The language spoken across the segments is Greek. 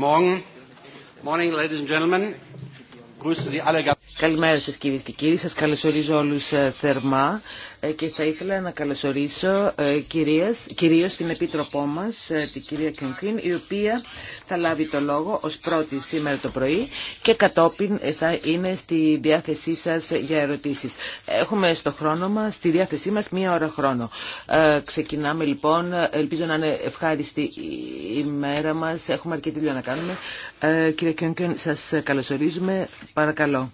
Morgen. Morning, ladies and gentlemen. Grüße Sie alle. Καλημέρα σας κυρίες και κύριοι, σας καλωσορίζω όλους ε, θερμά ε, και θα ήθελα να καλωσορίσω ε, κυρίες, κυρίως την Επίτροπό μας, την κυρία Κιονκίν, η οποία θα λάβει το λόγο ως πρώτη σήμερα το πρωί και κατόπιν θα είναι στη διάθεσή σας για ερωτήσεις. Έχουμε στο χρόνο μας, στη διάθεσή μας μία ώρα χρόνο. ξεκινάμε λοιπόν, ελπίζω να είναι ευχάριστη η μέρα μας, έχουμε αρκετή δουλειά να κάνουμε. Κυρία Κιονκίν, σας καλωσορίζουμε, παρακαλώ.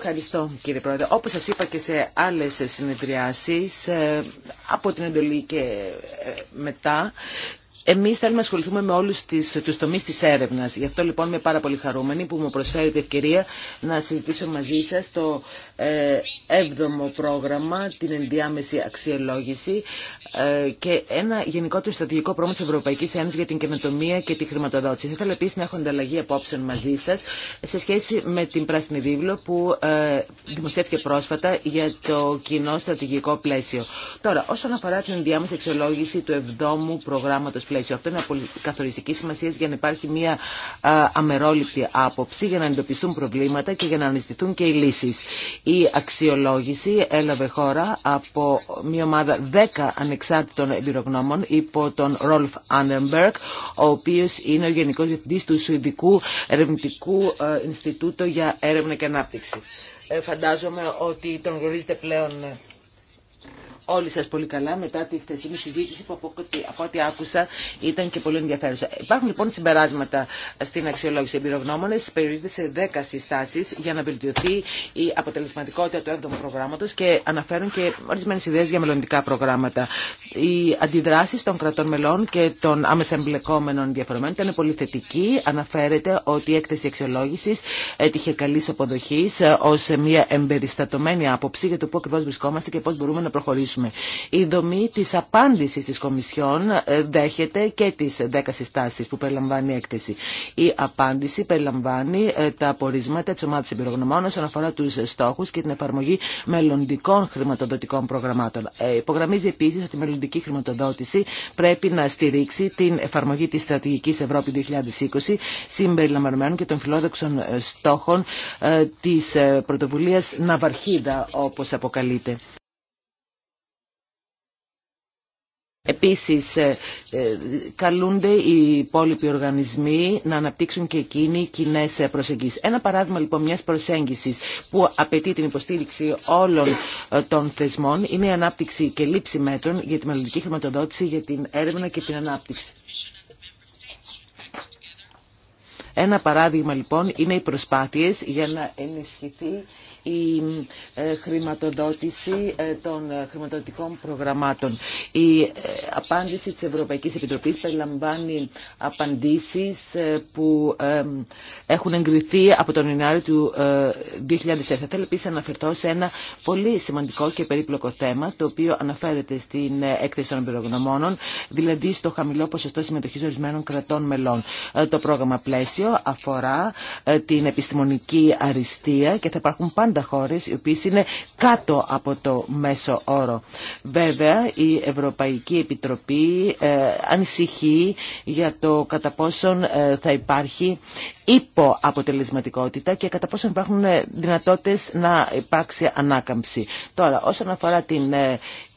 Ευχαριστώ κύριε Πρόεδρε. Όπως σας είπα και σε άλλες συνεδριάσεις, ε, από την εντολή και ε, μετά, Εμεί θέλουμε να ασχοληθούμε με όλου του τομεί τη έρευνα. Γι' αυτό λοιπόν είμαι πάρα πολύ χαρούμενη που μου προσφέρετε ευκαιρία να συζητήσω μαζί σα το ε, 7ο πρόγραμμα, την ενδιάμεση αξιολόγηση ε, και ένα γενικότερο στρατηγικό πρόγραμμα τη Ευρωπαϊκή Ένωση για την καινοτομία και τη χρηματοδότηση. Θα ήθελα επίση να έχω ανταλλαγή απόψεων μαζί σα σε σχέση με την Πράσινη Βίβλο που ε, δημοσιεύτηκε πρόσφατα για το κοινό στρατηγικό πλαίσιο. Τώρα, όσον αφορά την ενδιάμεση αξιολόγηση του 7ου πλαίσιο, πλαίσιο. Αυτό είναι καθοριστική σημασία για να υπάρχει μια αμερόληπτη άποψη, για να εντοπιστούν προβλήματα και για να αναζητηθούν και οι λύσει. Η αξιολόγηση έλαβε χώρα από μια ομάδα 10 ανεξάρτητων εμπειρογνώμων υπό τον Ρόλφ Άντεμπεργκ, ο οποίο είναι ο Γενικό Διευθυντή του Σουηδικού Ερευνητικού ε, Ινστιτούτου για Έρευνα και Ανάπτυξη. Ε, φαντάζομαι ότι τον γνωρίζετε πλέον ε, όλοι σας πολύ καλά μετά τη χθεσινή συζήτηση που από, από ό,τι άκουσα ήταν και πολύ ενδιαφέρουσα. Υπάρχουν λοιπόν συμπεράσματα στην αξιολόγηση εμπειρογνώμονες, περιορίζεται σε 10 συστάσεις για να βελτιωθεί η αποτελεσματικότητα του 7ου προγράμματος και αναφέρουν και ορισμένες ιδέες για μελλοντικά προγράμματα. Οι αντιδράσεις των κρατών μελών και των άμεσα εμπλεκόμενων διαφορεμένων ήταν πολύ θετική. Αναφέρεται ότι η έκθεση αξιολόγηση έτυχε καλή αποδοχή ε, ω μια εμπεριστατωμένη άποψη για το πού ακριβώ βρισκόμαστε και πώ μπορούμε να προχωρήσουμε. Η δομή της απάντησης της Κομισιόν ε, δέχεται και τις 10 συστάσεις που περιλαμβάνει η έκθεση. Η απάντηση περιλαμβάνει ε, τα απορίσματα της ομάδας εμπειρογνωμών όσον αφορά τους στόχους και την εφαρμογή μελλοντικών χρηματοδοτικών προγραμμάτων. Ε, υπογραμμίζει επίσης ότι η μελλοντική χρηματοδότηση πρέπει να στηρίξει την εφαρμογή της στρατηγικής Ευρώπη 2020 συμπεριλαμβανομένων και των φιλόδοξων στόχων της πρωτοβουλίας Ναυαρχίδα όπω αποκαλείται. Επίσης, ε, ε, καλούνται οι υπόλοιποι οργανισμοί να αναπτύξουν και εκείνοι κοινέ προσεγγίσεις. Ένα παράδειγμα λοιπόν μιας προσέγγισης που απαιτεί την υποστήριξη όλων ε, των θεσμών είναι η ανάπτυξη και λήψη μέτρων για τη μελλοντική χρηματοδότηση για την έρευνα και την ανάπτυξη. Ένα παράδειγμα λοιπόν είναι οι προσπάθειες για να ενισχυθεί η ε, χρηματοδότηση ε, των ε, χρηματοδοτικών προγραμμάτων. Η απάντηση της Ευρωπαϊκής Επιτροπής περιλαμβάνει απαντήσεις που έχουν εγκριθεί από τον Ιανουάριο του 2007. Θέλω επίσης να αναφερθώ σε ένα πολύ σημαντικό και περίπλοκο θέμα, το οποίο αναφέρεται στην έκθεση των εμπειρογνωμόνων, δηλαδή στο χαμηλό ποσοστό συμμετοχής ορισμένων κρατών μελών. Το πρόγραμμα πλαίσιο αφορά την επιστημονική αριστεία και θα υπάρχουν πάντα χώρες οι οποίες είναι κάτω από το μέσο όρο. Βέβαια η Ευρωπαϊκή Επιτροπή ε, ανησυχεί για το κατά πόσον ε, θα υπάρχει υποαποτελεσματικότητα και κατά πόσον υπάρχουν ε, δυνατότητες να υπάρξει ανάκαμψη. Τώρα, όσον αφορά την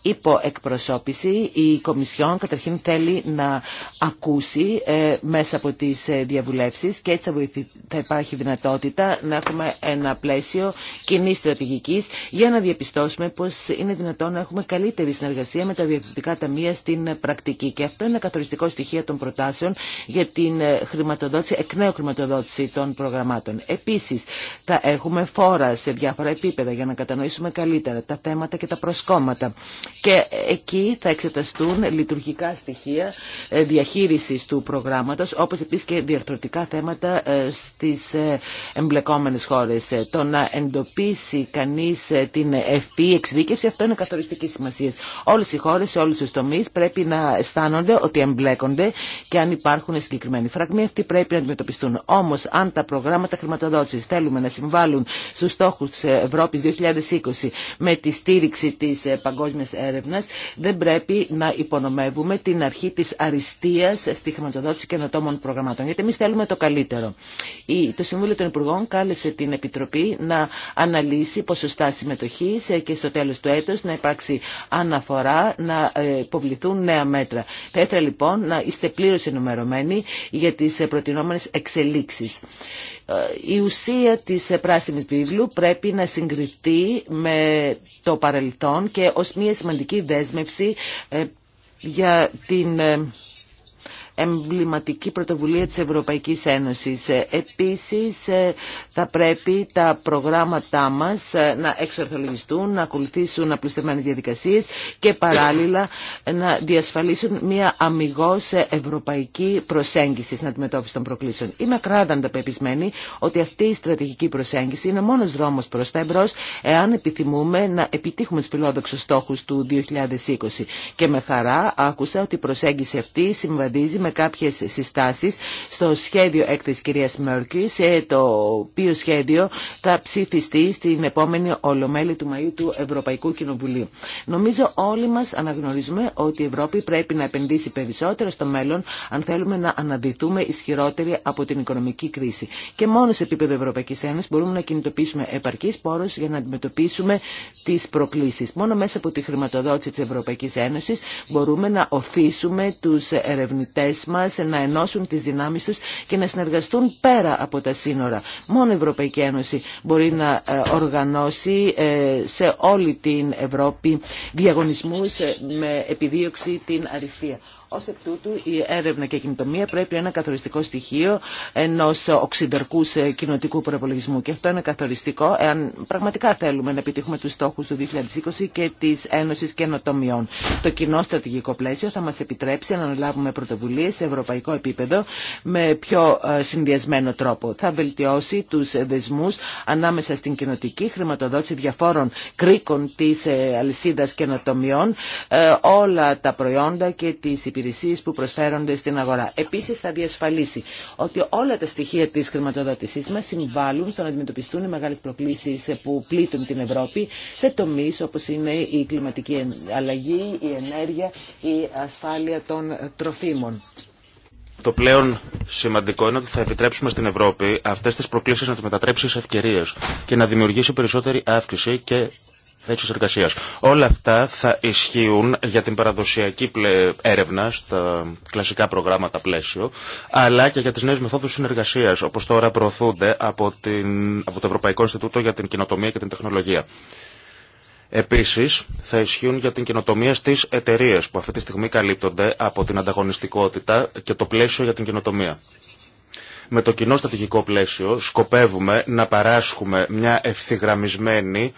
Υπό εκπροσώπηση, Η Κομισιόν καταρχήν θέλει να ακούσει ε, μέσα από τις ε, διαβουλεύσεις και έτσι θα, βοηθεί, θα υπάρχει δυνατότητα να έχουμε ένα πλαίσιο κοινή στρατηγικής για να διαπιστώσουμε πως είναι δυνατόν να έχουμε καλύτερη συνεργασία με τα διευθυντικά ταμεία στην πρακτική. Και αυτό είναι ένα καθοριστικό στοιχείο των προτάσεων για την ε, χρηματοδότηση, εκ νέου χρηματοδότηση των προγραμμάτων. Επίσης, θα έχουμε φόρα σε διάφορα επίπεδα για να κατανοήσουμε καλύτερα τα θέματα και τα προσκόμματα και εκεί θα εξεταστούν λειτουργικά στοιχεία ε, διαχείρισης του προγράμματος όπως επίσης και διαρθρωτικά θέματα ε, στις ε, εμπλεκόμενες χώρες. Το να εντοπίσει κανείς την ευπή εξειδίκευση αυτό είναι καθοριστική σημασία. Όλες οι χώρες σε όλους τους τομείς πρέπει να αισθάνονται ότι εμπλέκονται και αν υπάρχουν συγκεκριμένοι φραγμοί αυτοί πρέπει να αντιμετωπιστούν. Όμως αν τα προγράμματα χρηματοδότησης θέλουμε να συμβάλλουν στους στόχους της Ευρώπης 2020 με τη στήριξη της Παγκόσμιας δεν πρέπει να υπονομεύουμε την αρχή της αριστείας στη χρηματοδότηση καινοτόμων προγραμμάτων. Γιατί εμεί θέλουμε το καλύτερο. Το Συμβούλιο των Υπουργών κάλεσε την Επιτροπή να αναλύσει ποσοστά συμμετοχής ε, και στο τέλος του έτους να υπάρξει αναφορά να ε, υποβληθούν νέα μέτρα. Θα ήθελα λοιπόν να είστε πλήρως ενημερωμένοι για τις ε, προτινόμενες εξελίξεις η ουσία της ε, πράσινης βίβλου πρέπει να συγκριθεί με το παρελθόν και ως μια σημαντική δέσμευση ε, για την ε, εμβληματική πρωτοβουλία της Ευρωπαϊκής Ένωσης. Ε, επίσης ε, θα πρέπει τα προγράμματά μας ε, να εξορθολογιστούν, να ακολουθήσουν απλουστευμένες διαδικασίες και παράλληλα να διασφαλίσουν μια αμυγός ευρωπαϊκή προσέγγιση στην αντιμετώπιση των προκλήσεων. Είμαι ακράδαντα πεπισμένη ότι αυτή η στρατηγική προσέγγιση είναι μόνο μόνος δρόμος προς τα εμπρός εάν επιθυμούμε να επιτύχουμε τους φιλόδοξου στόχου του 2020. Και με χαρά άκουσα ότι η προσέγγιση αυτή συμβαδίζει με κάποιες συστάσεις στο σχέδιο έκθεσης κυρίας Μέρκης, ε, το οποίο σχέδιο θα ψηφιστεί στην επόμενη Ολομέλη του Μαΐου του Ευρωπαϊκού Κοινοβουλίου. Νομίζω όλοι μας αναγνωρίζουμε ότι η Ευρώπη πρέπει να επενδύσει περισσότερο στο μέλλον αν θέλουμε να αναδυθούμε ισχυρότεροι από την οικονομική κρίση. Και μόνο σε επίπεδο Ευρωπαϊκής Ένωσης μπορούμε να κινητοποιήσουμε επαρκείς πόρους για να αντιμετωπίσουμε τις προκλήσεις. Μόνο μέσα από τη χρηματοδότηση της Ευρωπαϊκής Ένωσης μπορούμε να οθήσουμε τους ερευνητές θέση να ενώσουν τις δυνάμεις τους και να συνεργαστούν πέρα από τα σύνορα. Μόνο η Ευρωπαϊκή Ένωση μπορεί να ε, οργανώσει ε, σε όλη την Ευρώπη διαγωνισμούς ε, με επιδίωξη την αριστεία. Ως εκ τούτου η έρευνα και η κινητομία πρέπει ένα καθοριστικό στοιχείο ενός οξυντερκούς ε, κοινοτικού προπολογισμού και αυτό είναι καθοριστικό εάν πραγματικά θέλουμε να επιτύχουμε τους στόχους του 2020 και της Ένωσης Καινοτομιών. Το κοινό στρατηγικό πλαίσιο θα μας επιτρέψει να αναλάβουμε πρωτοβουλίες σε ευρωπαϊκό επίπεδο με πιο ε, συνδυασμένο τρόπο. Θα βελτιώσει τους δεσμούς ανάμεσα στην κοινοτική χρηματοδότηση διαφόρων κρίκων της ε, αλυσίδα καινοτομιών όλα τα προϊόντα και τις υπηρεσίε που προσφέρονται στην αγορά. Επίση, θα διασφαλίσει ότι όλα τα στοιχεία της χρηματοδοτησή μα συμβάλλουν στο να αντιμετωπιστούν οι μεγάλες προκλήσεις που πλήττουν την Ευρώπη σε τομεί, όπω είναι η κλιματική αλλαγή, η ενέργεια, η ασφάλεια των τροφίμων. Το πλέον σημαντικό είναι ότι θα επιτρέψουμε στην Ευρώπη αυτέ τι προκλήσει να τι μετατρέψει σε ευκαιρίε και να δημιουργήσει περισσότερη αύξηση και θέσει εργασία. Όλα αυτά θα ισχύουν για την παραδοσιακή έρευνα στα κλασικά προγράμματα πλαίσιο, αλλά και για τι νέε μεθόδου συνεργασία, όπω τώρα προωθούνται από, την, από το Ευρωπαϊκό Ινστιτούτο για την Κοινοτομία και την Τεχνολογία. Επίση, θα ισχύουν για την κοινοτομία στι εταιρείε που αυτή τη στιγμή καλύπτονται από την ανταγωνιστικότητα και το πλαίσιο για την κοινοτομία. Με το κοινό στρατηγικό πλαίσιο σκοπεύουμε να παράσχουμε μια ευθυγραμμισμένη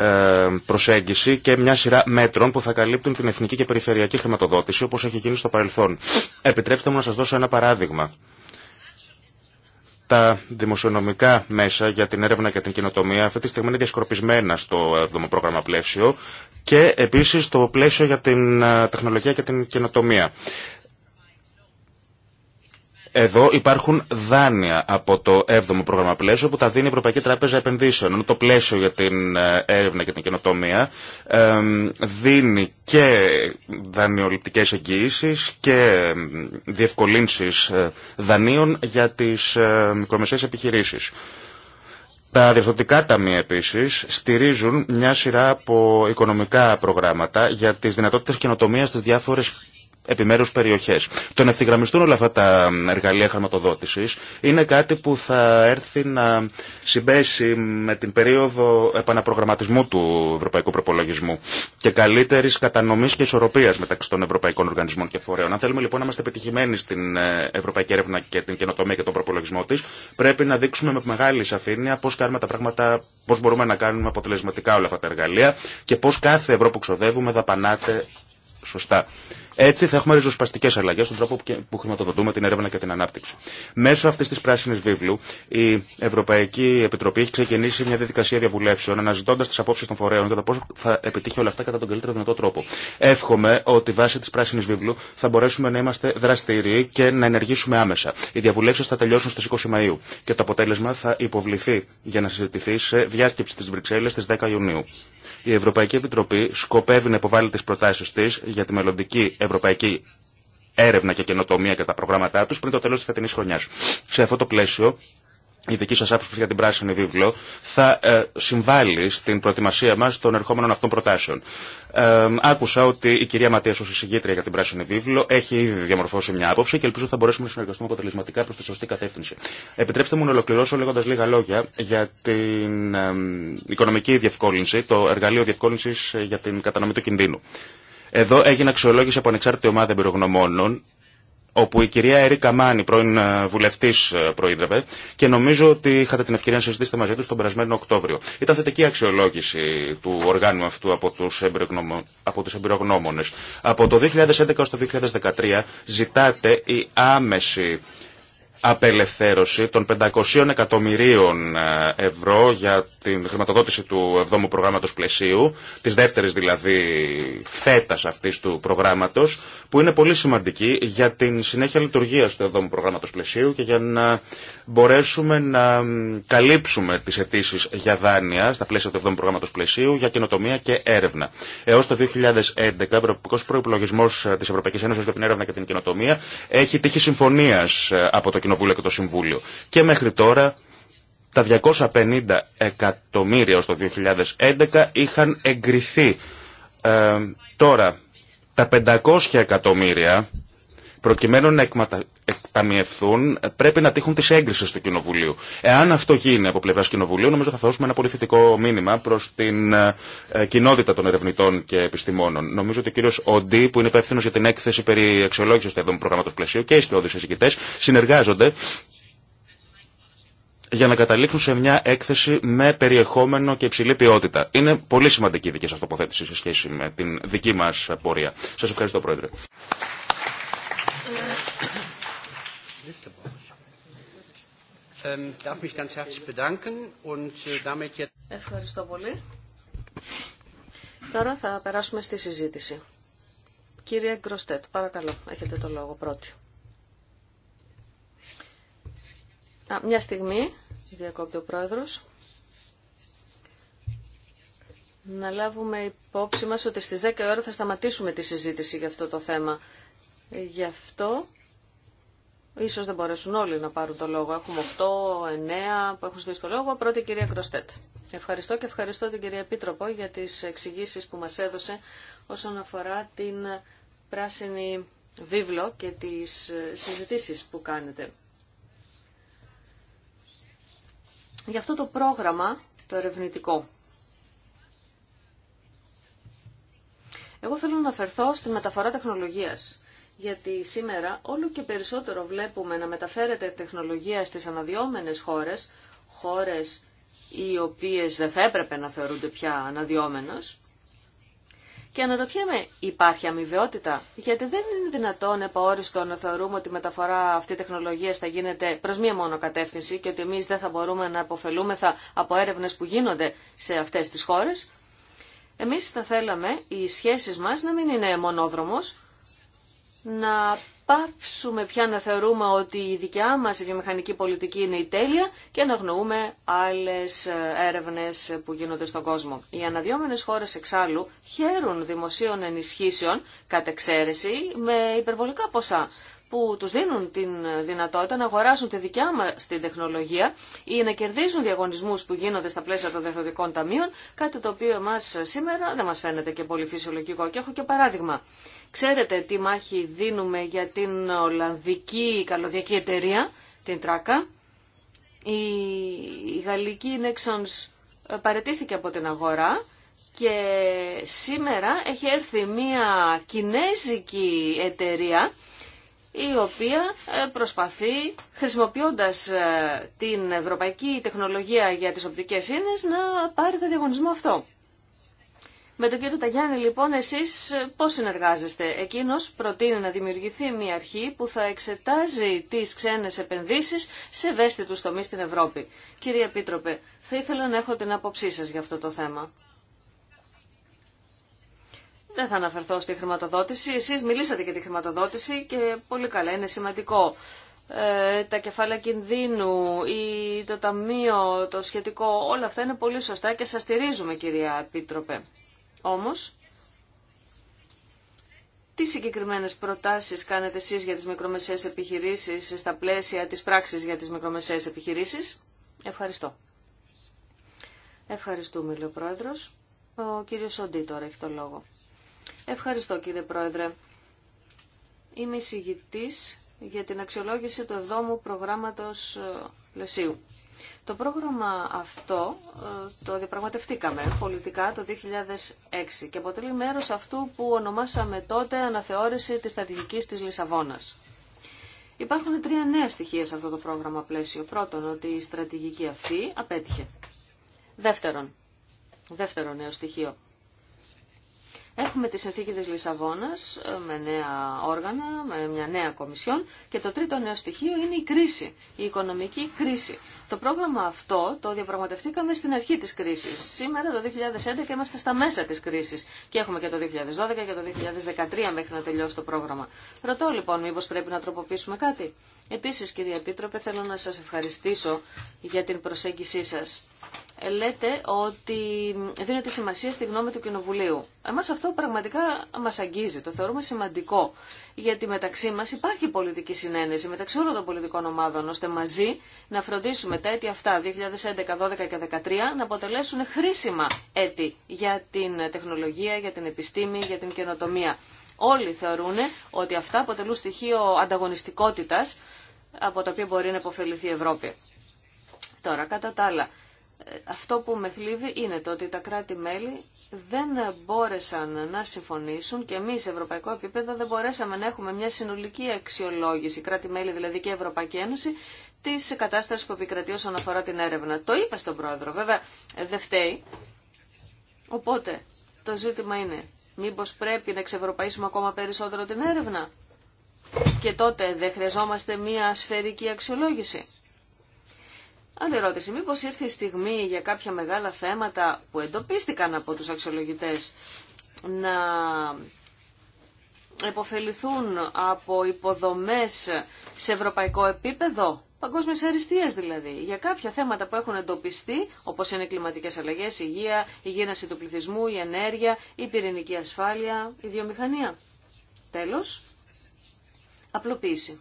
ε, προσέγγιση και μια σειρά μέτρων που θα καλύπτουν την εθνική και περιφερειακή χρηματοδότηση όπως έχει γίνει στο παρελθόν. Επιτρέψτε μου να σας δώσω ένα παράδειγμα. Τα δημοσιονομικά μέσα για την έρευνα και την κοινοτομία αυτή τη στιγμή είναι διασκορπισμένα στο 7ο πρόγραμμα πλαίσιο και επίσης το πλαίσιο για την ε, τεχνολογία και την κοινοτομία. Εδώ υπάρχουν δάνεια από το 7ο πρόγραμμα πλαίσιο που τα δίνει η Ευρωπαϊκή Τράπεζα Επενδύσεων. το πλαίσιο για την ε, έρευνα και την καινοτομία δίνει και δανειοληπτικές εγγυήσει και διευκολύνσεις ε, δανείων για τις ε, μικρομεσαίες επιχειρήσεις. Τα διευθυντικά ταμεία επίση στηρίζουν μια σειρά από οικονομικά προγράμματα για τι δυνατότητε καινοτομία στι διάφορε επιμέρου περιοχέ. Το να ευθυγραμμιστούν όλα αυτά τα εργαλεία χρηματοδότηση είναι κάτι που θα έρθει να συμπέσει με την περίοδο επαναπρογραμματισμού του ευρωπαϊκού προπολογισμού και καλύτερη κατανομή και ισορροπία μεταξύ των ευρωπαϊκών οργανισμών και φορέων. Αν θέλουμε λοιπόν να είμαστε επιτυχημένοι στην ε, ευρωπαϊκή έρευνα και την καινοτομία και τον προπολογισμό τη, πρέπει να δείξουμε με μεγάλη σαφήνεια πώ κάνουμε τα πράγματα, πώ μπορούμε να κάνουμε αποτελεσματικά όλα αυτά τα εργαλεία και πώ κάθε ευρώ που ξοδεύουμε δαπανάται σωστά. Έτσι θα έχουμε ριζοσπαστικέ αλλαγέ στον τρόπο που χρηματοδοτούμε την έρευνα και την ανάπτυξη. Μέσω αυτή τη πράσινη βίβλου, η Ευρωπαϊκή Επιτροπή έχει ξεκινήσει μια διαδικασία διαβουλεύσεων, αναζητώντα τι απόψει των φορέων για το πώ θα επιτύχει όλα αυτά κατά τον καλύτερο δυνατό τρόπο. Εύχομαι ότι βάσει τη πράσινη βίβλου θα μπορέσουμε να είμαστε δραστηριοί και να ενεργήσουμε άμεσα. Οι διαβουλεύσει θα τελειώσουν στι 20 Μαου και το αποτέλεσμα θα υποβληθεί για να συζητηθεί σε διάσκεψη τη Βρυξέλλε στι 10 Ιουνίου. Η Ευρωπαϊκή Επιτροπή σκοπεύει να υποβάλει τι προτάσει τη για τη μελλοντική ευρωπαϊκή έρευνα και καινοτομία και τα προγράμματά του πριν το τέλο τη φετινή χρονιά. Σε αυτό το πλαίσιο, η δική σας άποψη για την πράσινη βίβλο θα ε, συμβάλλει στην προετοιμασία μας των ερχόμενων αυτών προτάσεων. Ε, άκουσα ότι η κυρία Ματίας ως εισηγήτρια για την πράσινη βίβλο έχει ήδη διαμορφώσει μια άποψη και ελπίζω θα μπορέσουμε να συνεργαστούμε αποτελεσματικά προς τη σωστή κατεύθυνση. Επιτρέψτε μου να ολοκληρώσω λέγοντας λίγα λόγια για την ε, οικονομική διευκόλυνση, το εργαλείο διευκόλυνσης για την κατανομή του κινδύνου. Εδώ έγινε αξιολόγηση από ανεξάρτητη ομάδα εμπειρογνωμόνων όπου η κυρία Ερίκα Μάνη, πρώην ε, βουλευτή, ε, προείδρευε και νομίζω ότι είχατε την ευκαιρία να συζητήσετε μαζί του τον περασμένο Οκτώβριο. Ήταν θετική αξιολόγηση του οργάνου αυτού από του εμπειρογνώμονε. Από το 2011 ω το 2013 ζητάτε η άμεση απελευθέρωση των 500 εκατομμυρίων ε, ευρώ για την χρηματοδότηση του 7ου προγράμματος πλαισίου, της δεύτερης δηλαδή θέτας αυτής του προγράμματος, που είναι πολύ σημαντική για την συνέχεια λειτουργία του 7ου προγράμματος πλαισίου και για να μπορέσουμε να καλύψουμε τις αιτήσει για δάνεια στα πλαίσια του 7ου προγράμματος πλαισίου για κοινοτομία και έρευνα. Έως το 2011, ο Ευρωπαϊκός Προϋπολογισμός της Ευρωπαϊκής Ένωσης για την έρευνα και την καινοτομία έχει τύχει συμφωνίας ε, από το Κοινοβούλιο και το Συμβούλιο. Και μέχρι τώρα τα 250 εκατομμύρια ως το 2011 είχαν εγκριθεί. Ε, τώρα τα 500 εκατομμύρια προκειμένου να ταμιευθούν πρέπει να τύχουν τη έγκριση του Κοινοβουλίου. Εάν αυτό γίνει από πλευρά Κοινοβουλίου, νομίζω θα δώσουμε ένα πολύ θετικό μήνυμα προ την ε, κοινότητα των ερευνητών και επιστημόνων. Νομίζω ότι ο κύριο Οντί, που είναι υπεύθυνο για την έκθεση περί αξιολόγηση του 7 προγράμματο πλαισίου και οι σκιώδει εισηγητέ, συνεργάζονται για να καταλήξουν σε μια έκθεση με περιεχόμενο και υψηλή ποιότητα. Είναι πολύ σημαντική η δική σα τοποθέτηση σε σχέση με την δική μα πορεία. Σα ευχαριστώ, Πρόεδρε. Ευχαριστώ πολύ. Τώρα θα περάσουμε στη συζήτηση. Κύριε Γκροστέτ, παρακαλώ, έχετε το λόγο πρώτη. μια στιγμή, διακόπτει ο Πρόεδρος. Να λάβουμε υπόψη μας ότι στις 10 ώρα θα σταματήσουμε τη συζήτηση για αυτό το θέμα. Γι' αυτό Ίσως δεν μπορέσουν όλοι να πάρουν το λόγο. Έχουμε 8, 9 που έχουν στήσει το λόγο. Πρώτη κυρία Κροστέτ. Ευχαριστώ και ευχαριστώ την κυρία Επίτροπο για τις εξηγήσεις που μας έδωσε όσον αφορά την πράσινη βίβλο και τις ε, συζητήσεις που κάνετε. Για αυτό το πρόγραμμα, το ερευνητικό, εγώ θέλω να αφαιρθώ στη μεταφορά τεχνολογίας γιατί σήμερα όλο και περισσότερο βλέπουμε να μεταφέρεται τεχνολογία στις αναδιόμενες χώρες, χώρες οι οποίες δεν θα έπρεπε να θεωρούνται πια αναδυόμενες. Και αναρωτιέμαι, υπάρχει αμοιβαιότητα, γιατί δεν είναι δυνατόν επαόριστο να θεωρούμε ότι η μεταφορά αυτή τεχνολογία θα γίνεται προς μία μόνο κατεύθυνση και ότι εμείς δεν θα μπορούμε να αποφελούμεθα από έρευνες που γίνονται σε αυτές τις χώρες. Εμείς θα θέλαμε οι σχέσεις μας να μην είναι μονόδρομος, να πάψουμε πια να θεωρούμε ότι η δικιά μας η βιομηχανική πολιτική είναι η τέλεια και να γνωρούμε άλλες ε, έρευνες που γίνονται στον κόσμο. Οι αναδυόμενες χώρες εξάλλου χαίρουν δημοσίων ενισχύσεων κατ' εξαίρεση με υπερβολικά ποσά που τους δίνουν την δυνατότητα να αγοράσουν τη δικιά μας την τεχνολογία ή να κερδίζουν διαγωνισμούς που γίνονται στα πλαίσια των διευθυντικών ταμείων, κάτι το οποίο εμάς σήμερα δεν μας φαίνεται και πολύ φυσιολογικό. Και έχω και παράδειγμα. Ξέρετε τι μάχη δίνουμε για την Ολλανδική καλωδιακή εταιρεία, την Τράκα. Η, η γαλλική Nexons παρετήθηκε από την αγορά και σήμερα έχει έρθει μια κινέζικη εταιρεία η οποία ε, προσπαθεί, χρησιμοποιώντας ε, την ευρωπαϊκή τεχνολογία για τις οπτικές ίνες, να πάρει το διαγωνισμό αυτό. Με τον κύριο Ταγιάννη, λοιπόν, εσείς ε, πώς συνεργάζεστε. Εκείνος προτείνει να δημιουργηθεί μια αρχή που θα εξετάζει τις ξένες επενδύσεις σε ευαίσθητους τομείς στην Ευρώπη. Κύριε Επίτροπε, θα ήθελα να έχω την άποψή σας για αυτό το θέμα. Δεν θα αναφερθώ στη χρηματοδότηση. Εσείς μιλήσατε για τη χρηματοδότηση και πολύ καλά, είναι σημαντικό. Ε, τα κεφάλαια κινδύνου ή το ταμείο, το σχετικό, όλα αυτά είναι πολύ σωστά και σας στηρίζουμε κυρία Επίτροπε. Όμως, τι συγκεκριμένες προτάσεις κάνετε εσείς για τις μικρομεσαίες επιχειρήσεις στα πλαίσια της πράξης για τις μικρομεσαίες επιχειρήσεις. Ευχαριστώ. Ευχαριστούμε, λέει ο Πρόεδρος. Ο κύριος Σοντή τώρα έχει το λόγο. Ευχαριστώ κύριε Πρόεδρε. Είμαι συγητής για την αξιολόγηση του ευδόμου προγράμματος ε, πλαισίου. Το πρόγραμμα αυτό ε, το διαπραγματευτήκαμε πολιτικά το 2006 και αποτελεί μέρος αυτού που ονομάσαμε τότε αναθεώρηση της στρατηγικής της Λισαβόνας. Υπάρχουν τρία νέα στοιχεία σε αυτό το πρόγραμμα πλαίσιο. Πρώτον, ότι η στρατηγική αυτή απέτυχε. Δεύτερον, δεύτερο νέο στοιχείο, Έχουμε τη συνθήκη της Λισαβόνας ε, με νέα όργανα, με μια νέα κομισιόν και το τρίτο νέο στοιχείο είναι η κρίση, η οικονομική κρίση. Το πρόγραμμα αυτό το διαπραγματευτήκαμε στην αρχή της κρίσης. Σήμερα το 2011 είμαστε στα μέσα της κρίσης και έχουμε και το 2012 και το 2013 μέχρι να τελειώσει το πρόγραμμα. Ρωτώ λοιπόν μήπως πρέπει να τροποποιήσουμε κάτι. Επίσης κύριε Επίτροπε θέλω να σας ευχαριστήσω για την προσέγγισή σας λέτε ότι δίνετε σημασία στη γνώμη του Κοινοβουλίου. Εμάς αυτό πραγματικά μας αγγίζει, το θεωρούμε σημαντικό, γιατί μεταξύ μας υπάρχει πολιτική συνένεση, μεταξύ όλων των πολιτικών ομάδων, ώστε μαζί να φροντίσουμε τα έτη αυτά, 2011, 2012 και 2013, να αποτελέσουν χρήσιμα έτη για την τεχνολογία, για την επιστήμη, για την καινοτομία. Όλοι θεωρούν ότι αυτά αποτελούν στοιχείο ανταγωνιστικότητας από το οποίο μπορεί να υποφεληθεί η Ευρώπη. Τώρα, κατά τα άλλα, αυτό που με θλίβει είναι το ότι τα κράτη-μέλη δεν μπόρεσαν να συμφωνήσουν και εμείς σε ευρωπαϊκό επίπεδο δεν μπορέσαμε να έχουμε μια συνολική αξιολόγηση, κράτη-μέλη δηλαδή και Ευρωπαϊκή Ένωση, τη κατάσταση που επικρατεί όσον αφορά την έρευνα. Το είπε στον πρόεδρο, βέβαια δεν φταίει. Οπότε το ζήτημα είναι μήπως πρέπει να εξευρωπαίσουμε ακόμα περισσότερο την έρευνα και τότε δεν χρειαζόμαστε μια σφαιρική αξιολόγηση. Άλλη ερώτηση. Μήπως ήρθε η στιγμή για κάποια μεγάλα θέματα που εντοπίστηκαν από τους αξιολογητές να εποφεληθούν από υποδομές σε ευρωπαϊκό επίπεδο, παγκόσμια αριστείες δηλαδή, για κάποια θέματα που έχουν εντοπιστεί, όπως είναι οι κλιματικέ αλλαγέ, η υγεία, η γύναση του πληθυσμού, η ενέργεια, η πυρηνική ασφάλεια, η βιομηχανία. Τέλος, απλοποίηση.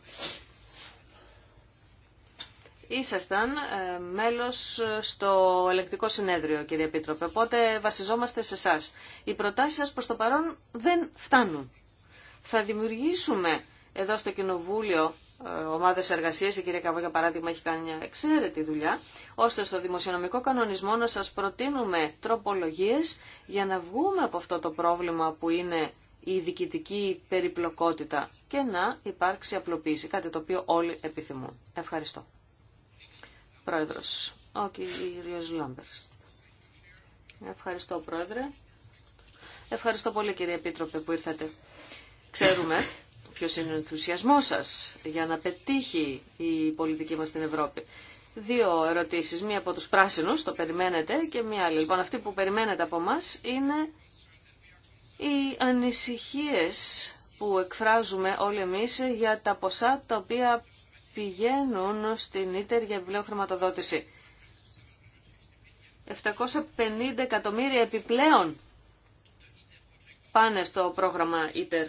Ήσασταν ε, μέλος στο ελεκτικό συνέδριο, κύριε Επίτροπε, οπότε βασιζόμαστε σε εσά. Οι προτάσεις σας προς το παρόν δεν φτάνουν. Θα δημιουργήσουμε εδώ στο Κοινοβούλιο ε, ομάδες εργασίας, η κυρία Καβό για παράδειγμα έχει κάνει μια εξαίρετη δουλειά, ώστε στο δημοσιονομικό κανονισμό να σας προτείνουμε τροπολογίες για να βγούμε από αυτό το πρόβλημα που είναι η διοικητική περιπλοκότητα και να υπάρξει απλοποίηση, κάτι το οποίο όλοι επιθυμούν. Ευχαριστώ. Πρόεδρος, ο κύριος Λάμπερς. Ευχαριστώ, Πρόεδρε. Ευχαριστώ πολύ, κύριε Επίτροπε, που ήρθατε. Ξέρουμε ποιος είναι ο ενθουσιασμός σας για να πετύχει η πολιτική μας στην Ευρώπη. Δύο ερωτήσεις, μία από τους πράσινους, το περιμένετε, και μία άλλη. Λοιπόν, αυτή που περιμένετε από μας είναι οι ανησυχίες που εκφράζουμε όλοι εμείς για τα ποσά τα οποία πηγαίνουν στην Ίτερ για επιπλέον χρηματοδότηση. 750 εκατομμύρια επιπλέον πάνε στο πρόγραμμα Ίτερ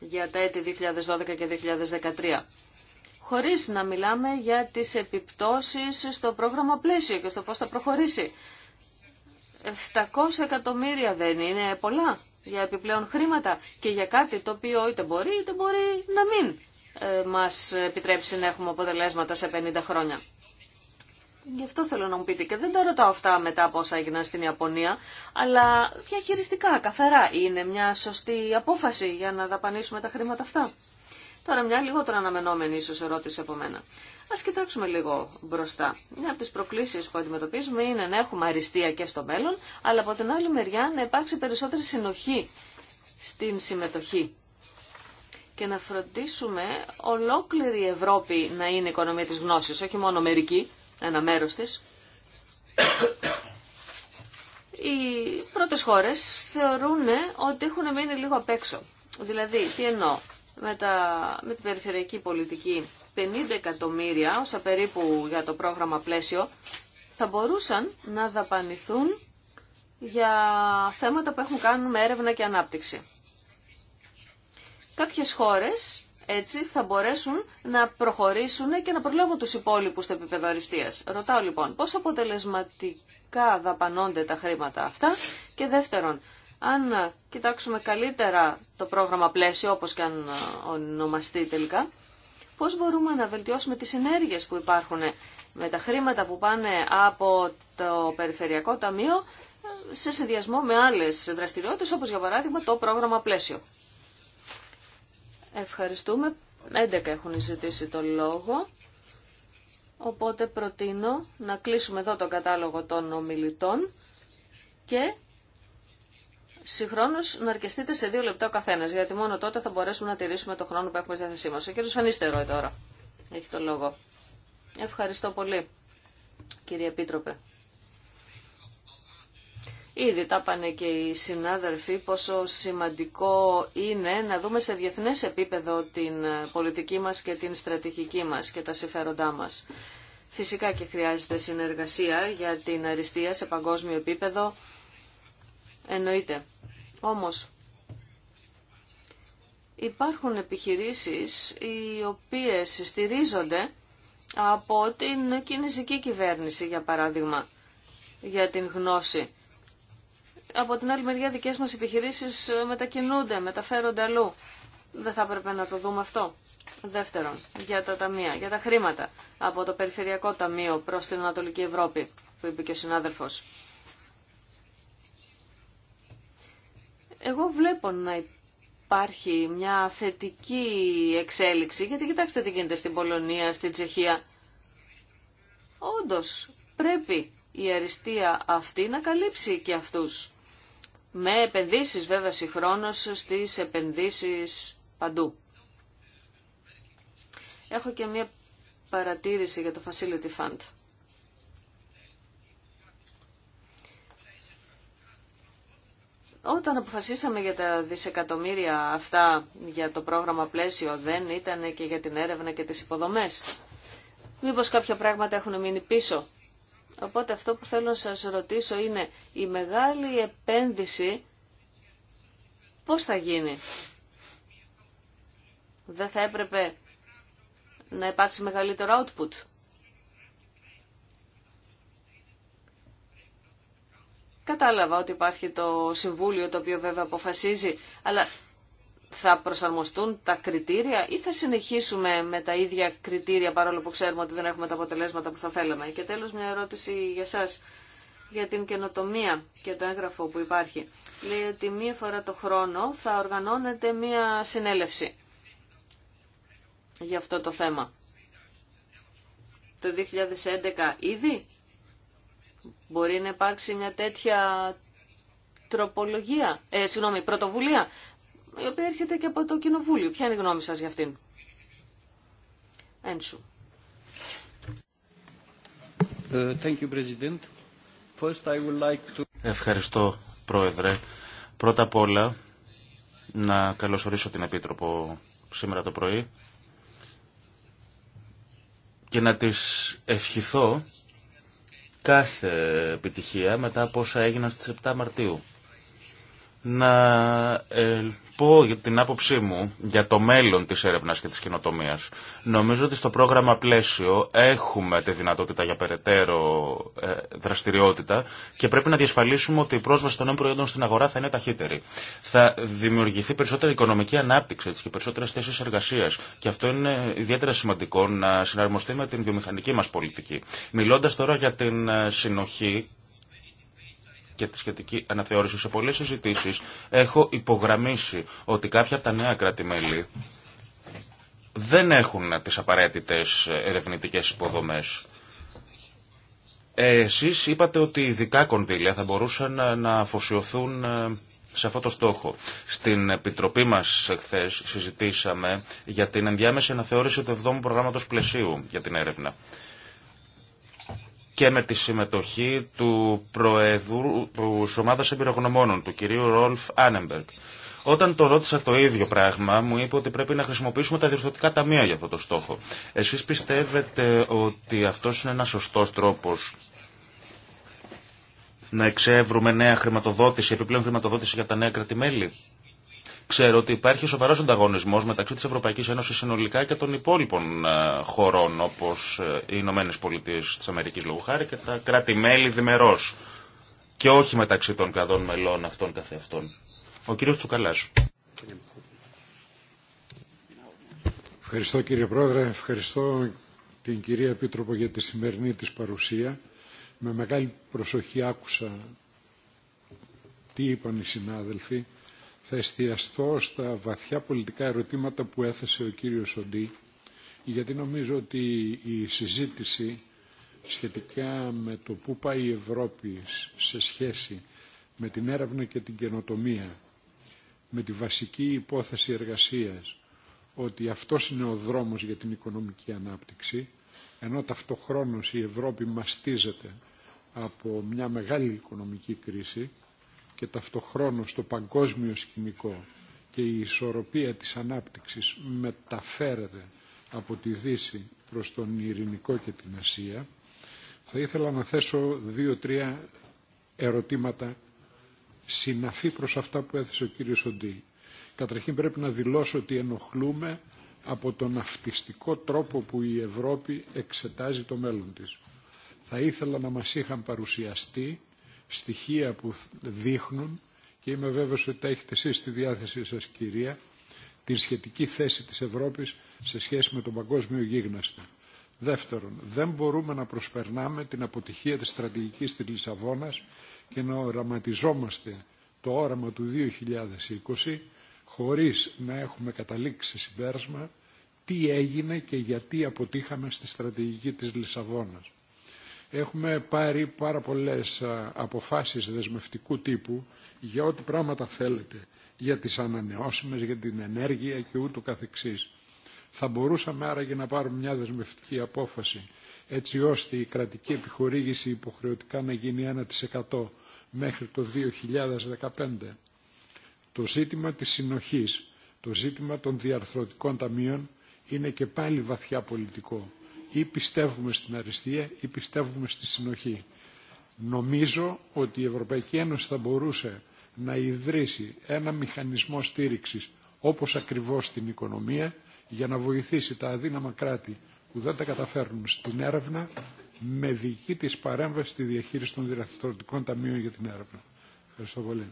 για τα έτη 2012 και 2013 χωρίς να μιλάμε για τις επιπτώσεις στο πρόγραμμα πλαίσιο και στο πώς θα προχωρήσει. 700 εκατομμύρια δεν είναι πολλά για επιπλέον χρήματα και για κάτι το οποίο είτε μπορεί είτε μπορεί να μην ε, μας επιτρέψει να έχουμε αποτελέσματα σε 50 χρόνια. Γι' αυτό θέλω να μου πείτε και δεν τα ρωτάω αυτά μετά από όσα έγιναν στην Ιαπωνία, αλλά διαχειριστικά, καθαρά, είναι μια σωστή απόφαση για να δαπανίσουμε τα χρήματα αυτά. Τώρα μια λιγότερο αναμενόμενη ίσως ερώτηση από μένα. Ας κοιτάξουμε λίγο μπροστά. Μια από τις προκλήσεις που αντιμετωπίζουμε είναι να έχουμε αριστεία και στο μέλλον, αλλά από την άλλη μεριά να υπάρξει περισσότερη συνοχή στην συμμετοχή και να φροντίσουμε ολόκληρη η Ευρώπη να είναι οικονομία της γνώσης, όχι μόνο μερική, ένα μέρος της. Οι πρώτες χώρες θεωρούν ότι έχουν μείνει λίγο απ' έξω. Δηλαδή, τι εννοώ, με, τα, με την περιφερειακή πολιτική 50 εκατομμύρια, όσα περίπου για το πρόγραμμα πλαίσιο, θα μπορούσαν να δαπανηθούν για θέματα που έχουν κάνουν με έρευνα και ανάπτυξη. Κάποιες χώρες έτσι θα μπορέσουν να προχωρήσουν και να προλάβουν τους υπόλοιπους στο επίπεδο αριστείας. Ρωτάω λοιπόν πώς αποτελεσματικά δαπανώνται τα χρήματα αυτά και δεύτερον, αν κοιτάξουμε καλύτερα το πρόγραμμα πλαίσιο όπως και αν ε, ονομαστεί τελικά, πώς μπορούμε να βελτιώσουμε τις συνέργειες που υπάρχουν ε, με τα χρήματα που πάνε από το Περιφερειακό Ταμείο ε, σε συνδυασμό με άλλες δραστηριότητες όπως για παράδειγμα το πρόγραμμα πλαίσιο. Ευχαριστούμε. 11 έχουν ζητήσει το λόγο. Οπότε προτείνω να κλείσουμε εδώ τον κατάλογο των ομιλητών και συγχρόνως να αρκεστείτε σε δύο λεπτά ο καθένας, γιατί μόνο τότε θα μπορέσουμε να τηρήσουμε το χρόνο που έχουμε στη διάθεσή μα. Ο κύριος Φανίστερο τώρα έχει το λόγο. Ευχαριστώ πολύ, κύριε Επίτροπε. Ήδη τα πάνε και οι συνάδελφοι πόσο σημαντικό είναι να δούμε σε διεθνές επίπεδο την πολιτική μας και την στρατηγική μας και τα συμφέροντά μας. Φυσικά και χρειάζεται συνεργασία για την αριστεία σε παγκόσμιο επίπεδο. Εννοείται. Όμως υπάρχουν επιχειρήσεις οι οποίες στηρίζονται από την κινέζικη κυβέρνηση για παράδειγμα για την γνώση από την άλλη μεριά δικές μας επιχειρήσεις ε, μετακινούνται, μεταφέρονται αλλού. Δεν θα έπρεπε να το δούμε αυτό. Δεύτερον, για τα ταμεία, για τα χρήματα από το Περιφερειακό Ταμείο προς την Ανατολική Ευρώπη, που είπε και ο συνάδελφος. Εγώ βλέπω να υπάρχει μια θετική εξέλιξη, γιατί κοιτάξτε τι γίνεται στην Πολωνία, στην Τσεχία. Όντως, πρέπει η αριστεία αυτή να καλύψει και αυτούς με επενδύσεις βέβαια συγχρόνως στις επενδύσεις παντού. Έχω και μία παρατήρηση για το Facility Fund. Όταν αποφασίσαμε για τα δισεκατομμύρια αυτά για το πρόγραμμα πλαίσιο δεν ήταν και για την έρευνα και τις υποδομές. Μήπως κάποια πράγματα έχουν μείνει πίσω. Οπότε αυτό που θέλω να σας ρωτήσω είναι η μεγάλη επένδυση πώς θα γίνει. Δεν θα έπρεπε να υπάρξει μεγαλύτερο output. Κατάλαβα ότι υπάρχει το Συμβούλιο το οποίο βέβαια αποφασίζει, αλλά θα προσαρμοστούν τα κριτήρια ή θα συνεχίσουμε με τα ίδια κριτήρια παρόλο που ξέρουμε ότι δεν έχουμε τα αποτελέσματα που θα θέλαμε. Και τέλος μια ερώτηση για σας για την καινοτομία και το έγγραφο που υπάρχει. Λέει ότι μία φορά το χρόνο θα οργανώνεται μία συνέλευση για αυτό το θέμα. Το 2011 ήδη μπορεί να υπάρξει μια τέτοια τροπολογία, ε, συγγνώμη, πρωτοβουλία η οποία έρχεται και από το Κοινοβούλιο. Ποια είναι η γνώμη σας για αυτήν. Ένσου. Ε, Ευχαριστώ, Πρόεδρε. Πρώτα απ' όλα, να καλωσορίσω την Επίτροπο σήμερα το πρωί και να της ευχηθώ κάθε επιτυχία μετά από όσα έγιναν στις 7 Μαρτίου. Να πω την άποψή μου για το μέλλον της έρευνας και της κοινοτομίας. Νομίζω ότι στο πρόγραμμα πλαίσιο έχουμε τη δυνατότητα για περαιτέρω ε, δραστηριότητα και πρέπει να διασφαλίσουμε ότι η πρόσβαση των νέων προϊόντων στην αγορά θα είναι ταχύτερη. Θα δημιουργηθεί περισσότερη οικονομική ανάπτυξη και περισσότερες θέσεις εργασίας και αυτό είναι ιδιαίτερα σημαντικό να συναρμοστεί με την βιομηχανική μας πολιτική. Μιλώντας τώρα για την ε, συνοχή και τη σχετική αναθεώρηση. Σε πολλέ συζητήσει έχω υπογραμμίσει ότι κάποια από τα νέα κράτη-μέλη δεν έχουν τις απαραίτητε ερευνητικέ υποδομέ. Εσεί εσείς είπατε ότι ειδικά κονδύλια θα μπορούσαν να αφοσιωθούν ε, σε αυτό το στόχο. Στην επιτροπή μα χθε συζητήσαμε για την ενδιάμεση αναθεώρηση του 7ου προγράμματο πλαισίου για την έρευνα και με τη συμμετοχή του Προέδρου του Ομάδας Εμπειρογνωμόνων, του κυρίου Ρόλφ Άνεμπεργκ. Όταν το ρώτησα το ίδιο πράγμα, μου είπε ότι πρέπει να χρησιμοποιήσουμε τα διευθυντικά ταμεία για αυτό το στόχο. Εσείς πιστεύετε ότι αυτό είναι ένα σωστός τρόπος να εξεύρουμε νέα χρηματοδότηση, επιπλέον χρηματοδότηση για τα νέα κρατημέλη. Ξέρω ότι υπάρχει σοβαρό ανταγωνισμό μεταξύ τη Ευρωπαϊκή Ένωση συνολικά και των υπόλοιπων ε, χωρών, όπω ε, οι Ηνωμένε Πολιτείε τη Αμερική Λογουχάρη και τα κράτη-μέλη διμερό. Και όχι μεταξύ των κρατών μελών αυτών καθεαυτών. Ο κύριος Τσουκαλάς. Ευχαριστώ κύριε Πρόεδρε, ευχαριστώ την κυρία Επίτροπο για τη σημερινή της παρουσία. Με μεγάλη προσοχή άκουσα τι είπαν οι συνάδελφοι θα εστιαστώ στα βαθιά πολιτικά ερωτήματα που έθεσε ο κύριος Σοντή, γιατί νομίζω ότι η συζήτηση σχετικά με το πού πάει η Ευρώπη σε σχέση με την έρευνα και την καινοτομία, με τη βασική υπόθεση εργασίας, ότι αυτό είναι ο δρόμος για την οικονομική ανάπτυξη, ενώ ταυτοχρόνως η Ευρώπη μαστίζεται από μια μεγάλη οικονομική κρίση, και ταυτοχρόνως το παγκόσμιο σκηνικό και η ισορροπία της ανάπτυξης μεταφέρεται από τη Δύση προς τον Ειρηνικό και την Ασία, θα ήθελα να θέσω δύο-τρία ερωτήματα συναφή προς αυτά που έθεσε ο κύριος Οντή. Καταρχήν πρέπει να δηλώσω ότι ενοχλούμε από τον αυτιστικό τρόπο που η Ευρώπη εξετάζει το μέλλον της. Θα ήθελα να μας είχαν παρουσιαστεί στοιχεία που δείχνουν και είμαι βέβαιος ότι τα έχετε εσείς στη διάθεσή σας κυρία την σχετική θέση της Ευρώπης σε σχέση με τον παγκόσμιο γίγναστο. Δεύτερον, δεν μπορούμε να προσπερνάμε την αποτυχία της στρατηγικής της Λισαβόνας και να οραματιζόμαστε το όραμα του 2020 χωρίς να έχουμε καταλήξει συμπέρασμα τι έγινε και γιατί αποτύχαμε στη στρατηγική της Λισαβόνας. Έχουμε πάρει πάρα πολλές αποφάσεις δεσμευτικού τύπου για ό,τι πράγματα θέλετε, για τις ανανεώσιμες, για την ενέργεια και ούτω καθεξής. Θα μπορούσαμε άραγε να πάρουμε μια δεσμευτική απόφαση έτσι ώστε η κρατική επιχορήγηση υποχρεωτικά να γίνει 1% μέχρι το 2015. Το ζήτημα της συνοχής, το ζήτημα των διαρθρωτικών ταμείων είναι και πάλι βαθιά πολιτικό ή πιστεύουμε στην αριστεία ή πιστεύουμε στη συνοχή. Νομίζω ότι η Ευρωπαϊκή Ένωση θα μπορούσε να ιδρύσει ένα μηχανισμό στήριξης όπως ακριβώς στην οικονομία για να βοηθήσει τα αδύναμα κράτη που δεν τα καταφέρνουν στην έρευνα με δική της παρέμβαση στη διαχείριση των διευθυντικών ταμείων για την έρευνα. Ευχαριστώ πολύ.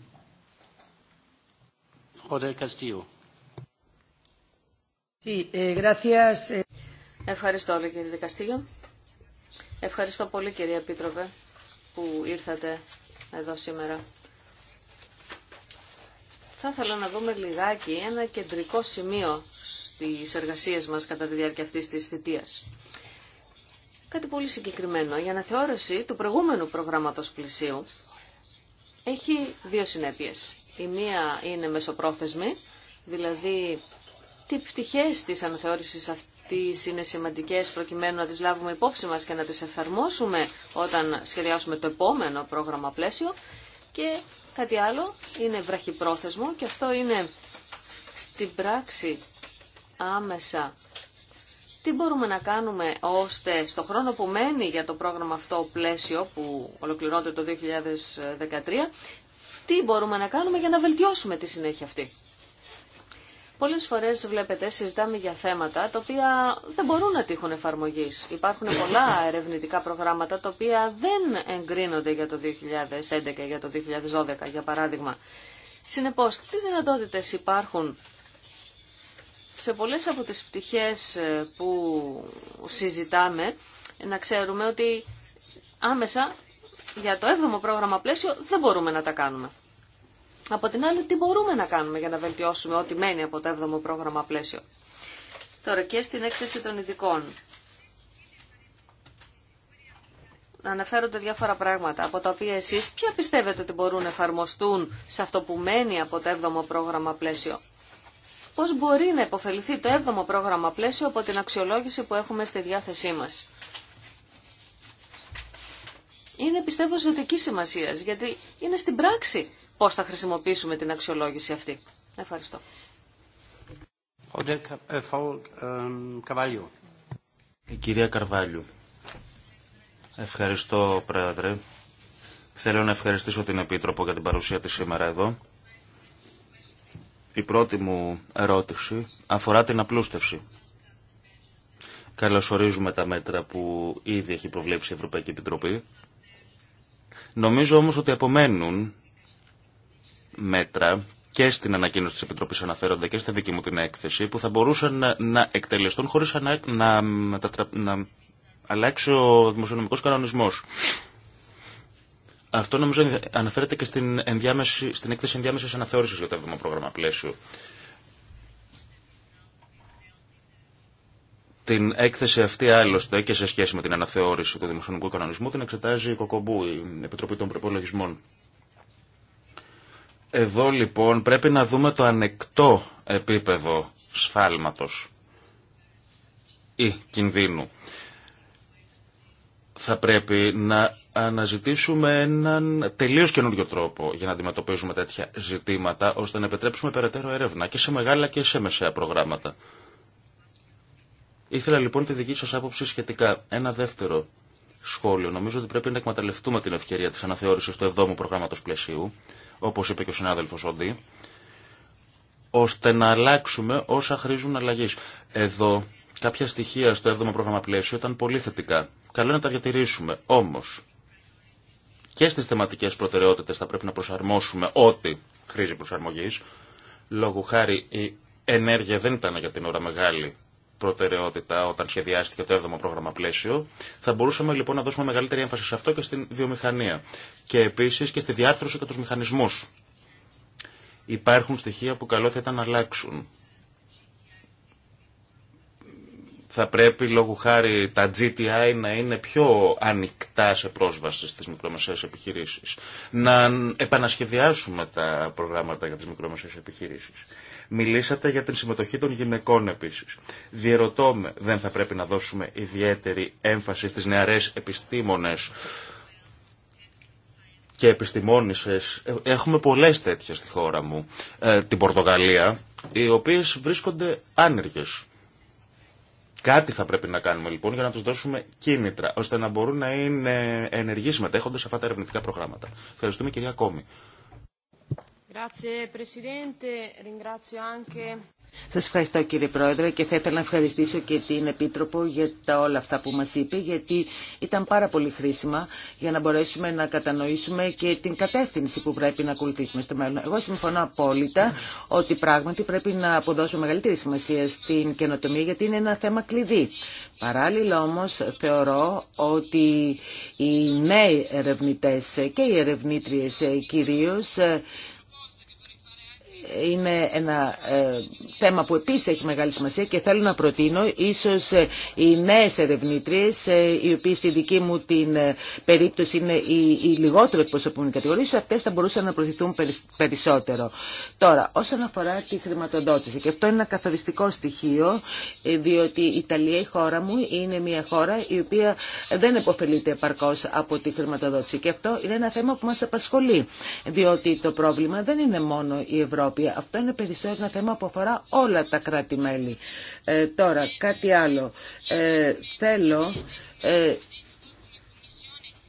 Ευχαριστώ όλοι κύριε Δικαστήριο. Ευχαριστώ πολύ κυρία Επίτροπε που ήρθατε εδώ σήμερα. Θα ήθελα να δούμε λιγάκι ένα κεντρικό σημείο στις εργασίες μας κατά τη διάρκεια αυτής της θητείας. Κάτι πολύ συγκεκριμένο. Η αναθεώρηση του προηγούμενου προγράμματος πλησίου έχει δύο συνέπειες. Η μία είναι μεσοπρόθεσμη, δηλαδή τι πτυχές της αναθεώρησης αυτής τι είναι σημαντικέ προκειμένου να τι λάβουμε υπόψη μας και να τις εφαρμόσουμε όταν σχεδιάσουμε το επόμενο πρόγραμμα πλαίσιο και κάτι άλλο είναι βραχυπρόθεσμο και αυτό είναι στην πράξη άμεσα τι μπορούμε να κάνουμε ώστε στο χρόνο που μένει για το πρόγραμμα αυτό πλαίσιο που ολοκληρώνεται το 2013 τι μπορούμε να κάνουμε για να βελτιώσουμε τη συνέχεια αυτή. Πολλέ φορές βλέπετε συζητάμε για θέματα τα οποία δεν μπορούν να τύχουν εφαρμογή. Υπάρχουν πολλά ερευνητικά προγράμματα τα οποία δεν εγκρίνονται για το 2011 για το 2012 για παράδειγμα. Συνεπώς, τι δυνατότητε υπάρχουν σε πολλές από τις πτυχές ε, που συζητάμε να ξέρουμε ότι άμεσα για το 7ο πρόγραμμα πλαίσιο δεν μπορούμε να τα κάνουμε. Από την άλλη, τι μπορούμε να κάνουμε για να βελτιώσουμε ό,τι μένει από το 7ο πρόγραμμα πλαίσιο. Τώρα και στην έκθεση των ειδικών. Αναφέρονται διάφορα πράγματα από τα οποία εσείς ποια πιστεύετε ότι μπορούν να εφαρμοστούν σε αυτό που μένει από το 7ο πρόγραμμα πλαίσιο. Πώς μπορεί να υποφεληθεί το 7ο πρόγραμμα πλαίσιο από την αξιολόγηση που έχουμε στη διάθεσή μας. Είναι πιστεύω ζωτική σημασία γιατί είναι στην πράξη πώς θα χρησιμοποιήσουμε την αξιολόγηση αυτή. Ευχαριστώ. Ε, η κυρία Καρβάλιου. Ευχαριστώ, Πρόεδρε. Θέλω να ευχαριστήσω την Επίτροπο για την παρουσία της σήμερα εδώ. Η πρώτη μου ερώτηση αφορά την απλούστευση. Καλωσορίζουμε τα μέτρα που ήδη έχει προβλέψει η Ευρωπαϊκή Επιτροπή. Νομίζω όμως ότι απομένουν μέτρα και στην ανακοίνωση τη Επιτροπή αναφέρονται και στη δική μου την έκθεση που θα μπορούσαν να εκτελεστούν χωρί να, να, να αλλάξει ο δημοσιονομικό κανονισμό. Αυτό νομίζω αναφέρεται και στην, ενδιάμεση, στην έκθεση ενδιάμεσης αναθεώρησης για το 7ο πρόγραμμα πλαίσιο. Την έκθεση αυτή άλλωστε και σε σχέση με την αναθεώρηση του δημοσιονομικού κανονισμού την εξετάζει η Κοκομπού, η Επιτροπή των Προπολογισμών. Εδώ λοιπόν πρέπει να δούμε το ανεκτό επίπεδο σφάλματος ή κινδύνου. Θα πρέπει να αναζητήσουμε έναν τελείως καινούριο τρόπο για να αντιμετωπίζουμε τέτοια ζητήματα, ώστε να επιτρέψουμε περαιτέρω έρευνα και σε μεγάλα και σε μεσαία προγράμματα. Ήθελα λοιπόν τη δική σας άποψη σχετικά. Ένα δεύτερο σχόλιο. Νομίζω ότι πρέπει να εκμεταλλευτούμε την ευκαιρία της αναθεώρησης του 7ου προγράμματος πλαισίου όπως είπε και ο συνάδελφος Οντή, ώστε να αλλάξουμε όσα χρήζουν αλλαγή. Εδώ κάποια στοιχεία στο 7ο πρόγραμμα πλαίσιο ήταν πολύ θετικά. Καλό είναι να τα διατηρήσουμε. Όμως και στις θεματικές προτεραιότητες θα πρέπει να προσαρμόσουμε ό,τι χρήζει προσαρμογής. Λόγω χάρη η ενέργεια δεν ήταν για την ώρα μεγάλη προτεραιότητα όταν σχεδιάστηκε το 7ο πρόγραμμα πλαίσιο. Θα μπορούσαμε λοιπόν να δώσουμε μεγαλύτερη έμφαση σε αυτό και στην βιομηχανία. Και επίση και στη διάρθρωση και του μηχανισμού. Υπάρχουν στοιχεία που καλό θα ήταν να αλλάξουν. Θα πρέπει λόγω χάρη τα GTI να είναι πιο ανοιχτά σε πρόσβαση στις μικρομεσαίες επιχειρήσεις. Να επανασχεδιάσουμε τα προγράμματα για τις μικρομεσαίες επιχειρήσεις. Μιλήσατε για την συμμετοχή των γυναικών επίσης. Διερωτώ με, δεν θα πρέπει να δώσουμε ιδιαίτερη έμφαση στις νεαρές επιστήμονες και επιστημόνισες. Έχουμε πολλές τέτοιες στη χώρα μου, ε, την Πορτογαλία, οι οποίες βρίσκονται άνεργες. Κάτι θα πρέπει να κάνουμε λοιπόν για να τους δώσουμε κίνητρα, ώστε να μπορούν να είναι ενεργοί συμμετέχοντες σε αυτά τα ερευνητικά προγράμματα. Ευχαριστούμε κυρία Κόμη. Σας ευχαριστώ κύριε Πρόεδρε και θα ήθελα να ευχαριστήσω και την Επίτροπο για τα όλα αυτά που μας είπε γιατί ήταν πάρα πολύ χρήσιμα για να μπορέσουμε να κατανοήσουμε και την κατεύθυνση που πρέπει να ακολουθήσουμε στο μέλλον. Εγώ συμφωνώ απόλυτα ότι πράγματι πρέπει να αποδώσουμε μεγαλύτερη σημασία στην καινοτομία γιατί είναι ένα θέμα κλειδί. Παράλληλα όμως θεωρώ ότι οι νέοι ερευνητές και οι ερευνήτριες ε, κυρίως ε, είναι ένα ε, θέμα που επίσης έχει μεγάλη σημασία και θέλω να προτείνω ίσως ε, οι νέες ερευνήτριες ε, οι οποίες στη δική μου την περίπτωση είναι οι, οι λιγότερο εκπροσωπούμενοι κατηγορίες αυτές θα μπορούσαν να προωθηθούν περισσότερο. Τώρα, όσον αφορά τη χρηματοδότηση και αυτό είναι ένα καθοριστικό στοιχείο διότι η Ιταλία, η χώρα μου, είναι μια χώρα η οποία δεν επωφελείται επαρκώς από τη χρηματοδότηση και αυτό είναι ένα θέμα που μας απασχολεί διότι το πρόβλημα δεν είναι μόνο η Ευρώπη αυτό είναι περισσότερο ένα θέμα που αφορά όλα τα κράτη-μέλη. Ε, τώρα, κάτι άλλο. Ε, θέλω ε,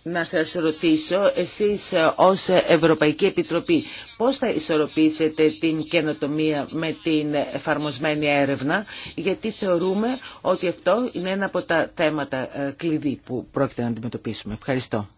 να σας ρωτήσω εσείς ως Ευρωπαϊκή Επιτροπή πώς θα ισορροπήσετε την καινοτομία με την εφαρμοσμένη έρευνα γιατί θεωρούμε ότι αυτό είναι ένα από τα θέματα κλειδί που πρόκειται να αντιμετωπίσουμε. Ευχαριστώ.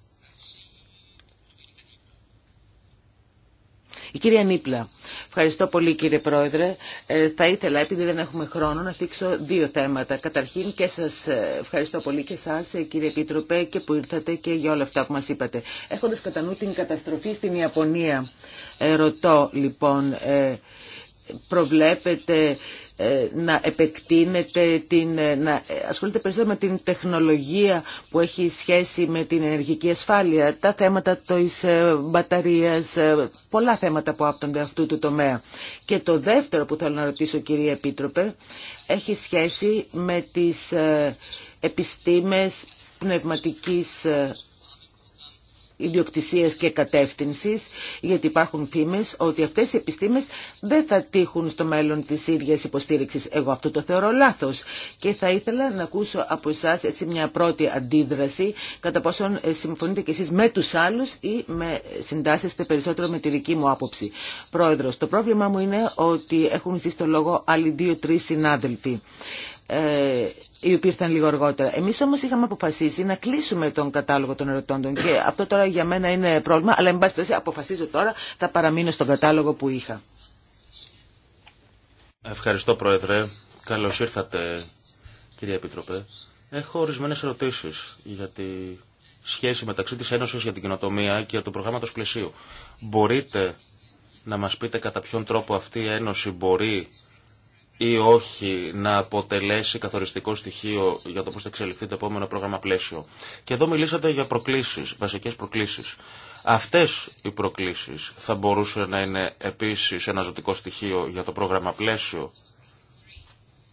Η κυρία Νίπλα. Ευχαριστώ πολύ κύριε Πρόεδρε. Ε, θα ήθελα, επειδή δεν έχουμε χρόνο, να θίξω δύο θέματα. Καταρχήν και σας ε, ευχαριστώ πολύ και σας ε, κύριε Επίτροπε και που ήρθατε και για όλα αυτά που μας είπατε. Έχοντας κατά νου την καταστροφή στην Ιαπωνία, ρωτώ λοιπόν... Ε, προβλέπετε ε, να επεκτείνετε, την, ε, να ασχολείται περισσότερο με την τεχνολογία που έχει σχέση με την ενεργική ασφάλεια, τα θέματα της ε, μπαταρίας, πολλά θέματα που άπτονται αυτού του τομέα. Και το δεύτερο που θέλω να ρωτήσω κυρία Επίτροπε, έχει σχέση με τις επιστήμες πνευματικής ιδιοκτησίας και κατεύθυνσης, γιατί υπάρχουν φήμες ότι αυτές οι επιστήμες δεν θα τύχουν στο μέλλον της ίδιας υποστήριξης. Εγώ αυτό το θεωρώ λάθος και θα ήθελα να ακούσω από εσά έτσι μια πρώτη αντίδραση, κατά πόσον ε, συμφωνείτε κι εσείς με τους άλλους ή με συντάσσεστε περισσότερο με τη δική μου άποψη. Πρόεδρος, το πρόβλημά μου είναι ότι έχουν ζήσει το λόγο άλλοι δύο-τρεις συνάδελφοι. Ε, οι οποίοι ήρθαν λίγο αργότερα. Εμεί όμω είχαμε αποφασίσει να κλείσουμε τον κατάλογο των ερωτώντων και αυτό τώρα για μένα είναι πρόβλημα, αλλά εν πάση περιπτώσει αποφασίζω τώρα θα παραμείνω στον κατάλογο που είχα. Ευχαριστώ Πρόεδρε. Καλώ ήρθατε κυρία Επίτροπε. Έχω ορισμένε ερωτήσει για τη σχέση μεταξύ τη Ένωση για την Κοινοτομία και του προγράμματο πλαισίου. Μπορείτε να μα πείτε κατά ποιον τρόπο αυτή η Ένωση μπορεί ή όχι να αποτελέσει καθοριστικό στοιχείο για το πώς θα εξελιχθεί το επόμενο πρόγραμμα πλαίσιο. Και εδώ μιλήσατε για προκλήσεις, βασικές προκλήσεις. Αυτές οι προκλήσεις θα μπορούσε να είναι επίσης ένα ζωτικό στοιχείο για το πρόγραμμα πλαίσιο.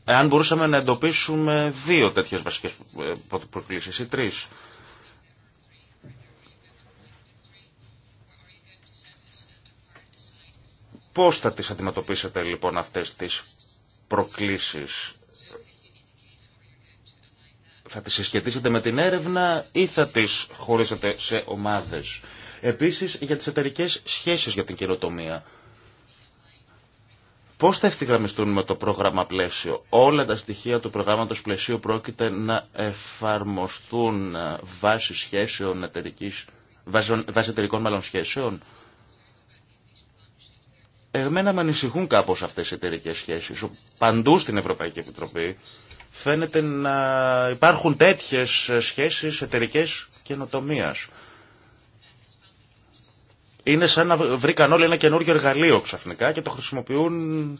Εάν μπορούσαμε να εντοπίσουμε δύο τέτοιες βασικές ε, προκλήσεις ή τρεις. Πώς θα τις αντιμετωπίσετε λοιπόν αυτές τις προκλήσεις θα τις συσχετίσετε με την έρευνα ή θα τις χωρίσετε σε ομάδες. Επίσης για τις εταιρικέ σχέσεις για την καινοτομία. Πώς θα ευθυγραμμιστούν με το πρόγραμμα πλαίσιο. Όλα τα στοιχεία του προγράμματος πλαισίου πρόκειται να εφαρμοστούν ε, βάσει σχέσεων εταιρικής, βάσει εταιρικών μάλλον σχέσεων. Εμένα με ανησυχούν κάπως αυτές οι εταιρικέ σχέσεις. Παντού στην Ευρωπαϊκή Επιτροπή φαίνεται να υπάρχουν τέτοιες σχέσεις εταιρικέ καινοτομία. Είναι σαν να βρήκαν όλοι ένα καινούργιο εργαλείο ξαφνικά και το χρησιμοποιούν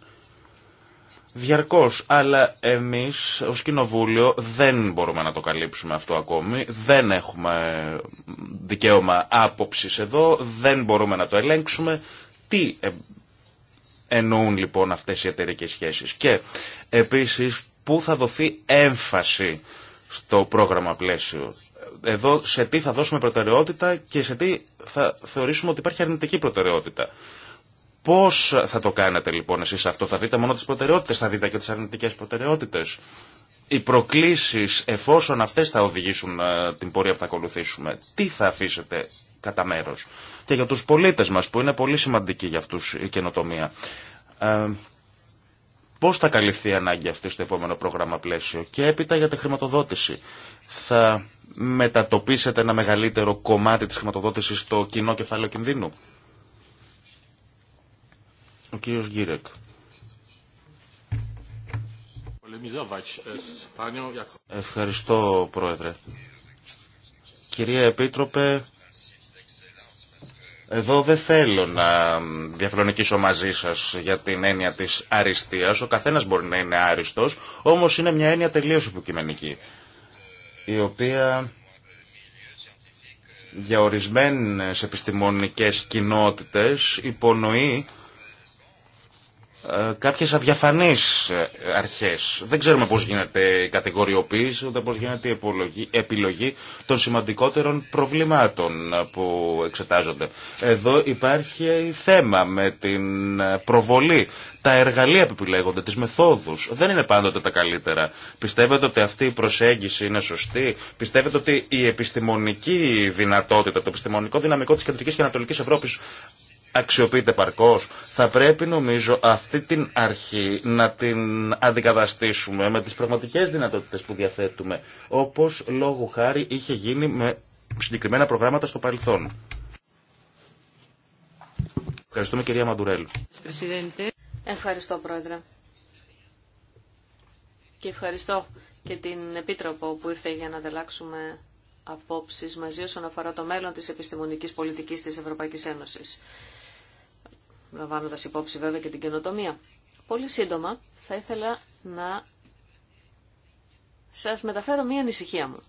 διαρκώς. Αλλά εμείς ως κοινοβούλιο δεν μπορούμε να το καλύψουμε αυτό ακόμη. Δεν έχουμε δικαίωμα άποψης εδώ, δεν μπορούμε να το ελέγξουμε. Τι ε, εννοούν λοιπόν αυτές οι εταιρικές σχέσεις. Και επίσης πού θα δοθεί έμφαση στο πρόγραμμα πλαίσιο. Εδώ σε τι θα δώσουμε προτεραιότητα και σε τι θα θεωρήσουμε ότι υπάρχει αρνητική προτεραιότητα. πως θα το κάνετε λοιπόν εσείς αυτό, θα δείτε μόνο τις προτεραιότητες θα δείτε και τις αρνητικές προτεραιότητες Οι προκλήσει, εφόσον αυτές θα οδηγήσουν ε, την πορεία που θα ακολουθήσουμε, τι θα αφήσετε κατά μέρος και για τους πολίτες μας που είναι πολύ σημαντική για αυτούς η καινοτομία. Ε, πώς θα καλυφθεί η ανάγκη αυτή στο επόμενο πρόγραμμα πλαίσιο και έπειτα για τη χρηματοδότηση. Θα μετατοπίσετε ένα μεγαλύτερο κομμάτι της χρηματοδότησης στο κοινό κεφάλαιο κινδύνου. Ο κύριος Γκίρεκ. Ε, Ευχαριστώ, Πρόεδρε. Κυρία Επίτροπε, εδώ δεν θέλω να διαφρονικήσω μαζί σας για την έννοια της αριστείας. Ο καθένας μπορεί να είναι άριστος, όμως είναι μια έννοια τελείως υποκειμενική, η οποία για ορισμένες επιστημονικές κοινότητες υπονοεί ε, κάποιες αδιαφανείς ε, αρχές. Δεν ξέρουμε πώς γίνεται η κατηγοριοποίηση, ούτε πώς γίνεται η επιλογή των σημαντικότερων προβλημάτων ε, που εξετάζονται. Εδώ υπάρχει θέμα με την προβολή. Τα εργαλεία που επιλέγονται, τις μεθόδους, δεν είναι πάντοτε τα καλύτερα. Πιστεύετε ότι αυτή η προσέγγιση είναι σωστή. Πιστεύετε ότι η επιστημονική δυνατότητα, το επιστημονικό δυναμικό της Κεντρικής και Ανατολικής Ευρώπης αξιοποιείται παρκώς. Θα πρέπει νομίζω αυτή την αρχή να την αντικαταστήσουμε με τις πραγματικές δυνατότητες που διαθέτουμε, όπως λόγου χάρη είχε γίνει με συγκεκριμένα προγράμματα στο παρελθόν. Ευχαριστούμε κυρία Μαντουρέλου. Ευχαριστώ πρόεδρε. Και ευχαριστώ και την Επίτροπο που ήρθε για να ανταλλάξουμε απόψεις μαζί όσον αφορά το μέλλον της επιστημονικής πολιτικής της Ευρωπαϊκής Ένωσης λαμβάνοντα υπόψη βέβαια και την καινοτομία. Πολύ σύντομα θα ήθελα να σας μεταφέρω μία ανησυχία μου.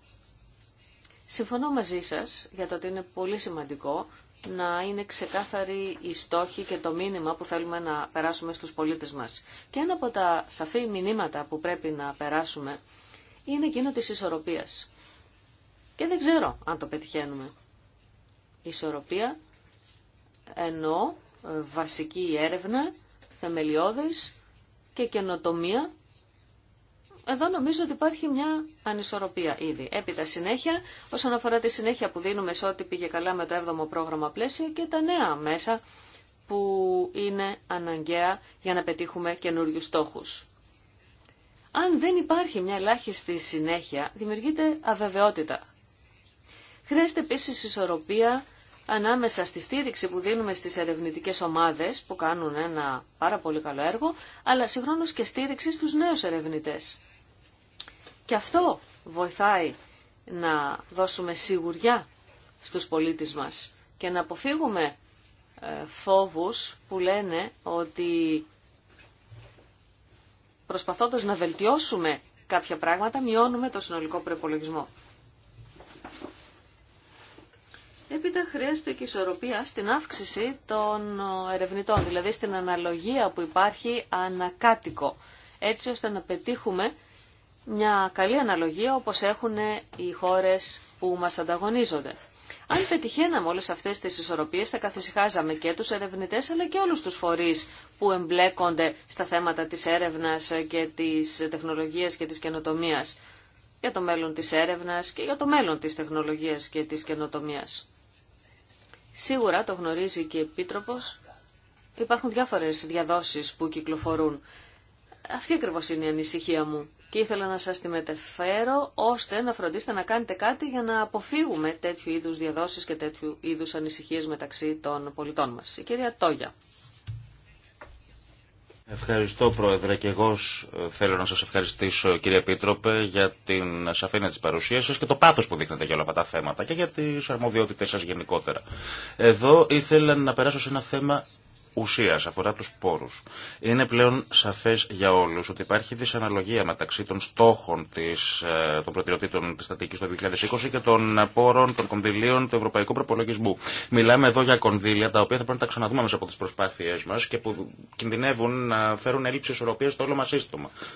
Συμφωνώ μαζί σας για το ότι είναι πολύ σημαντικό να είναι ξεκάθαρη η στόχη και το μήνυμα που θέλουμε να περάσουμε στους πολίτες μας. Και ένα από τα σαφή μηνύματα που πρέπει να περάσουμε είναι εκείνο της ισορροπίας. Και δεν ξέρω αν το πετυχαίνουμε. ισορροπία εννοώ βασική έρευνα, θεμελιώδης και καινοτομία. Εδώ νομίζω ότι υπάρχει μια ανισορροπία ήδη. Έπειτα συνέχεια, όσον αφορά τη συνέχεια που δίνουμε σε ό,τι πήγε καλά με το 7ο πρόγραμμα πλαίσιο και τα νέα μέσα που είναι αναγκαία για να πετύχουμε καινούριου στόχους. Αν δεν υπάρχει μια ελάχιστη συνέχεια, δημιουργείται αβεβαιότητα. Χρειάζεται επίσης ισορροπία ανάμεσα στη στήριξη που δίνουμε στις ερευνητικές ομάδες που κάνουν ένα πάρα πολύ καλό έργο, αλλά συγχρόνως και στήριξη στους νέους ερευνητές. Και αυτό βοηθάει να δώσουμε σιγουριά στους πολίτες μας και να αποφύγουμε ε, φόβους που λένε ότι προσπαθώντας να βελτιώσουμε κάποια πράγματα μειώνουμε το συνολικό προπολογισμό. Έπειτα χρειάζεται και ισορροπία στην αύξηση των ε, ερευνητών, δηλαδή στην αναλογία που υπάρχει ανακάτοικο, έτσι ώστε να πετύχουμε μια καλή αναλογία όπως έχουν οι χώρες που μας ανταγωνίζονται. Αν πετυχαίναμε όλες αυτές τις ισορροπίες θα καθησυχάζαμε και τους ερευνητές αλλά και όλους τους φορείς που εμπλέκονται στα θέματα της έρευνας και της τεχνολογίας και της καινοτομίας για το μέλλον της έρευνας και για το μέλλον της τεχνολογίας και της καινοτομίας. Σίγουρα το γνωρίζει και η Επίτροπος. Υπάρχουν διάφορες διαδόσεις που κυκλοφορούν. Αυτή ακριβώ είναι η ανησυχία μου. Και ήθελα να σας τη μετεφέρω ώστε να φροντίσετε να κάνετε κάτι για να αποφύγουμε τέτοιου είδους διαδόσεις και τέτοιου είδους ανησυχίες μεταξύ των πολιτών μας. Η κυρία Τόγια. Ευχαριστώ Πρόεδρε και εγώ ε, θέλω να σας ευχαριστήσω κύριε Επίτροπε για την σαφήνεια της παρουσίας σας και το πάθος που δείχνετε για όλα αυτά τα θέματα και για τις αρμοδιότητες σας γενικότερα. Εδώ ήθελα να περάσω σε ένα θέμα ουσίας, αφορά τους πόρους. Είναι πλέον σαφές για όλους ότι υπάρχει δυσαναλογία μεταξύ των στόχων της, ε, των προτεραιοτήτων της στατικής το 2020 και των πόρων των κονδυλίων του Ευρωπαϊκού Προπολογισμού. Μιλάμε εδώ για κονδύλια τα οποία θα πρέπει να τα ξαναδούμε μέσα από τις προσπάθειές μας και που κινδυνεύουν να φέρουν έλλειψη ισορροπίας στο όλο μας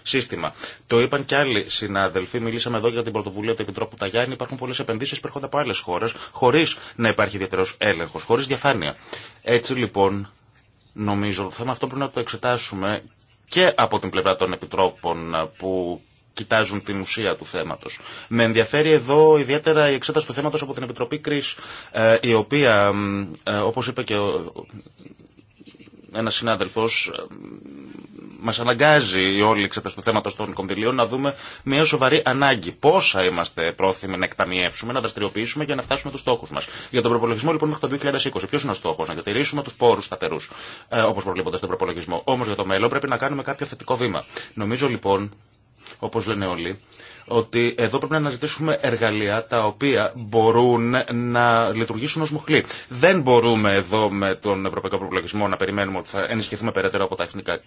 σύστημα. Το είπαν και άλλοι συνάδελφοι, μιλήσαμε εδώ για την πρωτοβουλία του Επιτρόπου Ταγιάννη, υπάρχουν πολλές επενδύσεις που έρχονται από άλλες χώρες, χωρίς να υπάρχει ιδιαίτερος έλεγχος, χωρίς διαφάνεια. Έτσι λοιπόν Νομίζω το θέμα αυτό πρέπει να το εξετάσουμε και από την πλευρά των επιτρόπων που κοιτάζουν την ουσία του θέματος. Με ενδιαφέρει εδώ ιδιαίτερα η εξέταση του θέματος από την Επιτροπή Κρίς, ε, η οποία, ε, όπως είπε και ο ένα συνάδελφο, ε, μα αναγκάζει όλοι εξέταση του θέματο των κονδυλίων να δούμε μια σοβαρή ανάγκη. Πόσα είμαστε πρόθυμοι να εκταμιεύσουμε, να δραστηριοποιήσουμε για να φτάσουμε του στόχου μα. Για τον προπολογισμό λοιπόν μέχρι το 2020 Ποιο είναι ο στόχο να διατηρήσουμε του πόρου σταθερού, όπω ε, όπως προβλέπονται στον προπολογισμό. Όμω για το μέλλον πρέπει να κάνουμε κάποιο θετικό βήμα. Νομίζω λοιπόν Όπω λένε όλοι, ότι εδώ πρέπει να αναζητήσουμε εργαλεία τα οποία μπορούν να λειτουργήσουν ως μοχλή. Δεν μπορούμε εδώ με τον Ευρωπαϊκό Προπολογισμό να περιμένουμε ότι θα ενισχυθούμε περαιτέρω από τα εθνικά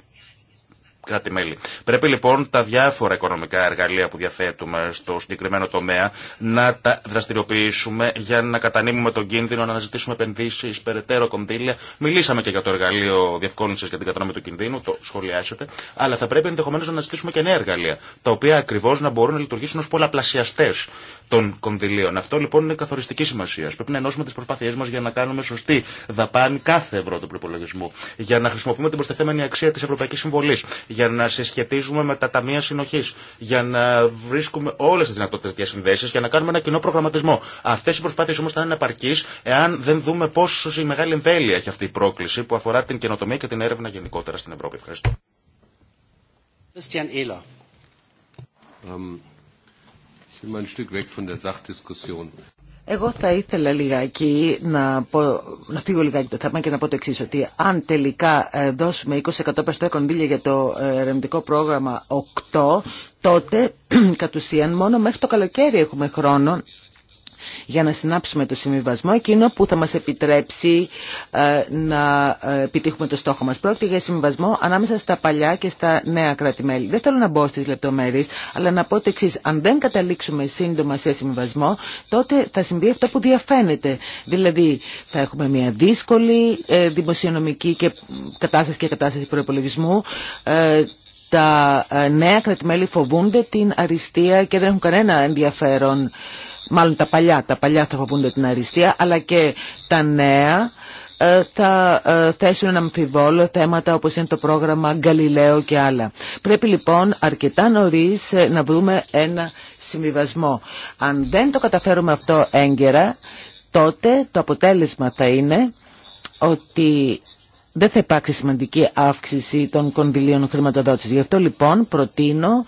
κράτη-μέλη. Πρέπει λοιπόν τα διάφορα οικονομικά εργαλεία που διαθέτουμε στο συγκεκριμένο τομέα να τα δραστηριοποιήσουμε για να κατανείμουμε τον κίνδυνο, να αναζητήσουμε επενδύσει, περαιτέρω κονδύλια. Μιλήσαμε και για το εργαλείο διευκόλυνση για την κατανομή του κινδύνου, το σχολιάσετε, αλλά θα πρέπει ενδεχομένω να αναζητήσουμε και νέα εργαλεία, τα οποία ακριβώ να μπορούν να λειτουργήσουν ω πολλαπλασιαστέ των κονδυλίων. Αυτό λοιπόν είναι καθοριστική σημασία. Πρέπει να ενώσουμε τι προσπάθειέ μα για να κάνουμε σωστή δαπάνη κάθε ευρώ του προπολογισμού, για να χρησιμοποιούμε την προστεθέμενη αξία τη Ευρωπαϊκή Συμβολή, για να συσχετίζουμε με τα ταμεία συνοχή, για να βρίσκουμε όλε τι δυνατότητε διασυνδέσει, για να κάνουμε ένα κοινό προγραμματισμό. Αυτέ οι προσπάθειε όμω θα είναι επαρκεί εάν δεν δούμε πόσο η μεγάλη εμβέλεια έχει αυτή η πρόκληση που αφορά την καινοτομία και την έρευνα γενικότερα στην Ευρώπη. Ευχαριστώ. Ähm, ich will mal ein Stück weg von der Sachdiskussion. Εγώ θα ήθελα λιγάκι να, πω, να φύγω λιγάκι το θέμα και να πω το εξή ότι αν τελικά ε, δώσουμε 20% περισσότερα για το ε, ερευνητικό πρόγραμμα 8, τότε κατ' ουσίαν μόνο μέχρι το καλοκαίρι έχουμε χρόνο για να συνάψουμε το συμβιβασμό εκείνο που θα μας επιτρέψει ε, να ε, επιτύχουμε το στόχο μας. Πρόκειται για συμβιβασμό ανάμεσα στα παλιά και στα νέα κράτη-μέλη. Δεν θέλω να μπω στις λεπτομέρειες, αλλά να πω το εξή. Αν δεν καταλήξουμε σύντομα σε συμβιβασμό, τότε θα συμβεί αυτό που διαφαίνεται. Δηλαδή, θα έχουμε μια δύσκολη ε, δημοσιονομική και κατάσταση και κατάσταση προπολογισμού τα νέα κρατημέλη φοβούνται την αριστεία και δεν έχουν κανένα ενδιαφέρον μάλλον τα παλιά, τα παλιά θα φοβούνται την αριστεία, αλλά και τα νέα ε, θα ε, θέσουν ένα αμφιβόλο θέματα όπως είναι το πρόγραμμα Γκαλιλαίο και άλλα. Πρέπει λοιπόν αρκετά νωρίς ε, να βρούμε ένα συμβιβασμό. Αν δεν το καταφέρουμε αυτό έγκαιρα, τότε το αποτέλεσμα θα είναι ότι δεν θα υπάρξει σημαντική αύξηση των κονδυλίων χρηματοδότησης. Γι' αυτό λοιπόν προτείνω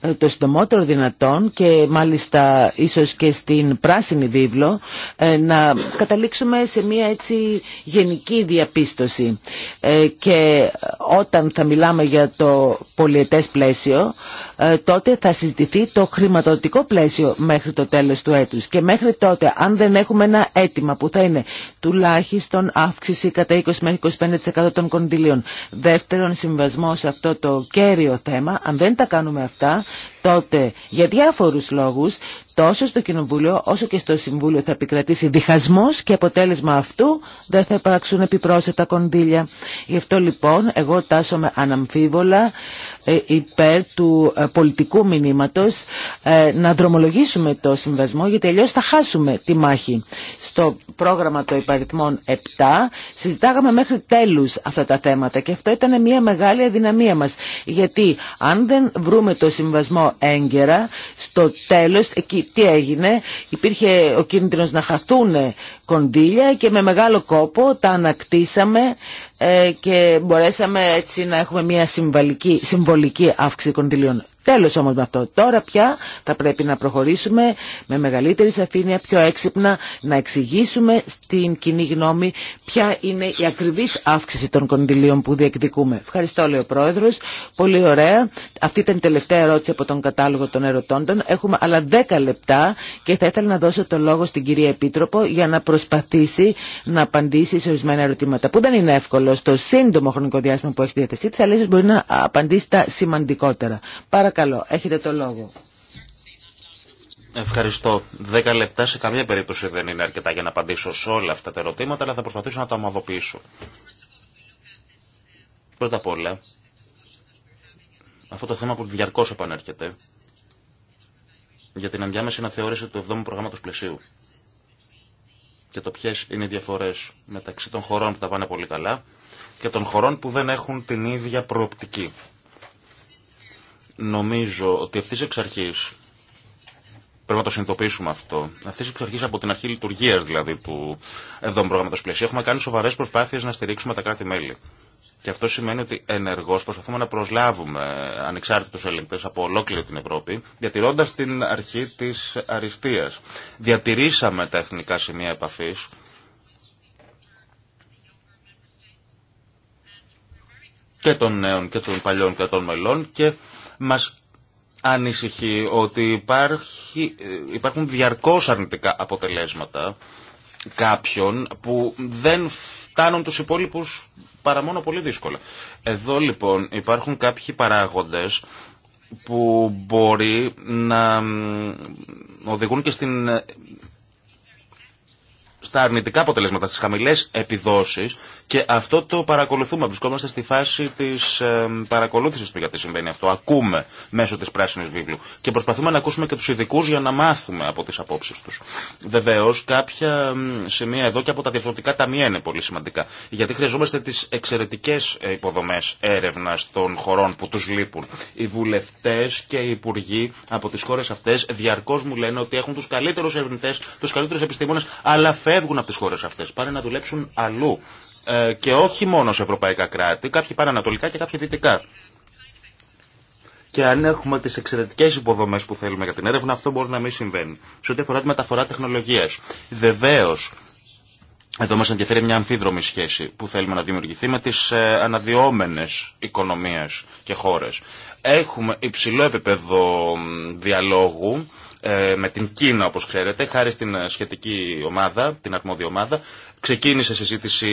ε, το συντομότερο δυνατόν και μάλιστα ίσως και στην πράσινη βίβλο ε, να καταλήξουμε σε μια έτσι γενική διαπίστωση ε, και όταν θα μιλάμε για το πολιετές πλαίσιο ε, τότε θα συζητηθεί το χρηματοδοτικό πλαίσιο μέχρι το τέλος του έτους. Και μέχρι τότε, αν δεν έχουμε ένα αίτημα που θα είναι τουλάχιστον αύξηση κατά 20 25% των κονδυλίων. Δεύτερον, συμβασμό σε αυτό το κέριο θέμα, αν δεν τα κάνουμε αυτά, τότε για διάφορους λόγους τόσο στο Κοινοβούλιο όσο και στο Συμβούλιο θα επικρατήσει διχασμός και αποτέλεσμα αυτού δεν θα υπάρξουν επιπρόσθετα κονδύλια. Γι' αυτό λοιπόν εγώ τάσομαι αναμφίβολα ε, υπέρ του ε, πολιτικού μηνύματος ε, να δρομολογήσουμε το συμβασμό γιατί αλλιώ θα χάσουμε τη μάχη. Στο πρόγραμμα των υπαριθμών 7 συζητάγαμε μέχρι τέλους αυτά τα θέματα και αυτό ήταν μια μεγάλη αδυναμία μας γιατί αν δεν βρούμε το συμβασμό έγκαιρα στο τέλος εκεί τι έγινε, υπήρχε ο κίνδυνος να χαθούν κονδύλια και με μεγάλο κόπο τα ανακτήσαμε ε, και μπορέσαμε έτσι να έχουμε μια συμβολική αύξηση κονδυλίων. Τέλος όμως με αυτό. Τώρα πια θα πρέπει να προχωρήσουμε με μεγαλύτερη σαφήνεια, πιο έξυπνα, να εξηγήσουμε στην κοινή γνώμη ποια είναι η ακριβής αύξηση των κονδυλίων που διεκδικούμε. Ευχαριστώ, λέει ο Πρόεδρος. Πολύ ωραία. Αυτή ήταν η τελευταία ερώτηση από τον κατάλογο των ερωτώντων. Έχουμε άλλα 10 λεπτά και θα ήθελα να δώσω το λόγο στην κυρία Επίτροπο για να προσπαθήσει να απαντήσει σε ορισμένα ερωτήματα που δεν είναι εύκολο στο σύντομο χρονικό διάστημα που έχει διαθεσή τη, αλλά μπορεί να απαντήσει τα σημαντικότερα. Παρακαλώ, το Ευχαριστώ. Δέκα λεπτά σε καμία περίπτωση δεν είναι αρκετά για να απαντήσω σε όλα αυτά τα ερωτήματα, αλλά θα προσπαθήσω να τα ομαδοποιήσω. Πρώτα απ' όλα, αυτό το θέμα που διαρκώ επανέρχεται για την ενδιάμεση αναθεώρηση του 7ου προγράμματο πλαισίου και το ποιε είναι οι διαφορέ μεταξύ των χωρών που τα πάνε πολύ καλά και των χωρών που δεν έχουν την ίδια προοπτική Νομίζω ότι ευθύ εξ αρχή πρέπει να το συνειδητοποιήσουμε αυτό. Αυτή εξ αρχή από την αρχή λειτουργία δηλαδή του 7ου προγράμματο πλαισίου έχουμε κάνει σοβαρέ προσπάθειε να στηρίξουμε τα κράτη-μέλη. Και αυτό σημαίνει ότι ενεργώ προσπαθούμε να προσλάβουμε ανεξάρτητου ελεγκτέ από ολόκληρη την Ευρώπη, διατηρώντα την αρχή τη αριστεία. Διατηρήσαμε τα εθνικά σημεία επαφή. και των νέων και των παλιών κρατών μελών και μας ανησυχεί ότι υπάρχει, υπάρχουν διαρκώς αρνητικά αποτελέσματα κάποιων που δεν φτάνουν τους υπόλοιπους παρά μόνο πολύ δύσκολα. Εδώ λοιπόν υπάρχουν κάποιοι παράγοντες που μπορεί να οδηγούν και στην στα αρνητικά αποτελέσματα, στι χαμηλέ επιδόσει, και αυτό το παρακολουθούμε. Βρισκόμαστε στη φάση τη ε, παρακολούθησης του γιατί συμβαίνει αυτό. Ακούμε μέσω τη πράσινη βίβλου και προσπαθούμε να ακούσουμε και του ειδικού για να μάθουμε από τι απόψει του. Βεβαίω, κάποια σημεία εδώ και από τα διαφορετικά ταμεία είναι πολύ σημαντικά γιατί χρειαζόμαστε τι εξαιρετικέ ε, υποδομέ έρευνα των χωρών που του λείπουν. Οι βουλευτέ και οι υπουργοί από τι χώρε αυτέ, διαρκώ μου λένε ότι έχουν του καλύτερου ερευνητέ, του καλύτερου επιστήμονε φεύγουν από τι χώρε αυτέ, πάνε να δουλέψουν αλλού ε, και όχι μόνο σε ευρωπαϊκά κράτη, κάποιοι πάνε ανατολικά και κάποιοι δυτικά. Και αν έχουμε τι εξαιρετικέ υποδομέ που θέλουμε για την έρευνα, αυτό μπορεί να μην συμβαίνει. Σε ό,τι αφορά τη μεταφορά τεχνολογία. Βεβαίω, εδώ μα ενδιαφέρει μια αμφίδρομη σχέση που θέλουμε να δημιουργηθεί με τι ε, αναδυόμενε οικονομίε και χώρε. Έχουμε υψηλό επίπεδο διαλόγου ε, με την Κίνα, όπως ξέρετε, χάρη στην σχετική ομάδα, την αρμόδια ομάδα. Ξεκίνησε συζήτηση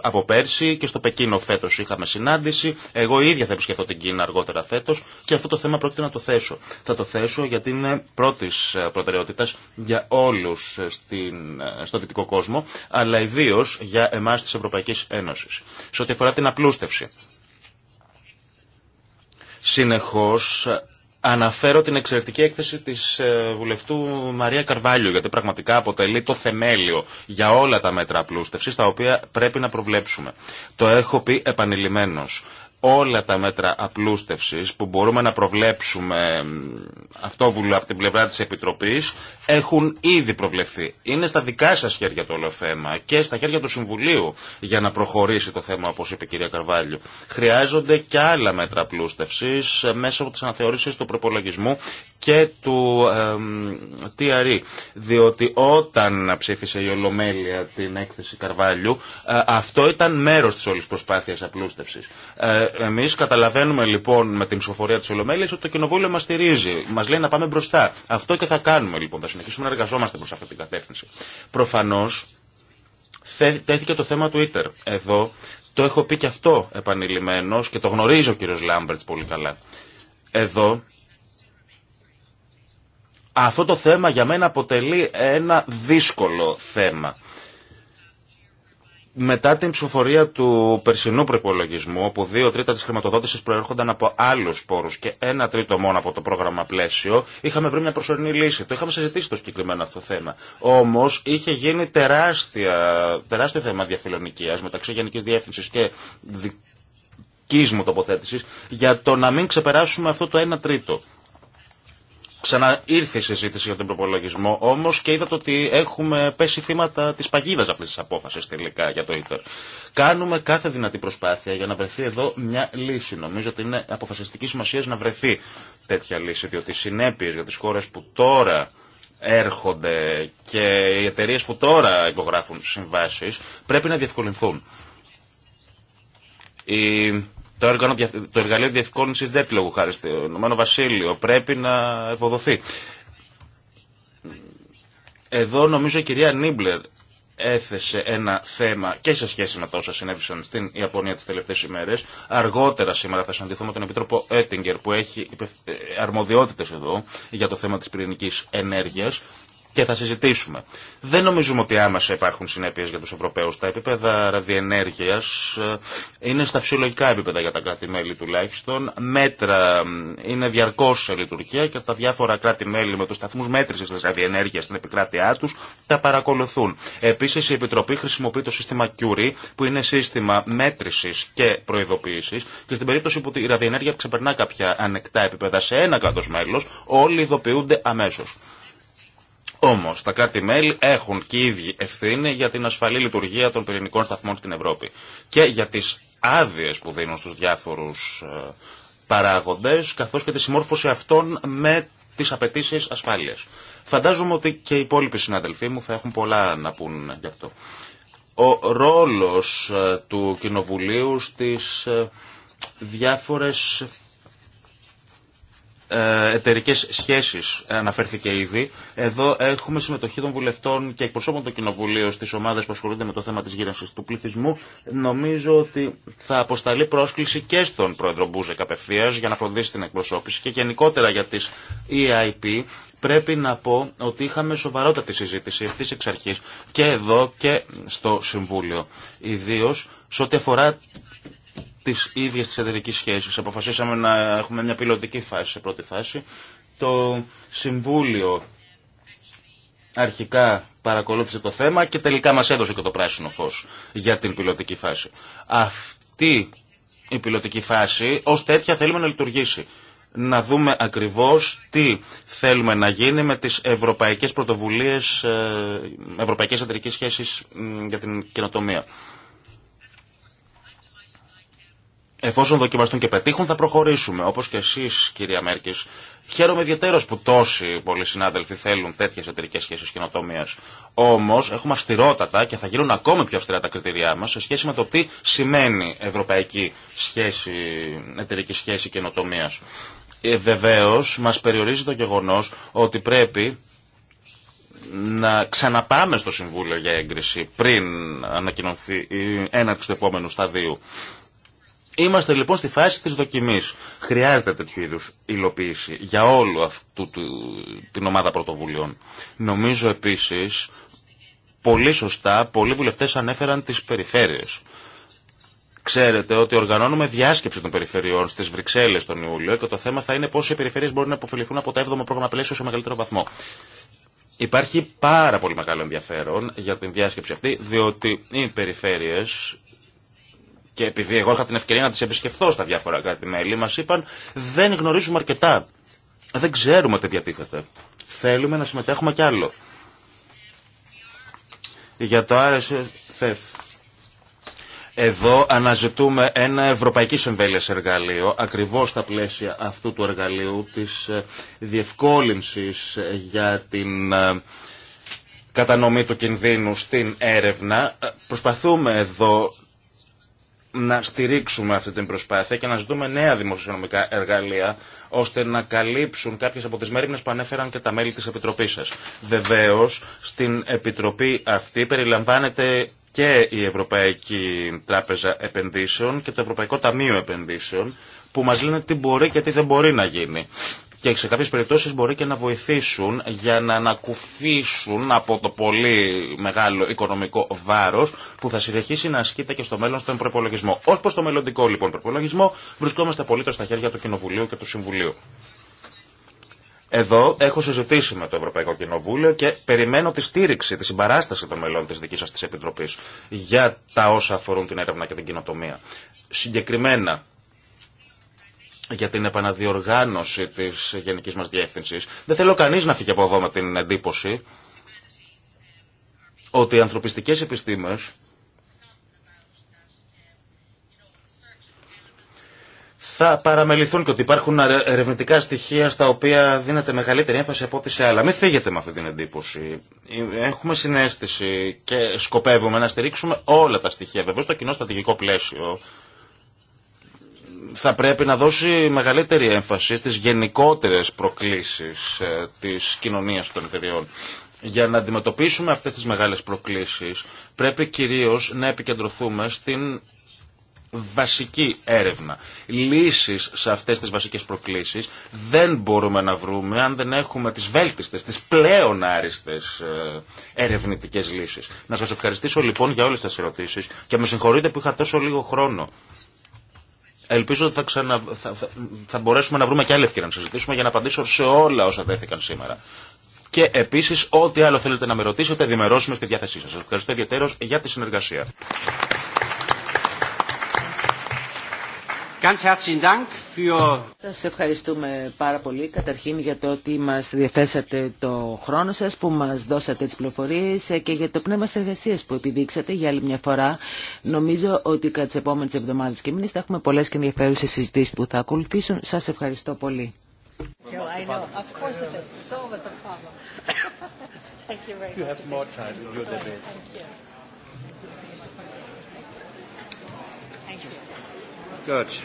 από πέρσι και στο Πεκίνο φέτος είχαμε συνάντηση. Εγώ ίδια θα επισκεφθώ την Κίνα αργότερα φέτος και αυτό το θέμα πρόκειται να το θέσω. Θα το θέσω γιατί είναι πρώτης προτεραιότητας για όλους στην, στο δυτικό κόσμο, αλλά ιδίω για εμάς της Ευρωπαϊκής Ένωσης. Σε ό,τι αφορά την απλούστευση. Συνεχώς Αναφέρω την εξαιρετική έκθεση της ε, βουλευτού Μαρία Καρβάλιο, γιατί πραγματικά αποτελεί το θεμέλιο για όλα τα μέτρα απλούστευσης, τα οποία πρέπει να προβλέψουμε. Το έχω πει επανειλημμένως όλα τα μέτρα απλούστευσης που μπορούμε να προβλέψουμε αυτόβουλο από την πλευρά της Επιτροπής έχουν ήδη προβλεφθεί. Είναι στα δικά σας χέρια το όλο θέμα και στα χέρια του Συμβουλίου για να προχωρήσει το θέμα όπως είπε η κυρία Καρβάλιο. Χρειάζονται και άλλα μέτρα απλούστευσης ε, μέσα από τις αναθεωρήσεις του προπολογισμού και του ε, TRE. Διότι όταν ψήφισε η Ολομέλεια την έκθεση Καρβάλιου, ε, αυτό ήταν μέρος της όλης προσπάθειας απλούστευσης. Ε, Εμεί καταλαβαίνουμε λοιπόν με την ψηφοφορία τη Ολομέλεια ότι το κοινοβούλιο μα στηρίζει, μα λέει να πάμε μπροστά. Αυτό και θα κάνουμε λοιπόν, θα συνεχίσουμε να εργαζόμαστε προ αυτή την κατεύθυνση. Προφανώ τέθηκε το θέμα Twitter. Εδώ το έχω πει και αυτό επανειλημμένο και το γνωρίζει ο κύριο Λάμπερτ πολύ καλά. Εδώ αυτό το θέμα για μένα αποτελεί ένα δύσκολο θέμα μετά την ψηφοφορία του περσινού προπολογισμού, όπου δύο τρίτα τη χρηματοδότηση προέρχονταν από άλλου πόρου και ένα τρίτο μόνο από το πρόγραμμα πλαίσιο, είχαμε βρει μια προσωρινή λύση. Το είχαμε συζητήσει το συγκεκριμένο αυτό θέμα. Όμω είχε γίνει τεράστια, τεράστιο θέμα διαφιλονικία μεταξύ Γενική Διεύθυνση και δική μου τοποθέτηση για το να μην ξεπεράσουμε αυτό το ένα τρίτο. Ξαναήρθε η συζήτηση για τον προπολογισμό, όμω και είδατε ότι έχουμε πέσει θύματα τη παγίδα αυτή τη απόφαση τελικά για το ΙΤΕΡ. Κάνουμε κάθε δυνατή προσπάθεια για να βρεθεί εδώ μια λύση. Νομίζω ότι είναι αποφασιστική σημασία να βρεθεί τέτοια λύση, διότι οι συνέπειε για τι χώρε που τώρα έρχονται και οι εταιρείε που τώρα υπογράφουν συμβάσει πρέπει να διευκολυνθούν. Το, το εργαλείο διευκόλυνση δεν επιλογού χάρη στο Ηνωμένο Βασίλειο πρέπει να ευοδοθεί. Εδώ νομίζω η κυρία Νίμπλερ έθεσε ένα θέμα και σε σχέση με τα όσα συνέβησαν στην Ιαπωνία τις τελευταίες ημέρες. Αργότερα σήμερα θα συναντηθούμε με τον Επιτρόπο Έτιγκερ που έχει ε, αρμοδιότητες εδώ για το θέμα της πυρηνικής ενέργειας και θα συζητήσουμε. Δεν νομίζουμε ότι άμεσα υπάρχουν συνέπειε για του Ευρωπαίου. Τα επίπεδα ραδιενέργεια, ε, είναι στα φυσιολογικά επίπεδα για τα κράτη-μέλη τουλάχιστον. Μέτρα ε, είναι διαρκώ σε λειτουργία και τα διάφορα κράτη-μέλη με του σταθμού μέτρηση τη ραδιενέργεια στην επικράτειά του, τα παρακολουθούν. Επίση, η Επιτροπή χρησιμοποιεί το σύστημα Curie που είναι σύστημα μέτρηση και προειδοποίηση, και στην περίπτωση που η ραδιενέργεια ξεπερνά κάποια ανεκτά επίπεδα σε ένα κράτο μέλο, όλοι ειδοποιούνται αμέσω. Όμω, τα κράτη-μέλη έχουν και οι ίδιοι ευθύνη για την ασφαλή λειτουργία των πυρηνικών σταθμών στην Ευρώπη και για τι άδειε που δίνουν στου διάφορου ε, παράγοντε, καθώ και τη συμμόρφωση αυτών με τι απαιτήσει ασφάλεια. Φαντάζομαι ότι και οι υπόλοιποι συναδελφοί μου θα έχουν πολλά να πούν γι' αυτό. Ο ρόλος ε, του Κοινοβουλίου στις ε, διάφορες ε, εταιρικέ σχέσει αναφέρθηκε ήδη. Εδώ έχουμε συμμετοχή των βουλευτών και εκπροσώπων του Κοινοβουλίου στι ομάδε που ασχολούνται με το θέμα τη γύρανση του πληθυσμού. Νομίζω ότι θα αποσταλεί πρόσκληση και στον πρόεδρο Μπούζεκ απευθεία για να φροντίσει την εκπροσώπηση και γενικότερα για τι EIP. Πρέπει να πω ότι είχαμε σοβαρότατη συζήτηση ευθύ εξ αρχή και εδώ και στο Συμβούλιο. Ιδίω σε ό,τι αφορά τη ίδια τη εταιρική σχέση. Αποφασίσαμε να έχουμε μια πιλωτική φάση σε πρώτη φάση. Το Συμβούλιο αρχικά παρακολούθησε το θέμα και τελικά μας έδωσε και το πράσινο φως για την πιλωτική φάση. Αυτή η πιλωτική φάση ω τέτοια θέλουμε να λειτουργήσει. Να δούμε ακριβώς τι θέλουμε να γίνει με τις ευρωπαϊκές πρωτοβουλίες, ε, ευρωπαϊκές εταιρικές σχέσεις για την καινοτομία. Εφόσον δοκιμαστούν και πετύχουν θα προχωρήσουμε, Όπω και εσεί, κυρία Μέρκη. Χαίρομαι ιδιαίτερα που τόσοι πολλοί συνάδελφοι θέλουν τέτοιε εταιρικέ σχέσει καινοτομία. Όμω έχουμε αυστηρότατα και θα γίνουν ακόμη πιο αυστηρά τα κριτήριά μα σε σχέση με το τι σημαίνει ευρωπαϊκή σχέση, εταιρική σχέση καινοτομία. Ε, Βεβαίω μα περιορίζει το γεγονό ότι πρέπει να ξαναπάμε στο Συμβούλιο για έγκριση πριν ανακοινωθεί η έναρξη του επόμενου σταδίου. Είμαστε λοιπόν στη φάση της δοκιμής. Χρειάζεται τέτοιου είδους υλοποίηση για όλου αυτού του, την ομάδα πρωτοβουλειών. Νομίζω επίσης, πολύ σωστά, πολλοί βουλευτές ανέφεραν τις περιφέρειες. Ξέρετε ότι οργανώνουμε διάσκεψη των περιφερειών στι Βρυξέλλε τον Ιούλιο και το θέμα θα είναι πόσες περιφέρειες περιφερειέ μπορούν να αποφεληθούν από τα 7ο πρόγραμμα πλαίσιο σε μεγαλύτερο βαθμό. Υπάρχει πάρα πολύ μεγάλο ενδιαφέρον για την διάσκεψη αυτή, διότι οι περιφέρειες και επειδή εγώ είχα την ευκαιρία να τι επισκεφθώ στα διάφορα κράτη-μέλη, μα είπαν δεν γνωρίζουμε αρκετά. Δεν ξέρουμε τι διατίθεται. Θέλουμε να συμμετέχουμε κι άλλο. Για το RSFF. Εδώ αναζητούμε ένα ευρωπαϊκή εμβέλεια εργαλείο, ακριβώς στα πλαίσια αυτού του εργαλείου της ε, διευκόλυνσης ε, για την ε, κατανομή του κινδύνου στην έρευνα. Προσπαθούμε εδώ να στηρίξουμε αυτή την προσπάθεια και να ζητούμε νέα δημοσιονομικά εργαλεία ώστε να καλύψουν κάποιε από τι μέρημνε που ανέφεραν και τα μέλη τη Επιτροπή σα. Βεβαίω, στην Επιτροπή αυτή περιλαμβάνεται και η Ευρωπαϊκή Τράπεζα Επενδύσεων και το Ευρωπαϊκό Ταμείο Επενδύσεων που μας λένε τι μπορεί και τι δεν μπορεί να γίνει και σε κάποιες περιπτώσεις μπορεί και να βοηθήσουν για να ανακουφίσουν από το πολύ μεγάλο οικονομικό βάρος που θα συνεχίσει να ασκείται και στο μέλλον στον προπολογισμό. Ως προς το μελλοντικό λοιπόν προπολογισμό βρισκόμαστε απολύτως στα χέρια του Κοινοβουλίου και του Συμβουλίου. Εδώ έχω συζητήσει με το Ευρωπαϊκό Κοινοβούλιο και περιμένω τη στήριξη, τη συμπαράσταση των μελών τη δική σα τη Επιτροπή για τα όσα αφορούν την έρευνα και την κοινοτομία. Συγκεκριμένα, για την επαναδιοργάνωση της γενικής μας διεύθυνσης. Δεν θέλω κανείς να φύγει από εδώ με την εντύπωση ότι οι ανθρωπιστικές επιστήμες θα παραμεληθούν και ότι υπάρχουν ερευνητικά στοιχεία στα οποία δίνεται μεγαλύτερη έμφαση από ό,τι σε άλλα. Μην φύγετε με αυτή την εντύπωση. Έχουμε συνέστηση και σκοπεύουμε να στηρίξουμε όλα τα στοιχεία. Βεβαίω το κοινό στρατηγικό πλαίσιο θα πρέπει να δώσει μεγαλύτερη έμφαση στις γενικότερες προκλήσεις ε, της κοινωνίας των εταιριών. Για να αντιμετωπίσουμε αυτές τις μεγάλες προκλήσεις πρέπει κυρίως να επικεντρωθούμε στην βασική έρευνα. Λύσεις σε αυτές τις βασικές προκλήσεις δεν μπορούμε να βρούμε αν δεν έχουμε τις βέλτιστες, τις πλέον άριστες ε, ερευνητικές λύσεις. Να σας ευχαριστήσω λοιπόν για όλες τις ερωτήσεις και με συγχωρείτε που είχα τόσο λίγο χρόνο. Ελπίζω ότι θα, θα, μπορέσουμε να βρούμε και άλλη ευκαιρία να συζητήσουμε για να απαντήσω σε όλα όσα δέθηκαν σήμερα. Και επίση, ό,τι άλλο θέλετε να με ρωτήσετε, δημερώσουμε στη διάθεσή σα. Ευχαριστώ ιδιαίτερω για τη συνεργασία. Σας ευχαριστούμε πάρα πολύ καταρχήν για το ότι μας διαθέσατε το χρόνο σας που μας δώσατε τις πληροφορίες και για το πνεύμα συνεργασίας που επιδείξατε για άλλη μια φορά. Νομίζω ότι κατά τις επόμενες εβδομάδες και μήνες θα έχουμε πολλές και ενδιαφέρουσες συζητήσεις που θα ακολουθήσουν. Σας ευχαριστώ πολύ.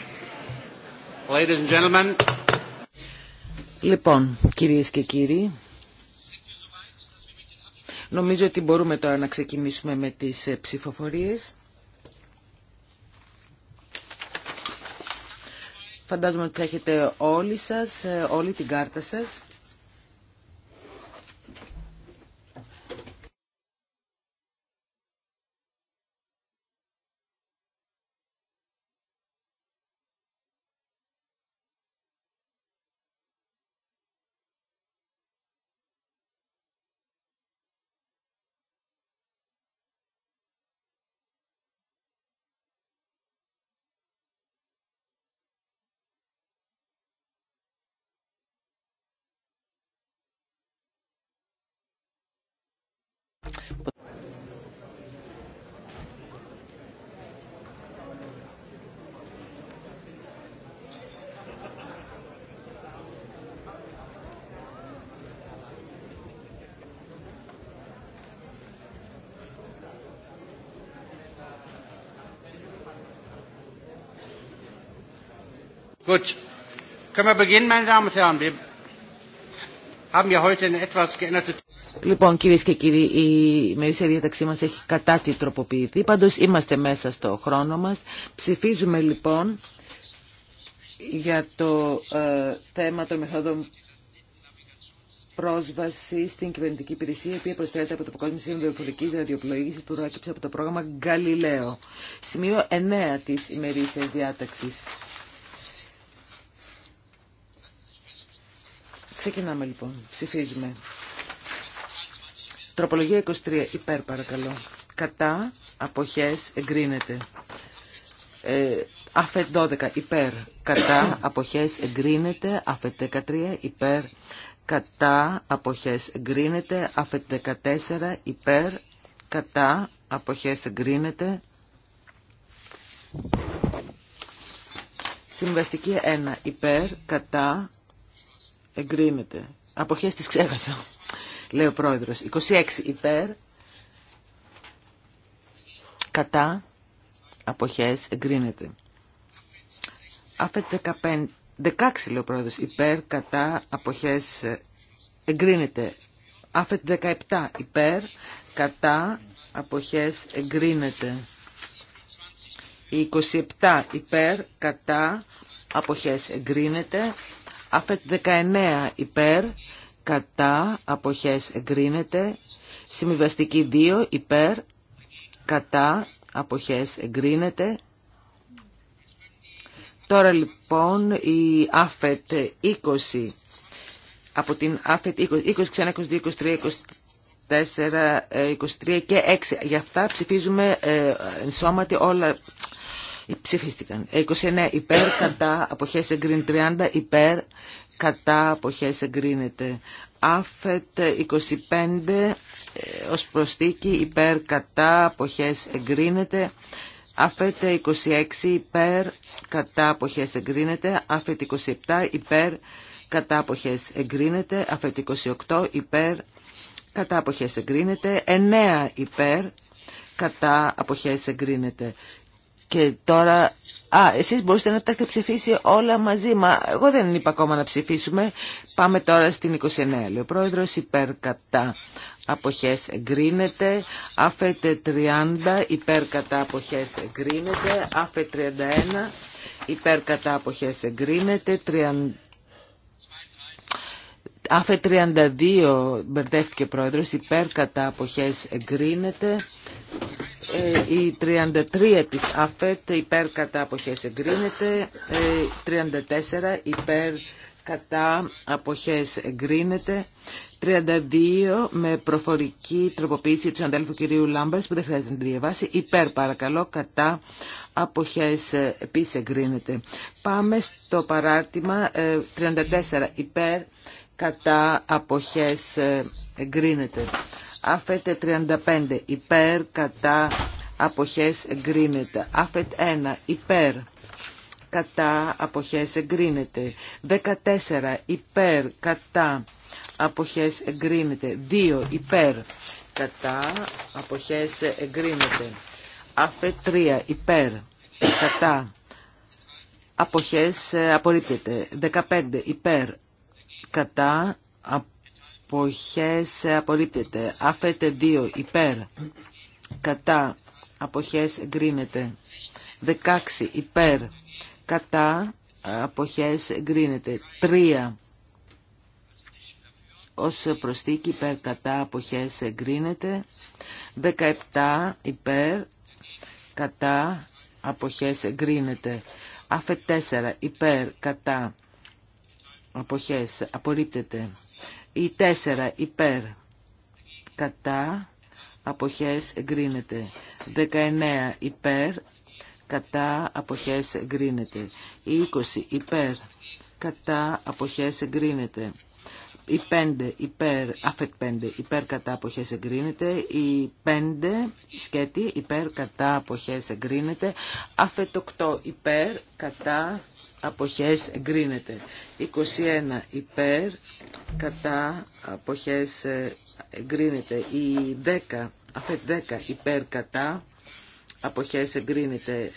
Λοιπόν, κυρίες και κύριοι, νομίζω ότι μπορούμε τώρα να ξεκινήσουμε με τις ε, ψηφοφορίες. Φαντάζομαι ότι θα έχετε όλοι σας, ε, όλη την κάρτα σας. Gut. Können wir beginnen, meine Damen Λοιπόν, κυρίε και κύριοι, η ημερήσια διάταξή μα έχει κατά τη τροποποιηθεί. Πάντω είμαστε μέσα στο χρόνο μα. Ψηφίζουμε λοιπόν για το ε, θέμα των μεθόδων πρόσβαση στην κυβερνητική υπηρεσία, η οποία προσφέρεται από το Παγκόσμιο Σύμβουλο Δορυφορική Ραδιοπλοήγηση που προέκυψε από το πρόγραμμα Γκαλιλαίο. Σημείο 9 τη ημερήσια διάταξη. Ξεκινάμε λοιπόν. Ψηφίζουμε. Τροπολογία 23. Υπέρ παρακαλώ. Κατά αποχές εγκρίνεται. Ε, 12. Υπέρ. Κατά αποχές εγκρίνεται. ΑφΕ 13. Υπέρ. Κατά αποχές εγκρίνεται. ΑφΕ 14. Υπέρ. Κατά αποχές εγκρίνεται. Συμβαστική 1. Υπέρ. Κατά Εγκρίνεται. Αποχέ τις ξέχασα, λέει ο πρόεδρο. 26 υπέρ. Κατά. αποχέ, εγκρίνεται. άφετε 15, 16 λέει ο πρόεδρο. Υπέρ, κατά, Αποχέ. Ε, εγκρίνεται. άφετε 17 υπέρ, κατά, Αποχέ. εγκρίνεται. 27 υπέρ, κατά, αποχέ εγκρίνεται. Αφετ 19 υπέρ, κατά, αποχές εγκρίνεται. Συμβιβαστική 2 υπέρ, κατά, αποχές εγκρίνεται. Τώρα λοιπόν η ΑΦΕΤ 20, από την ΑΦΕΤ 20, 20, 22, 23, 24, 23 και 6. Για αυτά ψηφίζουμε ε, ενσώματι όλα Ψηφίστηκαν. 29 υπέρ, κατά, αποχές εγκρίνεται. 30 υπέρ, κατά, αποχές εγκρίνεται. Άφετ 25 ε, ως προστίκη, υπέρ, κατά, αποχές εγκρίνεται. Άφετ 26 υπέρ, κατά, αποχές εγκρίνεται. Άφετ 27 υπέρ, κατά, αποχές εγκρίνεται. Άφετ 28 υπέρ, κατά, αποχές εγκρίνεται. 9 υπέρ, κατά αποχές εγκρίνεται. Και τώρα... Α, εσείς μπορείτε να τα έχετε ψηφίσει όλα μαζί. Μα εγώ δεν είπα ακόμα να ψηφίσουμε. Πάμε τώρα στην 29. Λέει ο πρόεδρος υπέρ κατά αποχές εγκρίνεται. Άφετε 30 υπέρ κατά αποχές εγκρίνεται. Άφε 31 υπέρ κατά αποχές εγκρίνεται. 30... Άφε 32 μπερδεύτηκε πρόεδρος, υπέρ κατά αποχές εγκρίνεται. Ε, η 33 της ΑΦΕΤ υπέρ κατά αποχές εγκρίνεται, 34 ε, υπέρ κατά αποχές εγκρίνεται, 32 με προφορική τροποποίηση του αντέλφου κυρίου Λάμπερς που δεν χρειάζεται να τη διαβάσει, υπέρ παρακαλώ κατά αποχές ε, επίσης εγκρίνεται. Πάμε στο παράρτημα 34 υπέρ κατά αποχές εγκρίνεται. Άφετ 35 υπέρ κατά αποχές εγκρίνεται. Άφετ 1 υπέρ κατά αποχές εγκρίνεται. 14 υπέρ κατά αποχές εγκρίνεται. 2 υπέρ κατά αποχές εγκρίνεται. Άφετ 3 υπέρ κατά αποχές ε, απορρίπτεται. 15 υπέρ κατά αποχές αποχές απορρίπτεται. Άφετε 2 υπέρ κατά αποχές εγκρίνεται. 16 υπέρ κατά αποχές εγκρίνεται. 3 ως προστίκη υπέρ κατά αποχές εγκρίνεται. 17 υπέρ κατά αποχές εγκρίνεται. Άφε 4 υπέρ κατά αποχές απορρίπτεται. Η 4 υπέρ κατά αποχές εγκρίνεται. 19 υπέρ κατά αποχές εγκρίνεται. Η 20 υπέρ κατά αποχές εγκρίνεται. Η 5 υπέρ, αφετ 5 υπέρ κατά αποχές εγκρίνεται. Η 5 σκέτη υπέρ κατά αποχές εγκρίνεται. Αφετ 8 υπέρ κατά αποχές εγκρίνεται. 21 ε, υπέρ, κατά αποχές εγκρίνεται. Η 10, αφετ 10 υπέρ, κατά αποχές εγκρίνεται.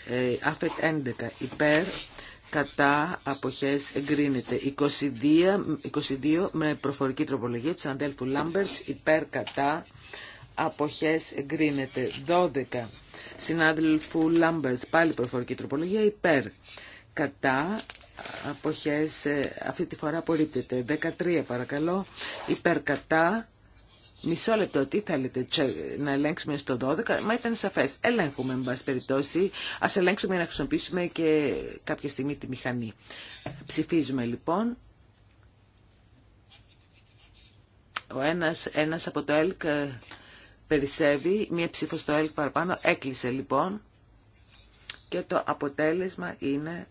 Αφετ 11 υπέρ, κατά αποχές εγκρίνεται. 22, 22 με προφορική τροπολογία του Σαντέλφου Λάμπερτς υπέρ, κατά αποχές εγκρίνεται. 12 συνάδελφου Λάμπερτς πάλι προφορική τροπολογία υπέρ κατά αποχές ε, αυτή τη φορά απορρίπτεται 13 παρακαλώ υπερκατά. κατά Μισό λεπτό, τι θέλετε να ελέγξουμε στο 12, μα ήταν σαφές. Ελέγχουμε, με βάση περιπτώσει. Ας ελέγξουμε να χρησιμοποιήσουμε και κάποια στιγμή τη μηχανή. Ψηφίζουμε λοιπόν. Ο ένας, ένας από το ΕΛΚ ε, περισσεύει, μία ψήφο στο ΕΛΚ παραπάνω, έκλεισε λοιπόν και το αποτέλεσμα είναι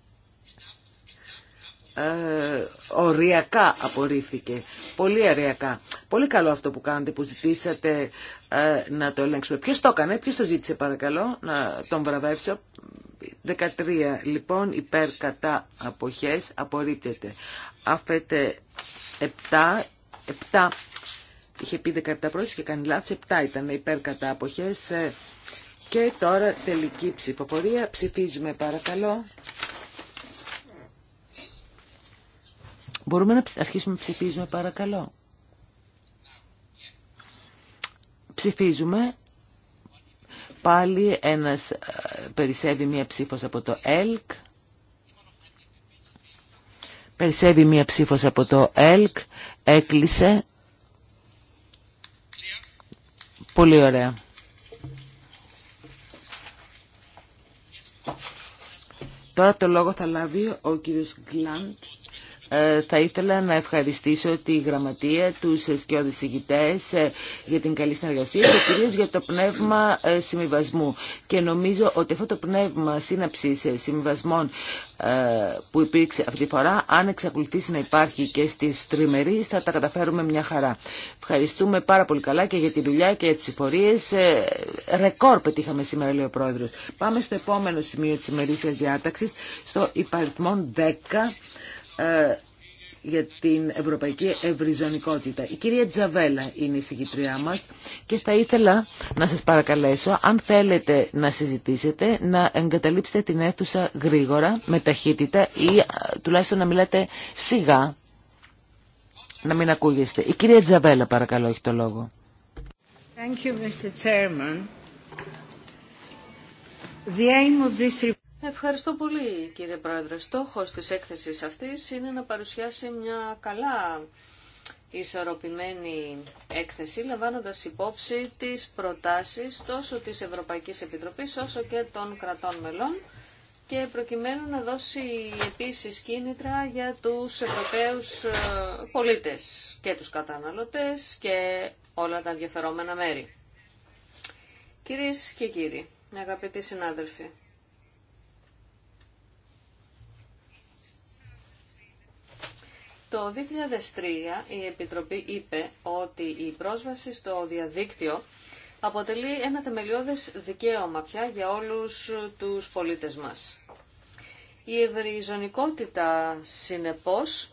ε, οριακά απορρίφθηκε. Πολύ αριακά. Πολύ καλό αυτό που κάνετε, που ζητήσατε ε, να το ελέγξουμε. Ποιος το έκανε, ποιος το ζήτησε παρακαλώ, να τον βραβεύσω. 13 λοιπόν υπέρ κατά αποχές απορρίπτεται. Αφέτε 7, 7 είχε πει 17 πρώτης και κάνει λάθος, 7 ήταν υπέρ κατά αποχές. Ε, και τώρα τελική ψηφοφορία. Ψηφίζουμε παρακαλώ. Μπορούμε να αρχίσουμε να ψηφίζουμε παρακαλώ. Ψηφίζουμε. Πάλι ένας ε, περισσεύει μία ψήφος από το ΕΛΚ. Περισσεύει μία ψήφος από το ΕΛΚ. Έκλεισε. Πολύ ωραία. Τώρα το λόγο θα λάβει ο κύριος Γκλάντ. Ε, θα ήθελα να ευχαριστήσω τη γραμματεία, τους σκιώδης ηγητές ε, για την καλή συνεργασία και κυρίω για το πνεύμα ε, συμβιβασμού. Και νομίζω ότι αυτό το πνεύμα σύναψης συμβιβασμών που υπήρξε αυτή τη φορά, αν εξακολουθήσει να υπάρχει και στις τριμερείς θα τα καταφέρουμε μια χαρά. Ευχαριστούμε πάρα πολύ καλά και για τη δουλειά και για τις συμφορίες. Ρεκόρ πετύχαμε σήμερα, λέει ο Πρόεδρος. Πάμε στο επόμενο σημείο της ημερήσιας διάταξης, στο υπαριθμόν 10 ε, για την ευρωπαϊκή ευρυζωνικότητα. Η κυρία Τζαβέλα είναι η συγκητριά μας και θα ήθελα να σας παρακαλέσω, αν θέλετε να συζητήσετε, να εγκαταλείψετε την αίθουσα γρήγορα, με ταχύτητα ή ε, τουλάχιστον να μιλάτε σιγά, να μην ακούγεστε. Η κυρία Τζαβέλα παρακαλώ έχει το λόγο. Thank you, Mr. Chairman. The aim of this... Ευχαριστώ πολύ κύριε Πρόεδρε. Στόχος της έκθεσης αυτής είναι να παρουσιάσει μια καλά ισορροπημένη έκθεση, λαμβάνοντας υπόψη τις προτάσεις τόσο της Ευρωπαϊκής Επιτροπής όσο και των κρατών μελών και προκειμένου να δώσει επίσης κίνητρα για τους Ευρωπαίους ε, πολίτες και τους καταναλωτές και όλα τα ενδιαφερόμενα μέρη. Κυρίε και κύριοι, αγαπητοί συνάδελφοι, Το 2003 η Επιτροπή είπε ότι η πρόσβαση στο διαδίκτυο αποτελεί ένα θεμελιώδες δικαίωμα πια για όλους τους πολίτες μας. Η ευρυζωνικότητα συνεπώς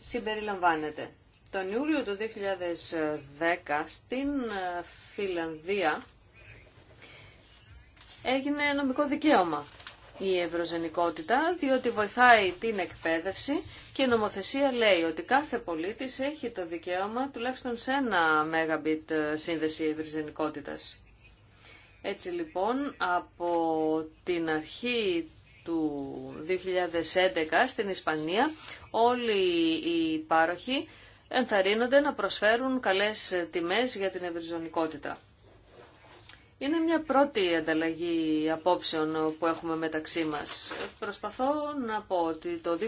συμπεριλαμβάνεται. Τον Ιούλιο του 2010 στην ε, Φιλανδία έγινε νομικό δικαίωμα η ευρωζενικότητα, διότι βοηθάει την εκπαίδευση και η νομοθεσία λέει ότι κάθε πολίτης έχει το δικαίωμα τουλάχιστον σε ένα μεγαμπιτ ε, σύνδεση ευρυζενικότητας. Έτσι λοιπόν από την αρχή του 2011 στην Ισπανία όλοι οι πάροχοι ενθαρρύνονται να προσφέρουν καλές τιμές για την ευρυζωνικότητα. Είναι μια πρώτη ανταλλαγή απόψεων που έχουμε μεταξύ μας. Προσπαθώ να πω ότι το 2013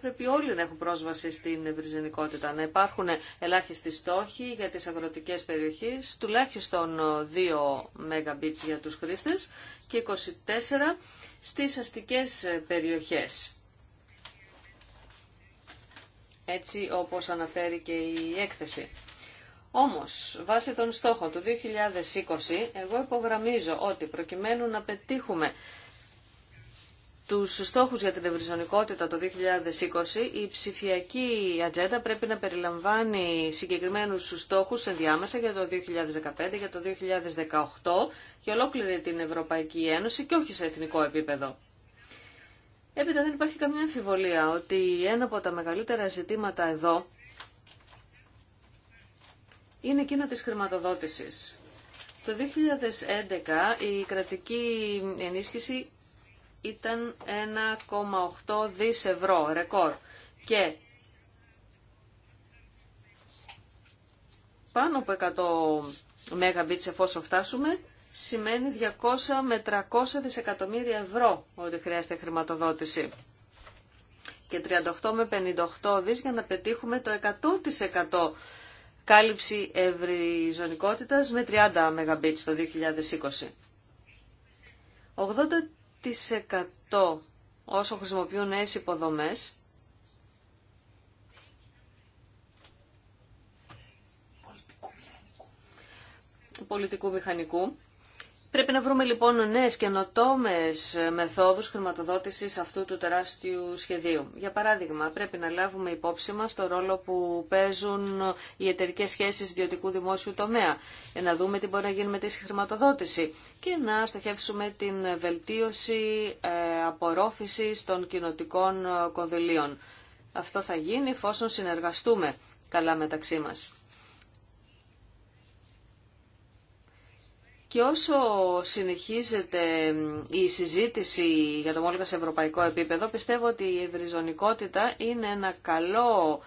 πρέπει όλοι να έχουν πρόσβαση στην ευρυζενικότητα, να υπάρχουν ελάχιστοι στόχοι για τις αγροτικές περιοχές, τουλάχιστον 2 ΜΜ για τους χρήστες και 24 στις αστικές περιοχές. Έτσι όπως αναφέρει και η έκθεση. Όμως, βάσει των στόχων του 2020, εγώ υπογραμμίζω ότι προκειμένου να πετύχουμε τους στόχους για την ευρυζωνικότητα το 2020, η ψηφιακή ατζέντα πρέπει να περιλαμβάνει συγκεκριμένους στόχους ενδιάμεσα για το 2015, για το 2018 και ολόκληρη την Ευρωπαϊκή Ένωση και όχι σε εθνικό επίπεδο. Έπειτα δεν υπάρχει καμία αμφιβολία ότι ένα από τα μεγαλύτερα ζητήματα εδώ είναι εκείνα της χρηματοδότησης. Το 2011 η κρατική ενίσχυση ήταν 1,8 δις ευρώ, ρεκόρ. Και πάνω από 100 σε εφόσον φτάσουμε, σημαίνει 200 με 300 δισεκατομμύρια ευρώ ότι χρειάζεται χρηματοδότηση. Και 38 με 58 δις για να πετύχουμε το 100% κάλυψη ευρυζωνικότητας με 30 Mbit το 2020. 80% όσων χρησιμοποιούν νέες υποδομές πολιτικού μηχανικού Πρέπει να βρούμε λοιπόν νέες καινοτόμε μεθόδους χρηματοδότησης αυτού του τεράστιου σχεδίου. Για παράδειγμα, πρέπει να λάβουμε υπόψη μας το ρόλο που παίζουν οι εταιρικέ σχέσεις ιδιωτικού δημόσιου τομέα, να δούμε τι μπορεί να γίνει με τη χρηματοδότηση και να στοχεύσουμε την βελτίωση ε, απορρόφησης των κοινοτικών κονδυλίων. Αυτό θα γίνει εφόσον συνεργαστούμε καλά μεταξύ μας. Και όσο συνεχίζεται η συζήτηση για το ομόλογα σε ευρωπαϊκό επίπεδο, πιστεύω ότι η ευρυζωνικότητα είναι ένα καλό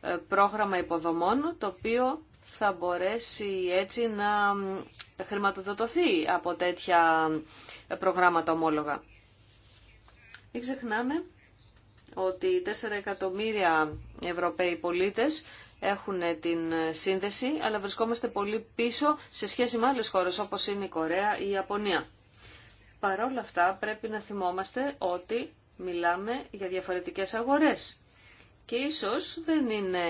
ε, πρόγραμμα υποδομών, το οποίο θα μπορέσει έτσι να χρηματοδοτωθεί από τέτοια ε, προγράμματα ομόλογα. Μην ξεχνάμε ότι 4 εκατομμύρια Ευρωπαίοι πολίτες έχουν την σύνδεση, αλλά βρισκόμαστε πολύ πίσω σε σχέση με άλλες χώρες όπως είναι η Κορέα ή η Ιαπωνία. Παρ' όλα αυτά πρέπει να θυμόμαστε ότι μιλάμε για διαφορετικές αγορές και ίσως δεν είναι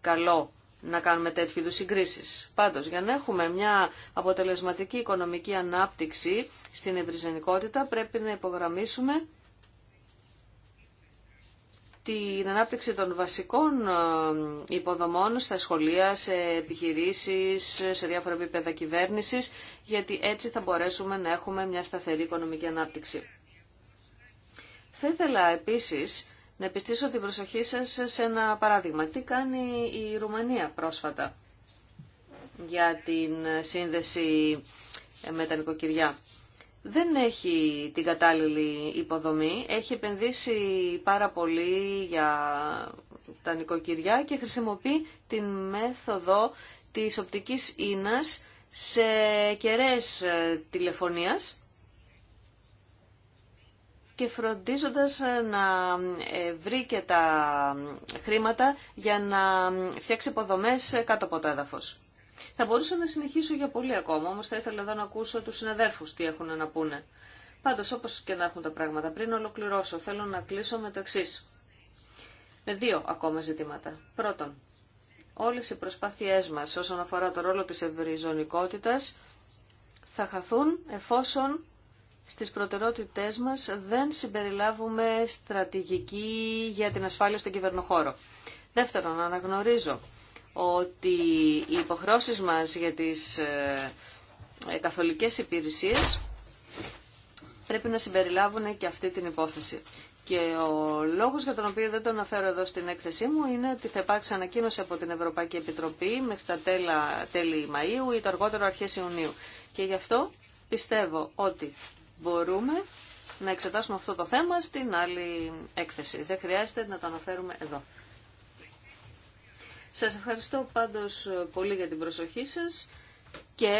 καλό να κάνουμε τέτοιου είδους συγκρίσει. Πάντω, για να έχουμε μια αποτελεσματική οικονομική ανάπτυξη στην ευρυζενικότητα, πρέπει να υπογραμμίσουμε την ανάπτυξη των βασικών ε, υποδομών στα σχολεία, σε επιχειρήσεις, σε διάφορα επίπεδα κυβέρνηση, γιατί έτσι θα μπορέσουμε να έχουμε μια σταθερή οικονομική ανάπτυξη. Θα ήθελα επίσης να επιστήσω την προσοχή σας σε ένα παράδειγμα. Τι κάνει η Ρουμανία πρόσφατα για την σύνδεση με τα νοικοκυριά δεν έχει την κατάλληλη υποδομή. Έχει επενδύσει πάρα πολύ για τα νοικοκυριά και χρησιμοποιεί την μέθοδο της οπτικής ίνας σε κεραίες ε, τηλεφωνίας και φροντίζοντας ε, να ε, βρει και τα χρήματα για να φτιάξει υποδομές κάτω από το έδαφος. Θα μπορούσα να συνεχίσω για πολύ ακόμα, όμως θα ήθελα εδώ να ακούσω τους συναδέρφους τι έχουν να πούνε. Πάντως, όπως και να έχουν τα πράγματα, πριν ολοκληρώσω, θέλω να κλείσω με το εξή. Με δύο ακόμα ζητήματα. Πρώτον, όλες οι προσπάθειές μας όσον αφορά το ρόλο της ευρυζωνικότητας θα χαθούν εφόσον στις προτεραιότητές μας δεν συμπεριλάβουμε στρατηγική για την ασφάλεια στον κυβερνοχώρο. Δεύτερον, αναγνωρίζω ότι οι υποχρώσεις μας για τις ε, καθολικές υπηρεσίες πρέπει να συμπεριλάβουν και αυτή την υπόθεση. Και ο λόγος για τον οποίο δεν τον αναφέρω εδώ στην έκθεσή μου είναι ότι θα υπάρξει ανακοίνωση από την Ευρωπαϊκή Επιτροπή μέχρι τα τέλα, τέλη Μαΐου ή το αργότερο αρχές Ιουνίου. Και γι' αυτό πιστεύω ότι μπορούμε να εξετάσουμε αυτό το θέμα στην άλλη έκθεση. Δεν χρειάζεται να το αναφέρουμε εδώ. Σας ευχαριστώ πάντως πολύ για την προσοχή σας και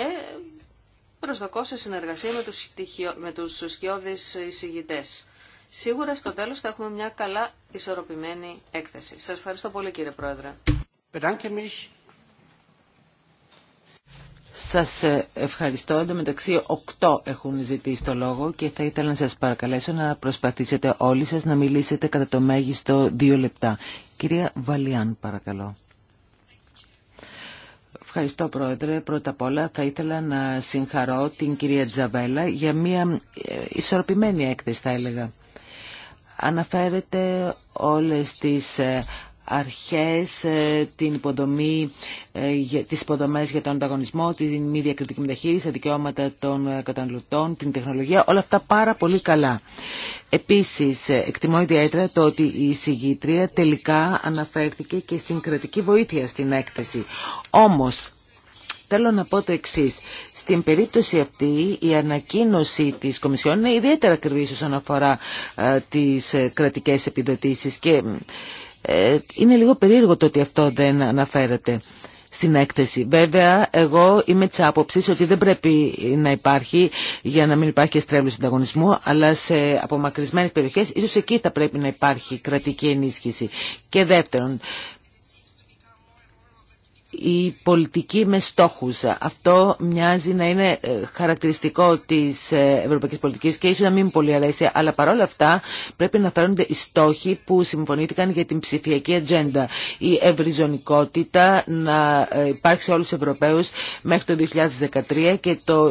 προσδοκώ σε συνεργασία με τους, στοιχειο... με τους σκιώδεις εισηγητές. Σίγουρα στο τέλος θα έχουμε μια καλά ισορροπημένη έκθεση. Σας ευχαριστώ πολύ κύριε Πρόεδρε. Σας ε, ευχαριστώ. Εν τω μεταξύ, οκτώ έχουν ζητήσει το λόγο και θα ήθελα να σας παρακαλέσω να προσπαθήσετε όλοι σας να μιλήσετε κατά το μέγιστο δύο λεπτά. Κυρία Βαλιάν, παρακαλώ. Ευχαριστώ Πρόεδρε. Πρώτα απ' όλα θα ήθελα να συγχαρώ την κυρία Τζαβέλα για μια ε, ισορροπημένη έκθεση θα έλεγα. Αναφέρεται όλες τις ε, αρχές, ε, την υποδομή, ε, τις υποδομές για τον ανταγωνισμό, την μη διακριτική μεταχείριση, τα δικαιώματα των ε, καταναλωτών, την τεχνολογία, όλα αυτά πάρα πολύ καλά. Επίσης, εκτιμώ ιδιαίτερα το ότι η συγγήτρια τελικά αναφέρθηκε και στην κρατική βοήθεια στην έκθεση. Όμως, Θέλω να πω το εξή. Στην περίπτωση αυτή η ανακοίνωση τη Κομισιόν είναι ιδιαίτερα ακριβή όσον αφορά τι κρατικέ επιδοτήσει και ε, είναι λίγο περίεργο το ότι αυτό δεν αναφέρεται στην έκθεση. Βέβαια, εγώ είμαι τη άποψη ότι δεν πρέπει να υπάρχει για να μην υπάρχει και συνταγωνισμού, αλλά σε απομακρυσμένε περιοχέ ίσω εκεί θα πρέπει να υπάρχει κρατική ενίσχυση. Και δεύτερον, η πολιτική με στόχους. Αυτό μοιάζει να είναι ε, χαρακτηριστικό της ε, ευρωπαϊκής πολιτικής και ίσως να μην πολύ αρέσει, αλλά παρόλα αυτά πρέπει να φέρονται οι στόχοι που συμφωνήθηκαν για την ψηφιακή ατζέντα. Η ευρυζωνικότητα να ε, υπάρξει σε όλους τους Ευρωπαίους μέχρι το 2013 και το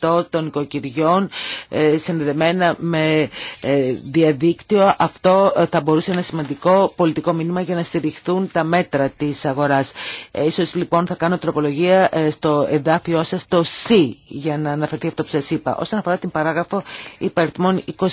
25% των οικοκυριών συνδεδεμένα με διαδίκτυο. Αυτό θα μπορούσε ένα σημαντικό πολιτικό μήνυμα για να στηριχθούν τα μέτρα της αγοράς. Ε, ίσως λοιπόν θα κάνω τροπολογία ε, στο εδάφιό σας το C για να αναφερθεί αυτό που σας είπα. Όσον αφορά την παράγραφο υπαριθμών 29.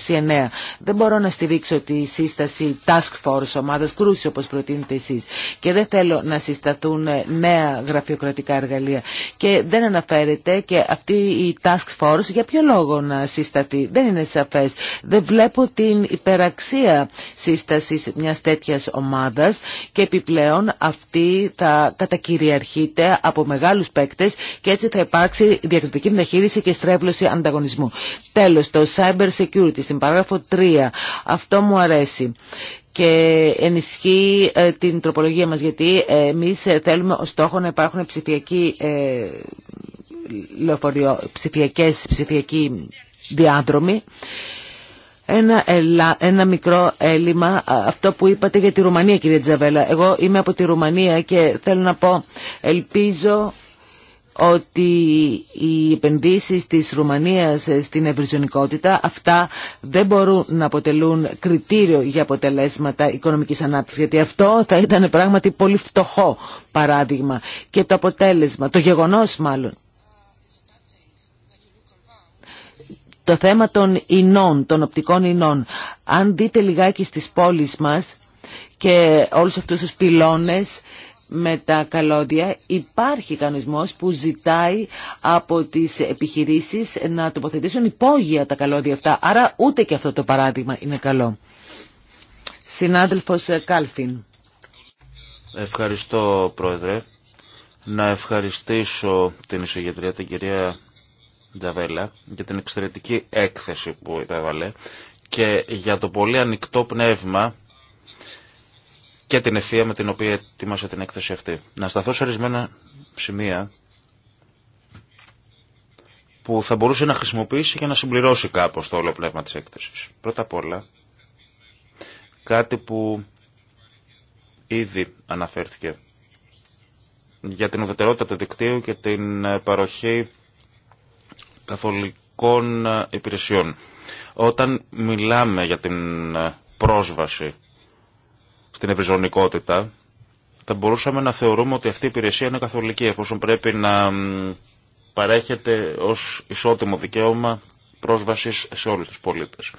Δεν μπορώ να στηρίξω τη σύσταση task force ομάδας κρούση όπως προτείνετε εσείς. Και δεν θέλω να συσταθούν ε, νέα γραφειοκρατικά εργαλεία. Και δεν αναφέρεται και αυτή η task force για ποιο λόγο να συσταθεί. Δεν είναι σαφές. Δεν βλέπω την υπεραξία σύστασης μιας τέτοιας ομάδας και επιπλέον αυτή θα κατακυριαρχείται από μεγάλους παίκτες και έτσι θα υπάρξει διακριτική μεταχείριση και στρέβλωση ανταγωνισμού. Τέλος, το cyber security στην παράγραφο 3. Αυτό μου αρέσει και ενισχύει ε, την τροπολογία μας γιατί ε, εμείς ε, θέλουμε ως στόχο να υπάρχουν ψηφιακοί, ε, λεωφορείο, ψηφιακές, ψηφιακοί διάδρομοι ένα, μικρό έλλειμμα, αυτό που είπατε για τη Ρουμανία κύριε Τζαβέλα. Εγώ είμαι από τη Ρουμανία και θέλω να πω, ελπίζω ότι οι επενδύσεις της Ρουμανίας ε, στην ευρυζωνικότητα αυτά δεν μπορούν να αποτελούν κριτήριο για αποτελέσματα οικονομικής ανάπτυξης γιατί αυτό θα ήταν πράγματι πολύ φτωχό παράδειγμα και το αποτέλεσμα, το γεγονός μάλλον το θέμα των ινών, των οπτικών ινών. Αν δείτε λιγάκι στις πόλεις μας και όλους αυτούς τους πυλώνες με τα καλώδια υπάρχει κανονισμός που ζητάει από τις επιχειρήσεις να τοποθετήσουν υπόγεια τα καλώδια αυτά. Άρα ούτε και αυτό το παράδειγμα είναι καλό. Συνάδελφος Κάλφιν. Ευχαριστώ Πρόεδρε. Να ευχαριστήσω την εισηγητρία την κυρία Τζαβέλα για την εξαιρετική έκθεση που υπέβαλε και για το πολύ ανοιχτό πνεύμα και την ευθεία με την οποία ετοίμασε την έκθεση αυτή. Να σταθώ σε ορισμένα σημεία που θα μπορούσε να χρησιμοποιήσει για να συμπληρώσει κάπως το όλο πνεύμα της έκθεσης. Πρώτα απ' όλα, κάτι που ήδη αναφέρθηκε για την ουδετερότητα του δικτύου και την παροχή καθολικών ε, υπηρεσιών. Όταν μιλάμε για την ε, πρόσβαση στην ευρυζωνικότητα, θα μπορούσαμε να θεωρούμε ότι αυτή η υπηρεσία είναι καθολική, εφόσον πρέπει να παρέχεται ως ισότιμο δικαίωμα πρόσβασης σε όλους τους πολίτες.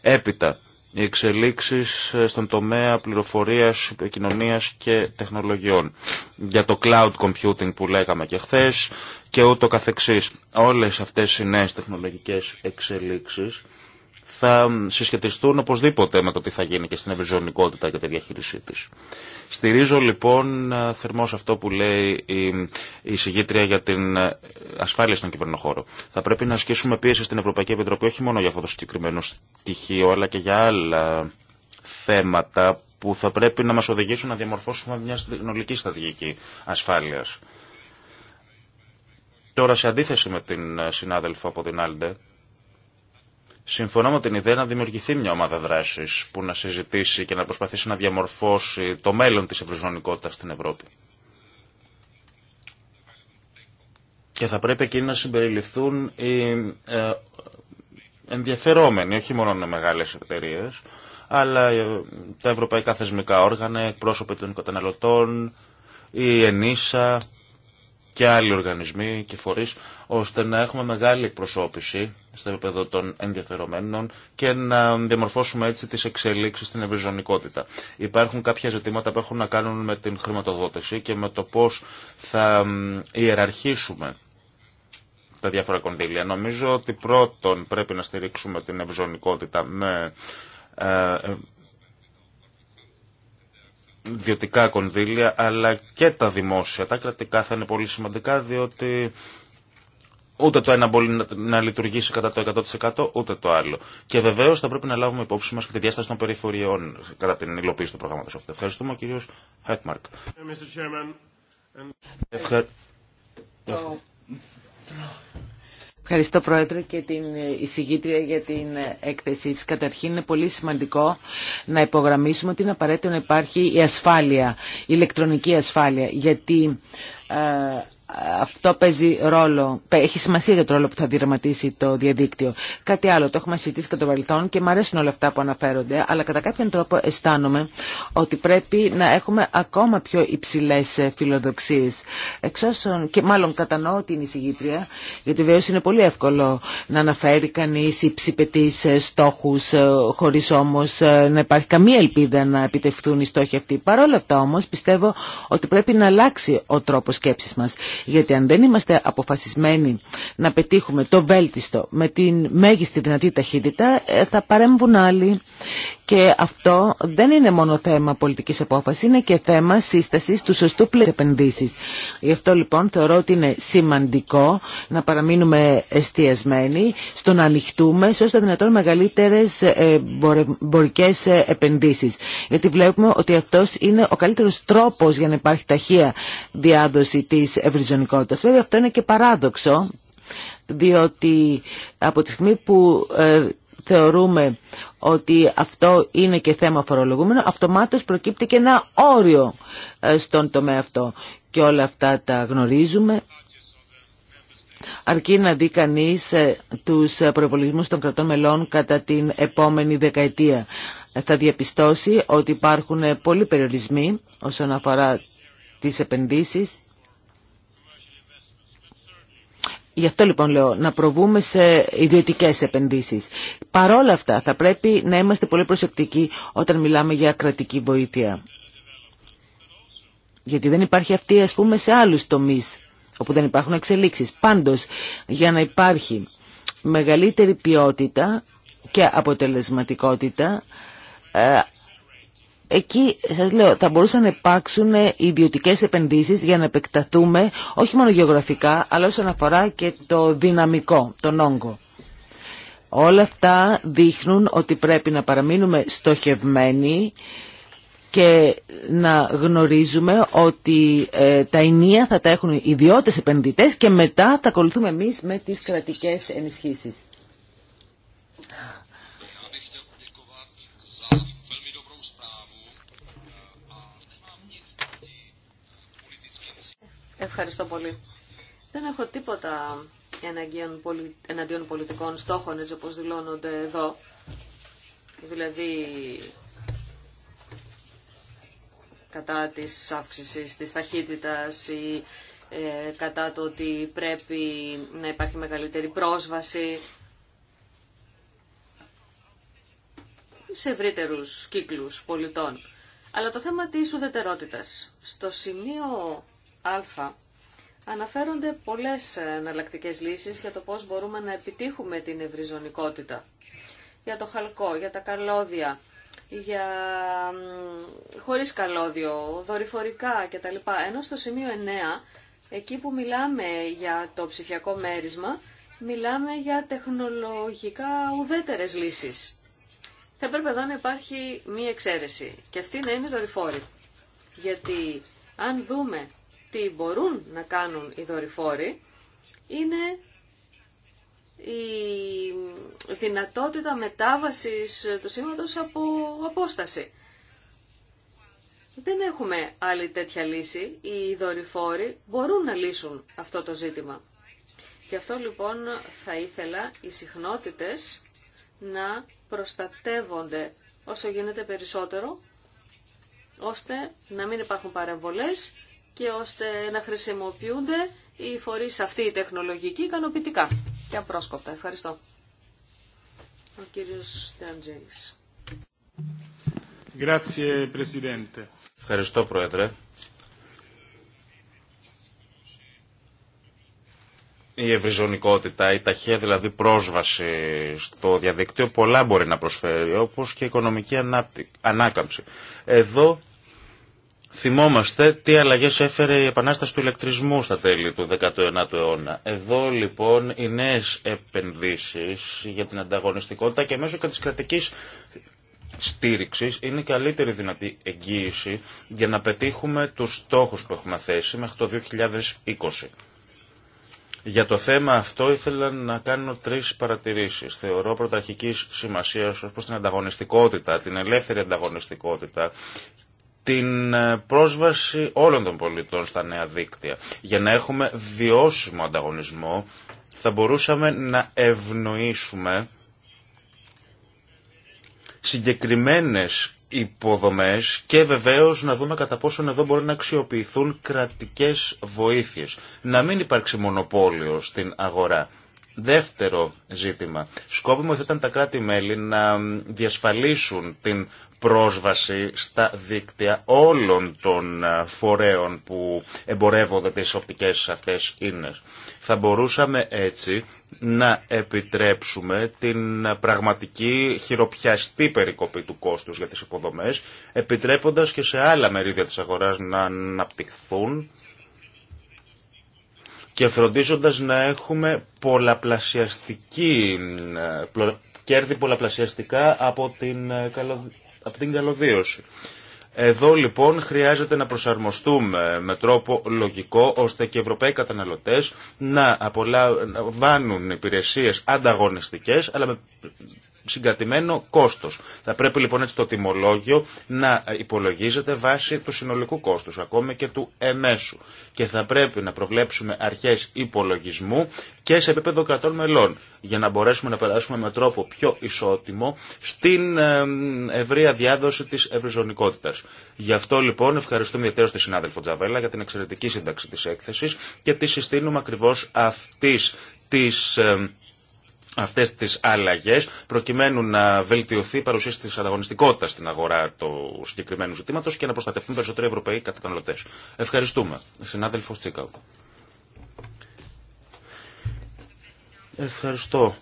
Έπειτα, οι εξελίξεις στον τομέα πληροφορίας, επικοινωνίας και τεχνολογιών. Για το cloud computing που λέγαμε και χθες και ούτω καθεξής. Όλες αυτές οι νέες τεχνολογικές εξελίξεις θα συσχετιστούν οπωσδήποτε με το τι θα γίνει και στην ευρυζωνικότητα και τη διαχείρισή της. Στηρίζω λοιπόν ε, θερμός αυτό που λέει η, η συγγήτρια για την ε, ασφάλεια στον κυβερνοχώρο. Θα πρέπει να ασκήσουμε πίεση στην Ευρωπαϊκή Επιτροπή όχι μόνο για αυτό το συγκεκριμένο στοιχείο αλλά και για άλλα θέματα που θα πρέπει να μας οδηγήσουν να διαμορφώσουμε μια συνολική στρατηγική ασφάλειας. Τώρα σε αντίθεση με την ε, συνάδελφο από την Άλντε, Συμφωνώ με την ιδέα να δημιουργηθεί μια ομάδα δράση που να συζητήσει και να προσπαθήσει να διαμορφώσει το μέλλον τη ευρυζωνικότητα στην Ευρώπη. Και θα πρέπει εκεί να συμπεριληφθούν οι ε, ενδιαφερόμενοι, όχι μόνο μεγάλες εταιρείε, αλλά ε, τα ευρωπαϊκά θεσμικά όργανα, εκπρόσωποι των καταναλωτών, η ΕΝΗΣΑ και άλλοι οργανισμοί και φορείς, ώστε να έχουμε μεγάλη εκπροσώπηση στο επίπεδο των ενδιαφερομένων και να διαμορφώσουμε έτσι τις εξελίξεις στην ευρυζωνικότητα. Υπάρχουν κάποια ζητήματα που έχουν να κάνουν με την χρηματοδότηση και με το πώς θα ιεραρχήσουμε τα διάφορα κονδύλια. Νομίζω ότι πρώτον πρέπει να στηρίξουμε την ευρυζωνικότητα με ε, ε, ιδιωτικά κονδύλια αλλά και τα δημόσια. Τα κρατικά θα είναι πολύ σημαντικά διότι ούτε το ένα μπορεί να λειτουργήσει κατά το 100% ούτε το άλλο. Και βεβαίω θα πρέπει να λάβουμε υπόψη μα και τη διάσταση των περιφοριών κατά την υλοποίηση του προγράμματο Ευχαριστούμε ο κύριο Χέκμαρκ. Ευχαριστώ Πρόεδρε και την εισηγήτρια για την έκθεσή της. Καταρχήν είναι πολύ σημαντικό να υπογραμμίσουμε ότι είναι απαραίτητο να υπάρχει η ασφάλεια, η ηλεκτρονική ασφάλεια, γιατί ε, αυτό παίζει ρόλο, έχει σημασία για το ρόλο που θα διερματίσει το διαδίκτυο. Κάτι άλλο, το έχουμε συζητήσει κατά το παρελθόν και μου αρέσουν όλα αυτά που αναφέρονται, αλλά κατά κάποιον τρόπο αισθάνομαι ότι πρέπει να έχουμε ακόμα πιο υψηλέ ε, φιλοδοξίε. Εξώσον, και μάλλον κατανοώ την εισηγήτρια, γιατί βεβαίω είναι πολύ εύκολο να αναφέρει κανεί υψηπετεί στόχου, ε, χωρί όμω ε, να υπάρχει καμία ελπίδα να επιτευχθούν οι στόχοι αυτοί. Παρ' αυτά όμω πιστεύω ότι πρέπει να αλλάξει ο τρόπο σκέψη μα. Γιατί αν δεν είμαστε αποφασισμένοι να πετύχουμε το βέλτιστο με την μέγιστη δυνατή ταχύτητα, ε, θα παρέμβουν άλλοι. Και αυτό δεν είναι μόνο θέμα πολιτικής απόφασης, είναι και θέμα σύστασης του σωστού πλαίσιου επενδύσεις. Γι' αυτό λοιπόν θεωρώ ότι είναι σημαντικό να παραμείνουμε εστιασμένοι στο να ανοιχτούμε σε όσο δυνατόν μεγαλύτερες ε, εμπορικές ε, επενδύσεις. Γιατί βλέπουμε ότι αυτός είναι ο καλύτερος τρόπος για να υπάρχει ταχεία διάδοση της ευρυζωνικότητας. Βέβαια αυτό είναι και παράδοξο, διότι από τη στιγμή που ε, θεωρούμε ότι αυτό είναι και θέμα φορολογούμενο, αυτομάτως προκύπτει και ένα όριο ε, στον τομέα αυτό. Και όλα αυτά τα γνωρίζουμε. Αρκεί να δει κανεί ε, τους προπολογισμούς των κρατών μελών κατά την επόμενη δεκαετία. Ε, θα διαπιστώσει ότι υπάρχουν πολλοί περιορισμοί όσον αφορά τις επενδύσεις Γι' αυτό λοιπόν λέω να προβούμε σε ιδιωτικές επενδύσεις. Παρόλα αυτά θα πρέπει να είμαστε πολύ προσεκτικοί όταν μιλάμε για κρατική βοήθεια. Γιατί δεν υπάρχει αυτή ας πούμε σε άλλους τομείς όπου δεν υπάρχουν εξελίξεις. Πάντως για να υπάρχει μεγαλύτερη ποιότητα και αποτελεσματικότητα ε, Εκεί σας λέω θα μπορούσαν να υπάρξουν ιδιωτικέ επενδύσεις για να επεκταθούμε όχι μόνο γεωγραφικά αλλά όσον αφορά και το δυναμικό, τον όγκο. Όλα αυτά δείχνουν ότι πρέπει να παραμείνουμε στοχευμένοι και να γνωρίζουμε ότι ε, τα ενία θα τα έχουν ιδιώτες επενδυτές και μετά θα ακολουθούμε εμείς με τις κρατικές ενισχύσεις. Ευχαριστώ πολύ. Δεν έχω τίποτα εναντίον πολιτικών στόχων, έτσι όπως δηλώνονται εδώ. Δηλαδή, κατά της αύξησης της ταχύτητας ή ε, κατά το ότι πρέπει να υπάρχει μεγαλύτερη πρόσβαση σε ευρύτερου κύκλους πολιτών. Αλλά το θέμα της ουδετερότητας. Στο σημείο α αναφέρονται πολλές εναλλακτικέ λύσεις για το πώς μπορούμε να επιτύχουμε την ευρυζωνικότητα. Για το χαλκό, για τα καλώδια, για χωρίς καλώδιο, δορυφορικά κτλ. Ενώ στο σημείο 9, εκεί που μιλάμε για το ψηφιακό μέρισμα, μιλάμε για τεχνολογικά ουδέτερες λύσεις. Θα έπρεπε εδώ να υπάρχει μία εξαίρεση και αυτή να είναι δορυφόρη. Γιατί αν δούμε τι μπορούν να κάνουν οι δορυφόροι είναι η δυνατότητα μετάβασης του σήματος από απόσταση. Δεν έχουμε άλλη τέτοια λύση. Οι δορυφόροι μπορούν να λύσουν αυτό το ζήτημα. Γι' αυτό λοιπόν θα ήθελα οι συχνότητες να προστατεύονται όσο γίνεται περισσότερο, ώστε να μην υπάρχουν παρεμβολές και ώστε να χρησιμοποιούνται οι φορείς αυτή η τεχνολογική ικανοποιητικά και απρόσκοπτα. Ευχαριστώ. Ο κύριος Τζέις. Ευχαριστώ, Πρόεδρε. η ευρυζωνικότητα, η ταχεία δηλαδή πρόσβαση στο διαδίκτυο πολλά μπορεί να προσφέρει όπως και η οικονομική ανάκαμψη. Εδώ Θυμόμαστε τι αλλαγές έφερε η επανάσταση του ηλεκτρισμού στα τέλη του 19ου αιώνα. Εδώ λοιπόν οι νέε επενδύσεις για την ανταγωνιστικότητα και μέσω και της κρατικής στήριξης είναι η καλύτερη δυνατή εγγύηση για να πετύχουμε τους στόχους που έχουμε θέσει μέχρι το 2020. Για το θέμα αυτό ήθελα να κάνω τρεις παρατηρήσεις. Θεωρώ πρωταρχικής σημασίας ως την ανταγωνιστικότητα, την ελεύθερη ανταγωνιστικότητα την ε, πρόσβαση όλων των πολιτών στα νέα δίκτυα. Για να έχουμε βιώσιμο ανταγωνισμό θα μπορούσαμε να ευνοήσουμε συγκεκριμένες υποδομές και βεβαίως να δούμε κατά πόσον εδώ μπορεί να αξιοποιηθούν κρατικές βοήθειες. Να μην υπάρξει μονοπόλιο στην αγορά. Δεύτερο ζήτημα. Σκόπιμο θα ήταν τα κράτη-μέλη να διασφαλίσουν την πρόσβαση στα δίκτυα όλων των ε, φορέων που εμπορεύονται τις οπτικές αυτές ίνες. Θα μπορούσαμε έτσι να επιτρέψουμε την πραγματική χειροπιαστή περικοπή του κόστους για τις υποδομές, επιτρέποντας και σε άλλα μερίδια της αγοράς να αναπτυχθούν και φροντίζοντας να έχουμε πολλαπλασιαστική, ε, κέρδη πολλαπλασιαστικά από την, ε, από την καλωδίωση. Εδώ λοιπόν χρειάζεται να προσαρμοστούμε με τρόπο λογικό ώστε και οι Ευρωπαίοι καταναλωτές να απολαμβάνουν υπηρεσίες ανταγωνιστικές αλλά με συγκατημένο κόστος. Θα πρέπει λοιπόν έτσι το τιμολόγιο να υπολογίζεται βάσει του συνολικού κόστου, ακόμη και του εμέσου. Και θα πρέπει να προβλέψουμε αρχές υπολογισμού και σε επίπεδο κρατών μελών, για να μπορέσουμε να περάσουμε με τρόπο πιο ισότιμο στην ευρεία διάδοση της ευρυζωνικότητα. Γι' αυτό λοιπόν ευχαριστούμε ιδιαίτερα στη συνάδελφο Τζαβέλα για την εξαιρετική σύνταξη τη έκθεση και τη συστήνουμε ακριβώς τη. της Αυτέ τι αλλαγές προκειμένου να βελτιωθεί η παρουσία της ανταγωνιστικότητας στην αγορά του συγκεκριμένου ζήτηματο και να προστατευτούν περισσότεροι Ευρωπαίοι καταναλωτέ. Ευχαριστούμε. Συνάδελφο Τσίκαου. Ευχαριστώ,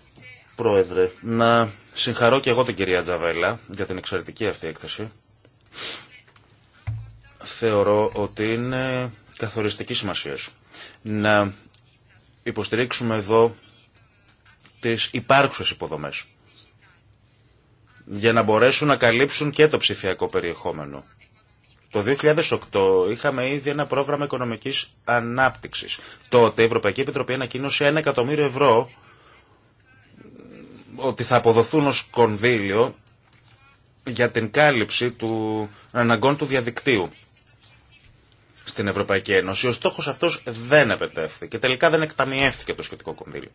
Πρόεδρε. Να συγχαρώ και εγώ την κυρία Τζαβέλα για την εξαιρετική αυτή έκθεση. Θεωρώ ότι είναι καθοριστική σημασία να υποστηρίξουμε εδώ τις υπάρχουσες υποδομές για να μπορέσουν να καλύψουν και το ψηφιακό περιεχόμενο. Το 2008 είχαμε ήδη ένα πρόγραμμα οικονομικής ανάπτυξης. Τότε η Ευρωπαϊκή Επιτροπή ανακοίνωσε ένα εκατομμύριο ευρώ ότι θα αποδοθούν ως κονδύλιο για την κάλυψη του αναγκών του διαδικτύου στην Ευρωπαϊκή Ένωση. Ο στόχος αυτός δεν επετεύθηκε και τελικά δεν εκταμιεύτηκε το σχετικό κονδύλιο.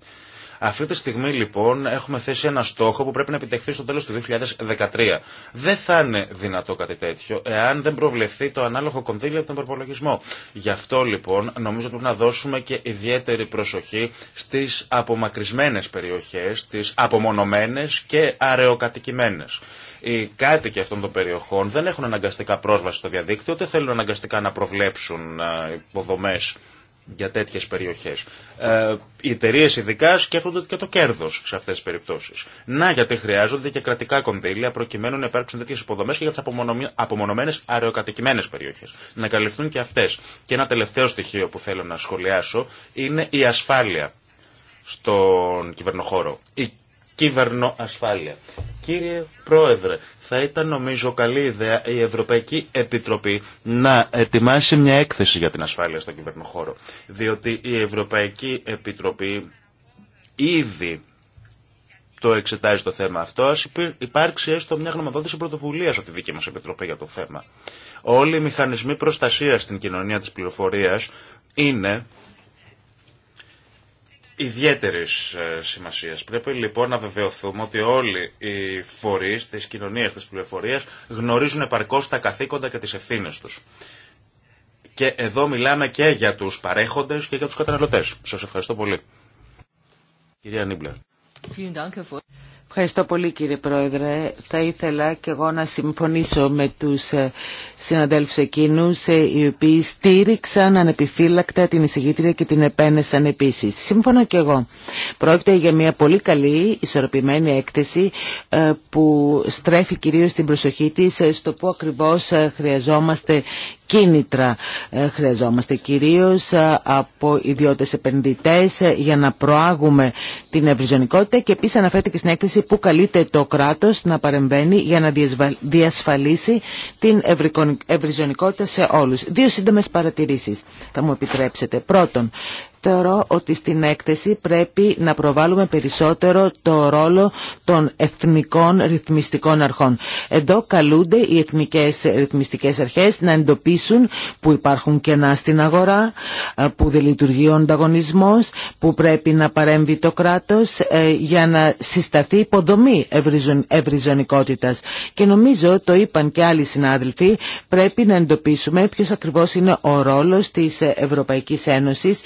Αυτή τη στιγμή λοιπόν έχουμε θέσει ένα στόχο που πρέπει να επιτευχθεί στο τέλος του 2013. Δεν θα είναι δυνατό κάτι τέτοιο εάν δεν προβλεφθεί το ανάλογο κονδύλιο από τον προπολογισμό. Γι' αυτό λοιπόν νομίζω πρέπει να δώσουμε και ιδιαίτερη προσοχή στις απομακρυσμένες περιοχές, στις απομονωμένες και αραιοκατοικημένες οι κάτοικοι αυτών των περιοχών δεν έχουν αναγκαστικά πρόσβαση στο διαδίκτυο, ούτε θέλουν αναγκαστικά να προβλέψουν ε, υποδομέ για τέτοιες περιοχές. Ε, οι εταιρείε ειδικά σκέφτονται και το κέρδος σε αυτές τις περιπτώσεις. Να γιατί χρειάζονται και κρατικά κονδύλια προκειμένου να υπάρξουν τέτοιες υποδομές και για τις απομονωμένες αεροκατοικημένες περιοχές. Να καλυφθούν και αυτές. Και ένα τελευταίο στοιχείο που θέλω να σχολιάσω είναι η ασφάλεια στον κυβερνοχώρο κυβερνοασφάλεια. Κύριε Πρόεδρε, θα ήταν νομίζω καλή ιδέα η Ευρωπαϊκή Επιτροπή να ετοιμάσει μια έκθεση για την ασφάλεια στον κυβερνοχώρο. Διότι η Ευρωπαϊκή Επιτροπή ήδη το εξετάζει το θέμα αυτό, ας υπάρξει έστω μια γνωμοδότηση πρωτοβουλία από τη δική μα Επιτροπή για το θέμα. Όλοι οι μηχανισμοί προστασία στην κοινωνία τη πληροφορία είναι ιδιαίτερης ε, σημασίες. Πρέπει λοιπόν να βεβαιωθούμε ότι όλοι οι φορείς της κοινωνίας της πληροφορίας γνωρίζουν επαρκώς τα καθήκοντα και τις ευθύνες τους. Και εδώ μιλάμε και για τους παρέχοντες και για τους καταναλωτές. Σας ευχαριστώ πολύ. Κυρία Νίμπλερ. Ευχαριστώ πολύ κύριε Πρόεδρε. Θα ήθελα και εγώ να συμφωνήσω με τους ε, συναδέλφους εκείνους ε, οι οποίοι στήριξαν ανεπιφύλακτα την εισηγήτρια και την επένεσαν επίσης. Σύμφωνα και εγώ. Πρόκειται για μια πολύ καλή ισορροπημένη έκθεση ε, που στρέφει κυρίως την προσοχή της στο που ακριβώς χρειαζόμαστε κίνητρα. Ε, χρειαζόμαστε κυρίως ε, από ιδιώτες επενδυτές ε, για να προάγουμε την ευρυζωνικότητα και επίσης αναφέρεται και στην έκθεση που καλείται το κράτος να παρεμβαίνει για να διασφαλίσει την ευρυζωνικότητα σε όλους. Δύο σύντομες παρατηρήσεις θα μου επιτρέψετε. Πρώτον, θεωρώ ότι στην έκθεση πρέπει να προβάλλουμε περισσότερο το ρόλο των εθνικών ρυθμιστικών αρχών. Εδώ καλούνται οι εθνικές ρυθμιστικές αρχές να εντοπίσουν που υπάρχουν κενά στην αγορά, ε, που δεν λειτουργεί ο ανταγωνισμός, που πρέπει να παρέμβει το κράτος ε, για να συσταθεί υποδομή ευρυζωνικότητας. Και νομίζω, το είπαν και άλλοι συνάδελφοι, πρέπει να εντοπίσουμε ποιος ακριβώς είναι ο ρόλος της Ευρωπαϊκής Ένωσης,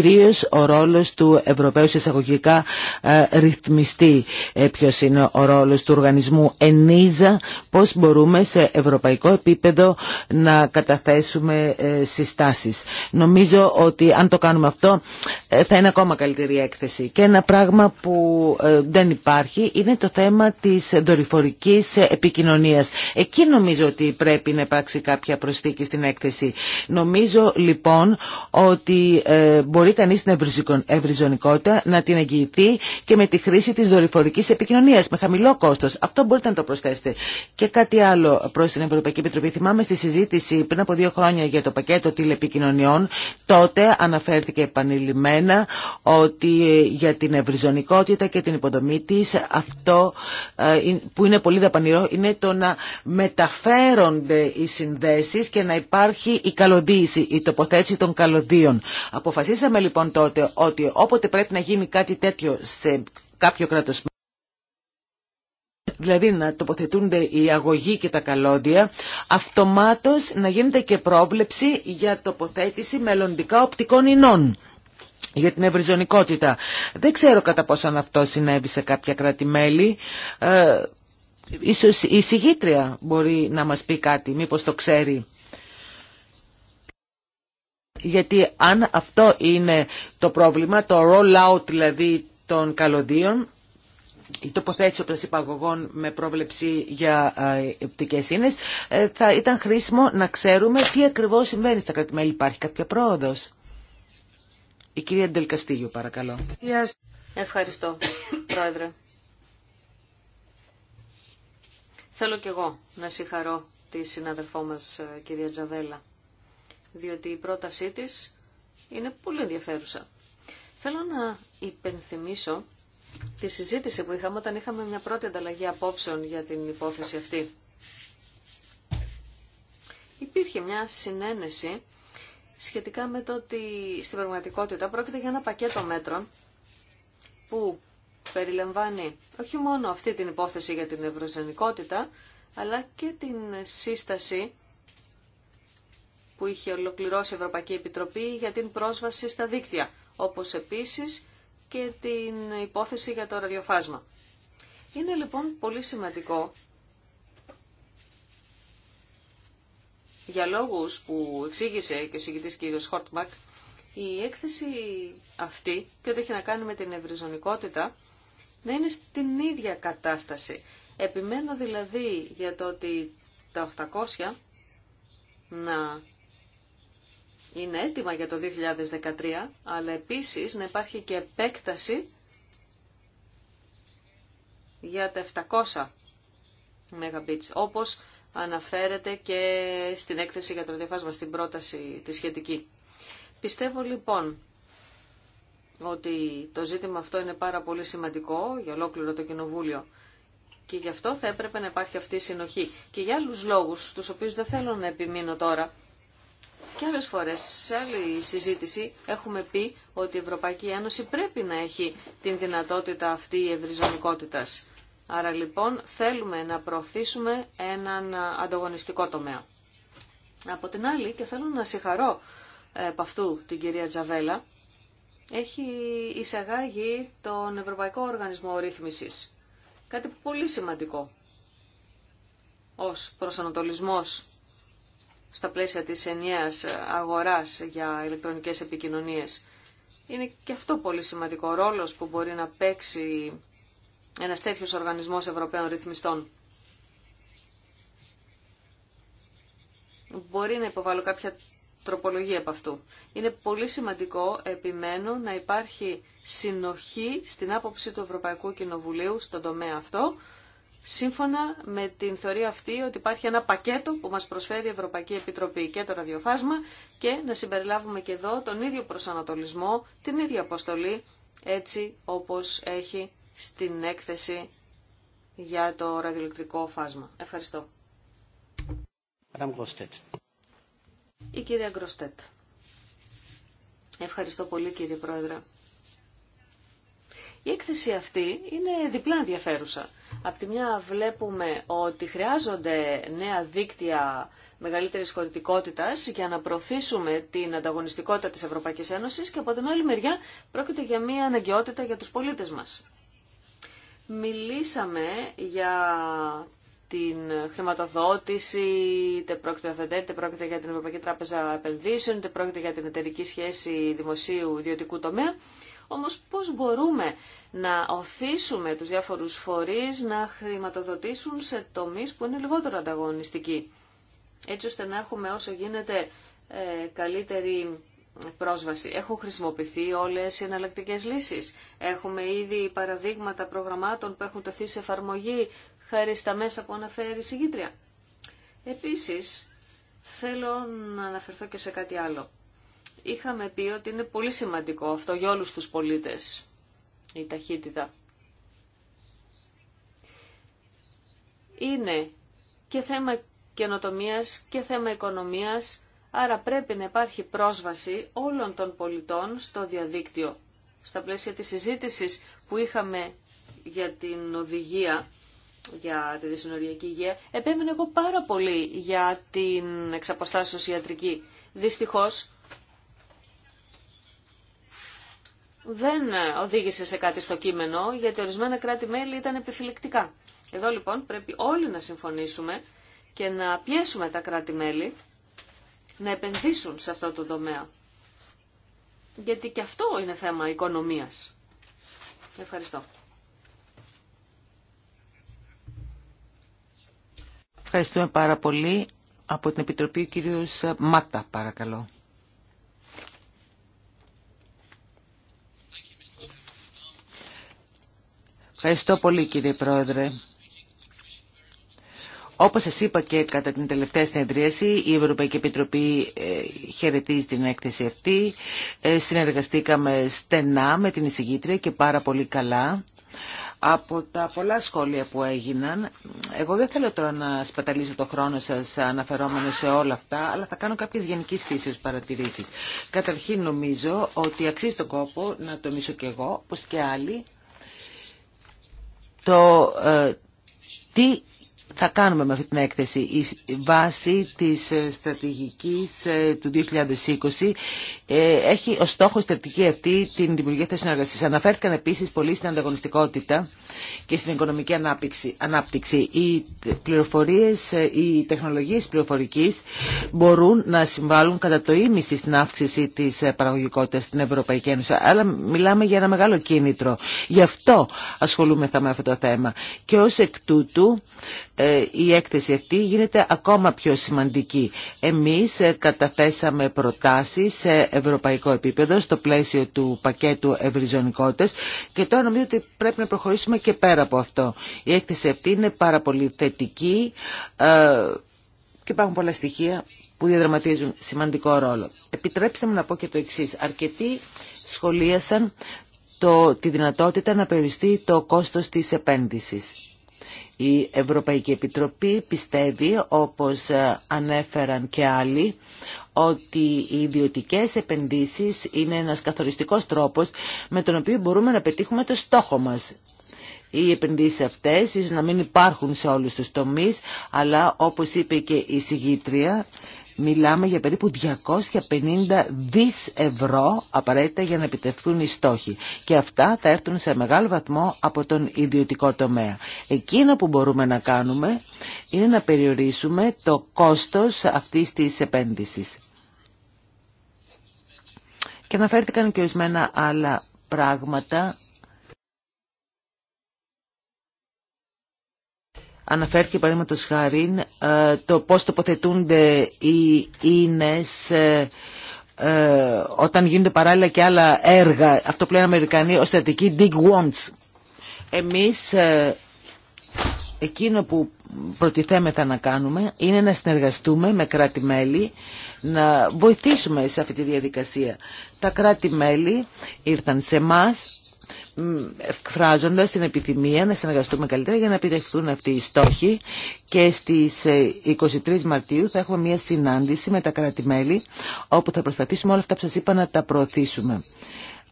κυρίως ο ρόλος του Ευρωπαίου εισαγωγικά ε, ρυθμιστή, ε, ποιος είναι ο ρόλος του οργανισμού ΕΝΙΖΑ, πώς μπορούμε σε ευρωπαϊκό επίπεδο να καταθέσουμε ε, συστάσεις. Νομίζω ότι αν το κάνουμε αυτό θα είναι ακόμα καλύτερη έκθεση. Και ένα πράγμα που δεν υπάρχει είναι το θέμα της δορυφορικής επικοινωνίας. Εκεί νομίζω ότι πρέπει να υπάρξει κάποια προσθήκη στην έκθεση. Νομίζω λοιπόν ότι μπορεί μπορεί κανεί την ευρυζωνικότητα να την εγγυηθεί και με τη χρήση τη δορυφορική επικοινωνία, με χαμηλό κόστο. Αυτό μπορείτε να το προσθέσετε. Και κάτι άλλο προ την Ευρωπαϊκή Επιτροπή. Θυμάμαι στη συζήτηση πριν από δύο χρόνια για το πακέτο τηλεπικοινωνιών. Τότε αναφέρθηκε επανειλημμένα ότι ε, για την ευρυζωνικότητα και την υποδομή τη. αυτό ε, που είναι πολύ δαπανηρό είναι το να μεταφέρονται οι συνδέσει και να υπάρχει η καλωδίηση, η τοποθέτηση των καλωδίων. Αποφασίσαμε Βλέπουμε λοιπόν τότε ότι όποτε πρέπει να γίνει κάτι τέτοιο σε κάποιο κράτος δηλαδή να τοποθετούνται οι αγωγοί και τα καλώδια, αυτομάτως να γίνεται και πρόβλεψη για τοποθέτηση μελλοντικά οπτικών ινών για την ευρυζωνικότητα. Δεν ξέρω κατά πόσον αυτό συνέβη σε κάποια κράτη-μέλη. Ε, ίσως η συγγήτρια μπορεί να μας πει κάτι, μήπως το ξέρει γιατί αν αυτό είναι το πρόβλημα, το roll-out δηλαδή των καλωδίων, η τοποθέτηση είπα εγώ με πρόβλεψη για οπτικές ίνες, ε, θα ήταν χρήσιμο να ξέρουμε τι ακριβώς συμβαίνει στα κρατημέλη. Υπάρχει κάποια πρόοδος. Η κυρία Ντελκαστήγιο, παρακαλώ. Ευχαριστώ, Πρόεδρε. Θέλω κι εγώ να συγχαρώ τη συναδελφό μας ε, κυρία Τζαβέλα διότι η πρότασή της είναι πολύ ενδιαφέρουσα. Θέλω να υπενθυμίσω τη συζήτηση που είχαμε όταν είχαμε μια πρώτη ανταλλαγή απόψεων για την υπόθεση αυτή. Υπήρχε μια συνένεση σχετικά με το ότι στην πραγματικότητα πρόκειται για ένα πακέτο μέτρων που περιλαμβάνει όχι μόνο αυτή την υπόθεση για την ευρωζενικότητα, αλλά και την σύσταση που είχε ολοκληρώσει η Ευρωπαϊκή Επιτροπή για την πρόσβαση στα δίκτυα, όπως επίσης και την υπόθεση για το ραδιοφάσμα. Είναι λοιπόν πολύ σημαντικό για λόγους που εξήγησε και ο συγκητής κ. Χόρτμακ, η έκθεση αυτή, και ό,τι έχει να κάνει με την ευρυζωνικότητα, να είναι στην ίδια κατάσταση. Επιμένω δηλαδή για το ότι τα 800 να είναι έτοιμα για το 2013, αλλά επίσης να υπάρχει και επέκταση για τα 700 Mbps, όπως αναφέρεται και στην έκθεση για το διαφάσμα, στην πρόταση τη σχετική. Πιστεύω λοιπόν ότι το ζήτημα αυτό είναι πάρα πολύ σημαντικό για ολόκληρο το Κοινοβούλιο. Και γι' αυτό θα έπρεπε να υπάρχει αυτή η συνοχή. Και για άλλους λόγους, τους οποίους δεν θέλω να επιμείνω τώρα, και άλλες φορές, σε άλλη συζήτηση, έχουμε πει ότι η Ευρωπαϊκή Ένωση πρέπει να έχει την δυνατότητα αυτή η ευρυζωνικότητας. Άρα λοιπόν θέλουμε να προωθήσουμε έναν ανταγωνιστικό τομέα. Από την άλλη, και θέλω να συγχαρώ ε, από αυτού την κυρία Τζαβέλα, έχει εισαγάγει τον Ευρωπαϊκό Οργανισμό Ρύθμισης. Κάτι πολύ σημαντικό ως προσανατολισμός στα πλαίσια της ενιαίας αγοράς για ηλεκτρονικές επικοινωνίες. Είναι και αυτό πολύ σημαντικό ρόλος που μπορεί να παίξει ένας τέτοιος οργανισμός Ευρωπαίων ρυθμιστών. Μπορεί να υποβάλω κάποια τροπολογία από αυτού. Είναι πολύ σημαντικό, επιμένω, να υπάρχει συνοχή στην άποψη του Ευρωπαϊκού Κοινοβουλίου στον τομέα αυτό, σύμφωνα με την θεωρία αυτή ότι υπάρχει ένα πακέτο που μας προσφέρει η Ευρωπαϊκή Επιτροπή και το ραδιοφάσμα και να συμπεριλάβουμε και εδώ τον ίδιο προσανατολισμό, την ίδια αποστολή, έτσι όπως έχει στην έκθεση για το ραδιολεκτρικό φάσμα. Ευχαριστώ. Η κυρία Γκροστέτ. Ευχαριστώ πολύ κύριε Πρόεδρε. Η έκθεση αυτή είναι διπλά ενδιαφέρουσα. Απ' τη μια βλέπουμε ότι χρειάζονται νέα δίκτυα μεγαλύτερης χωρητικότητας για να προωθήσουμε την ανταγωνιστικότητα της Ευρωπαϊκής Ένωσης και από την άλλη μεριά πρόκειται για μια αναγκαιότητα για τους πολίτες μας. Μιλήσαμε για την χρηματοδότηση, είτε πρόκειται για πρόκειται για την Ευρωπαϊκή Τράπεζα Επενδύσεων, είτε πρόκειται για την εταιρική σχέση δημοσίου ιδιωτικού τομέα. Όμως πώς μπορούμε να οθήσουμε τους διάφορους φορείς να χρηματοδοτήσουν σε τομείς που είναι λιγότερο ανταγωνιστικοί. Έτσι ώστε να έχουμε όσο γίνεται ε, καλύτερη πρόσβαση. Έχουν χρησιμοποιηθεί όλες οι εναλλακτικέ λύσεις. Έχουμε ήδη παραδείγματα προγραμμάτων που έχουν τεθεί σε εφαρμογή χάρη στα μέσα που αναφέρει η συγκήτρια. Επίσης, θέλω να αναφερθώ και σε κάτι άλλο. Είχαμε πει ότι είναι πολύ σημαντικό αυτό για όλους τους πολίτες η ταχύτητα. Είναι και θέμα καινοτομίας και θέμα οικονομίας, άρα πρέπει να υπάρχει πρόσβαση όλων των πολιτών στο διαδίκτυο. Στα πλαίσια της συζήτησης που είχαμε για την οδηγία για τη δυσυνοριακή υγεία, επέμεινε εγώ πάρα πολύ για την εξαποστάσεως ιατρική. Δυστυχώς, δεν οδήγησε σε κάτι στο κείμενο, γιατί ορισμένα κράτη-μέλη ήταν επιφυλεκτικά. Εδώ λοιπόν πρέπει όλοι να συμφωνήσουμε και να πιέσουμε τα κράτη-μέλη να επενδύσουν σε αυτό το τομέα. Γιατί και αυτό είναι θέμα οικονομίας. Ευχαριστώ. Ευχαριστούμε πάρα πολύ. Από την Επιτροπή ο κύριος Μάτα, παρακαλώ. Ευχαριστώ πολύ κύριε Πρόεδρε. Όπως σας είπα και κατά την τελευταία συνεδρίαση, η Ευρωπαϊκή Επιτροπή ε, χαιρετίζει την έκθεση αυτή. Ε, συνεργαστήκαμε στενά με την εισηγήτρια και πάρα πολύ καλά. Από τα πολλά σχόλια που έγιναν, εγώ δεν θέλω τώρα να σπαταλίσω το χρόνο σας αναφερόμενο σε όλα αυτά, αλλά θα κάνω κάποιες γενικής φύσεως παρατηρήσεις. Καταρχήν νομίζω ότι αξίζει τον κόπο να τονίσω και εγώ, πως και άλλοι, το ε, τι θα κάνουμε με αυτή την έκθεση. Η βάση της ε, στρατηγικής ε, του 2020 ε, έχει ως στόχο η στρατηγική αυτή την δημιουργία της συνεργασίας. Αναφέρθηκαν επίσης πολύ στην ανταγωνιστικότητα και στην οικονομική ανάπτυξη. Οι πληροφορίες, οι τεχνολογίες πληροφορικής μπορούν να συμβάλλουν κατά το ίμιση στην αύξηση της παραγωγικότητας στην Ευρωπαϊκή Ένωση. Αλλά μιλάμε για ένα μεγάλο κίνητρο. Γι' αυτό ασχολούμεθα με αυτό το θέμα. Και ως εκ τούτου ε, η έκθεση αυτή γίνεται ακόμα πιο σημαντική. Εμείς ε, καταθέσαμε προτάσεις σε ευρωπαϊκό επίπεδο στο πλαίσιο του πακέτου ευρυζωνικότητας και τώρα νομίζω ότι πρέπει να προχωρήσουμε και πέρα από αυτό. Η έκθεση αυτή είναι πάρα πολύ θετική ε, και υπάρχουν πολλά στοιχεία που διαδραματίζουν σημαντικό ρόλο. Επιτρέψτε μου να πω και το εξής. Αρκετοί σχολίασαν το, τη δυνατότητα να περιοριστεί το κόστος της επένδυσης. Η Ευρωπαϊκή Επιτροπή πιστεύει, όπως ε, ανέφεραν και άλλοι, ότι οι ιδιωτικέ επενδύσεις είναι ένας καθοριστικός τρόπος με τον οποίο μπορούμε να πετύχουμε το στόχο μας. Οι επενδύσεις αυτές ίσως να μην υπάρχουν σε όλους τους τομείς, αλλά όπως είπε και η συγγήτρια, Μιλάμε για περίπου 250 δις ευρώ απαραίτητα για να επιτευχθούν οι στόχοι. Και αυτά θα έρθουν σε μεγάλο βαθμό από τον ιδιωτικό τομέα. Εκείνο που μπορούμε να κάνουμε είναι να περιορίσουμε το κόστος αυτής της επένδυσης. Και αναφέρθηκαν και ορισμένα άλλα πράγματα αναφέρθηκε παραδείγματο χάρη ε, το πώ τοποθετούνται οι ίνες ε, ε, όταν γίνονται παράλληλα και άλλα έργα, αυτό που λένε Αμερικανοί, ω στρατική dig wants. Εμείς εκείνο που προτιθέμεθα να κάνουμε είναι να συνεργαστούμε με κράτη-μέλη, να βοηθήσουμε σε αυτή τη διαδικασία. Τα κράτη-μέλη ήρθαν σε εμά εκφράζοντα την επιθυμία να συνεργαστούμε καλύτερα για να επιτευχθούν αυτοί οι στόχοι και στις 23 ε, Μαρτίου θα έχουμε μια συνάντηση με τα κράτη-μέλη όπου θα προσπαθήσουμε όλα αυτά που σας είπα να τα προωθήσουμε.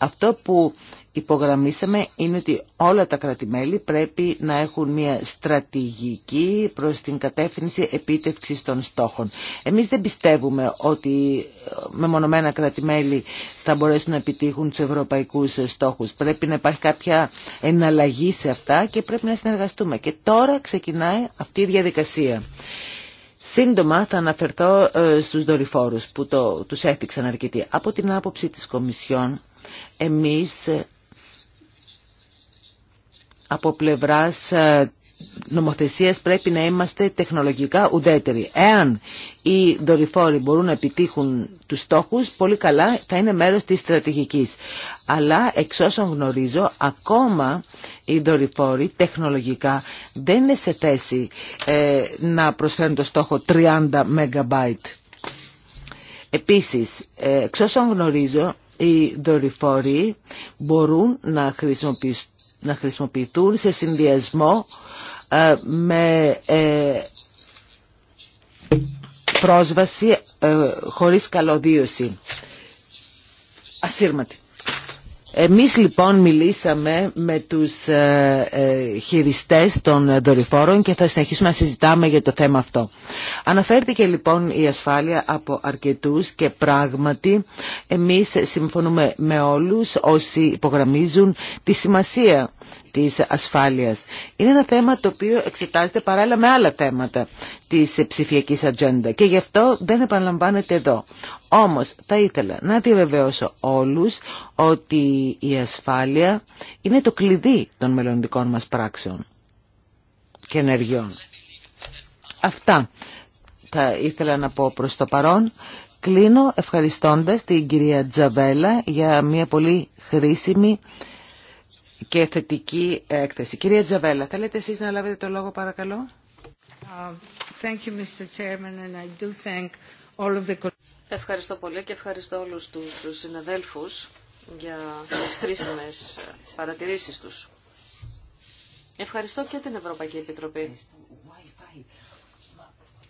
Αυτό που υπογραμμίσαμε είναι ότι όλα τα κρατημέλη πρέπει να έχουν μια στρατηγική προς την κατεύθυνση επίτευξης των στόχων. Εμείς δεν πιστεύουμε ότι με μονομένα κρατημέλη θα μπορέσουν να επιτύχουν τους ευρωπαϊκούς στόχους. Πρέπει να υπάρχει κάποια εναλλαγή σε αυτά και πρέπει να συνεργαστούμε. Και τώρα ξεκινάει αυτή η διαδικασία. Σύντομα θα αναφερθώ ε, στους δορυφόρους που το, τους έφτιαξαν αρκετοί. Από την άποψη της Κομισιόν εμείς από πλευράς ε, νομοθεσίας πρέπει να είμαστε τεχνολογικά ουδέτεροι. Εάν οι δορυφόροι μπορούν να επιτύχουν τους στόχους, πολύ καλά θα είναι μέρος της στρατηγικής. Αλλά εξ όσων γνωρίζω, ακόμα οι δορυφόροι τεχνολογικά δεν είναι σε θέση ε, να προσφέρουν το στόχο 30 MB. Επίσης, ε, εξ όσων γνωρίζω, οι δορυφόροι μπορούν να, να χρησιμοποιηθούν σε συνδυασμό ε, με ε, πρόσβαση ε, χωρίς καλωδίωση. Ασύρματη. Εμείς λοιπόν μιλήσαμε με τους ε, ε, χειριστές των δορυφόρων και θα συνεχίσουμε να συζητάμε για το θέμα αυτό. Αναφέρθηκε λοιπόν η ασφάλεια από αρκετούς και πράγματι εμείς συμφωνούμε με όλους όσοι υπογραμμίζουν τη σημασία της ασφάλειας. Είναι ένα θέμα το οποίο εξετάζεται παράλληλα με άλλα θέματα της ψηφιακής ατζέντα και γι' αυτό δεν επαναλαμβάνεται εδώ. Όμως θα ήθελα να διαβεβαιώσω όλους ότι η ασφάλεια είναι το κλειδί των μελλοντικών μας πράξεων και ενεργειών. Αυτά θα ήθελα να πω προς το παρόν. Κλείνω ευχαριστώντας την κυρία Τζαβέλα για μια πολύ χρήσιμη και θετική έκθεση. Κυρία Τζαβέλα, θέλετε εσείς να λάβετε το λόγο παρακαλώ. Ευχαριστώ πολύ και ευχαριστώ όλους τους συναδέλφους για τις χρήσιμες παρατηρήσεις τους. Ευχαριστώ και την Ευρωπαϊκή Επιτροπή.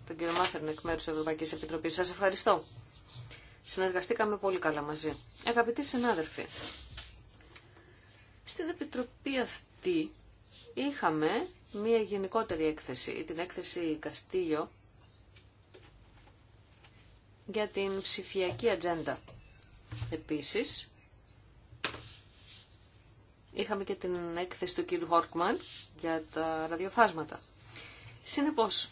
Τον κύριο Μάθερν εκ μέρους της Ευρωπαϊκής Επιτροπής. Σας ευχαριστώ. Συνεργαστήκαμε πολύ καλά μαζί. Αγαπητοί συνάδελφοι, στην Επιτροπή αυτή είχαμε μία γενικότερη έκθεση, την έκθεση Καστίλιο, για την ψηφιακή ατζέντα. Επίσης, είχαμε και την έκθεση του κ. Χόρκμαν για τα ραδιοφάσματα. Συνεπώς,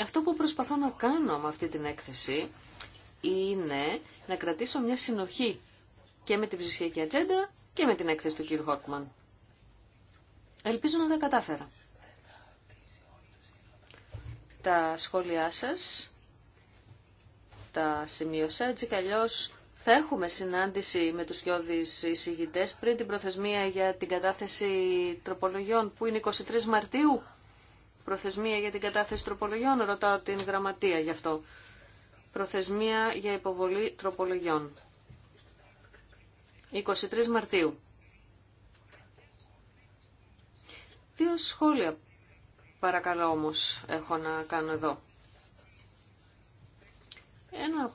αυτό που προσπαθώ να κάνω με αυτή την έκθεση είναι να κρατήσω μια συνοχή και με την ψηφιακή ατζέντα και με την έκθεση του κύριου Χόρκμαν. Ελπίζω να τα κατάφερα. Τα σχόλιά σας τα σημείωσα, έτσι κι αλλιώς θα έχουμε συνάντηση με τους γιώδεις εισηγητές πριν την προθεσμία για την κατάθεση τροπολογιών που είναι 23 Μαρτίου. Προθεσμία για την κατάθεση τροπολογιών, ρωτάω την γραμματεία γι' αυτό. Προθεσμία για υποβολή τροπολογιών. 23 Μαρτίου. Δύο σχόλια παρακαλώ όμως έχω να κάνω εδώ. Ένα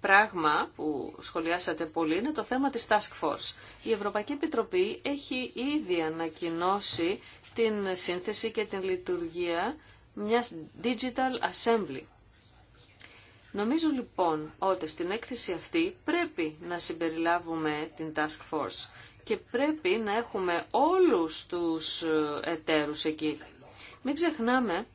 πράγμα που σχολιάσατε πολύ είναι το θέμα της Task Force. Η Ευρωπαϊκή Επιτροπή έχει ήδη ανακοινώσει την σύνθεση και την λειτουργία μιας Digital Assembly. Νομίζω λοιπόν ότι στην έκθεση αυτή πρέπει να συμπεριλάβουμε την Task Force και πρέπει να έχουμε όλους τους ε, εταίρους εκεί. Μην ξεχνάμε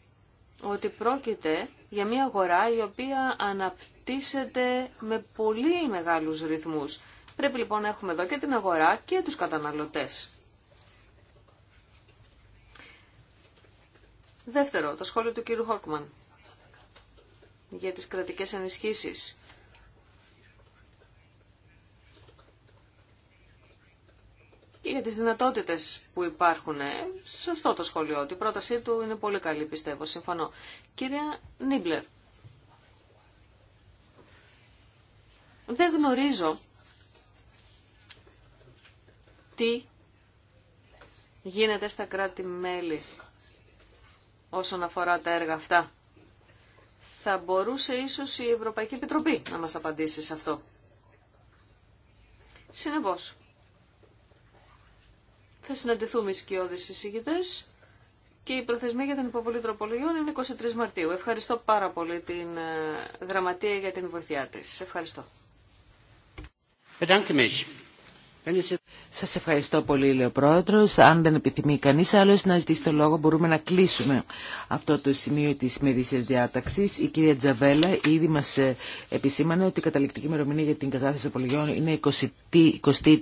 ότι πρόκειται για μια αγορά η οποία αναπτύσσεται με πολύ μεγάλους ρυθμούς. Πρέπει λοιπόν να έχουμε εδώ και την αγορά και τους καταναλωτές. Δεύτερο, το σχόλιο του κύριου Χόρκμαν για τις κρατικές ενισχύσεις. Και για τις δυνατότητες που υπάρχουν. Ε, σωστό το σχολείο. Η πρότασή του είναι πολύ καλή, πιστεύω. Συμφωνώ. Κυρία Νίμπλερ, δεν γνωρίζω τι γίνεται στα κράτη-μέλη όσον αφορά τα έργα αυτά. Θα μπορούσε ίσως η Ευρωπαϊκή Επιτροπή να μας απαντήσει σε αυτό. Συνεπώς, θα συναντηθούμε οι σκιώδεις εισηγητές και η προθεσμία για την υποβολή τροπολογιών είναι 23 Μαρτίου. Ευχαριστώ πάρα πολύ την ε, Γραμματεία για την βοηθειά της. Ευχαριστώ. Σας ευχαριστώ πολύ, λέει Πρόεδρος. Αν δεν επιθυμεί κανείς άλλος να ζητήσει το λόγο, μπορούμε να κλείσουμε αυτό το σημείο της ημερήσιας διάταξης. Η κυρία Τζαβέλα ήδη μας ε, επισήμανε ότι η καταληκτική ημερομηνία για την κατάσταση είναι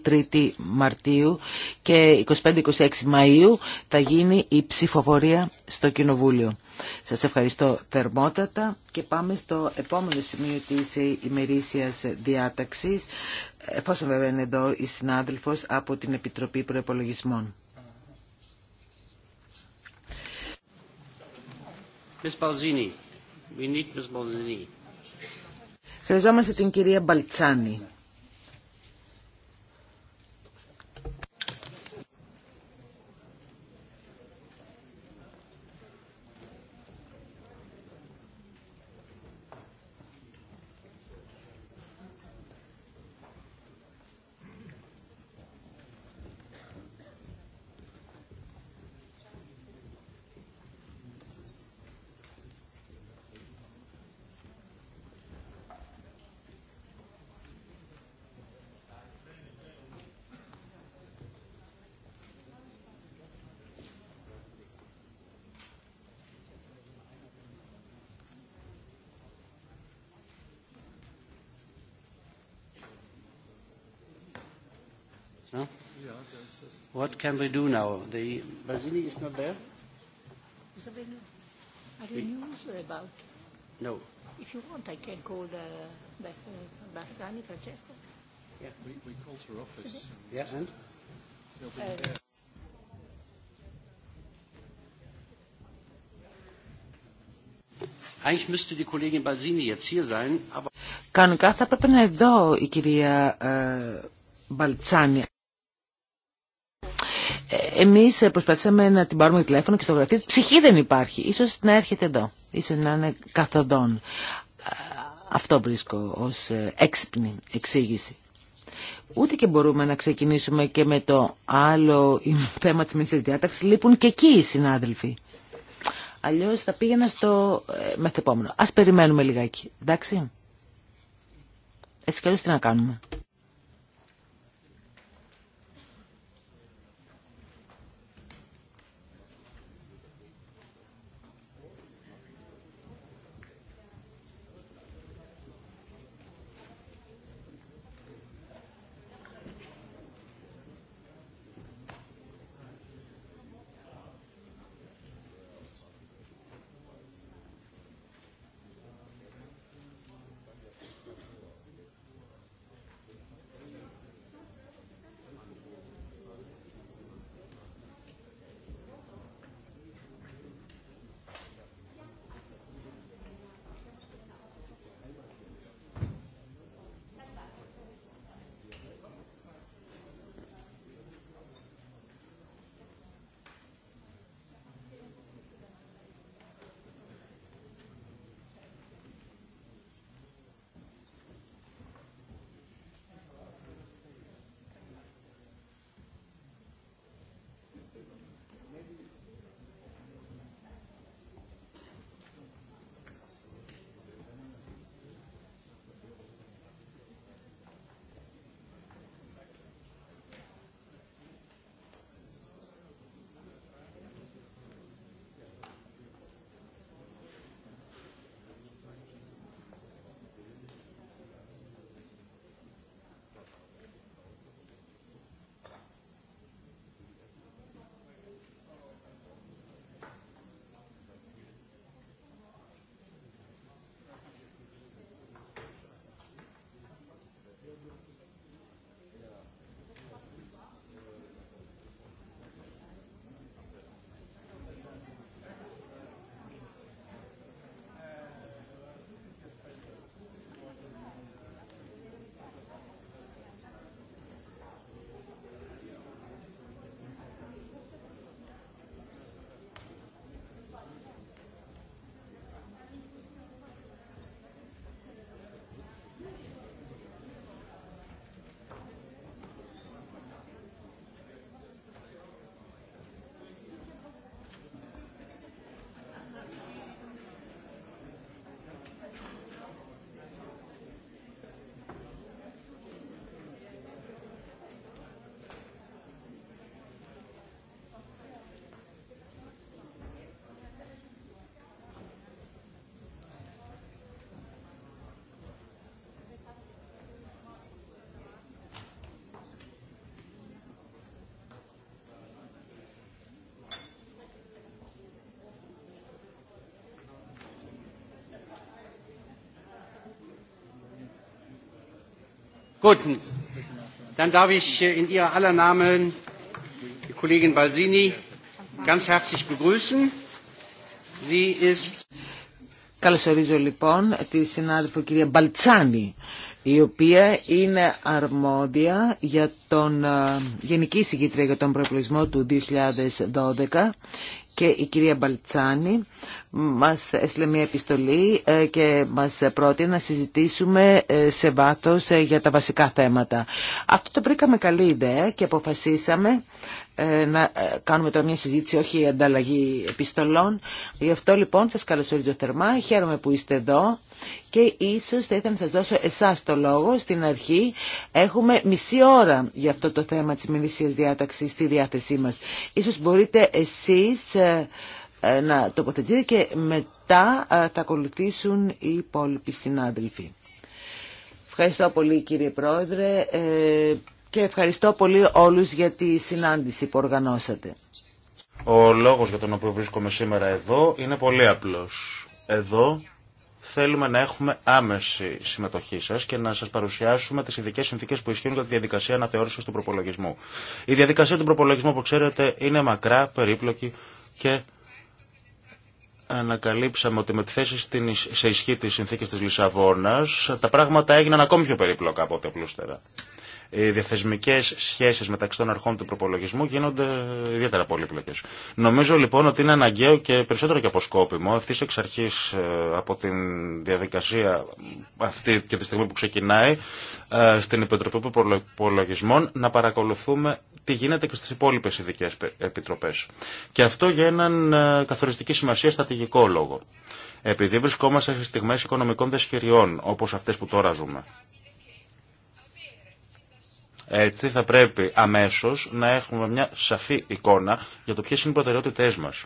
23η Μαρτίου και 25-26 Μαΐου θα γίνει η ψηφοφορία στο Κοινοβούλιο. Σας ευχαριστώ θερμότατα και πάμε στο επόμενο σημείο της ε, ημερήσιας διάταξης. Εφόσον βέβαια είναι εδώ η συνάδελφος από την Επιτροπή Προεπολογισμών. Χρειαζόμαστε την κυρία Μπαλτσάνη. What can we do now? The Basini is not there? Are you news about? No. If you want, I can call the Barzani, Francesca. Yeah, we, we called her office. Yeah, and? Nobody there. Eigentlich müsste die Kollegin Balsini jetzt hier sein, aber... Κανονικά θα έπρεπε να εδώ η κυρία ε, Μπαλτσάνη. Εμείς προσπαθήσαμε να την πάρουμε τηλέφωνο και στο γραφείο. Ψυχή δεν υπάρχει. Ίσως να έρχεται εδώ. Ίσως να είναι καθοδόν. Αυτό βρίσκω ως ε, έξυπνη εξήγηση. Ούτε και μπορούμε να ξεκινήσουμε και με το άλλο θέμα της μήνυσης διάταξης. Λείπουν και εκεί οι συνάδελφοι. Αλλιώς θα πήγαινα στο ε, μεθεπόμενο. Ας περιμένουμε λιγάκι. Εντάξει. Έτσι καλώς τι να κάνουμε. Gut, dann darf ich äh, in Ihrer aller Namen die Kollegin Balsini ganz herzlich begrüßen. Sie ist Καλωσορίζω λοιπόν τη συνάδελφο κυρία Μπαλτσάνη, η οποία είναι αρμόδια για τον ε, Γενική Συγκήτρια για τον Προεπλισμό του 2012 και η κυρία Μπαλτσάνη μας έστειλε μια επιστολή ε, και μας πρότεινε να συζητήσουμε ε, σε βάθος ε, για τα βασικά θέματα. Αυτό το βρήκαμε καλή ιδέα και αποφασίσαμε να κάνουμε τώρα μια συζήτηση, όχι ανταλλαγή επιστολών. Γι' αυτό λοιπόν σας καλωσορίζω θερμά, χαίρομαι που είστε εδώ. Και ίσως θα ήθελα να σας δώσω εσάς το λόγο. Στην αρχή έχουμε μισή ώρα για αυτό το θέμα της μηνυσίας διάταξης στη διάθεσή μας. Ίσως μπορείτε εσείς ε, ε, να τοποθετείτε και μετά ε, θα ακολουθήσουν οι υπόλοιποι συνάδελφοι. Ευχαριστώ πολύ κύριε Πρόεδρε και ευχαριστώ πολύ όλους για τη συνάντηση που οργανώσατε. Ο λόγος για τον οποίο βρίσκομαι σήμερα εδώ είναι πολύ απλός. Εδώ θέλουμε να έχουμε άμεση συμμετοχή σα και να σα παρουσιάσουμε τι ειδικέ συνθήκε που ισχύουν για τη διαδικασία αναθεώρηση του προπολογισμού. Η διαδικασία του προπολογισμού, όπω ξέρετε, είναι μακρά, περίπλοκη και ανακαλύψαμε ότι με τη θέση στην, σε ισχύ τη συνθήκη τη Λισαβόνα τα πράγματα έγιναν ακόμη πιο περίπλοκα από ό,τι απλούστερα οι ε, διαθεσμικέ σχέσει μεταξύ των αρχών του προπολογισμού γίνονται ιδιαίτερα πολύπλοκε. Νομίζω λοιπόν ότι είναι αναγκαίο και περισσότερο και αποσκόπιμο ευθύ εξ αρχή ε, από τη διαδικασία αυτή και τη στιγμή που ξεκινάει ε, στην Επιτροπή Προπολογισμών να παρακολουθούμε τι γίνεται και στι υπόλοιπε ειδικέ επιτροπέ. Και αυτό για έναν καθοριστική σημασία στατηγικό λόγο. Επειδή βρισκόμαστε σε στιγμές οικονομικών δεσχεριών, όπως αυτές που τώρα ζούμε, έτσι θα πρέπει αμέσως να έχουμε μια σαφή εικόνα για το ποιες είναι οι προτεραιότητές μας.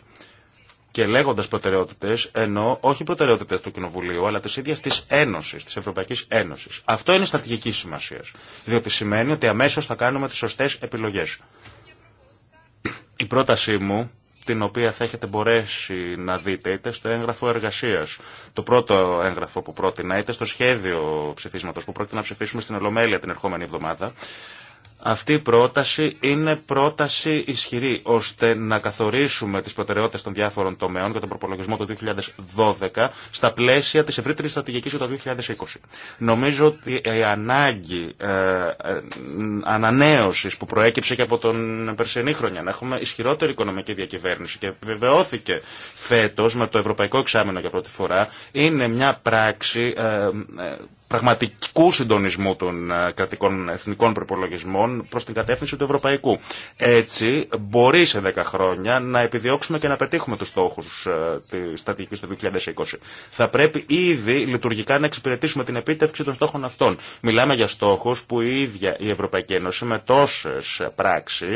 Και λέγοντας προτεραιότητες εννοώ όχι προτεραιότητες του Κοινοβουλίου, αλλά τη ίδια της Ένωσης, της Ευρωπαϊκής Ένωσης Αυτό είναι στατηγική σημασία. Διότι σημαίνει ότι αμέσως θα κάνουμε τις σωστές επιλογές Η πρότασή μου την οποία θα έχετε μπορέσει να δείτε είτε στο έγγραφο εργασία, το πρώτο έγγραφο που πρότεινα, είτε στο σχέδιο ψηφίσματο που πρόκειται να ψηφίσουμε στην Ολομέλεια την ερχόμενη εβδομάδα. Αυτή η πρόταση είναι πρόταση ισχυρή, ώστε να καθορίσουμε τις προτεραιότητες των διάφορων τομέων για τον προπολογισμό του 2012 στα πλαίσια της ευρύτερης στρατηγικής του 2020. Νομίζω ότι η ανάγκη ε, ε, ανανέωσης που προέκυψε και από τον περσινή χρονιά, να έχουμε ισχυρότερη οικονομική διακυβέρνηση και επιβεβαιώθηκε φέτος με το Ευρωπαϊκό Εξάμεινο για πρώτη φορά, είναι μια πράξη ε, ε, πραγματικού συντονισμού των ε, κρατικών εθνικών προπολογισμών προ την κατεύθυνση του ευρωπαϊκού. Έτσι, μπορεί σε 10 χρόνια να επιδιώξουμε και να πετύχουμε ε, του στόχου τη στρατηγική του 2020. Θα πρέπει ήδη λειτουργικά να εξυπηρετήσουμε την επίτευξη των στόχων αυτών. Μιλάμε για στόχου που η ίδια η Ευρωπαϊκή Ένωση με τόσε πράξει,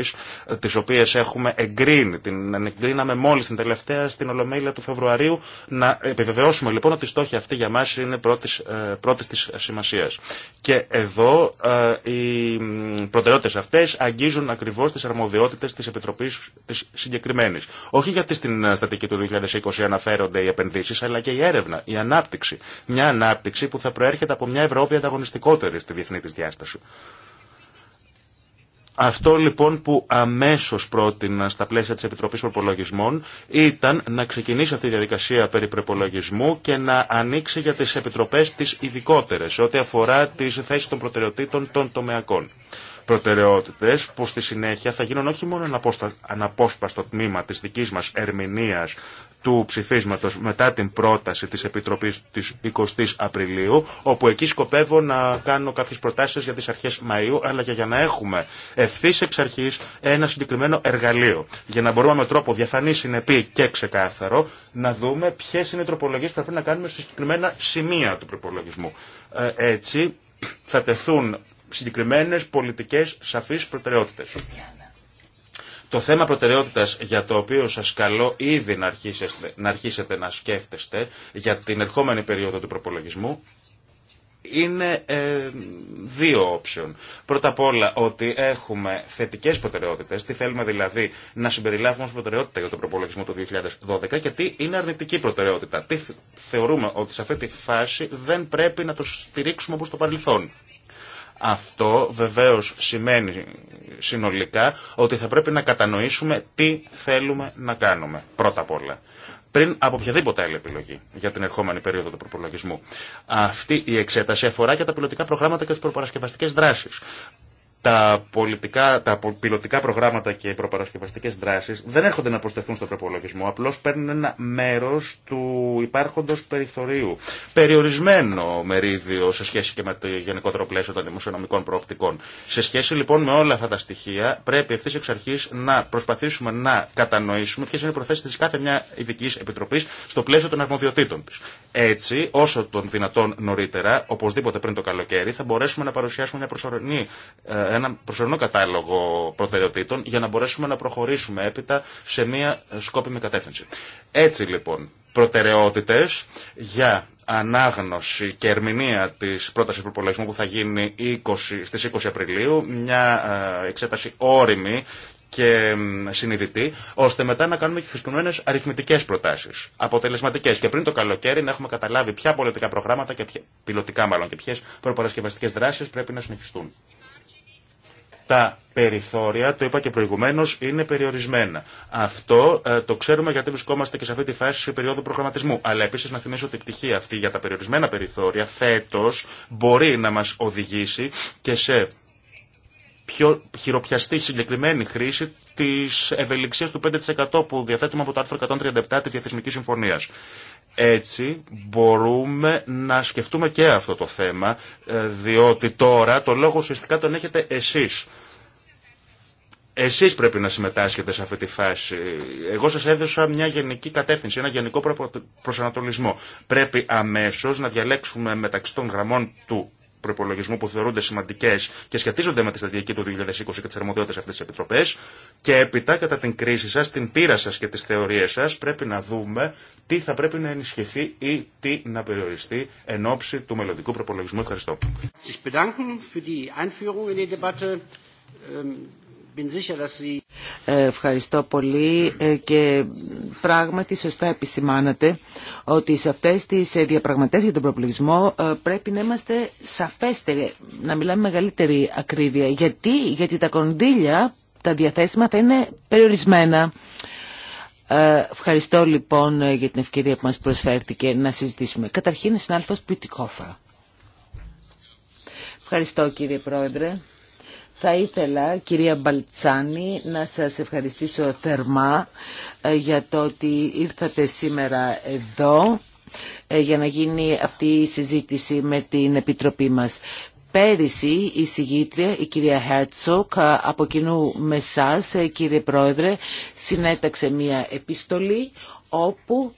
ε, τι οποίε έχουμε εγκρίνει, την εγκρίναμε μόλι την τελευταία στην Ολομέλεια του Φεβρουαρίου, να επιβεβαιώσουμε λοιπόν ότι οι στόχοι αυτοί για μα είναι πρώτη τη σημασίας. Και εδώ ε, οι προτεραιότητες αυτές αγγίζουν ακριβώς τις αρμοδιότητες της Επιτροπής της συγκεκριμένης. Όχι γιατί στην ε, στατική του 2020 αναφέρονται οι επενδύσεις, αλλά και η έρευνα, η ανάπτυξη. Μια ανάπτυξη που θα προέρχεται από μια Ευρώπη ανταγωνιστικότερη στη διεθνή της διάσταση. Αυτό λοιπόν που αμέσως πρότεινα στα πλαίσια της Επιτροπής Προπολογισμών ήταν να ξεκινήσει αυτή η διαδικασία περί προπολογισμού και να ανοίξει για τις επιτροπές τις ειδικότερε ό,τι αφορά τις θέσεις των προτεραιοτήτων των τομεακών προτεραιότητε που στη συνέχεια θα γίνουν όχι μόνο αναπόσπαστο τμήμα τη δική μα ερμηνεία του ψηφίσματο μετά την πρόταση τη Επιτροπής τη 20 η Απριλίου, όπου εκεί σκοπεύω να κάνω κάποιε προτάσει για τι αρχέ Μαΐου, αλλά και για να έχουμε ευθύ εξ αρχή ένα συγκεκριμένο εργαλείο, για να μπορούμε με τρόπο διαφανή, συνεπή και ξεκάθαρο να δούμε ποιε είναι οι τροπολογίε που θα πρέπει να κάνουμε σε συγκεκριμένα σημεία του προπολογισμού. Ε, έτσι θα τεθούν συγκεκριμένες πολιτικές σαφείς προτεραιότητες. Το θέμα προτεραιότητας για το οποίο σας καλώ ήδη να αρχίσετε, να σκέφτεστε για την ερχόμενη περίοδο του προπολογισμού είναι ε, δύο όψεων. Πρώτα απ' όλα ότι έχουμε θετικές προτεραιότητες. τι θέλουμε δηλαδή να συμπεριλάβουμε ως προτεραιότητα για τον προπολογισμό του 2012 και τι είναι αρνητική προτεραιότητα. Τι θεωρούμε ότι σε αυτή τη φάση δεν πρέπει να το στηρίξουμε όπως το παρελθόν. Αυτό βεβαίως σημαίνει συνολικά ότι θα πρέπει να κατανοήσουμε τι θέλουμε να κάνουμε πρώτα απ' όλα πριν από οποιαδήποτε άλλη επιλογή για την ερχόμενη περίοδο του προπολογισμού. Αυτή η εξέταση αφορά και τα πιλωτικά προγράμματα και τις προπαρασκευαστικές δράσεις τα, πολιτικά, τα πιλωτικά προγράμματα και οι προπαρασκευαστικές δράσεις δεν έρχονται να προσθεθούν στο προπολογισμό, απλώς παίρνουν ένα μέρος του υπάρχοντος περιθωρίου. Περιορισμένο μερίδιο σε σχέση και με το γενικότερο πλαίσιο των δημοσιονομικών προοπτικών. Σε σχέση λοιπόν με όλα αυτά τα στοιχεία πρέπει ευθύ εξ αρχή να προσπαθήσουμε να κατανοήσουμε ποιε είναι οι προθέσεις τη κάθε μια ειδική επιτροπή στο πλαίσιο των αρμοδιοτήτων τη. Έτσι, όσο των δυνατόν νωρίτερα, οπωσδήποτε πριν το καλοκαίρι, θα μπορέσουμε να παρουσιάσουμε μια προσωρινή ε, ένα προσωρινό κατάλογο προτεραιοτήτων για να μπορέσουμε να προχωρήσουμε έπειτα σε μια σκόπιμη κατεύθυνση. Έτσι λοιπόν, προτεραιότητες για ανάγνωση και ερμηνεία της πρότασης προπολογισμού που θα γίνει 20, στις 20 Απριλίου, μια ε, εξέταση όρημη και συνειδητή, ώστε μετά να κάνουμε και χρησιμοποιημένε αριθμητικέ προτάσει. Αποτελεσματικέ. Και πριν το καλοκαίρι να έχουμε καταλάβει ποια πολιτικά προγράμματα και ποια, πιλωτικά μάλλον και ποιε προπαρασκευαστικέ δράσει πρέπει να συνεχιστούν τα περιθώρια, το είπα και προηγουμένω, είναι περιορισμένα. Αυτό ε, το ξέρουμε γιατί βρισκόμαστε και σε αυτή τη φάση περίοδο προγραμματισμού. Αλλά επίση να θυμίσω ότι η πτυχή αυτή για τα περιορισμένα περιθώρια φέτο μπορεί να μα οδηγήσει και σε πιο χειροπιαστή συγκεκριμένη χρήση της ευελιξίας του 5% που διαθέτουμε από το άρθρο 137 της Διαθεσμική Συμφωνίας. Έτσι μπορούμε να σκεφτούμε και αυτό το θέμα, ε, διότι τώρα το λόγο ουσιαστικά τον έχετε εσείς. Εσείς πρέπει να συμμετάσχετε σε αυτή τη φάση. Εγώ σας έδωσα μια γενική κατεύθυνση, ένα γενικό προσανατολισμό. Πρέπει αμέσως να διαλέξουμε μεταξύ των γραμμών του προπολογισμού που θεωρούνται σημαντικέ και σχετίζονται με τη στρατηγική του 2020 και τι θερμοδιότητε αυτέ τι επιτροπέ. Και έπειτα, κατά την κρίση σα, την πείρα σα και τι θεωρίε σα, πρέπει να δούμε τι θα πρέπει να ενισχυθεί ή τι να περιοριστεί εν ώψη του μελλοντικού προπολογισμού. Ευχαριστώ. Ευχαριστώ πολύ ε, και πράγματι σωστά επισημάνατε ότι σε αυτές τις ε, διαπραγματεύσεις για τον προπολογισμό ε, πρέπει να είμαστε σαφέστεροι, να μιλάμε μεγαλύτερη ακρίβεια. Γιατί, Γιατί τα κονδύλια, τα διαθέσιμα θα είναι περιορισμένα. Ευχαριστώ λοιπόν για την ευκαιρία που μας προσφέρθηκε να συζητήσουμε. Καταρχήν, συνάλφος Πιτικόφα. Ευχαριστώ κύριε Πρόεδρε. Θα ήθελα, κυρία Μπαλτσάνη, να σας ευχαριστήσω θερμά ε, για το ότι ήρθατε σήμερα εδώ ε, για να γίνει αυτή η συζήτηση με την Επιτροπή μας. Πέρυσι η συγγήτρια, η κυρία Χέρτσοκ, ε, από κοινού με εσάς, κύριε Πρόεδρε, συνέταξε μία επιστολή όπου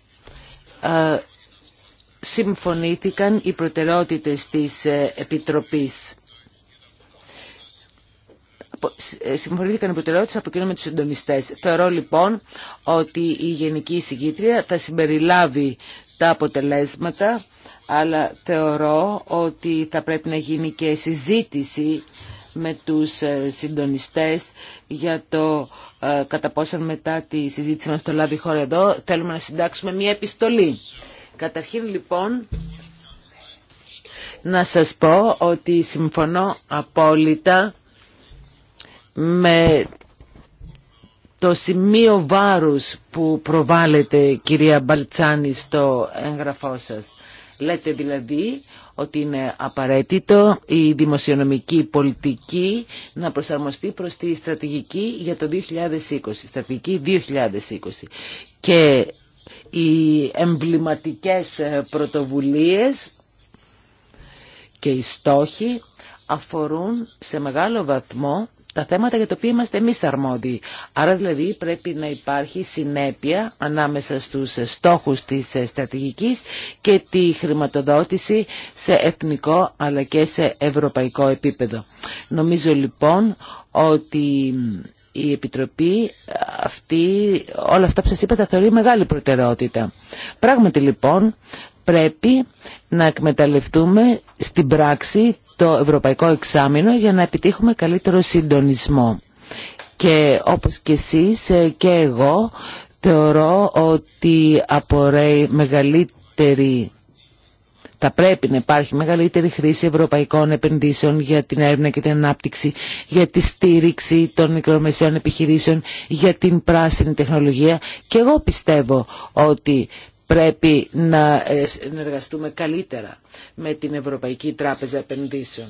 συμφωνήθηκαν οι προτεραιότητες της Επιτροπής. Ε, συμφωνήθηκαν προτεραιότητε από κοινό με τους συντονιστέ. Θεωρώ λοιπόν ότι η Γενική Εισηγήτρια θα συμπεριλάβει τα αποτελέσματα, αλλά θεωρώ ότι θα πρέπει να γίνει και συζήτηση με τους ε, συντονιστές για το ε, κατά πόσον μετά τη συζήτηση μας το λάβει η χώρα εδώ θέλουμε να συντάξουμε μια επιστολή. Καταρχήν λοιπόν να σας πω ότι συμφωνώ απόλυτα με το σημείο βάρους που προβάλλεται κυρία Μπαλτσάνη στο έγγραφό σας. Λέτε δηλαδή ότι είναι απαραίτητο η δημοσιονομική πολιτική να προσαρμοστεί προς τη στρατηγική για το 2020, στρατηγική 2020. Και οι εμβληματικές πρωτοβουλίες και οι στόχοι αφορούν σε μεγάλο βαθμό τα θέματα για τα οποία είμαστε εμεί αρμόδιοι. Άρα δηλαδή πρέπει να υπάρχει συνέπεια ανάμεσα στους στόχους της στρατηγικής και τη χρηματοδότηση σε εθνικό αλλά και σε ευρωπαϊκό επίπεδο. Νομίζω λοιπόν ότι η Επιτροπή αυτή, όλα αυτά που σας είπα, τα θεωρεί μεγάλη προτεραιότητα. Πράγματι λοιπόν πρέπει να εκμεταλλευτούμε στην πράξη το ευρωπαϊκό εξάμεινο για να επιτύχουμε καλύτερο συντονισμό. Και όπως και εσείς ε, και εγώ θεωρώ ότι απορρέει μεγαλύτερη θα πρέπει να υπάρχει μεγαλύτερη χρήση ευρωπαϊκών επενδύσεων για την έρευνα και την ανάπτυξη, για τη στήριξη των μικρομεσαίων επιχειρήσεων, για την πράσινη τεχνολογία. Και εγώ πιστεύω ότι πρέπει να ε, συνεργαστούμε καλύτερα με την Ευρωπαϊκή Τράπεζα Επενδύσεων.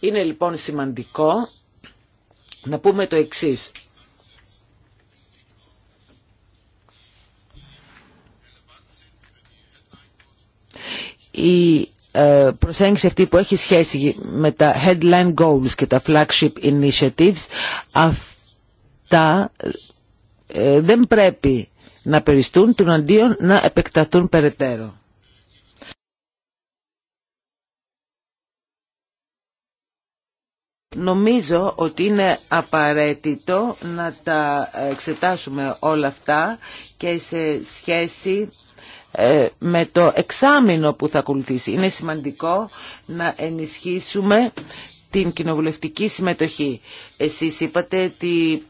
Είναι λοιπόν σημαντικό να πούμε το εξής. Η ε, προσέγγιση αυτή που έχει σχέση με τα headline goals και τα flagship initiatives, αυτά ε, δεν πρέπει να περιστούν, του αντίον να επεκταθούν περαιτέρω. Νομίζω ότι είναι απαραίτητο να τα εξετάσουμε όλα αυτά και σε σχέση ε, με το εξάμεινο που θα ακολουθήσει. Είναι σημαντικό να ενισχύσουμε την κοινοβουλευτική συμμετοχή. Εσείς είπατε ότι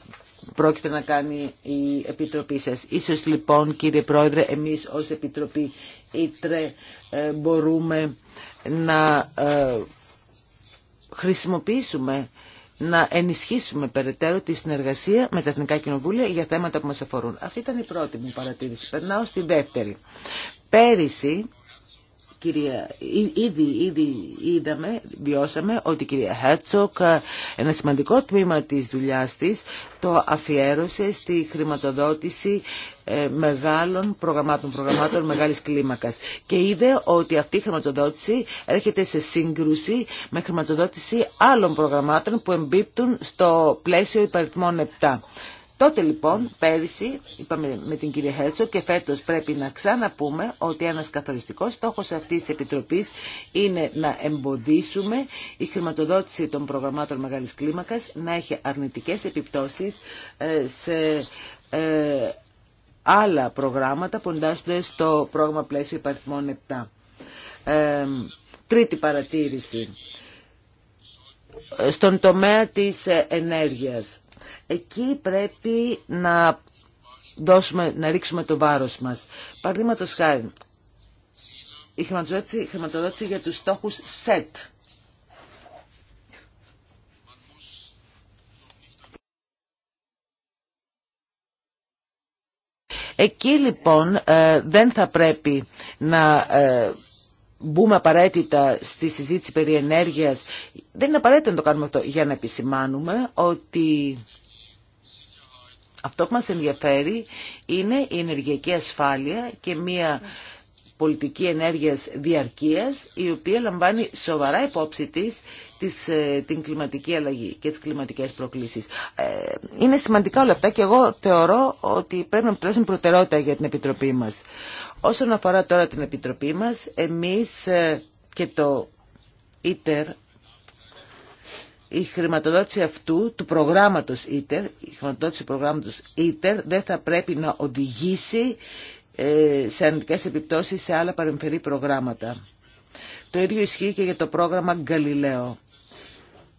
πρόκειται να κάνει η Επιτροπή σας. Ίσως λοιπόν κύριε Πρόεδρε εμείς ως Επιτροπή Ήτρε ε, μπορούμε να ε, χρησιμοποιήσουμε να ενισχύσουμε περαιτέρω τη συνεργασία με τα Εθνικά Κοινοβούλια για θέματα που μας αφορούν. Αυτή ήταν η πρώτη μου παρατήρηση. Περνάω στη δεύτερη. Πέρυσι κυρία, ήδη, ήδη είδαμε, βιώσαμε ότι η κυρία Χέρτσοκ ε, ένα σημαντικό τμήμα της δουλειάς της το αφιέρωσε στη χρηματοδότηση ε, μεγάλων προγραμμάτων, προγραμμάτων μεγάλης κλίμακας. Και είδε ότι αυτή η χρηματοδότηση έρχεται σε σύγκρουση με χρηματοδότηση άλλων προγραμμάτων που εμπίπτουν στο πλαίσιο υπαριθμών 7. Τότε λοιπόν, πέρυσι, είπαμε με την κυρία Χέρτσο και φέτος πρέπει να ξαναπούμε ότι ένας καθοριστικός στόχος αυτής της Επιτροπής είναι να εμποδίσουμε η χρηματοδότηση των προγραμμάτων μεγάλης κλίμακας να έχει αρνητικές επιπτώσεις ε, σε ε, άλλα προγράμματα που εντάσσονται στο πρόγραμμα πλαίσιο υπαριθμών 7. Ε, τρίτη παρατήρηση. Στον τομέα της ενέργειας Εκεί πρέπει να, δώσουμε, να ρίξουμε το βάρος μας. Παραδείγματο χάρη, η χρηματοδότηση, η χρηματοδότηση για τους στόχους SET. Εκεί λοιπόν ε, δεν θα πρέπει να ε, μπούμε απαραίτητα στη συζήτηση περί ενέργειας. Δεν είναι απαραίτητο να το κάνουμε αυτό για να επισημάνουμε ότι αυτό που μας ενδιαφέρει είναι η ενεργειακή ασφάλεια και μια πολιτική ενέργειας διαρκείας η οποία λαμβάνει σοβαρά υπόψη της, της ε, την κλιματική αλλαγή και τις κλιματικές προκλήσεις. Ε, είναι σημαντικά όλα αυτά και εγώ θεωρώ ότι πρέπει να αποτελέσουν προτεραιότητα για την Επιτροπή μας. Όσον αφορά τώρα την Επιτροπή μας, εμείς ε, και το ΙΤΕΡ η χρηματοδότηση αυτού του προγράμματος ΙΤΕΡ, η χρηματοδότηση του προγράμματος δεν θα πρέπει να οδηγήσει ε, σε αρνητικές επιπτώσεις σε άλλα παρεμφερή προγράμματα. Το ίδιο ισχύει και για το πρόγραμμα Γκαλιλαίο.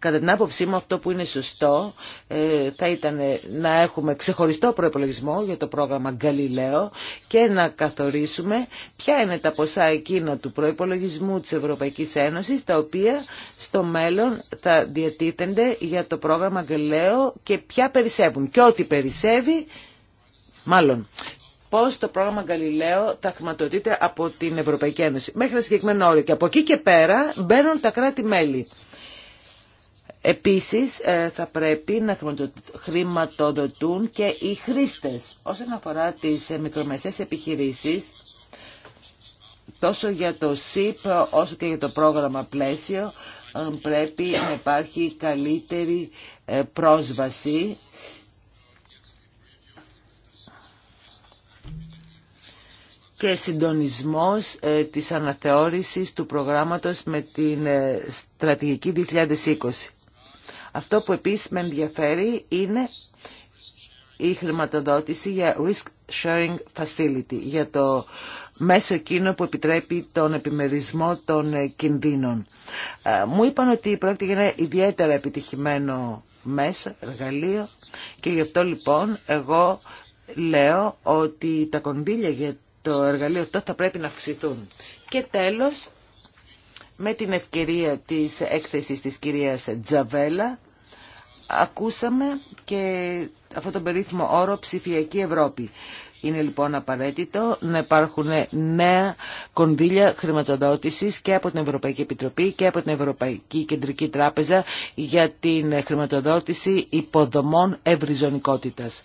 Κατά την άποψή μου αυτό που είναι σωστό ε, θα ήταν να έχουμε ξεχωριστό προπολογισμό για το πρόγραμμα Γκαλιλαίο και να καθορίσουμε ποια είναι τα ποσά εκείνα του προπολογισμού της Ευρωπαϊκής Ένωσης τα οποία στο μέλλον θα διατίθενται για το πρόγραμμα Γκαλιλαίο και ποια περισσεύουν. Και ό,τι περισσεύει, μάλλον πώς το πρόγραμμα Γκαλιλαίο θα χρηματοδοτείται από την Ευρωπαϊκή Ένωση. Μέχρι ένα συγκεκριμένο όριο και από εκεί και πέρα μπαίνουν τα κράτη-μέλη. Επίσης ε, θα πρέπει να χρηματοδοτούν και οι χρήστες. Όσον αφορά τις ε, μικρομεσαίες επιχειρήσεις, τόσο για το ΣΥΠ όσο και για το πρόγραμμα πλαίσιο ε, πρέπει να υπάρχει καλύτερη πρόσβαση και συντονισμός της αναθεώρησης του προγράμματος με την στρατηγική 2020. Αυτό που επίσης με ενδιαφέρει είναι η χρηματοδότηση για Risk Sharing Facility, για το μέσο εκείνο που επιτρέπει τον επιμερισμό των κινδύνων. Ε, μου είπαν ότι πρόκειται για ένα ιδιαίτερα επιτυχημένο μέσο, εργαλείο και γι' αυτό λοιπόν εγώ λέω ότι τα κονδύλια για το εργαλείο αυτό θα πρέπει να αυξηθούν. Και τέλος, με την ευκαιρία της έκθεσης της κυρίας Τζαβέλα, Ακούσαμε και αυτό το περίφημο όρο ψηφιακή Ευρώπη. Είναι λοιπόν απαραίτητο να υπάρχουν νέα κονδύλια χρηματοδότησης και από την Ευρωπαϊκή Επιτροπή και από την Ευρωπαϊκή Κεντρική Τράπεζα για την χρηματοδότηση υποδομών ευρυζωνικότητας.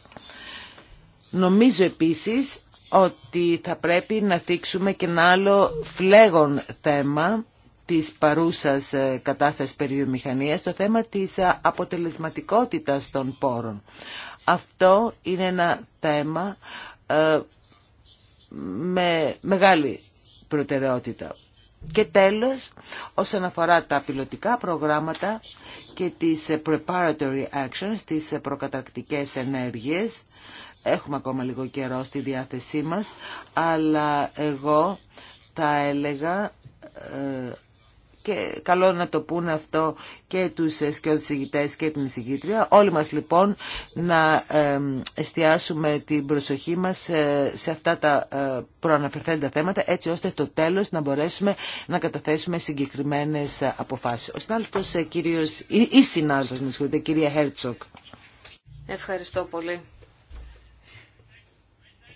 Νομίζω επίσης ότι θα πρέπει να θίξουμε και ένα άλλο φλέγον θέμα της παρούσας ε, κατάστασης περιβιομηχανίας το θέμα της ε, αποτελεσματικότητας των πόρων. Αυτό είναι ένα θέμα ε, με μεγάλη προτεραιότητα. Και τέλος, όσον αφορά τα πιλωτικά προγράμματα και τις preparatory actions, τις προκαταρκτικές ενέργειες, έχουμε ακόμα λίγο καιρό στη διάθεσή μας, αλλά εγώ θα έλεγα και καλό να το πούνε αυτό και τους ε, σκιώδης και την εισηγήτρια. Όλοι μας λοιπόν να εστιάσουμε την προσοχή μας ε, σε αυτά τα ε, προαναφερθέντα θέματα έτσι ώστε στο τέλος να μπορέσουμε να καταθέσουμε συγκεκριμένες αποφάσεις. Ο συνάδελφος κύριος, ή, ή συνάδελφος με συγχωρείτε, κυρία Χέρτσοκ. Ευχαριστώ πολύ.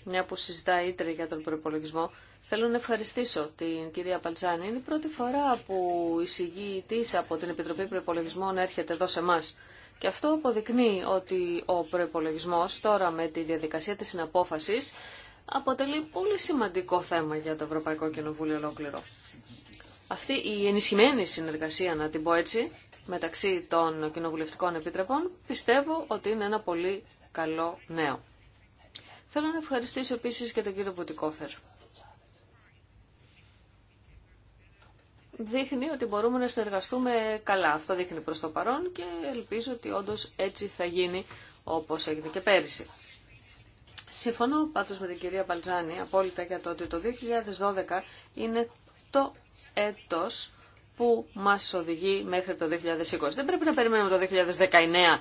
Μια που συζητάει ήτρε για τον προπολογισμό, Θέλω να ευχαριστήσω την κυρία Παλτζάνη. Είναι η πρώτη φορά που η συγγύητής από την Επιτροπή Προπολογισμών έρχεται εδώ σε εμά. Και αυτό αποδεικνύει ότι ο προπολογισμό τώρα με τη διαδικασία της συναπόφασης αποτελεί πολύ σημαντικό θέμα για το Ευρωπαϊκό Κοινοβούλιο ολόκληρο. Αυτή η ενισχυμένη συνεργασία, να την πω έτσι, μεταξύ των κοινοβουλευτικών επιτρεπών, πιστεύω ότι είναι ένα πολύ καλό νέο. Θέλω να ευχαριστήσω επίσης και τον κύριο Βουτικόφερ δείχνει ότι μπορούμε να συνεργαστούμε καλά. Αυτό δείχνει προς το παρόν και ελπίζω ότι όντως έτσι θα γίνει όπως έγινε και πέρυσι. Συμφωνώ πάντως με την κυρία Παλτζάνη απόλυτα για το ότι το 2012 είναι το έτος που μας οδηγεί μέχρι το 2020. Δεν πρέπει να περιμένουμε το 2019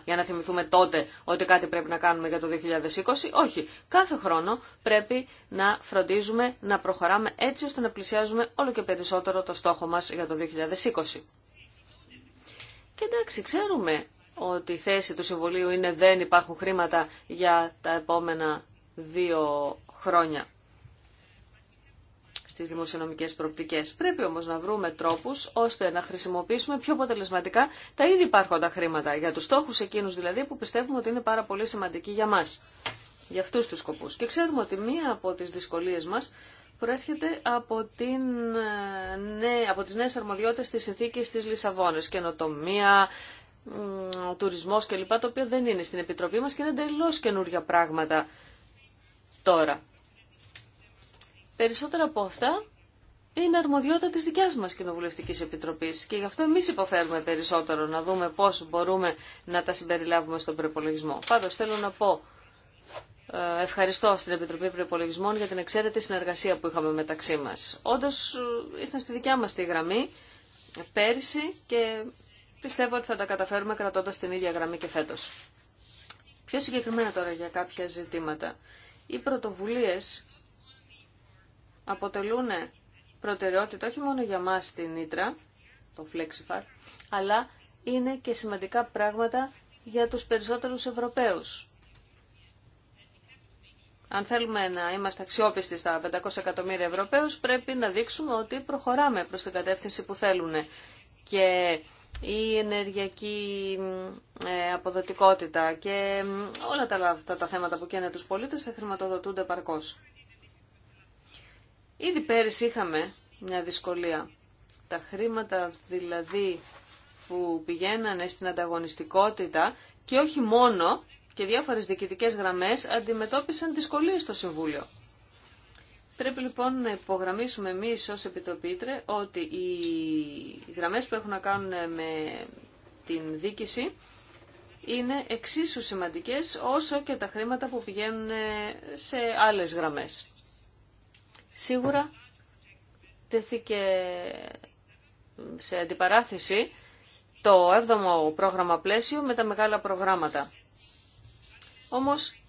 για να θυμηθούμε τότε ότι κάτι πρέπει να κάνουμε για το 2020. Όχι. Κάθε χρόνο πρέπει να φροντίζουμε να προχωράμε έτσι ώστε να πλησιάζουμε όλο και περισσότερο το στόχο μας για το 2020. Και εντάξει, ξέρουμε ότι η θέση του Συμβουλίου είναι δεν υπάρχουν χρήματα για τα επόμενα δύο χρόνια στις δημοσιονομικές προοπτικές. Πρέπει όμως να βρούμε τρόπους ώστε να χρησιμοποιήσουμε πιο αποτελεσματικά τα ήδη υπάρχοντα χρήματα, για τους στόχους εκείνους δηλαδή που πιστεύουμε ότι είναι πάρα πολύ σημαντικοί για μας, για αυτούς τους σκοπούς. Και ξέρουμε ότι μία από τις δυσκολίες μας προέρχεται από, την, ναι, από τις νέες αρμοδιότητες της συνθήκης της Λισαβόνας, καινοτομία, τουρισμός κλπ, το οποίο δεν είναι στην Επιτροπή μας και είναι εντελώ καινούργια πράγματα τώρα. Περισσότερα από αυτά είναι αρμοδιότητα της δικιάς μας Κοινοβουλευτικής Επιτροπής και γι' αυτό εμείς υποφέρουμε περισσότερο να δούμε πώς μπορούμε να τα συμπεριλάβουμε στον προπολογισμό. Πάντως θέλω να πω ε, ευχαριστώ στην Επιτροπή Προπολογισμών για την εξαίρετη συνεργασία που είχαμε μεταξύ μας. Όντως ε, ήρθαν στη δικιά μας τη γραμμή πέρυσι και πιστεύω ότι θα τα καταφέρουμε κρατώντας την ίδια γραμμή και φέτο. Πιο συγκεκριμένα τώρα για κάποια ζητήματα. Οι πρωτοβουλίε αποτελούν προτεραιότητα όχι μόνο για μας στην Ήτρα, το Flexifar, αλλά είναι και σημαντικά πράγματα για τους περισσότερους Ευρωπαίους. Αν θέλουμε να είμαστε αξιόπιστοι στα 500 εκατομμύρια Ευρωπαίους, πρέπει να δείξουμε ότι προχωράμε προς την κατεύθυνση που θέλουν. Και η ενεργειακή ε, αποδοτικότητα και όλα τα, τα, τα θέματα που καίνε τους πολίτες θα χρηματοδοτούνται παρκώς. Ήδη πέρυσι είχαμε μια δυσκολία. Τα χρήματα δηλαδή που πηγαίνανε στην ανταγωνιστικότητα και όχι μόνο και διάφορες διοικητικές γραμμές αντιμετώπισαν δυσκολίες στο Συμβούλιο. Πρέπει λοιπόν να υπογραμμίσουμε εμείς ως Επιτροπήτρε ότι οι γραμμές που έχουν να κάνουν με την δίκηση είναι εξίσου σημαντικές όσο και τα χρήματα που πηγαίνουν σε άλλες γραμμές σίγουρα τέθηκε σε αντιπαράθεση το 7ο πρόγραμμα πλαίσιο με τα μεγάλα προγράμματα. Όμως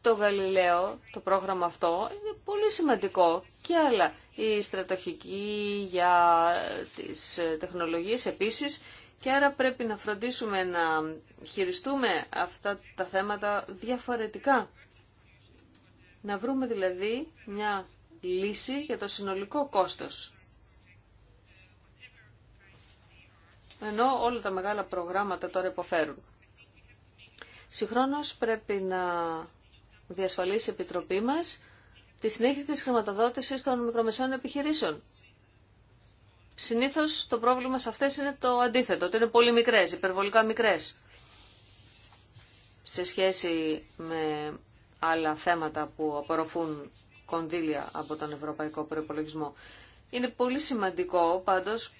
το Γαλιλαίο, το πρόγραμμα αυτό, είναι πολύ σημαντικό και άλλα. Η στρατοχική για τις τεχνολογίες επίσης και άρα πρέπει να φροντίσουμε να χειριστούμε αυτά τα θέματα διαφορετικά. Να βρούμε δηλαδή μια λύση για το συνολικό κόστος. Ενώ όλα τα μεγάλα προγράμματα τώρα υποφέρουν. Συγχρόνως πρέπει να διασφαλίσει η Επιτροπή μας τη συνέχιση της χρηματοδότησης των μικρομεσαίων επιχειρήσεων. Συνήθως το πρόβλημα σε αυτές είναι το αντίθετο, ότι είναι πολύ μικρές, υπερβολικά μικρές σε σχέση με άλλα θέματα που απορροφούν κονδύλια από τον Ευρωπαϊκό Προπολογισμό. Είναι πολύ σημαντικό πάντως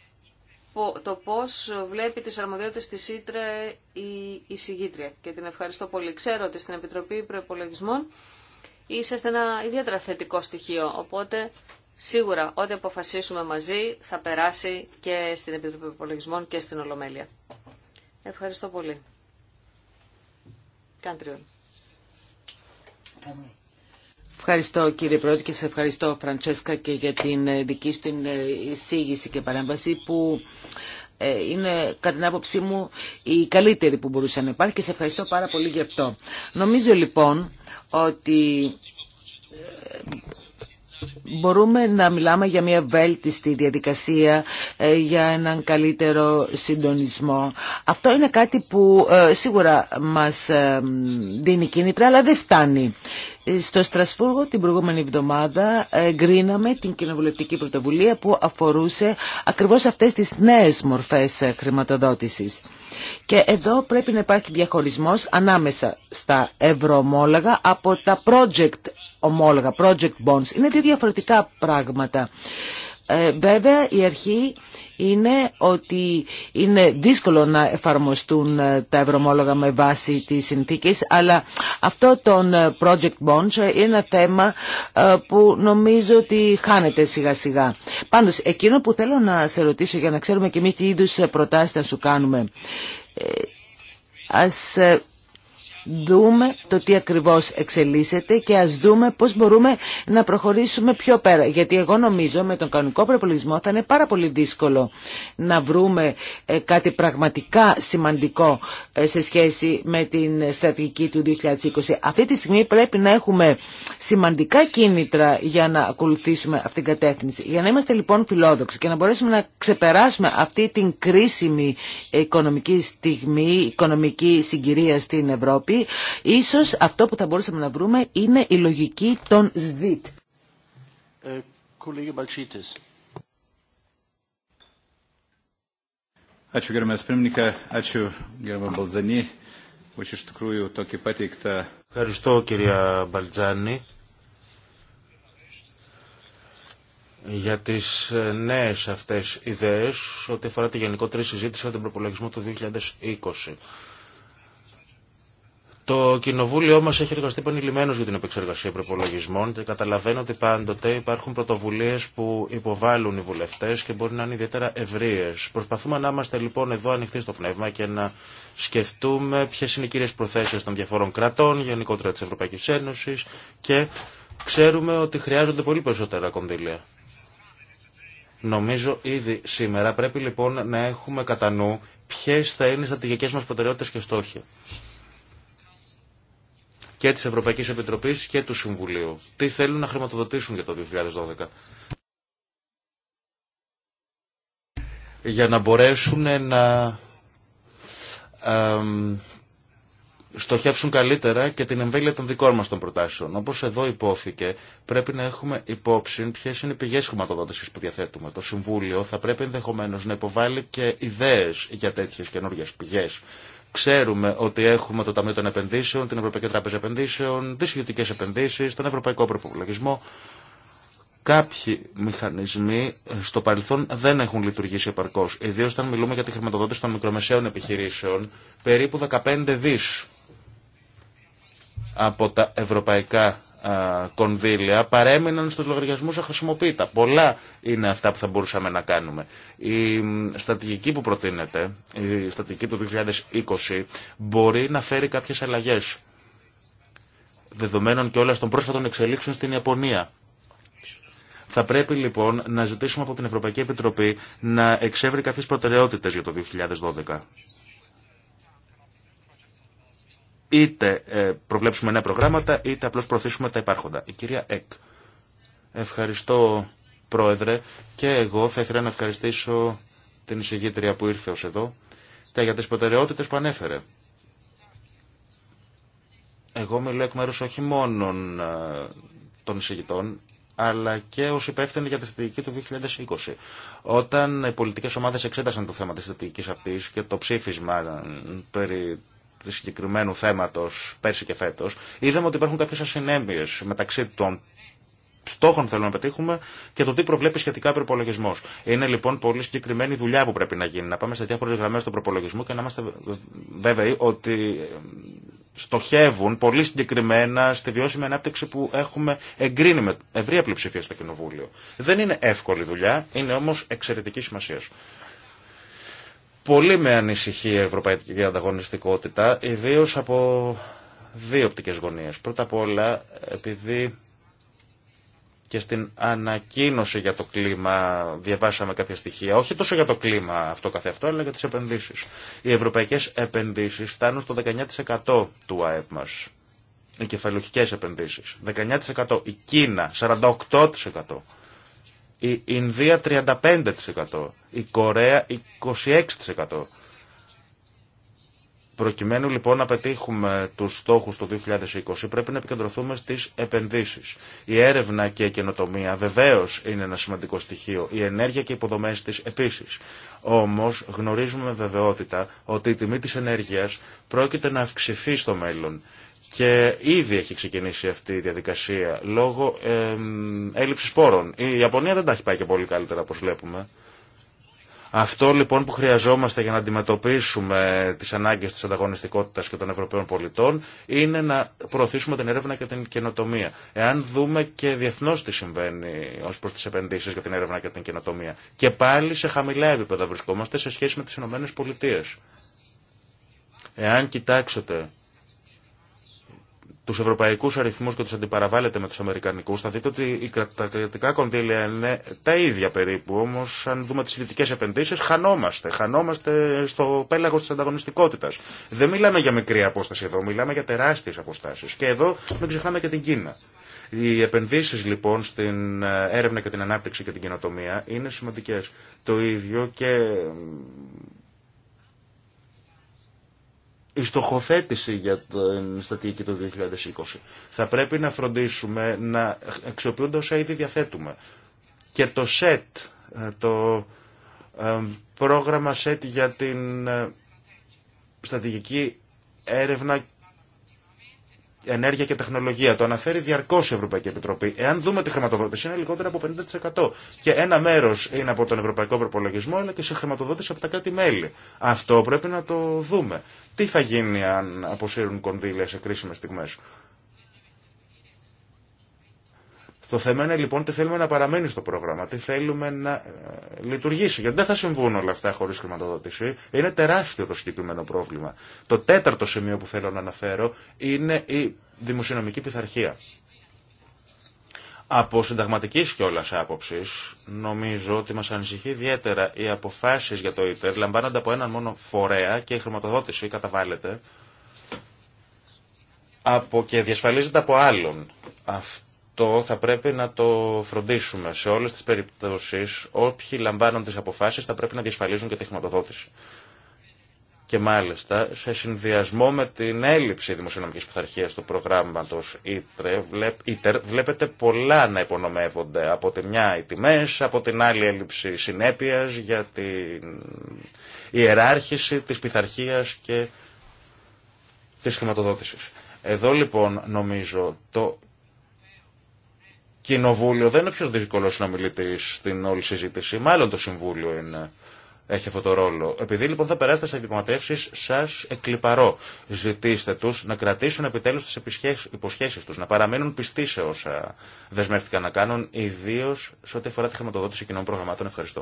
το πώς βλέπει τις αρμοδιότητες της Ήτρε η εισηγήτρια και την ευχαριστώ πολύ. Ξέρω ότι στην Επιτροπή Προπολογισμών είσαστε ένα ιδιαίτερα θετικό στοιχείο, οπότε σίγουρα ό,τι αποφασίσουμε μαζί θα περάσει και στην Επιτροπή Προπολογισμών και στην Ολομέλεια. Ευχαριστώ πολύ. Κάντριον. Ευχαριστώ κύριε Πρόεδρε και σε ευχαριστώ Φραντσέσκα και για την ε, δική σου την ε, εισήγηση και παρέμβαση που ε, είναι κατά την άποψή μου η καλύτερη που μπορούσε να υπάρχει και σε ευχαριστώ πάρα πολύ γι' αυτό. Νομίζω λοιπόν ότι μπορούμε να μιλάμε για μια βέλτιστη διαδικασία, ε, για έναν καλύτερο συντονισμό. Αυτό είναι κάτι που ε, σίγουρα μας ε, δίνει κίνητρα, αλλά δεν φτάνει. Στο Στρασβούργο την προηγούμενη εβδομάδα γκρίναμε την κοινοβουλευτική πρωτοβουλία που αφορούσε ακριβώς αυτές τις νέες μορφές χρηματοδότησης. Και εδώ πρέπει να υπάρχει διαχωρισμός ανάμεσα στα ευρωομόλογα από τα project ομόλογα, project bonds. Είναι δύο διαφορετικά πράγματα. Ε, βέβαια η αρχή είναι ότι είναι δύσκολο να εφαρμοστούν ε, τα ευρωμόλογα με βάση τις συνθήκες αλλά αυτό των ε, project bonds είναι ένα θέμα που νομίζω ότι χάνεται σιγά σιγά. Πάντως εκείνο που θέλω να σε ρωτήσω για να ξέρουμε και εμείς τι είδους προτάσεις θα σου κάνουμε ας δούμε το τι ακριβώς εξελίσσεται και ας δούμε πώς μπορούμε να προχωρήσουμε πιο πέρα. Γιατί εγώ νομίζω με τον κανονικό προπολογισμό θα είναι πάρα πολύ δύσκολο να βρούμε ε, κάτι πραγματικά σημαντικό ε, σε σχέση με την στρατηγική του 2020. Αυτή τη στιγμή πρέπει να έχουμε σημαντικά κίνητρα για να ακολουθήσουμε αυτή την κατεύθυνση. Για να είμαστε λοιπόν φιλόδοξοι και να μπορέσουμε να ξεπεράσουμε αυτή την κρίσιμη οικονομική στιγμή, οικονομική συγκυρία στην Ευρώπη σω Ίσως αυτό που θα μπορούσαμε να βρούμε είναι η λογική των ΣΔΙΤ. Ευχαριστώ κυρία Μπαλτζάνη για τις ε, νέες αυτές ιδέες ότι αφορά τη γενικότερη συζήτηση για τον προπολογισμό του 2020. Το κοινοβούλιο μα έχει εργαστεί πανηλημμένω για την επεξεργασία προπολογισμών και καταλαβαίνω ότι πάντοτε υπάρχουν πρωτοβουλίε που υποβάλλουν οι βουλευτέ και μπορεί να είναι ιδιαίτερα ευρείε. Προσπαθούμε να είμαστε λοιπόν εδώ ανοιχτοί στο πνεύμα και να σκεφτούμε ποιε είναι οι κυρίε προθέσει των διαφόρων κρατών, γενικότερα τη Ευρωπαϊκή Ένωση και ξέρουμε ότι χρειάζονται πολύ περισσότερα κονδύλια. Νομίζω ήδη σήμερα πρέπει λοιπόν να έχουμε κατά νου ποιε θα είναι οι στρατηγικέ μα προτεραιότητε και στόχοι και της Ευρωπαϊκής Επιτροπής και του Συμβουλίου. Τι θέλουν να χρηματοδοτήσουν για το 2012. Για να μπορέσουν να στοχεύσουν καλύτερα και την εμβέλεια των δικών μας των προτάσεων. Όπως εδώ υπόθηκε, πρέπει να έχουμε υπόψη ποιες είναι οι πηγές χρηματοδότησης που διαθέτουμε. Το Συμβούλιο θα πρέπει ενδεχομένως να υποβάλει και ιδέες για τέτοιες καινούργιες πηγές. Ξέρουμε ότι έχουμε το Ταμείο των Επενδύσεων, την Ευρωπαϊκή Τράπεζα Επενδύσεων, τι ιδιωτικέ επενδύσει, τον Ευρωπαϊκό Προπολογισμό. Κάποιοι μηχανισμοί στο παρελθόν δεν έχουν λειτουργήσει επαρκώ. Ιδίω όταν μιλούμε για τη χρηματοδότηση των μικρομεσαίων επιχειρήσεων, περίπου 15 δι από τα ευρωπαϊκά κονδύλια παρέμειναν στους λογαριασμούς αχρησιμοποιητά. Πολλά είναι αυτά που θα μπορούσαμε να κάνουμε. Η στατηγική που προτείνεται, η στατική του 2020, μπορεί να φέρει κάποιες αλλαγές. Δεδομένων και όλα των πρόσφατων εξελίξεων στην Ιαπωνία. Θα πρέπει λοιπόν να ζητήσουμε από την Ευρωπαϊκή Επιτροπή να εξεύρει κάποιες προτεραιότητες για το 2012 είτε ε, προβλέψουμε νέα προγράμματα, είτε απλώς προωθήσουμε τα υπάρχοντα. Η κυρία Εκ. Ευχαριστώ, Πρόεδρε, και εγώ θα ήθελα να ευχαριστήσω την εισηγήτρια που ήρθε ως εδώ και για τις προτεραιότητες που ανέφερε. Εγώ μιλώ εκ μέρους όχι μόνο ε, των εισηγητών, αλλά και ως υπεύθυνη για τη στρατηγική του 2020. Όταν οι πολιτικές ομάδες εξέτασαν το θέμα τη στρατηγικής αυτή και το ψήφισμα ε, περί συγκεκριμένου θέματο πέρσι και φέτο. είδαμε ότι υπάρχουν κάποιε ασυνέμειες μεταξύ των στόχων που θέλουμε να πετύχουμε και το τι προβλέπει σχετικά ο προπολογισμό. Είναι λοιπόν πολύ συγκεκριμένη δουλειά που πρέπει να γίνει. Να πάμε σε διάφορε γραμμέ του προπολογισμού και να είμαστε βέβαιοι ότι ε, στοχεύουν πολύ συγκεκριμένα στη βιώσιμη ανάπτυξη που έχουμε εγκρίνει με ευρία πλειοψηφία στο Κοινοβούλιο. Δεν είναι εύκολη δουλειά, είναι όμω εξαιρετική σημασία. Πολύ με ανησυχεί η ευρωπαϊκή ανταγωνιστικότητα, ιδίω από δύο οπτικές γωνίες. Πρώτα απ' όλα, επειδή και στην ανακοίνωση για το κλίμα διαβάσαμε κάποια στοιχεία, όχι τόσο για το κλίμα αυτό καθεαυτό, αλλά για τις επενδύσεις. Οι ευρωπαϊκές επενδύσεις φτάνουν στο 19% του ΑΕΠ μας. Οι κεφαλουχικές επενδύσεις. 19%. Η Κίνα 48% η Ινδία 35%, η Κορέα 26%. Προκειμένου λοιπόν να πετύχουμε τους στόχους του 2020 πρέπει να επικεντρωθούμε στις επενδύσεις. Η έρευνα και η καινοτομία βεβαίως είναι ένα σημαντικό στοιχείο, η ενέργεια και οι υποδομές της επίσης. Όμως γνωρίζουμε με βεβαιότητα ότι η τιμή της ενέργειας πρόκειται να αυξηθεί στο μέλλον και ήδη έχει ξεκινήσει αυτή η διαδικασία λόγω ε, έλλειψη πόρων. Η Ιαπωνία δεν τα έχει πάει και πολύ καλύτερα όπω βλέπουμε. Αυτό λοιπόν που χρειαζόμαστε για να αντιμετωπίσουμε τις ανάγκες της ανταγωνιστικότητας και των Ευρωπαίων πολιτών είναι να προωθήσουμε την έρευνα και την καινοτομία. Εάν δούμε και διεθνώς τι συμβαίνει ως προς τις επενδύσεις για την έρευνα και την καινοτομία. Και πάλι σε χαμηλά επίπεδα βρισκόμαστε σε σχέση με τις Ηνωμένες Εάν κοιτάξετε του Ευρωπαϊκού αριθμού και του αντιπαραβάλλεται με του Αμερικανικού, θα δείτε ότι τα κρατικά κονδύλια είναι τα ίδια περίπου, όμω, αν δούμε τι ιδιωτικές επενδύσει, χανόμαστε, χανόμαστε στο πέλαγος τη ανταγωνιστικότητα. Δεν μιλάμε για μικρή απόσταση εδώ, μιλάμε για τεράστιε αποστάσει. και εδώ μην ξεχνάμε και την Κίνα. Οι επενδύσει λοιπόν στην ε, έρευνα και την ανάπτυξη και την καινοτομία είναι σημαντικέ. Το ίδιο και η στοχοθέτηση για την στατική του 2020. Θα πρέπει να φροντίσουμε να αξιοποιούνται όσα ήδη διαθέτουμε. Και το ΣΕΤ, ε, το ε, πρόγραμμα ΣΕΤ για την ε, στατηγική έρευνα ενέργεια και τεχνολογία. Το αναφέρει διαρκώ η Ευρωπαϊκή Επιτροπή. Εάν δούμε τη χρηματοδότηση, είναι λιγότερο από 50%. Και ένα μέρο είναι από τον Ευρωπαϊκό Προπολογισμό, αλλά και σε χρηματοδότηση από τα κράτη-μέλη. Αυτό πρέπει να το δούμε. Τι θα γίνει αν αποσύρουν κονδύλια σε κρίσιμε στιγμέ. Το θέμα είναι λοιπόν τι θέλουμε να παραμένει στο πρόγραμμα, τι θέλουμε να ε, λειτουργήσει. Γιατί δεν θα συμβούν όλα αυτά χωρί χρηματοδότηση. Είναι τεράστιο το συγκεκριμένο πρόβλημα. Το τέταρτο σημείο που θέλω να αναφέρω είναι η δημοσιονομική πειθαρχία. Από συνταγματική κιόλα άποψη, νομίζω ότι μα ανησυχεί ιδιαίτερα οι αποφάσει για το ΙΤΕΡ λαμβάνονται από έναν μόνο φορέα και η χρηματοδότηση καταβάλλεται από και διασφαλίζεται από άλλον. Αυτό το θα πρέπει να το φροντίσουμε. Σε όλε τι περιπτώσει, όποιοι λαμβάνουν τι αποφάσει θα πρέπει να διασφαλίζουν και τη χρηματοδότηση. Και μάλιστα, σε συνδυασμό με την έλλειψη δημοσιονομική πειθαρχία του προγράμματο ITER, βλέπετε πολλά να υπονομεύονται. Από τη μια οι τιμέ, από την άλλη έλλειψη συνέπεια για την ιεράρχηση τη πειθαρχία και τη χρηματοδότηση. Εδώ λοιπόν νομίζω το κοινοβούλιο δεν είναι ο πιο δύσκολο μιλήσει στην όλη συζήτηση. Μάλλον το Συμβούλιο είναι, έχει αυτό το ρόλο. Επειδή λοιπόν θα περάσετε στι διαπραγματεύσει, σα εκλυπαρώ. Ζητήστε του να κρατήσουν επιτέλου τι υποσχέσει του, να παραμείνουν πιστοί σε όσα δεσμεύτηκαν να κάνουν, ιδίω σε ό,τι αφορά τη χρηματοδότηση κοινών προγραμμάτων. Ευχαριστώ.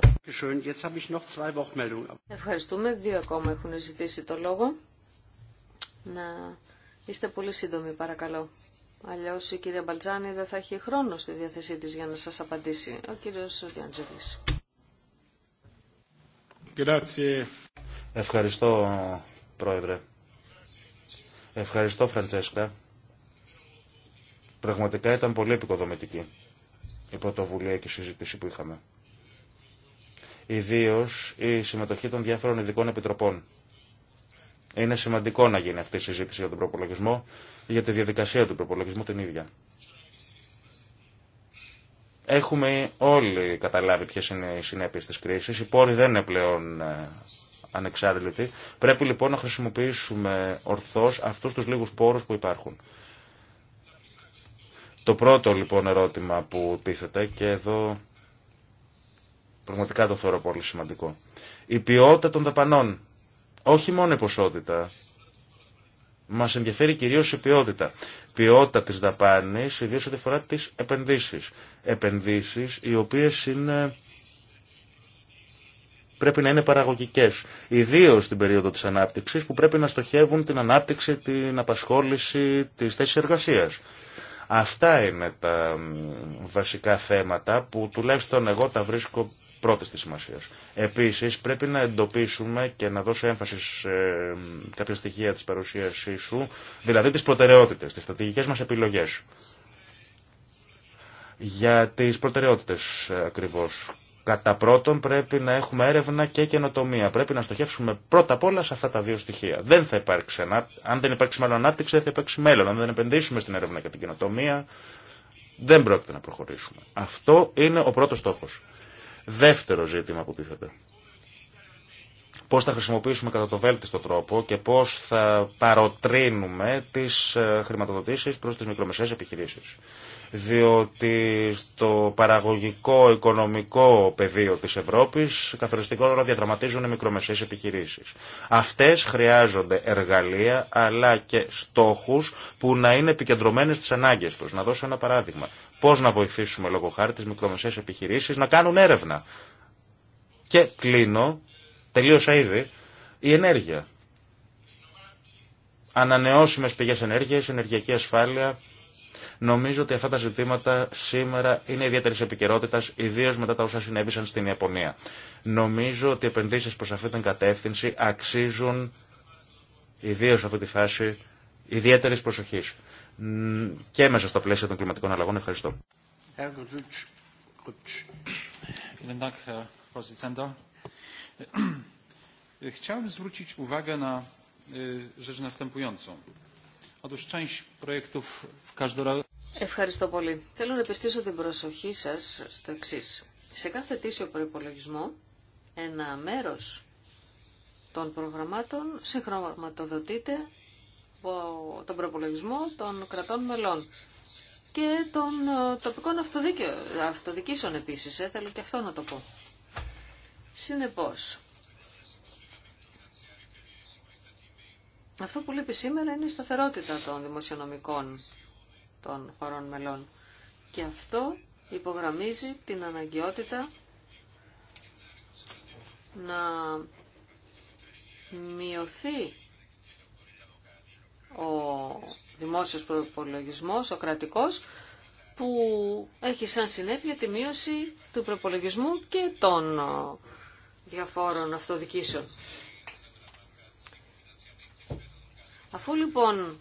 Ευχαριστούμε. Δύο ακόμα έχουν ζητήσει το λόγο. Να είστε πολύ σύντομοι, παρακαλώ. Αλλιώς η κυρία Μπαλτζάνη δεν θα έχει χρόνο στη διάθεσή της για να σας απαντήσει. Ο κύριος Διάντζελης. Ευχαριστώ, Πρόεδρε. Ευχαριστώ, Φραντσέσκα. Πραγματικά ήταν πολύ επικοδομητική η πρωτοβουλία και η συζήτηση που είχαμε. Ιδίω η συμμετοχή των διάφορων ειδικών επιτροπών είναι σημαντικό να γίνει αυτή η συζήτηση για τον προπολογισμό, για τη διαδικασία του προπολογισμού την ίδια. Έχουμε όλοι καταλάβει ποιες είναι οι συνέπειες της κρίσης. Οι πόροι δεν είναι πλέον ε, ανεξάρτητοι. Πρέπει λοιπόν να χρησιμοποιήσουμε ορθώς αυτούς τους λίγους πόρους που υπάρχουν. Το πρώτο λοιπόν ερώτημα που τίθεται και εδώ πραγματικά το θεωρώ πολύ σημαντικό. Η ποιότητα των δαπανών όχι μόνο η ποσότητα. Μας ενδιαφέρει κυρίως η ποιότητα. Ποιότητα της δαπάνης, ιδίως ό,τι αφορά τις επενδύσεις. Επενδύσεις οι οποίες είναι... πρέπει να είναι παραγωγικές. Ιδίως στην περίοδο της ανάπτυξη που πρέπει να στοχεύουν την ανάπτυξη, την απασχόληση, τη θέση εργασίας. Αυτά είναι τα βασικά θέματα που τουλάχιστον εγώ τα βρίσκω πρώτη τη σημασία. Επίση, πρέπει να εντοπίσουμε και να δώσω έμφαση σε κάποια στοιχεία τη παρουσίασή σου, δηλαδή τι προτεραιότητε, τι στρατηγικέ μα επιλογέ. Για τι προτεραιότητε ακριβώ. Κατά πρώτον πρέπει να έχουμε έρευνα και καινοτομία. Πρέπει να στοχεύσουμε πρώτα απ' όλα σε αυτά τα δύο στοιχεία. Δεν θα υπάρξει ανα... Αν δεν υπάρξει μάλλον ανάπτυξη, δεν θα υπάρξει μέλλον. Αν δεν επενδύσουμε στην έρευνα και την καινοτομία, δεν πρόκειται να προχωρήσουμε. Αυτό είναι ο πρώτο στόχο. Δεύτερο ζήτημα που τίθεται. Πώς θα χρησιμοποιήσουμε κατά το βέλτιστο τρόπο και πώς θα παροτρύνουμε τις ε, χρηματοδοτήσεις προς τις μικρομεσαίες επιχειρήσεις διότι στο παραγωγικό οικονομικό πεδίο της Ευρώπης καθοριστικό ρόλο διαδραματίζουν οι μικρομεσαίες επιχειρήσεις. Αυτές χρειάζονται εργαλεία αλλά και στόχους που να είναι επικεντρωμένες στις ανάγκες τους. Να δώσω ένα παράδειγμα. Πώς να βοηθήσουμε λόγω χάρη τις μικρομεσαίες επιχειρήσεις να κάνουν έρευνα. Και κλείνω, τελείωσα ήδη, η ενέργεια. Ανανεώσιμες πηγές ενέργειας, ενεργειακή ασφάλεια. Νομίζω ότι αυτά τα ζητήματα σήμερα είναι ιδιαίτερη επικαιρότητα, ιδίω μετά τα όσα συνέβησαν στην Ιαπωνία. Νομίζω ότι οι επενδύσει προ αυτή την κατεύθυνση αξίζουν, ιδίω αυτή τη φάση, ιδιαίτερη προσοχή και μέσα στο πλαίσιο των κλιματικών αλλαγών. Ευχαριστώ. Ευχαριστώ πολύ. Θέλω να επιστήσω την προσοχή σας στο εξή. Σε κάθε τήσιο προπολογισμό, ένα μέρος των προγραμμάτων συγχρωματοδοτείται από τον προπολογισμό των κρατών μελών και των ε, τοπικών αυτοδικήσεων επίσης. Ε, θέλω και αυτό να το πω. Συνεπώς, αυτό που λείπει σήμερα είναι η σταθερότητα των δημοσιονομικών των χωρών μελών. Και αυτό υπογραμμίζει την αναγκαιότητα να μειωθεί ο δημόσιος προπολογισμό, ο κρατικός, που έχει σαν συνέπεια τη μείωση του προπολογισμού και των ε, διαφόρων αυτοδικήσεων. Αφού λοιπόν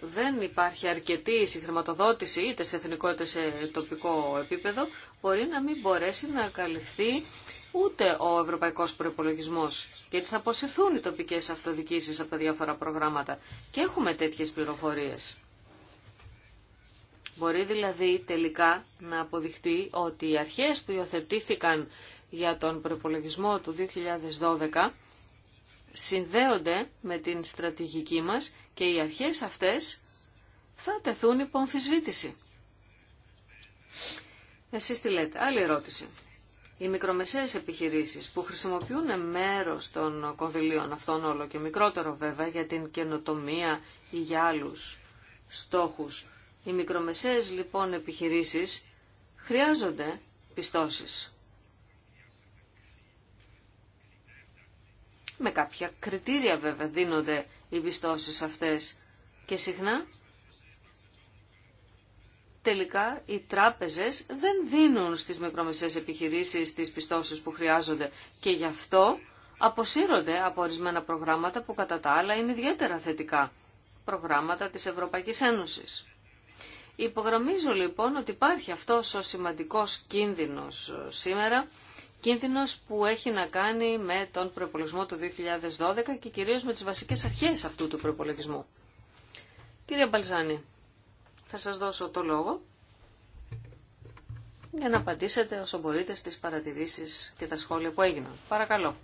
δεν υπάρχει αρκετή συγχρηματοδότηση είτε σε εθνικό είτε σε τοπικό επίπεδο, μπορεί να μην μπορέσει να καλυφθεί ούτε ο ευρωπαϊκός προπολογισμό γιατί θα αποσυρθούν οι τοπικές αυτοδιοίκησει από τα διάφορα προγράμματα. Και έχουμε τέτοιε πληροφορίες. Μπορεί δηλαδή τελικά να αποδειχτεί ότι οι αρχές που υιοθετήθηκαν για τον προπολογισμό του 2012 συνδέονται με την στρατηγική μας και οι αρχές αυτές θα τεθούν υπό αμφισβήτηση. Εσείς τι λέτε. Άλλη ερώτηση οι μικρομεσαίες επιχειρήσεις που χρησιμοποιούν μέρος των κονδυλίων αυτών όλο και μικρότερο βέβαια για την καινοτομία ή για άλλους στόχους. Οι μικρομεσαίες λοιπόν επιχειρήσεις χρειάζονται πιστώσεις. Με κάποια κριτήρια βέβαια δίνονται οι πιστώσεις αυτές και συχνά τελικά οι τράπεζες δεν δίνουν στις μικρομεσαίες επιχειρήσεις τις πιστώσεις που χρειάζονται και γι' αυτό αποσύρονται από ορισμένα προγράμματα που κατά τα άλλα είναι ιδιαίτερα θετικά, προγράμματα της Ευρωπαϊκής Ένωσης. Υπογραμμίζω λοιπόν ότι υπάρχει αυτός ο σημαντικός κίνδυνος σήμερα, κίνδυνος που έχει να κάνει με τον προπολογισμό του 2012 και κυρίως με τις βασικές αρχές αυτού του προπολογισμού. Κύριε Μπαλζάνη θα σας δώσω το λόγο για να απαντήσετε όσο μπορείτε στις παρατηρήσεις και τα σχόλια που έγιναν. Παρακαλώ.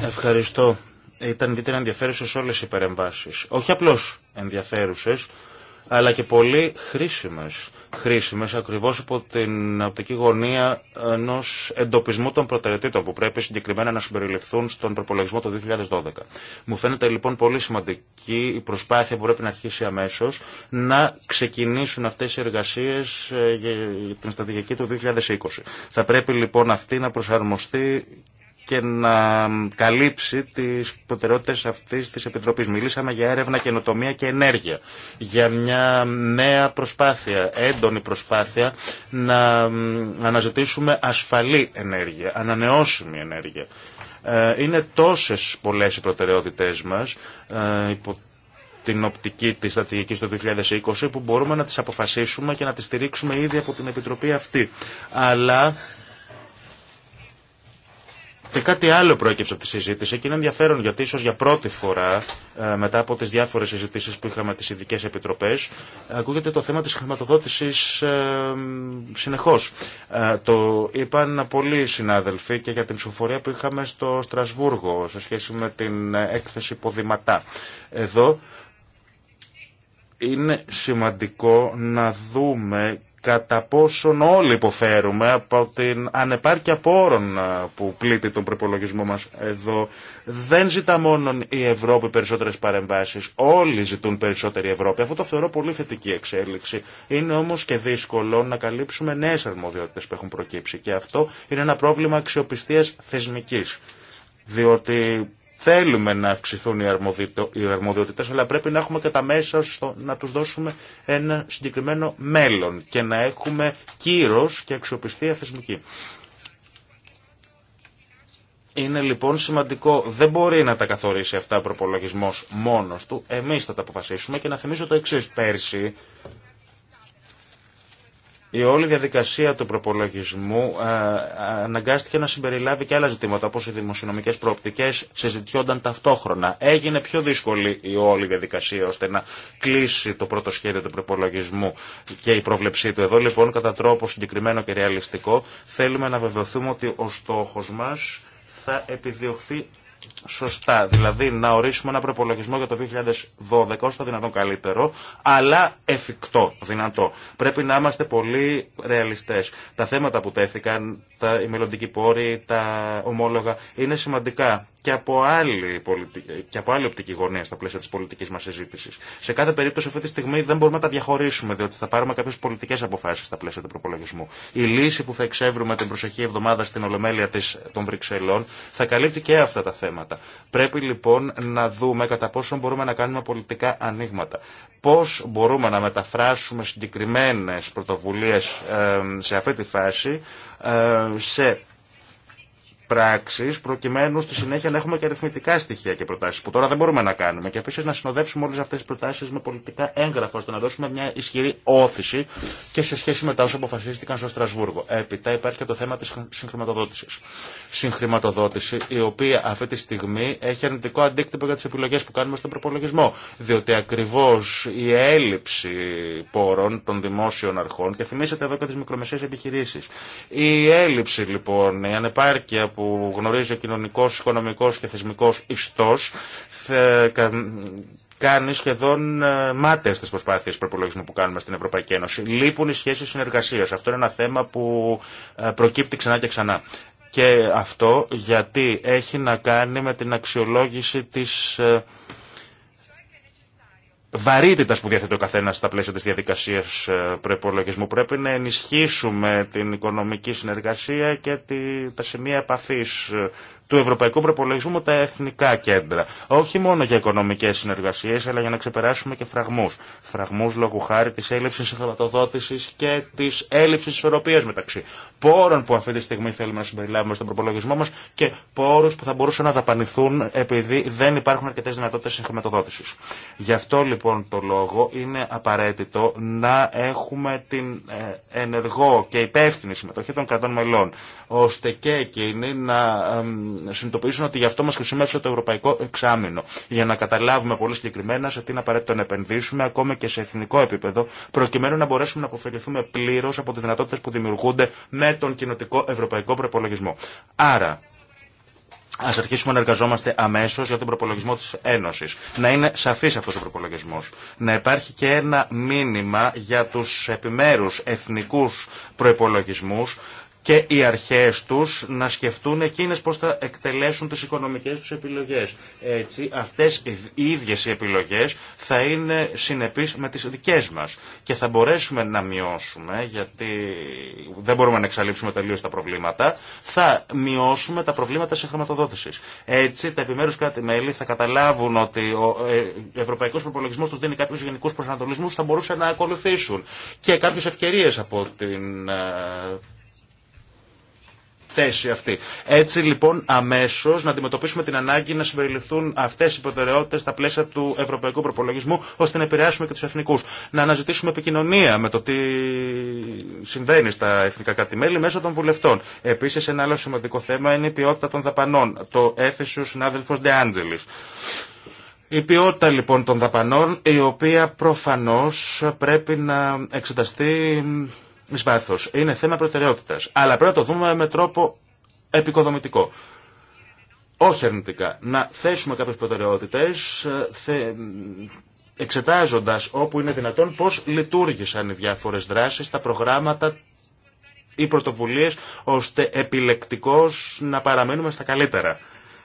Ευχαριστώ. Ήταν ιδιαίτερα ενδιαφέρουσε όλες οι παρεμβάσεις. Όχι απλώς ενδιαφέρουσες, αλλά και πολύ χρήσιμες χρήσιμες ακριβώς από την οπτική γωνία ενό εντοπισμού των προτεραιοτήτων που πρέπει συγκεκριμένα να συμπεριληφθούν στον προπολογισμό το 2012. Μου φαίνεται λοιπόν πολύ σημαντική η προσπάθεια που πρέπει να αρχίσει αμέσως να ξεκινήσουν αυτές οι εργασίες ε, για την στρατηγική του 2020. Θα πρέπει λοιπόν αυτή να προσαρμοστεί και να καλύψει τις προτεραιότητες αυτής της Επιτροπής. Μιλήσαμε για έρευνα, καινοτομία και ενέργεια. Για μια νέα προσπάθεια, έντονη προσπάθεια να αναζητήσουμε ασφαλή ενέργεια, ανανεώσιμη ενέργεια. Ε, είναι τόσες πολλές οι προτεραιότητές μας ε, υπό την οπτική της στρατηγικής του 2020 που μπορούμε να τις αποφασίσουμε και να τις στηρίξουμε ήδη από την Επιτροπή αυτή. Αλλά και κάτι άλλο προέκυψε από τη συζήτηση και είναι ενδιαφέρον γιατί ίσω για πρώτη φορά ε, μετά από τι διάφορε συζητήσει που είχαμε τι ειδικέ επιτροπέ ακούγεται το θέμα τη χρηματοδότηση ε, συνεχώ. Ε, το είπαν πολλοί συνάδελφοι και για την ψηφοφορία που είχαμε στο Στρασβούργο σε σχέση με την έκθεση Ποδηματά. Εδώ είναι σημαντικό να δούμε κατά πόσον όλοι υποφέρουμε από την ανεπάρκεια πόρων που πλήττει τον προπολογισμό μας εδώ. Δεν ζητά μόνο η Ευρώπη περισσότερες παρεμβάσεις, όλοι ζητούν περισσότερη Ευρώπη. Αυτό το θεωρώ πολύ θετική εξέλιξη. Είναι όμως και δύσκολο να καλύψουμε νέες αρμοδιότητες που έχουν προκύψει και αυτό είναι ένα πρόβλημα αξιοπιστίας θεσμικής. Διότι Θέλουμε να αυξηθούν οι αρμοδιότητες, αλλά πρέπει να έχουμε και τα μέσα να τους δώσουμε ένα συγκεκριμένο μέλλον και να έχουμε κύρος και αξιοπιστία θεσμική. Είναι λοιπόν σημαντικό, δεν μπορεί να τα καθορίσει αυτά ο προπολογισμός μόνος του. εμείς θα τα αποφασίσουμε και να θυμίσω το εξή. Πέρσι η όλη διαδικασία του προπολογισμού ε, αναγκάστηκε να συμπεριλάβει και άλλα ζητήματα, όπω οι δημοσιονομικέ προοπτικέ συζητιόνταν ταυτόχρονα. Έγινε πιο δύσκολη η όλη διαδικασία ώστε να κλείσει το πρώτο σχέδιο του προπολογισμού και η πρόβλεψή του. Εδώ λοιπόν, κατά τρόπο συγκεκριμένο και ρεαλιστικό, θέλουμε να βεβαιωθούμε ότι ο στόχο μα θα επιδιωχθεί σωστά. Δηλαδή να ορίσουμε ένα προπολογισμό για το 2012 όσο το δυνατόν καλύτερο, αλλά εφικτό, δυνατό. Πρέπει να είμαστε πολύ ρεαλιστέ. Τα θέματα που τέθηκαν, τα, οι μελλοντικοί πόροι, τα ομόλογα είναι σημαντικά και από, άλλη πολιτική, και από άλλη οπτική γωνία στα πλαίσια τη πολιτική μα συζήτηση. Σε κάθε περίπτωση, αυτή τη στιγμή δεν μπορούμε να τα διαχωρίσουμε, διότι θα πάρουμε κάποιε πολιτικέ αποφάσει στα πλαίσια του προπολογισμού. Η λύση που θα εξεύρουμε την προσεχή εβδομάδα στην Ολομέλεια της, των Βρυξελών θα καλύπτει και αυτά τα θέματα. Πρέπει λοιπόν να δούμε κατά πόσο μπορούμε να κάνουμε πολιτικά ανοίγματα. Πώ μπορούμε να μεταφράσουμε συγκεκριμένε πρωτοβουλίε σε αυτή τη φάση σε προκειμένου στη συνέχεια να έχουμε και αριθμητικά στοιχεία και προτάσει που τώρα δεν μπορούμε να κάνουμε και επίση να συνοδεύσουμε όλε αυτέ τις προτάσει με πολιτικά έγγραφα ώστε να δώσουμε μια ισχυρή όθηση και σε σχέση με τα όσα αποφασίστηκαν στο Στρασβούργο. Έπειτα υπάρχει και το θέμα τη συγχρηματοδότηση. Συγχρηματοδότηση η οποία αυτή τη στιγμή έχει αρνητικό αντίκτυπο για τι επιλογέ που κάνουμε στον προπολογισμό. Διότι ακριβώ η έλλειψη πόρων των δημόσιων αρχών και θυμίσετε εδώ και τι μικρομεσαίε επιχειρήσει. Η έλλειψη λοιπόν, η ανεπάρκεια που γνωρίζει ο κοινωνικός, οικονομικός και θεσμικός ιστός κάνει σχεδόν ε, μάταιες τις προσπάθειες προπολογισμού που κάνουμε στην Ευρωπαϊκή Ένωση. Λείπουν οι σχέσεις συνεργασίας. Αυτό είναι ένα θέμα που ε, προκύπτει ξανά και ξανά. Και αυτό γιατί έχει να κάνει με την αξιολόγηση της ε, βαρύτητας που διαθέτει ο καθένα στα πλαίσια τη διαδικασία ε, προπολογισμού. Πρέπει να ενισχύσουμε την οικονομική συνεργασία και τα σημεία επαφή ε, του Ευρωπαϊκού Προπολογισμού με τα εθνικά κέντρα. Όχι μόνο για οικονομικέ συνεργασίε, αλλά για να ξεπεράσουμε και φραγμού. Φραγμού λόγου χάρη τη έλλειψη χρηματοδότηση και τη έλλειψη ισορροπία μεταξύ πόρων που αυτή τη στιγμή θέλουμε να συμπεριλάβουμε στον προπολογισμό μα και πόρου που θα μπορούσαν να δαπανηθούν επειδή δεν υπάρχουν αρκετέ δυνατότητε χρηματοδότηση. Γι' αυτό λοιπόν το λόγο είναι απαραίτητο να έχουμε την ε, ενεργό και υπεύθυνη συμμετοχή των κρατών μελών, ώστε και εκείνοι να συνειδητοποιήσουν ότι γι' αυτό μα χρησιμεύσε το Ευρωπαϊκό Εξάμεινο. Για να καταλάβουμε πολύ συγκεκριμένα σε τι είναι απαραίτητο να επενδύσουμε, ακόμα και σε εθνικό επίπεδο, προκειμένου να μπορέσουμε να αποφεληθούμε πλήρω από τι δυνατότητε που δημιουργούνται με τον κοινοτικό ευρωπαϊκό προπολογισμό. Άρα, Α αρχίσουμε να εργαζόμαστε αμέσω για τον προπολογισμό τη Ένωση. Να είναι σαφή αυτό ο προπολογισμό. Να υπάρχει και ένα μήνυμα για του επιμέρου εθνικού προπολογισμού και οι αρχές τους να σκεφτούν εκείνες πώς θα εκτελέσουν τις οικονομικές τους επιλογές. Έτσι, αυτές οι ίδιες οι επιλογές θα είναι συνεπείς με τις δικές μας και θα μπορέσουμε να μειώσουμε, γιατί δεν μπορούμε να εξαλείψουμε τελείως τα προβλήματα, θα μειώσουμε τα προβλήματα σε χρηματοδότηση. Έτσι, τα επιμέρους κράτη-μέλη θα καταλάβουν ότι ο ε, ευρωπαϊκός προπολογισμός τους δίνει κάποιους γενικούς προσανατολισμούς που θα μπορούσαν να ακολουθήσουν και κάποιε ευκαιρίε από την ε, θέση αυτή. Έτσι λοιπόν αμέσω να αντιμετωπίσουμε την ανάγκη να συμπεριληφθούν αυτέ οι προτεραιότητε στα πλαίσια του ευρωπαϊκού προπολογισμού ώστε να επηρεάσουμε και του εθνικού. Να αναζητήσουμε επικοινωνία με το τι συμβαίνει στα εθνικά μέσω των βουλευτών. Επίση ένα άλλο σημαντικό θέμα είναι η ποιότητα των δαπανών. Το έθεσε ο συνάδελφο Ντεάντζελη. Η ποιότητα λοιπόν των δαπανών, η οποία προφανώς πρέπει να εξεταστεί είναι θέμα προτεραιότητας. Αλλά πρέπει να το δούμε με τρόπο επικοδομητικό. Όχι αρνητικά. Να θέσουμε κάποιε προτεραιότητες, ε, θε, εξετάζοντας όπου είναι δυνατόν πώς λειτουργήσαν οι διάφορε δράσει τα προγράμματα, ή πρωτοβουλίε, ώστε επιλεκτικώ να παραμένουμε στα καλύτερα.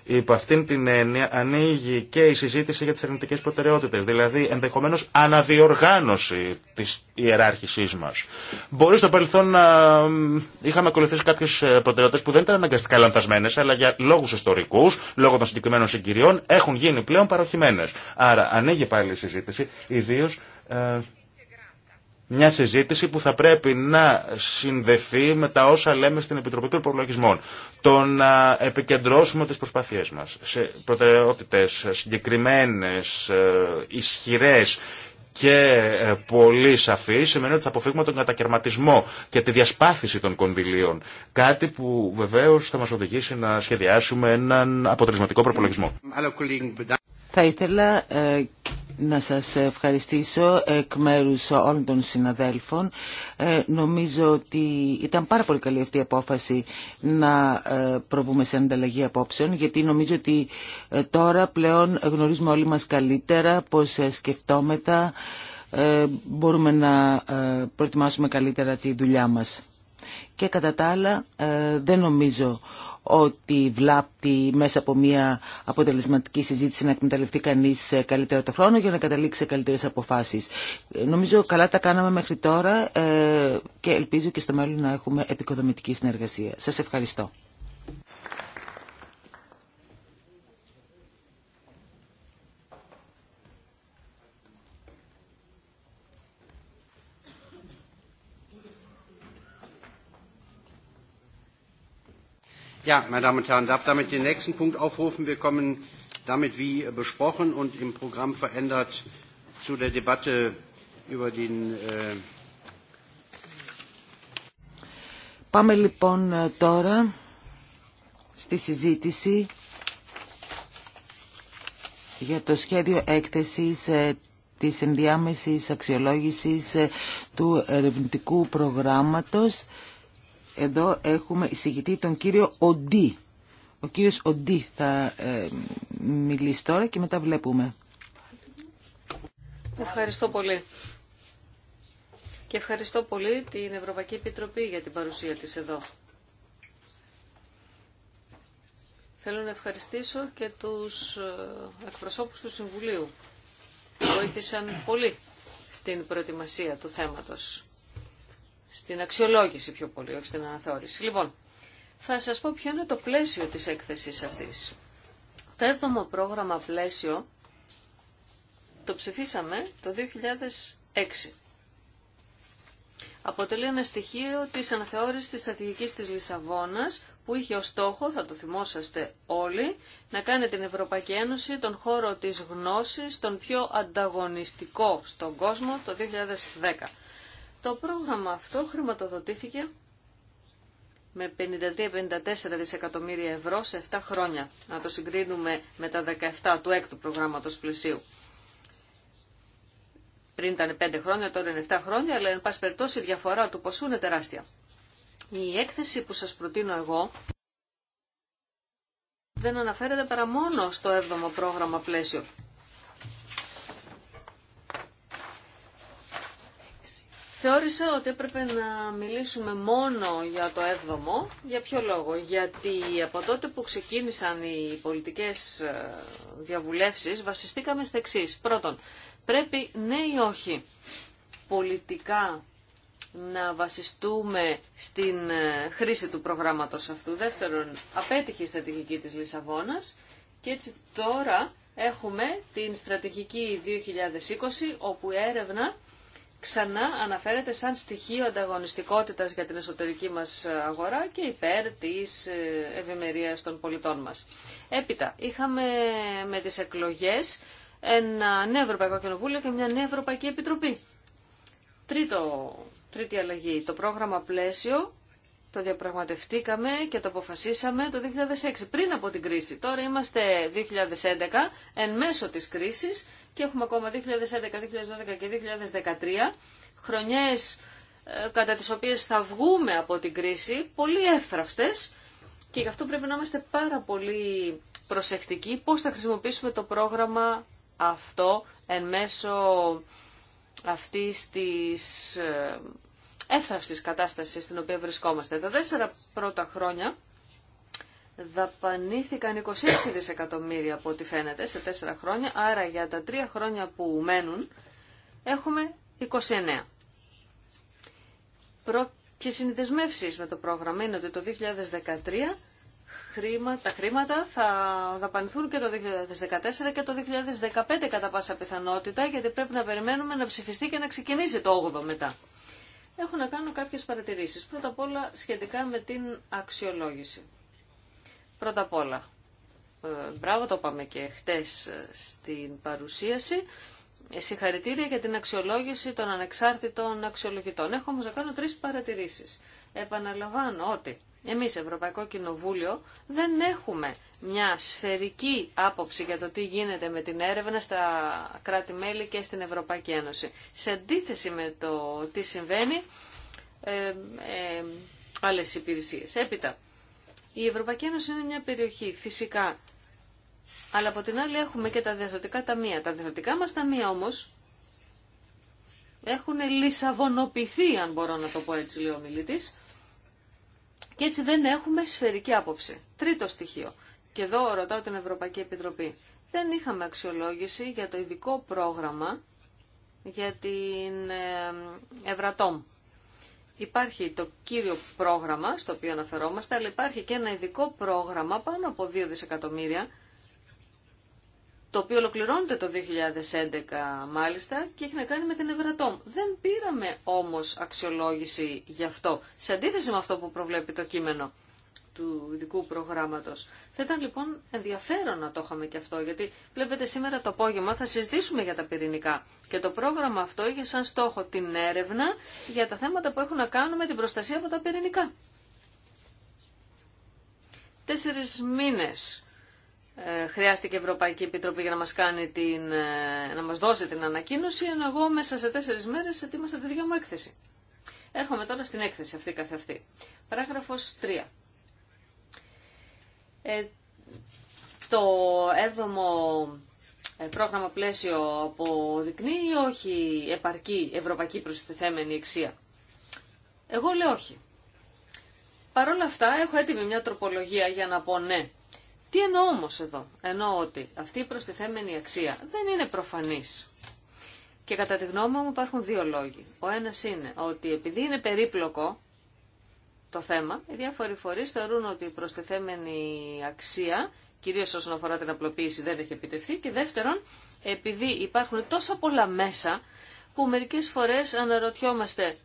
Υπό αυτήν την έννοια ανοίγει και η συζήτηση για τις αρνητικές προτεραιότητες, δηλαδή ενδεχομένως αναδιοργάνωση της ιεράρχησής μας. Μπορεί στο παρελθόν να είχαμε ακολουθήσει κάποιες ε, προτεραιότητες που δεν ήταν αναγκαστικά λανθασμένες, αλλά για λόγους ιστορικούς, λόγω των συγκεκριμένων συγκυριών, έχουν γίνει πλέον παροχημένες. Άρα ανοίγει πάλι η συζήτηση, ιδίως... Ε, μια συζήτηση που θα πρέπει να συνδεθεί με τα όσα λέμε στην Επιτροπή των Προλογισμών. Το να επικεντρώσουμε τις προσπάθειές μας σε προτεραιότητες συγκεκριμένες, ε, ισχυρές και ε, πολύ σαφείς σημαίνει ότι θα αποφύγουμε τον κατακαιρματισμό και τη διασπάθηση των κονδυλίων. Κάτι που βεβαίως θα μας οδηγήσει να σχεδιάσουμε έναν αποτελεσματικό προπολογισμό. Θα ήθελα ε, να σας ευχαριστήσω εκ μέρους όλων των συναδέλφων. Ε, νομίζω ότι ήταν πάρα πολύ καλή αυτή η απόφαση να ε, προβούμε σε ανταλλαγή απόψεων, γιατί νομίζω ότι ε, τώρα πλέον γνωρίζουμε όλοι μας καλύτερα πώς σκεφτόμετα, μπορούμε να προετοιμάσουμε καλύτερα τη δουλειά μας. Και κατά τα άλλα δεν νομίζω ότι βλάπτει μέσα από μια αποτελεσματική συζήτηση να εκμεταλλευτεί κανεί καλύτερα το χρόνο για να καταλήξει σε καλύτερε αποφάσει. Ε, νομίζω καλά τα κάναμε μέχρι τώρα ε, και ελπίζω και στο μέλλον να έχουμε επικοδομητική συνεργασία. Σα ευχαριστώ. Ja, meine Damen und Herren, darf damit den nächsten Punkt aufrufen. Wir kommen damit, wie besprochen und im Programm verändert, zu der Debatte über den. Πάμε λοιπόν τώρα στη συζήτηση για το σχέδιο έκθεσης της ενδιάμεσης αξιολόγησης του ερευνητικού προγράμματος εδώ έχουμε εισηγητή τον κύριο Οντί. Ο κύριος Οντί θα ε, μιλήσει τώρα και μετά βλέπουμε. Ευχαριστώ πολύ. Και ευχαριστώ πολύ την Ευρωπαϊκή Επιτροπή για την παρουσία της εδώ. Θέλω να ευχαριστήσω και τους ε, εκπροσώπους του Συμβουλίου. Βοήθησαν πολύ στην προετοιμασία του θέματος στην αξιολόγηση πιο πολύ, όχι στην αναθεώρηση. Λοιπόν, θα σας πω ποιο είναι το πλαίσιο της έκθεσης αυτής. Το έβδομο πρόγραμμα πλαίσιο το ψηφίσαμε το 2006. Αποτελεί ένα στοιχείο της αναθεώρησης της στρατηγικής της Λισαβόνας που είχε ως στόχο, θα το θυμόσαστε όλοι, να κάνει την Ευρωπαϊκή Ένωση τον χώρο της γνώσης τον πιο ανταγωνιστικό στον κόσμο το 2010. Το πρόγραμμα αυτό χρηματοδοτήθηκε με 53-54 δισεκατομμύρια ευρώ σε 7 χρόνια. Να το συγκρίνουμε με τα 17 του έκτου προγράμματος πλησίου. Πριν ήταν 5 χρόνια, τώρα είναι 7 χρόνια, αλλά εν πάση περιπτώσει η διαφορά του ποσού είναι τεράστια. Η έκθεση που σας προτείνω εγώ δεν αναφέρεται παρά μόνο στο 7ο πρόγραμμα πλαίσιο. θεώρησα ότι έπρεπε να μιλήσουμε μόνο για το 7 Για ποιο λόγο. Γιατί από τότε που ξεκίνησαν οι πολιτικές ε, διαβουλεύσεις βασιστήκαμε στα εξή. Πρώτον, πρέπει ναι ή όχι πολιτικά να βασιστούμε στην ε, χρήση του προγράμματος αυτού. Δεύτερον, απέτυχε η στρατηγική της Λισαβόνας και έτσι τώρα έχουμε την στρατηγική 2020 όπου η έρευνα ξανά αναφέρεται σαν στοιχείο ανταγωνιστικότητας για την εσωτερική μας αγορά και υπέρ της ε, ευημερία των πολιτών μας. Έπειτα, είχαμε με τις εκλογές ένα νέο Ευρωπαϊκό Κοινοβούλιο και μια νέα Ευρωπαϊκή Επιτροπή. Τρίτο, τρίτη αλλαγή, το πρόγραμμα πλαίσιο το διαπραγματευτήκαμε και το αποφασίσαμε το 2006, πριν από την κρίση. Τώρα είμαστε 2011, εν μέσω της κρίσης και έχουμε ακόμα 2011, 2012 και 2013, χρονιές ε, κατά τις οποίες θα βγούμε από την κρίση, πολύ εύθραυστες και γι' αυτό πρέπει να είμαστε πάρα πολύ προσεκτικοί πώς θα χρησιμοποιήσουμε το πρόγραμμα αυτό εν μέσω αυτής της ε, έφραυστης κατάσταση στην οποία βρισκόμαστε. Τα τέσσερα πρώτα χρόνια δαπανήθηκαν 26 δισεκατομμύρια από ό,τι φαίνεται σε τέσσερα χρόνια, άρα για τα τρία χρόνια που μένουν έχουμε 29. Προ... Και συνδεσμεύσεις με το πρόγραμμα είναι ότι το 2013 τα χρήματα θα δαπανηθούν και το 2014 και το 2015 κατά πάσα πιθανότητα, γιατί πρέπει να περιμένουμε να ψηφιστεί και να ξεκινήσει το 8ο μετά έχω να κάνω κάποιες παρατηρήσεις. Πρώτα απ' όλα σχετικά με την αξιολόγηση. Πρώτα απ' όλα, ε, μπράβο, το παμε και χτες ε, στην παρουσίαση, ε, συγχαρητήρια για την αξιολόγηση των ανεξάρτητων αξιολογητών. Έχω όμως να κάνω τρεις παρατηρήσεις. Επαναλαμβάνω ότι εμείς, Ευρωπαϊκό Κοινοβούλιο, δεν έχουμε μια σφαιρική άποψη για το τι γίνεται με την έρευνα στα κράτη-μέλη και στην Ευρωπαϊκή Ένωση. Σε αντίθεση με το τι συμβαίνει, ε, ε, άλλες υπηρεσίες. Έπειτα, η Ευρωπαϊκή Ένωση είναι μια περιοχή, φυσικά, αλλά από την άλλη έχουμε και τα διαθροτικά ταμεία. Τα διαθροτικά μας ταμεία όμως έχουν λισαβονοποιηθεί, αν μπορώ να το πω έτσι, λέει ο μιλήτης, και έτσι δεν έχουμε σφαιρική άποψη. Τρίτο στοιχείο. Και εδώ ρωτάω την Ευρωπαϊκή Επιτροπή. Δεν είχαμε αξιολόγηση για το ειδικό πρόγραμμα για την ε, Ευρατόμ. Υπάρχει το κύριο πρόγραμμα στο οποίο αναφερόμαστε, αλλά υπάρχει και ένα ειδικό πρόγραμμα πάνω από 2 δισεκατομμύρια το οποίο ολοκληρώνεται το 2011 μάλιστα και έχει να κάνει με την Ευρατόμ. Δεν πήραμε όμως αξιολόγηση γι' αυτό, σε αντίθεση με αυτό που προβλέπει το κείμενο του ειδικού προγράμματος. Θα ήταν λοιπόν ενδιαφέρον να το είχαμε και αυτό, γιατί βλέπετε σήμερα το απόγευμα θα συζητήσουμε για τα πυρηνικά. Και το πρόγραμμα αυτό είχε σαν στόχο την έρευνα για τα θέματα που έχουν να κάνουν με την προστασία από τα πυρηνικά. Τέσσερις μήνες ε, χρειάστηκε η Ευρωπαϊκή Επιτροπή για να μας, κάνει την, ε, να μας δώσει την ανακοίνωση, ενώ εγώ μέσα σε τέσσερις μέρες ετοίμασα τη δυο μου έκθεση. Έρχομαι τώρα στην έκθεση αυτή καθ' αυτή. Παράγραφος 3. Ε, το έβδομο ε, πρόγραμμα πλαίσιο αποδεικνύει ή όχι επαρκή ευρωπαϊκή προστιθέμενη εξία. Εγώ λέω όχι. Παρ' όλα αυτά έχω έτοιμη μια τροπολογία για να πω ναι τι εννοώ όμως εδώ. Εννοώ ότι αυτή η προστιθέμενη αξία δεν είναι προφανής. Και κατά τη γνώμη μου υπάρχουν δύο λόγοι. Ο ένας είναι ότι επειδή είναι περίπλοκο το θέμα, οι διάφοροι φορεί θεωρούν ότι η προστιθέμενη αξία, κυρίω όσον αφορά την απλοποίηση, δεν έχει επιτευχθεί. Και δεύτερον, επειδή υπάρχουν τόσα πολλά μέσα που μερικές φορές αναρωτιόμαστε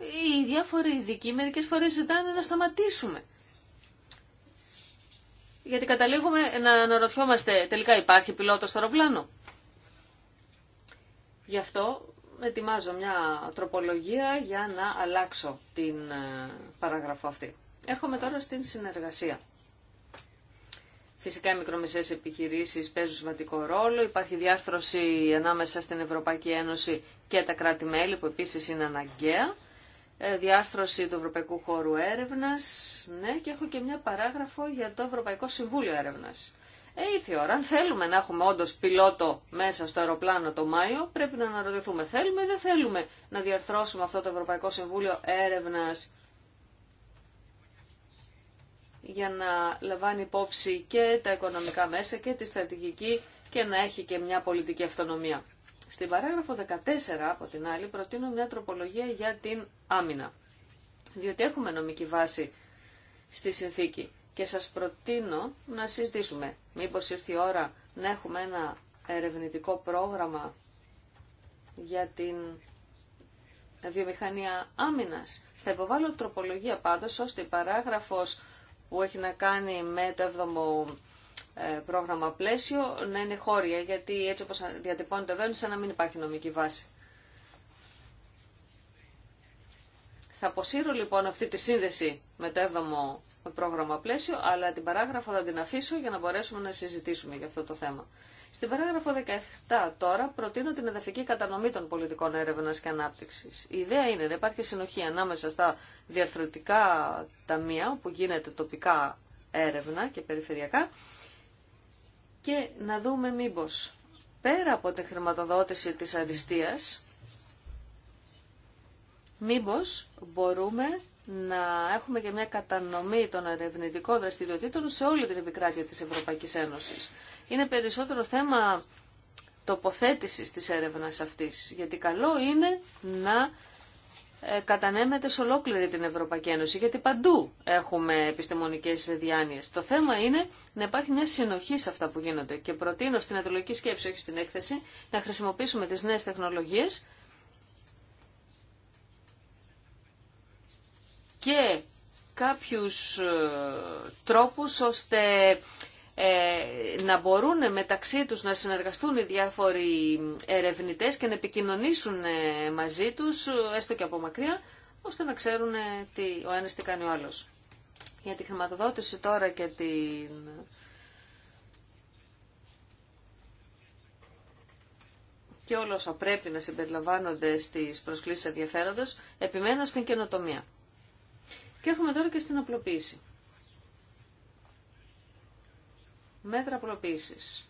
οι διάφοροι ειδικοί μερικές φορές ζητάνε να σταματήσουμε. Γιατί καταλήγουμε να αναρωτιόμαστε τελικά υπάρχει πιλότος στο αεροπλάνο. Γι' αυτό ετοιμάζω μια τροπολογία για να αλλάξω την ε, παραγραφό αυτή. Έρχομαι τώρα στην συνεργασία. Φυσικά οι μικρομεσαίες επιχειρήσεις παίζουν σημαντικό ρόλο. Υπάρχει διάρθρωση ανάμεσα στην Ευρωπαϊκή Ένωση και τα κράτη-μέλη που επίσης είναι αναγκαία. Ε, διάρθρωση του Ευρωπαϊκού Χώρου Έρευνα. ναι, και έχω και μια παράγραφο για το Ευρωπαϊκό Συμβούλιο Έρευνα. Ε, ήρθε η ώρα. Αν θέλουμε να έχουμε όντω πιλότο μέσα στο αεροπλάνο το Μάιο, πρέπει να αναρωτηθούμε. Θέλουμε ή δεν θέλουμε να διαρθρώσουμε αυτό το Ευρωπαϊκό Συμβούλιο Έρευνα για να λαμβάνει υπόψη και τα οικονομικά μέσα και τη στρατηγική και να έχει και μια πολιτική αυτονομία. Στην παράγραφο 14, από την άλλη, προτείνω μια τροπολογία για την άμυνα. Διότι έχουμε νομική βάση στη συνθήκη και σας προτείνω να συζητήσουμε. Μήπως ήρθε η ώρα να έχουμε ένα ερευνητικό πρόγραμμα για την βιομηχανία άμυνας. Θα υποβάλω τροπολογία πάντως ώστε η παράγραφος που έχει να κάνει με το 7ο ε, πρόγραμμα πλαίσιο να είναι χώρια, γιατί έτσι όπως διατυπώνεται εδώ είναι σαν να μην υπάρχει νομική βάση. Θα αποσύρω λοιπόν αυτή τη σύνδεση με το 7ο πρόγραμμα πλαίσιο, αλλά την παράγραφο θα την αφήσω για να μπορέσουμε να συζητήσουμε για αυτό το θέμα. Στην παράγραφο 17 τώρα προτείνω την εδαφική κατανομή των πολιτικών έρευνας και ανάπτυξης. Η ιδέα είναι να υπάρχει συνοχή ανάμεσα στα διαρθρωτικά ταμεία, που γίνεται τοπικά έρευνα και περιφερειακά, και να δούμε μήπως πέρα από τη χρηματοδότηση της αριστείας, μήπως μπορούμε να έχουμε και μια κατανομή των ερευνητικών δραστηριοτήτων σε όλη την επικράτεια της Ευρωπαϊκής Ένωσης. Είναι περισσότερο θέμα τοποθέτησης της έρευνας αυτής, γιατί καλό είναι να ε, κατανέμεται σε ολόκληρη την Ευρωπαϊκή Ένωση, γιατί παντού έχουμε επιστημονικές διάνοιες. Το θέμα είναι να υπάρχει μια συνοχή σε αυτά που γίνονται και προτείνω στην ατολική σκέψη, όχι στην έκθεση, να χρησιμοποιήσουμε τις νέες τεχνολογίες και κάποιους ε, τρόπους ώστε ε, να μπορούν μεταξύ τους να συνεργαστούν οι διάφοροι ερευνητές και να επικοινωνήσουν ε, μαζί τους, έστω και από μακριά, ώστε να ξέρουν ε, τι, ο ένας τι κάνει ο άλλος. Για τη χρηματοδότηση τώρα και την... και όλα όσα πρέπει να συμπεριλαμβάνονται στις προσκλήσεις ενδιαφέροντος, επιμένω στην καινοτομία. Και έρχομαι τώρα και στην απλοποίηση. μέτρα απλοποίηση.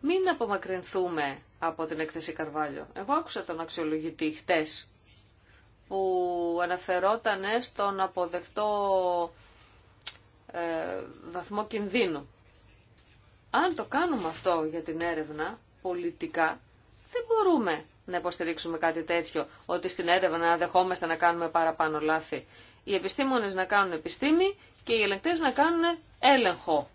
Μην απομακρυνθούμε από την έκθεση Καρβάλιο. Εγώ άκουσα τον αξιολογητή χτες που αναφερόταν στον αποδεκτό ε, βαθμό κινδύνου. Αν το κάνουμε αυτό για την έρευνα πολιτικά, δεν μπορούμε να υποστηρίξουμε κάτι τέτοιο, ότι στην έρευνα δεχόμαστε να κάνουμε παραπάνω λάθη. Οι επιστήμονες να κάνουν επιστήμη και οι ελεγκτές να κάνουν έλεγχο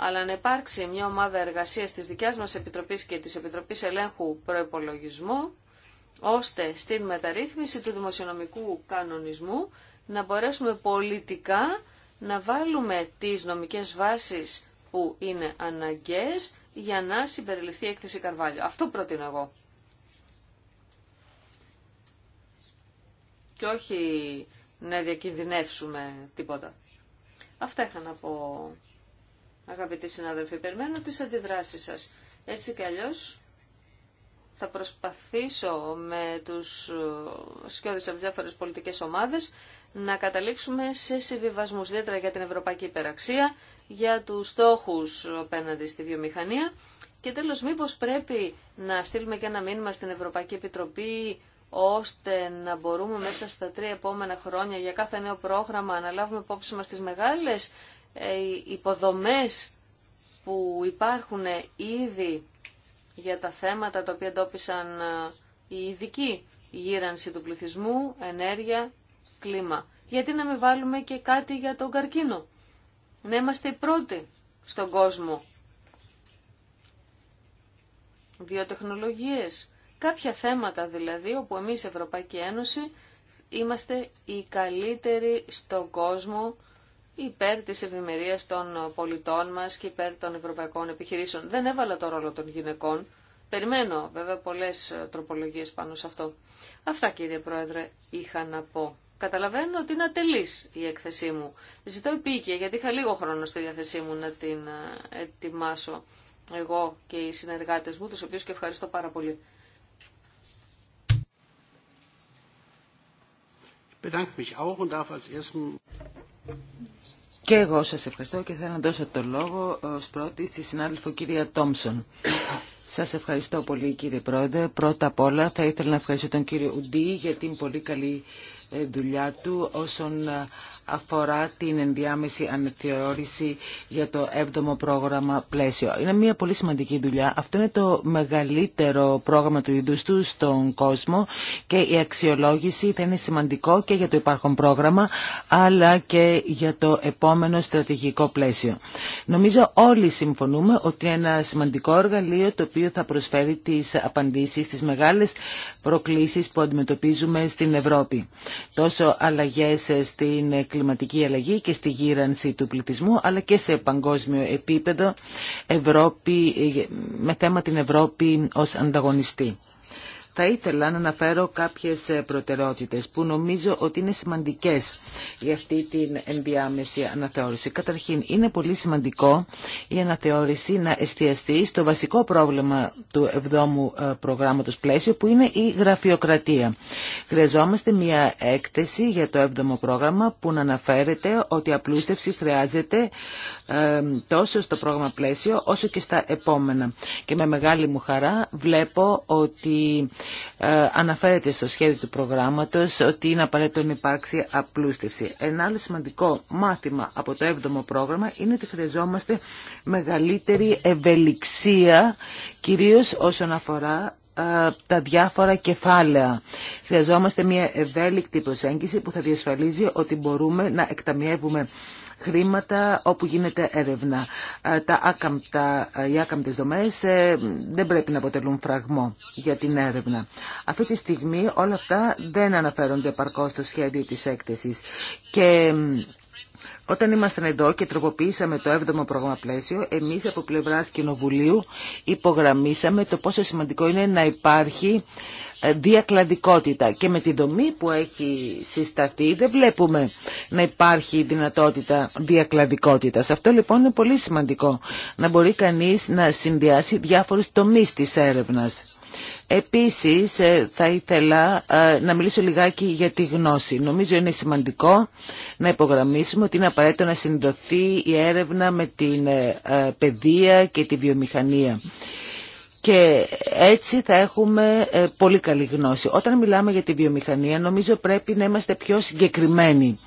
αλλά να υπάρξει μια ομάδα εργασίας της δικιάς μας Επιτροπής και της Επιτροπής Ελέγχου Προϋπολογισμού, ώστε στην μεταρρύθμιση του δημοσιονομικού κανονισμού να μπορέσουμε πολιτικά να βάλουμε τις νομικές βάσεις που είναι αναγκαίες για να συμπεριληφθεί η έκθεση Καρβάλιο. Αυτό προτείνω εγώ. Και όχι να διακινδυνεύσουμε τίποτα. Αυτά είχα να πω Αγαπητοί συνάδελφοι, περιμένω τις αντιδράσεις σας. Έτσι κι αλλιώς θα προσπαθήσω με τους ε, σκιώδεις από διάφορες πολιτικές ομάδες να καταλήξουμε σε συμβιβασμού ιδιαίτερα για την ευρωπαϊκή υπεραξία, για τους στόχους απέναντι στη βιομηχανία και τέλος μήπως πρέπει να στείλουμε και ένα μήνυμα στην Ευρωπαϊκή Επιτροπή ώστε να μπορούμε μέσα στα τρία επόμενα χρόνια για κάθε νέο πρόγραμμα να λάβουμε υπόψη μας τις μεγάλες ε, οι υποδομές που υπάρχουν ήδη για τα θέματα τα οποία εντόπισαν ε, οι ειδικοί, γύρανση του πληθυσμού, ενέργεια, κλίμα. Γιατί να μην βάλουμε και κάτι για τον καρκίνο. Να είμαστε οι πρώτοι στον κόσμο. Βιοτεχνολογίες. Κάποια θέματα δηλαδή όπου εμείς Ευρωπαϊκή Ένωση είμαστε οι καλύτεροι στον κόσμο υπέρ της ευημερία των πολιτών μας και υπέρ των ευρωπαϊκών επιχειρήσεων. Δεν έβαλα το ρόλο των γυναικών. Περιμένω βέβαια πολλές ε, τροπολογίες πάνω σε αυτό. Αυτά κύριε Πρόεδρε είχα να πω. Καταλαβαίνω ότι είναι ατελής η έκθεσή μου. Ζητώ επίκαια γιατί είχα λίγο χρόνο στη διάθεσή μου να την ε, ετοιμάσω εγώ και οι συνεργάτες μου, τους οποίους και ευχαριστώ πάρα πολύ. Και εγώ σας ευχαριστώ και θέλω να δώσω το λόγο ε, ως πρώτη στη συνάδελφο κυρία Τόμσον. Σας ευχαριστώ πολύ κύριε Πρόεδρε. Πρώτα απ' όλα θα ήθελα να ευχαριστήσω τον κύριο Ουντή για την πολύ καλή ε, δουλειά του όσον αφορά την ενδιάμεση αναθεώρηση για το 7ο πρόγραμμα πλαίσιο. Είναι μια πολύ σημαντική δουλειά. Αυτό είναι το μεγαλύτερο πρόγραμμα του είδους του στον κόσμο και η αξιολόγηση θα είναι σημαντικό και για το υπάρχον πρόγραμμα αλλά και για το επόμενο στρατηγικό πλαίσιο. Νομίζω όλοι συμφωνούμε ότι είναι ένα σημαντικό εργαλείο το οποίο θα προσφέρει τις απαντήσεις στις μεγάλες προκλήσεις που αντιμετωπίζουμε στην Ευρώπη τόσο αλλαγές στην κλιματική αλλαγή και στη γύρανση του πληθυσμού, αλλά και σε παγκόσμιο επίπεδο Ευρώπη, με θέμα την Ευρώπη ως ανταγωνιστή θα ήθελα να αναφέρω κάποιες ε, προτεραιότητες που νομίζω ότι είναι σημαντικές για αυτή την ενδιάμεση αναθεώρηση. Καταρχήν, είναι πολύ σημαντικό η αναθεώρηση να εστιαστεί στο βασικό πρόβλημα του 7ου ε, προγράμματος πλαίσιο που είναι η γραφειοκρατία. Χρειαζόμαστε μια έκθεση για το 7ο πρόγραμμα που να αναφέρεται ότι η απλούστευση χρειάζεται τόσο στο πρόγραμμα πλαίσιο όσο και στα επόμενα. Και με μεγάλη μου χαρά βλέπω ότι ε, αναφέρεται στο σχέδιο του προγράμματος ότι είναι απαραίτητο να υπάρξει απλούστευση. Ένα άλλο σημαντικό μάθημα από το 7ο πρόγραμμα είναι ότι χρειαζόμαστε μεγαλύτερη ευελιξία κυρίως όσον αφορά ε, τα διάφορα κεφάλαια. Χρειαζόμαστε μια ευέλικτη προσέγγιση που θα διασφαλίζει ότι μπορούμε να εκταμιεύουμε χρήματα όπου γίνεται έρευνα. Ε, τα άκαμπτα, ε, οι άκαμπτες δομές δεν πρέπει να αποτελούν φραγμό για την έρευνα. Αυτή τη στιγμή όλα αυτά δεν αναφέρονται επαρκώς στο σχέδιο της έκθεσης και όταν ήμασταν εδώ και τροποποιήσαμε το 7ο πρόγραμμα πλαίσιο, εμείς από πλευράς Κοινοβουλίου υπογραμμίσαμε το πόσο σημαντικό είναι να υπάρχει ε, διακλαδικότητα και με τη δομή που έχει συσταθεί δεν βλέπουμε να υπάρχει δυνατότητα διακλαδικότητας. Αυτό λοιπόν είναι πολύ σημαντικό, να μπορεί κανείς να συνδυάσει διάφορους τομείς της έρευνας. Επίσης ε, θα ήθελα ε, να μιλήσω λιγάκι για τη γνώση. Νομίζω είναι σημαντικό να υπογραμμίσουμε ότι είναι απαραίτητο να συνδοθεί η έρευνα με την ε, παιδεία και τη βιομηχανία. Και έτσι θα έχουμε πολύ καλή γνώση. Όταν μιλάμε για τη βιομηχανία νομίζω πρέπει να είμαστε πιο συγκεκριμένοι.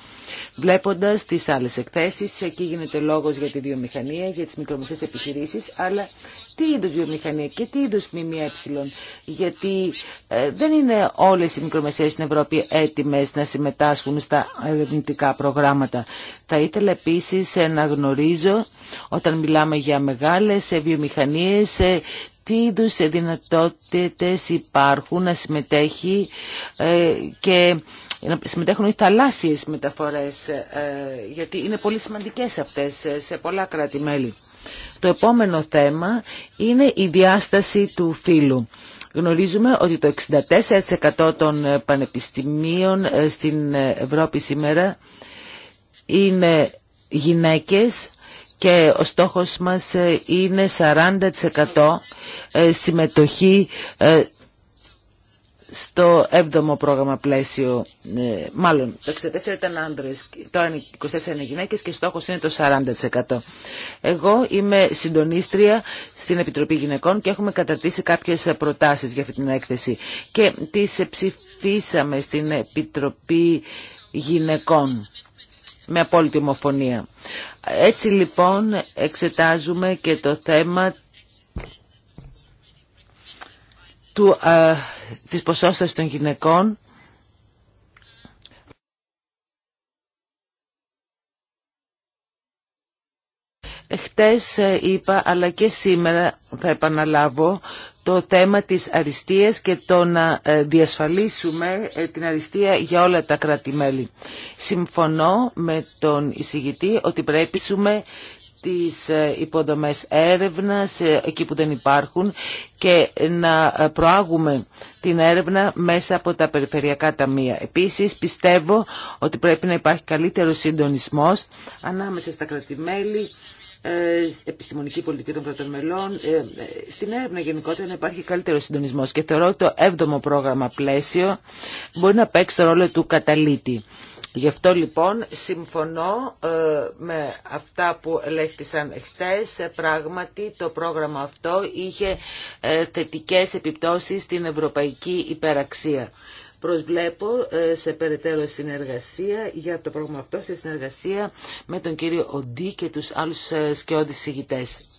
Βλέποντας τις άλλες εκθέσεις, εκεί γίνεται λόγος για τη βιομηχανία, για τις μικρομεσαίες επιχειρήσεις, αλλά τι είδους βιομηχανία και τι είδους ΜΜΕ, γιατί ε, δεν είναι όλες οι μικρομεσαίες στην Ευρώπη έτοιμες να συμμετάσχουν στα ερευνητικά προγράμματα. Θα ήθελα επίσης ε, να γνωρίζω, όταν μιλάμε για μεγάλες ε, βιομηχανίες, τι είδου δυνατότητες υπάρχουν να συμμετέχει και για να συμμετέχουν οι θαλάσσιες μεταφορές, ε, γιατί είναι πολύ σημαντικές αυτές ε, σε πολλά κράτη-μέλη. Το επόμενο θέμα είναι η διάσταση του φύλου. Γνωρίζουμε ότι το 64% των ε, πανεπιστημίων στην Ευρώπη σήμερα είναι γυναίκες και ο στόχος μας είναι 40% συμμετοχή στο 7ο πρόγραμμα πλαίσιο, ε, μάλλον το 64 ήταν άντρες, τώρα είναι 24 είναι γυναίκες και στόχος είναι το 40%. Εγώ είμαι συντονίστρια στην Επιτροπή Γυναικών και έχουμε καταρτήσει κάποιες προτάσεις για αυτή την έκθεση και τις ψηφίσαμε στην Επιτροπή Γυναικών με απόλυτη ομοφωνία. Έτσι λοιπόν εξετάζουμε και το θέμα του, α, ε, της ποσότητας των γυναικών Χτες ε, είπα, αλλά και σήμερα θα επαναλάβω, το θέμα της αριστείας και το να ε, διασφαλίσουμε την αριστεία για όλα τα κράτη-μέλη. Συμφωνώ με τον εισηγητή ότι πρέπει τις ε, υποδομές έρευνας ε, εκεί που δεν υπάρχουν και να ε, προάγουμε την έρευνα μέσα από τα περιφερειακά ταμεία. Επίσης πιστεύω ότι πρέπει να υπάρχει καλύτερο συντονισμός ανάμεσα στα κρατημέλη, επιστημονική πολιτική των κρατών μελών, στην έρευνα γενικότερα να υπάρχει καλύτερο συντονισμός και θεωρώ ότι το 7ο πρόγραμμα πλαίσιο μπορεί να παίξει το ρόλο του καταλήτη. Γι' αυτό λοιπόν συμφωνώ ε, με αυτά που ελέγχθησαν χτες. Ε, πράγματι το πρόγραμμα αυτό είχε ε, θετικές επιπτώσεις στην ευρωπαϊκή υπεραξία. Προσβλέπω ε, σε περαιτέρω συνεργασία για το πρόγραμμα αυτό, σε συνεργασία με τον κύριο Οντί και τους άλλους σκιώδης συγητές.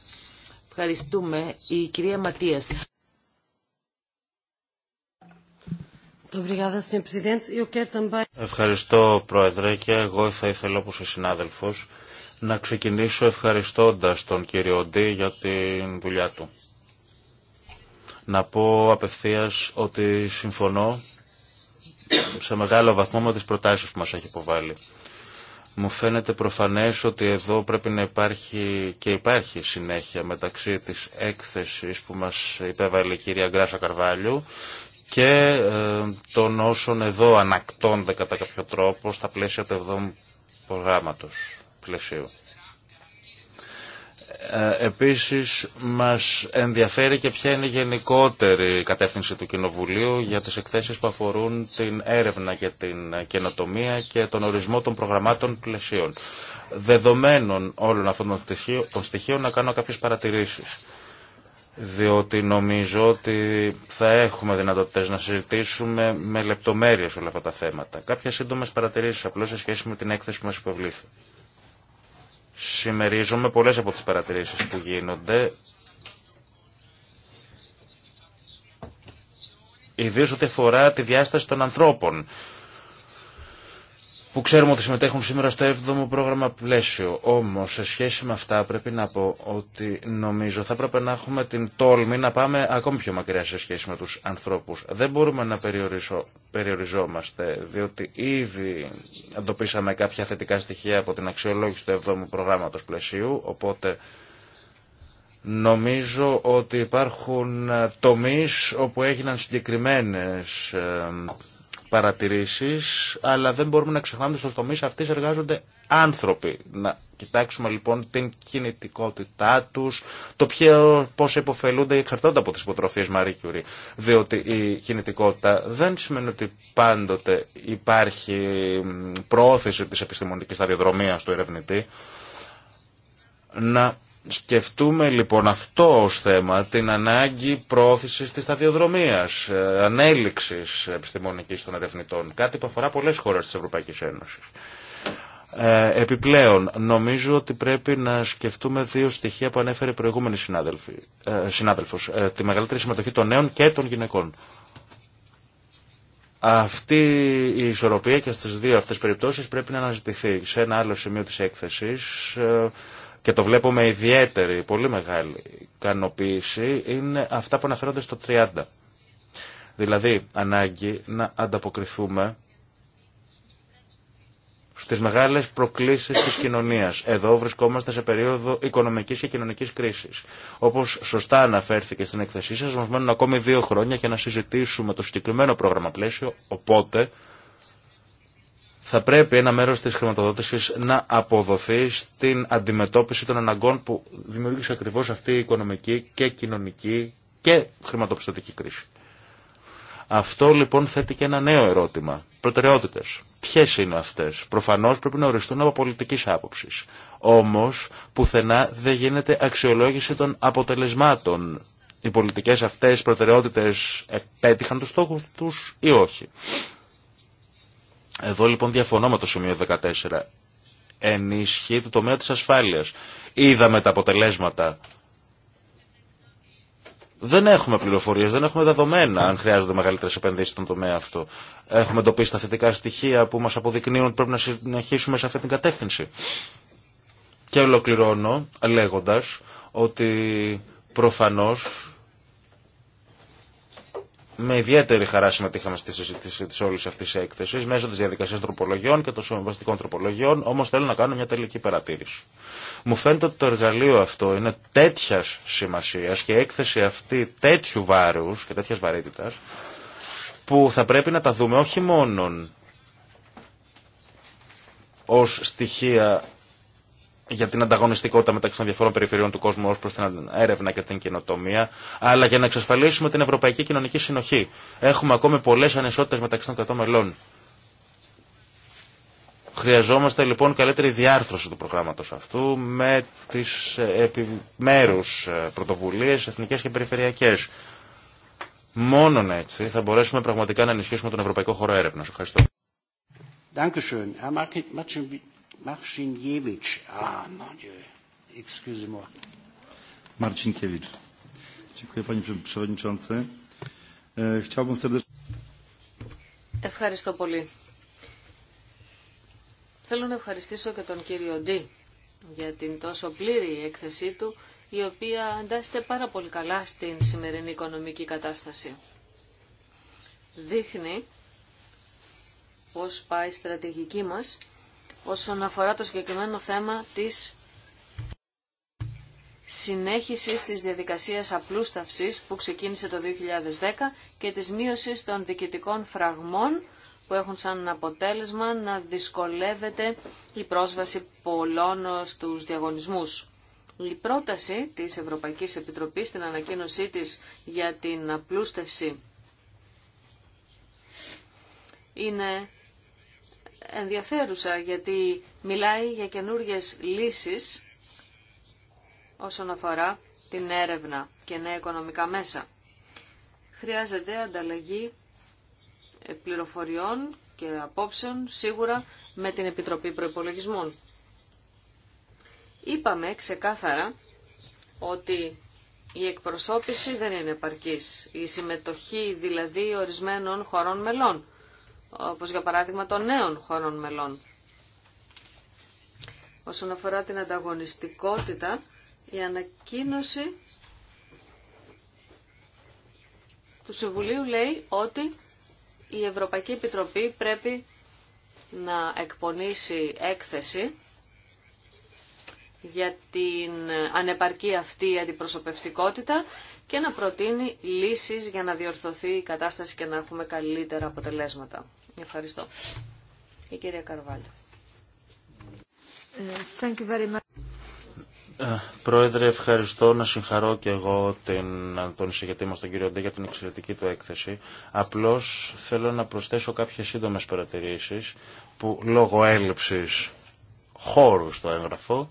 Ευχαριστούμε. Η κυρία Ματίας. Ευχαριστώ Πρόεδρε και εγώ θα ήθελα όπως ο συνάδελφος να ξεκινήσω ευχαριστώντας τον κύριο Ντί για την δουλειά του. Να πω απευθείας ότι συμφωνώ σε μεγάλο βαθμό με τις προτάσεις που μας έχει υποβάλει. Μου φαίνεται προφανές ότι εδώ πρέπει να υπάρχει και υπάρχει συνέχεια μεταξύ της έκθεσης που μας υπέβαλε η κυρία Γκράσα Καρβάλιου και ε, των όσων εδώ ανακτώνται κατά κάποιο τρόπο στα πλαίσια του εβδόμου προγράμματο προγράμματος πλαισίου. Ε, επίσης μας ενδιαφέρει και ποια είναι η γενικότερη κατεύθυνση του Κοινοβουλίου για τις εκθέσεις που αφορούν την έρευνα και την καινοτομία και τον ορισμό των προγραμμάτων πλαισίων. Δεδομένων όλων αυτών των στοιχείων, να κάνω κάποιες παρατηρήσεις διότι νομίζω ότι θα έχουμε δυνατότητες να συζητήσουμε με λεπτομέρειες όλα αυτά τα θέματα. Κάποια σύντομες παρατηρήσεις απλώς σε σχέση με την έκθεση που μας υποβλήθη. Σημερίζομαι πολλές από τις παρατηρήσεις που γίνονται, ιδίως ό,τι φορά τη διάσταση των ανθρώπων που ξέρουμε ότι συμμετέχουν σήμερα στο 7ο πρόγραμμα πλαίσιο. Όμως, σε σχέση με αυτά πρέπει να πω ότι νομίζω θα έπρεπε να έχουμε την τόλμη να πάμε ακόμη πιο μακριά σε σχέση με τους ανθρώπους. Δεν μπορούμε να περιοριζόμαστε, διότι ήδη αντοπίσαμε κάποια θετικά στοιχεία από την αξιολόγηση του 7ου προγράμματος πλαισίου, οπότε... Νομίζω ότι υπάρχουν τομείς όπου έγιναν συγκεκριμένες ε, παρατηρήσεις, αλλά δεν μπορούμε να ξεχνάμε στου τομείς αυτής εργάζονται άνθρωποι. Να κοιτάξουμε λοιπόν την κινητικότητά τους, το ποιο, πώς υποφελούνται ή εξαρτώνται από τις υποτροφίες Marie Διότι η κινητικότητα δεν σημαίνει ότι πάντοτε υπάρχει προώθηση της επιστημονικής σταδιοδρομίας του ερευνητή. Να Σκεφτούμε λοιπόν αυτό ως θέμα, την ανάγκη πρόθεσης της σταδιοδρομίας, ε, ανέλυξης επιστημονικής των ερευνητών, κάτι που αφορά πολλές χώρες της Ευρωπαϊκής Ένωσης. Ε, επιπλέον, νομίζω ότι πρέπει να σκεφτούμε δύο στοιχεία που ανέφερε η προηγούμενη ε, συνάδελφος, τη μεγαλύτερη συμμετοχή των νέων και των γυναικών. Αυτή η ισορροπία και στις δύο αυτές περιπτώσεις πρέπει να αναζητηθεί. Σε ένα άλλο σημείο της έκθεσης και το βλέπουμε ιδιαίτερη, πολύ μεγάλη ικανοποίηση, είναι αυτά που αναφέρονται στο 30. Δηλαδή, ανάγκη να ανταποκριθούμε στις μεγάλες προκλήσεις της κοινωνίας. Εδώ βρισκόμαστε σε περίοδο οικονομικής και κοινωνικής κρίσης. Όπως σωστά αναφέρθηκε στην εκθεσή σας, μας μένουν ακόμη δύο χρόνια για να συζητήσουμε το συγκεκριμένο πρόγραμμα πλαίσιο, οπότε θα πρέπει ένα μέρος της χρηματοδότησης να αποδοθεί στην αντιμετώπιση των αναγκών που δημιούργησε ακριβώς αυτή η οικονομική και κοινωνική και χρηματοπιστωτική κρίση. Αυτό λοιπόν θέτει και ένα νέο ερώτημα. Προτεραιότητες. Ποιες είναι αυτές. Προφανώς πρέπει να οριστούν από πολιτικής άποψης. Όμως πουθενά δεν γίνεται αξιολόγηση των αποτελεσμάτων. Οι πολιτικές αυτές προτεραιότητες επέτυχαν τους στόχους τους ή όχι. Εδώ λοιπόν διαφωνώ με το σημείο 14. Ενίσχυει το τομέα της ασφάλειας. Είδαμε τα αποτελέσματα. Δεν έχουμε πληροφορίες, δεν έχουμε δεδομένα αν χρειάζονται μεγαλύτερες επενδύσεις στον τομέα αυτό. Έχουμε εντοπίσει τα θετικά στοιχεία που μας αποδεικνύουν ότι πρέπει να συνεχίσουμε σε αυτή την κατεύθυνση. Και ολοκληρώνω λέγοντα ότι προφανώς με ιδιαίτερη χαρά συμμετείχαμε στη συζήτηση τη όλη αυτή τη έκθεση μέσω τη διαδικασία τροπολογιών και των συμβαστικών τροπολογιών, όμω θέλω να κάνω μια τελική παρατήρηση. Μου φαίνεται ότι το εργαλείο αυτό είναι τέτοια σημασία και η έκθεση αυτή τέτοιου βάρου και τέτοια βαρύτητα, που θα πρέπει να τα δούμε όχι μόνο ως στοιχεία για την ανταγωνιστικότητα μεταξύ των διαφορών περιφερειών του κόσμου ω προ την έρευνα και την καινοτομία, αλλά για να εξασφαλίσουμε την ευρωπαϊκή κοινωνική συνοχή. Έχουμε ακόμη πολλέ ανισότητε μεταξύ των κρατών μελών. Χρειαζόμαστε λοιπόν καλύτερη διάρθρωση του προγράμματος αυτού με τις ε, επιμέρους ε, πρωτοβουλίες εθνικές και περιφερειακές. Μόνον έτσι θα μπορέσουμε πραγματικά να ενισχύσουμε τον Ευρωπαϊκό Χώρο Έρευνας. Ευχαριστώ. Ευχαριστώ πολύ. Θέλω να ευχαριστήσω και τον κύριο Ντί για την τόσο πλήρη έκθεσή του, η οποία αντάσσεται πάρα πολύ καλά στην σημερινή οικονομική κατάσταση. Δείχνει πώς πάει η στρατηγική μας όσον αφορά το συγκεκριμένο θέμα της συνέχισης της διαδικασίας απλούσταυσης που ξεκίνησε το 2010 και της μείωσης των διοικητικών φραγμών που έχουν σαν αποτέλεσμα να δυσκολεύεται η πρόσβαση πολλών στους διαγωνισμούς. Η πρόταση της Ευρωπαϊκής Επιτροπής στην ανακοίνωσή της για την απλούστευση είναι ενδιαφέρουσα γιατί μιλάει για καινούργιες λύσεις όσον αφορά την έρευνα και νέα οικονομικά μέσα. Χρειάζεται ανταλλαγή ε, πληροφοριών και απόψεων σίγουρα με την Επιτροπή Προϋπολογισμών. Είπαμε ξεκάθαρα ότι η εκπροσώπηση δεν είναι επαρκής, η συμμετοχή δηλαδή ορισμένων χωρών μελών όπως για παράδειγμα των νέων χωρών μελών. Όσον αφορά την ανταγωνιστικότητα, η ανακοίνωση του Συμβουλίου λέει ότι η Ευρωπαϊκή Επιτροπή πρέπει να εκπονήσει έκθεση για την ανεπαρκή αυτή αντιπροσωπευτικότητα και να προτείνει λύσεις για να διορθωθεί η κατάσταση και να έχουμε καλύτερα αποτελέσματα. Ευχαριστώ. Η κυρία Καρβάλη. Ε, ε, πρόεδρε, ευχαριστώ να συγχαρώ και εγώ την, τον εισηγητή μας τον κύριο Ντέ για την εξαιρετική του έκθεση. Απλώς θέλω να προσθέσω κάποιες σύντομες παρατηρήσεις που λόγω έλλειψη χώρου στο έγγραφο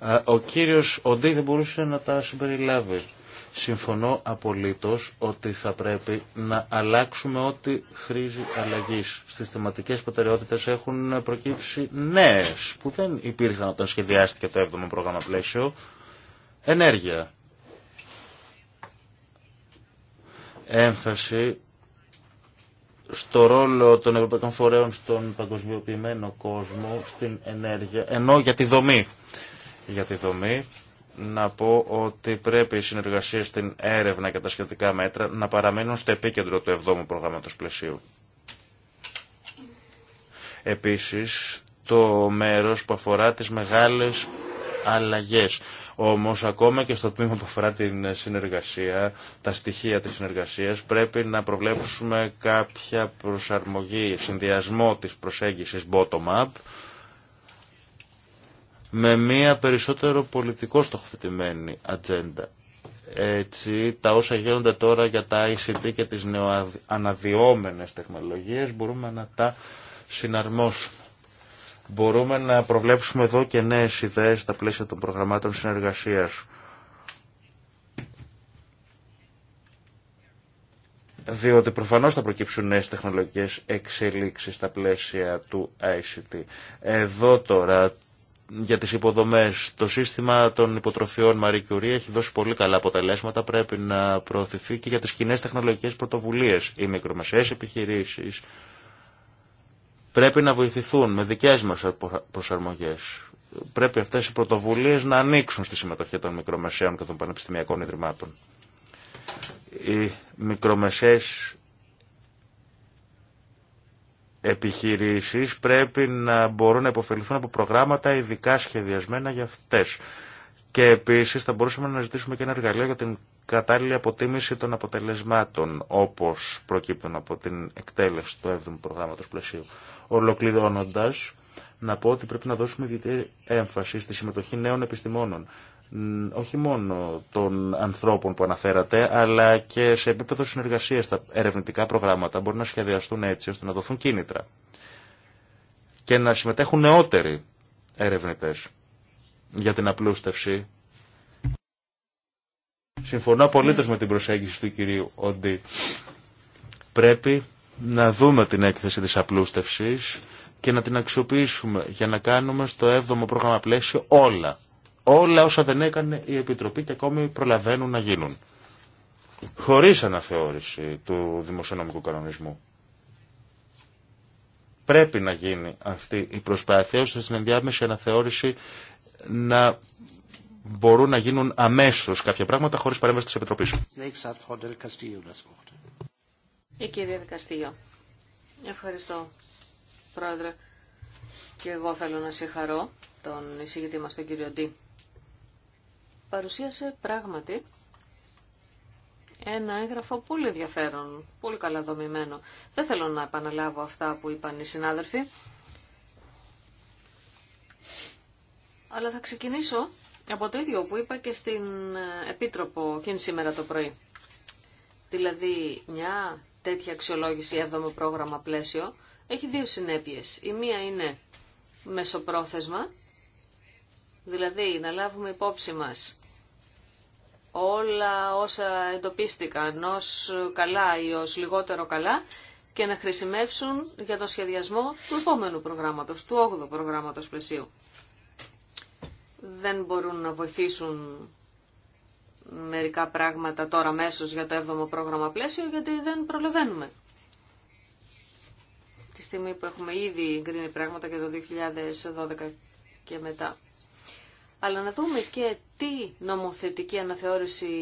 ε, ο κύριος Οντή δεν μπορούσε να τα συμπεριλάβει. Συμφωνώ απολύτως ότι θα πρέπει να αλλάξουμε ό,τι χρήζει αλλαγής. Στις θεματικές προτεραιότητες έχουν προκύψει νέες που δεν υπήρχαν όταν σχεδιάστηκε το 7ο πρόγραμμα πλαίσιο. Ενέργεια. Έμφαση στο ρόλο των ευρωπαϊκών φορέων στον παγκοσμιοποιημένο κόσμο, στην ενέργεια, ενώ για τη δομή. Για τη δομή να πω ότι πρέπει οι συνεργασίε στην έρευνα και τα σχετικά μέτρα να παραμένουν στο επίκεντρο του 7ου προγράμματος πλαισίου. Επίσης, το μέρος που αφορά τις μεγάλες αλλαγές. Όμως, ακόμα και στο τμήμα που αφορά την συνεργασία, τα στοιχεία τη συνεργασία, πρέπει να προβλέψουμε κάποια προσαρμογή, συνδυασμό της προσέγγισης bottom-up, με μια περισσότερο πολιτικό στοχοθετημένη ατζέντα. Έτσι, τα όσα γίνονται τώρα για τα ICT και τις νεοαναδιόμενες τεχνολογίες μπορούμε να τα συναρμόσουμε. Μπορούμε να προβλέψουμε εδώ και νέες ιδέες στα πλαίσια των προγραμμάτων συνεργασίας. διότι προφανώς θα προκύψουν νέες τεχνολογικές εξελίξεις στα πλαίσια του ICT. Εδώ τώρα για τις υποδομές. Το σύστημα των υποτροφιών Marie Curie έχει δώσει πολύ καλά αποτελέσματα. Πρέπει να προωθηθεί και για τις κοινέ τεχνολογικές πρωτοβουλίες. Οι μικρομεσαίες επιχειρήσεις πρέπει να βοηθηθούν με δικές μας προσαρμογές. Πρέπει αυτές οι πρωτοβουλίες να ανοίξουν στη συμμετοχή των μικρομεσαίων και των πανεπιστημιακών ιδρυμάτων. Οι μικρομεσαίες επιχειρήσεις πρέπει να μπορούν να υποφεληθούν από προγράμματα ειδικά σχεδιασμένα για αυτές. Και επίσης θα μπορούσαμε να ζητήσουμε και ένα εργαλείο για την κατάλληλη αποτίμηση των αποτελεσμάτων, όπως προκύπτουν από την εκτέλεση του 7ου προγράμματος πλαισίου. Ολοκληρώνοντας, να πω ότι πρέπει να δώσουμε ιδιαίτερη έμφαση στη συμμετοχή νέων επιστημόνων όχι μόνο των ανθρώπων που αναφέρατε, αλλά και σε επίπεδο συνεργασία τα ερευνητικά προγράμματα μπορεί να σχεδιαστούν έτσι ώστε να δοθούν κίνητρα και να συμμετέχουν νεότεροι ερευνητές για την απλούστευση. Συμφωνώ απολύτω με την προσέγγιση του κυρίου ότι πρέπει να δούμε την έκθεση της απλούστευσης και να την αξιοποιήσουμε για να κάνουμε στο 7ο πρόγραμμα πλαίσιο όλα όλα όσα δεν έκανε η Επιτροπή και ακόμη προλαβαίνουν να γίνουν. Χωρίς αναθεώρηση του δημοσιονομικού κανονισμού. Πρέπει να γίνει αυτή η προσπάθεια ώστε στην ενδιάμεση αναθεώρηση να μπορούν να γίνουν αμέσως κάποια πράγματα χωρίς παρέμβαση της Επιτροπής. Η κυρία Ευχαριστώ, Πρόεδρε. Και εγώ θέλω να συγχαρώ τον εισηγητή μας, τον κύριο Ντί παρουσίασε πράγματι ένα έγγραφο πολύ ενδιαφέρον, πολύ καλά δομημένο. Δεν θέλω να επαναλάβω αυτά που είπαν οι συνάδελφοι, αλλά θα ξεκινήσω από το ίδιο που είπα και στην Επίτροπο εκείνη σήμερα το πρωί. Δηλαδή μια τέτοια αξιολόγηση 7ο πρόγραμμα πλαίσιο έχει δύο συνέπειες. Η μία είναι μεσοπρόθεσμα Δηλαδή να λάβουμε υπόψη μας όλα όσα εντοπίστηκαν ως καλά ή ως λιγότερο καλά και να χρησιμεύσουν για το σχεδιασμό του επόμενου προγράμματος, του 8ου προγράμματος πλαισίου. Δεν μπορούν να βοηθήσουν μερικά πράγματα τώρα μέσω για το 7ο πρόγραμμα πλαίσιο γιατί δεν προλαβαίνουμε. Τη στιγμή που έχουμε ήδη γκρίνει πράγματα για το 2012 και μετά αλλά να δούμε και τι νομοθετική αναθεώρηση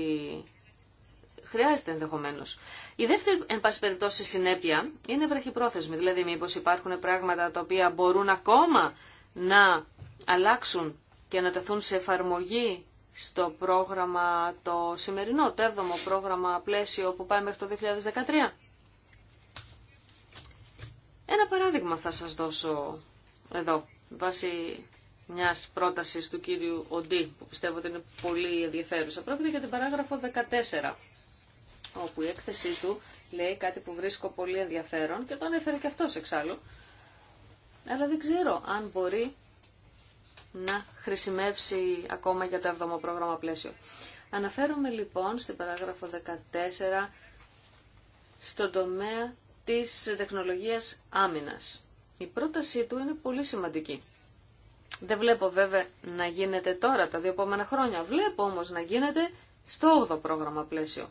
χρειάζεται ενδεχομένως. Η δεύτερη, εν πάση περιπτώσει, συνέπεια είναι βραχυπρόθεσμη. Δηλαδή, μήπως υπάρχουν πράγματα τα οποία μπορούν ακόμα να αλλάξουν και να τεθούν σε εφαρμογή στο πρόγραμμα το σημερινό, το έβδομο πρόγραμμα πλαίσιο που πάει μέχρι το 2013. Ένα παράδειγμα θα σας δώσω εδώ, βάσει μιας πρότασης του κύριου Οντί, που πιστεύω ότι είναι πολύ ενδιαφέρουσα. Πρόκειται για την παράγραφο 14, όπου η έκθεσή του λέει κάτι που βρίσκω πολύ ενδιαφέρον και το ανέφερε και αυτός εξάλλου. Αλλά δεν ξέρω αν μπορεί να χρησιμεύσει ακόμα για το 7ο πρόγραμμα πλαίσιο. Αναφέρομαι λοιπόν στην παράγραφο 14 στον τομέα της τεχνολογίας άμυνας. Η πρότασή του είναι πολύ σημαντική. Δεν βλέπω βέβαια να γίνεται τώρα τα δύο επόμενα χρόνια. Βλέπω όμως να γίνεται στο 8ο πρόγραμμα πλαίσιο.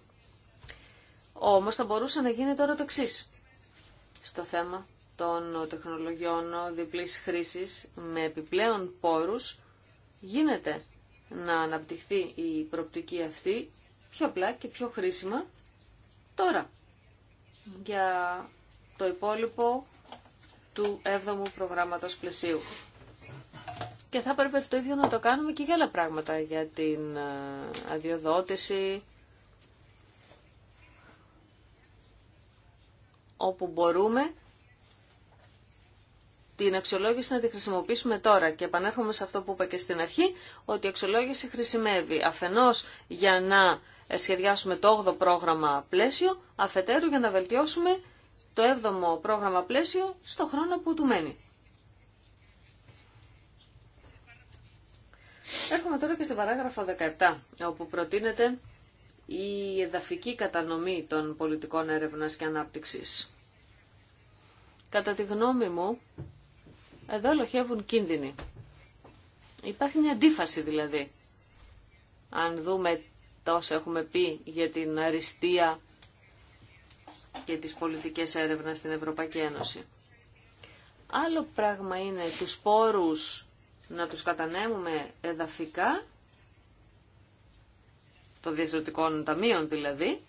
Όμως θα μπορούσε να γίνει τώρα το εξή στο θέμα των τεχνολογιών διπλής χρήσης με επιπλέον πόρους γίνεται να αναπτυχθεί η προπτική αυτή πιο απλά και πιο χρήσιμα τώρα για το υπόλοιπο του 7ου προγράμματος πλαισίου. Και θα έπρεπε το ίδιο να το κάνουμε και για άλλα πράγματα, για την ε, αδειοδότηση, όπου μπορούμε την αξιολόγηση να τη χρησιμοποιήσουμε τώρα. Και επανέρχομαι σε αυτό που είπα και στην αρχή, ότι η αξιολόγηση χρησιμεύει αφενός για να ε, σχεδιάσουμε το 8ο πρόγραμμα πλαίσιο, αφετέρου για να βελτιώσουμε το 7ο πρόγραμμα πλαίσιο στο χρόνο που του μένει. Έρχομαι τώρα και στην παράγραφο 17, όπου προτείνεται η εδαφική κατανομή των πολιτικών έρευνας και ανάπτυξης. Κατά τη γνώμη μου, εδώ λοχεύουν κίνδυνοι. Υπάρχει μια αντίφαση δηλαδή. Αν δούμε τόσα έχουμε πει για την αριστεία και τις πολιτικές έρευνας στην Ευρωπαϊκή Ένωση. Άλλο πράγμα είναι τους πόρους να τους κατανέμουμε εδαφικά, των διευθυντικών ταμείων δηλαδή,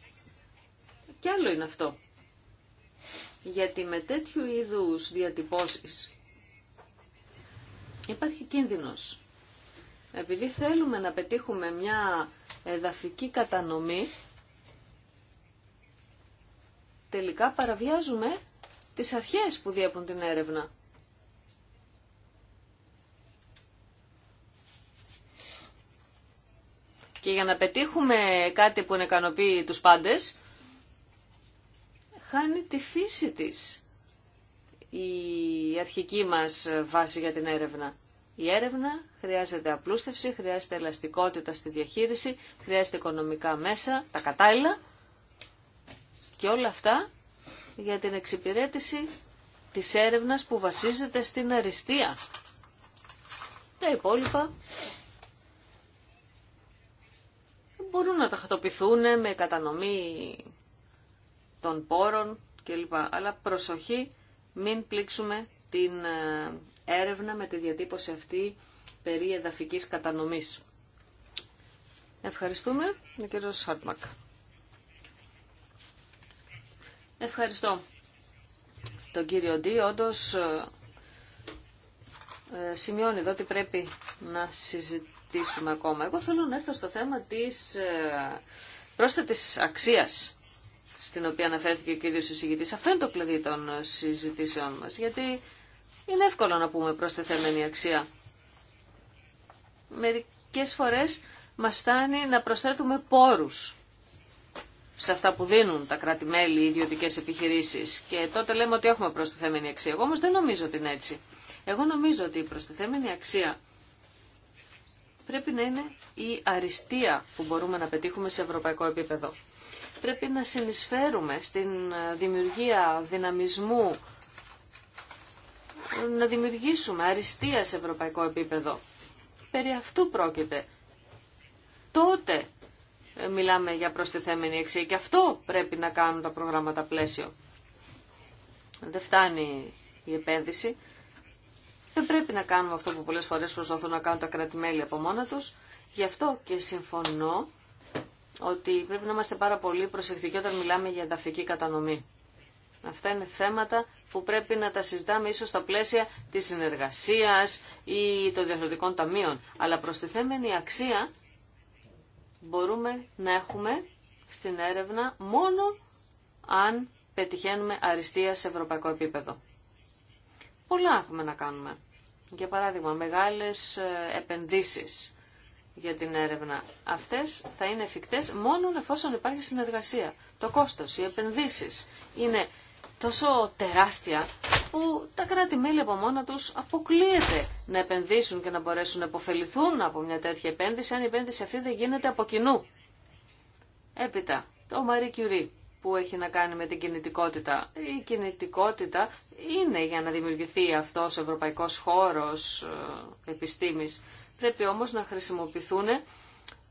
και άλλο είναι αυτό. Γιατί με τέτοιου είδους διατυπώσεις υπάρχει κίνδυνος. Επειδή θέλουμε να πετύχουμε μια εδαφική κατανομή, τελικά παραβιάζουμε τις αρχές που διέπουν την έρευνα. Και για να πετύχουμε κάτι που να ικανοποιεί τους πάντες, χάνει τη φύση της η αρχική μας βάση για την έρευνα. Η έρευνα χρειάζεται απλούστευση, χρειάζεται ελαστικότητα στη διαχείριση, χρειάζεται οικονομικά μέσα, τα κατάλληλα και όλα αυτά για την εξυπηρέτηση της έρευνας που βασίζεται στην αριστεία. Τα υπόλοιπα μπορούν να ταχατοποιηθούν με κατανομή των πόρων κλπ. Αλλά προσοχή, μην πλήξουμε την ε, έρευνα με τη διατύπωση αυτή περί εδαφικής κατανομής. Ευχαριστούμε, ο κύριο Ευχαριστώ τον κύριο Ντί. Όντως, ε, ε, σημειώνει εδώ ότι πρέπει να συζητήσουμε συζητήσουμε ακόμα. Εγώ θέλω να έρθω στο θέμα της ε, πρόσθετης αξίας στην οποία αναφέρθηκε ο ίδιος ο Αυτό είναι το κλειδί των συζητήσεων μας, γιατί είναι εύκολο να πούμε προσθεθέμενη αξία. Μερικές φορές μας φτάνει να προσθέτουμε πόρους σε αυτά που δίνουν τα κράτη-μέλη, οι ιδιωτικέ επιχειρήσει. Και τότε λέμε ότι έχουμε προσθεθεμένη αξία. Εγώ ομως δεν νομίζω ότι είναι έτσι. Εγώ νομίζω ότι η προσθεθέμενη αξία πρέπει να είναι η αριστεία που μπορούμε να πετύχουμε σε ευρωπαϊκό επίπεδο. Πρέπει να συνεισφέρουμε στην δημιουργία δυναμισμού, να δημιουργήσουμε αριστεία σε ευρωπαϊκό επίπεδο. Περί αυτού πρόκειται. Τότε ε, μιλάμε για προστιθέμενη αξία και αυτό πρέπει να κάνουν τα προγράμματα πλαίσιο. Δεν φτάνει η επένδυση. Δεν πρέπει να κάνουμε αυτό που πολλές φορές προσπαθούν να κάνουν τα κράτη-μέλη από μόνα τους. Γι' αυτό και συμφωνώ ότι πρέπει να είμαστε πάρα πολύ προσεκτικοί όταν μιλάμε για ενταφική κατανομή. Αυτά είναι θέματα που πρέπει να τα συζητάμε ίσως στα πλαίσια της συνεργασίας ή των διαφορετικών ταμείων. Αλλά προστιθέμενη αξία μπορούμε να έχουμε στην έρευνα μόνο αν πετυχαίνουμε αριστεία σε ευρωπαϊκό επίπεδο πολλά έχουμε να κάνουμε. Για παράδειγμα, μεγάλες ε, επενδύσεις για την έρευνα. Αυτές θα είναι εφικτές μόνο εφόσον υπάρχει συνεργασία. Το κόστος, οι επενδύσεις είναι τόσο τεράστια που τα κράτη-μέλη από μόνα τους αποκλείεται να επενδύσουν και να μπορέσουν να υποφεληθούν από μια τέτοια επένδυση αν η επένδυση αυτή δεν γίνεται από κοινού. Έπειτα, το Marie Curie που έχει να κάνει με την κινητικότητα. Η κινητικότητα είναι για να δημιουργηθεί αυτός ο ευρωπαϊκός χώρος ε, επιστήμης. Πρέπει όμως να χρησιμοποιηθούν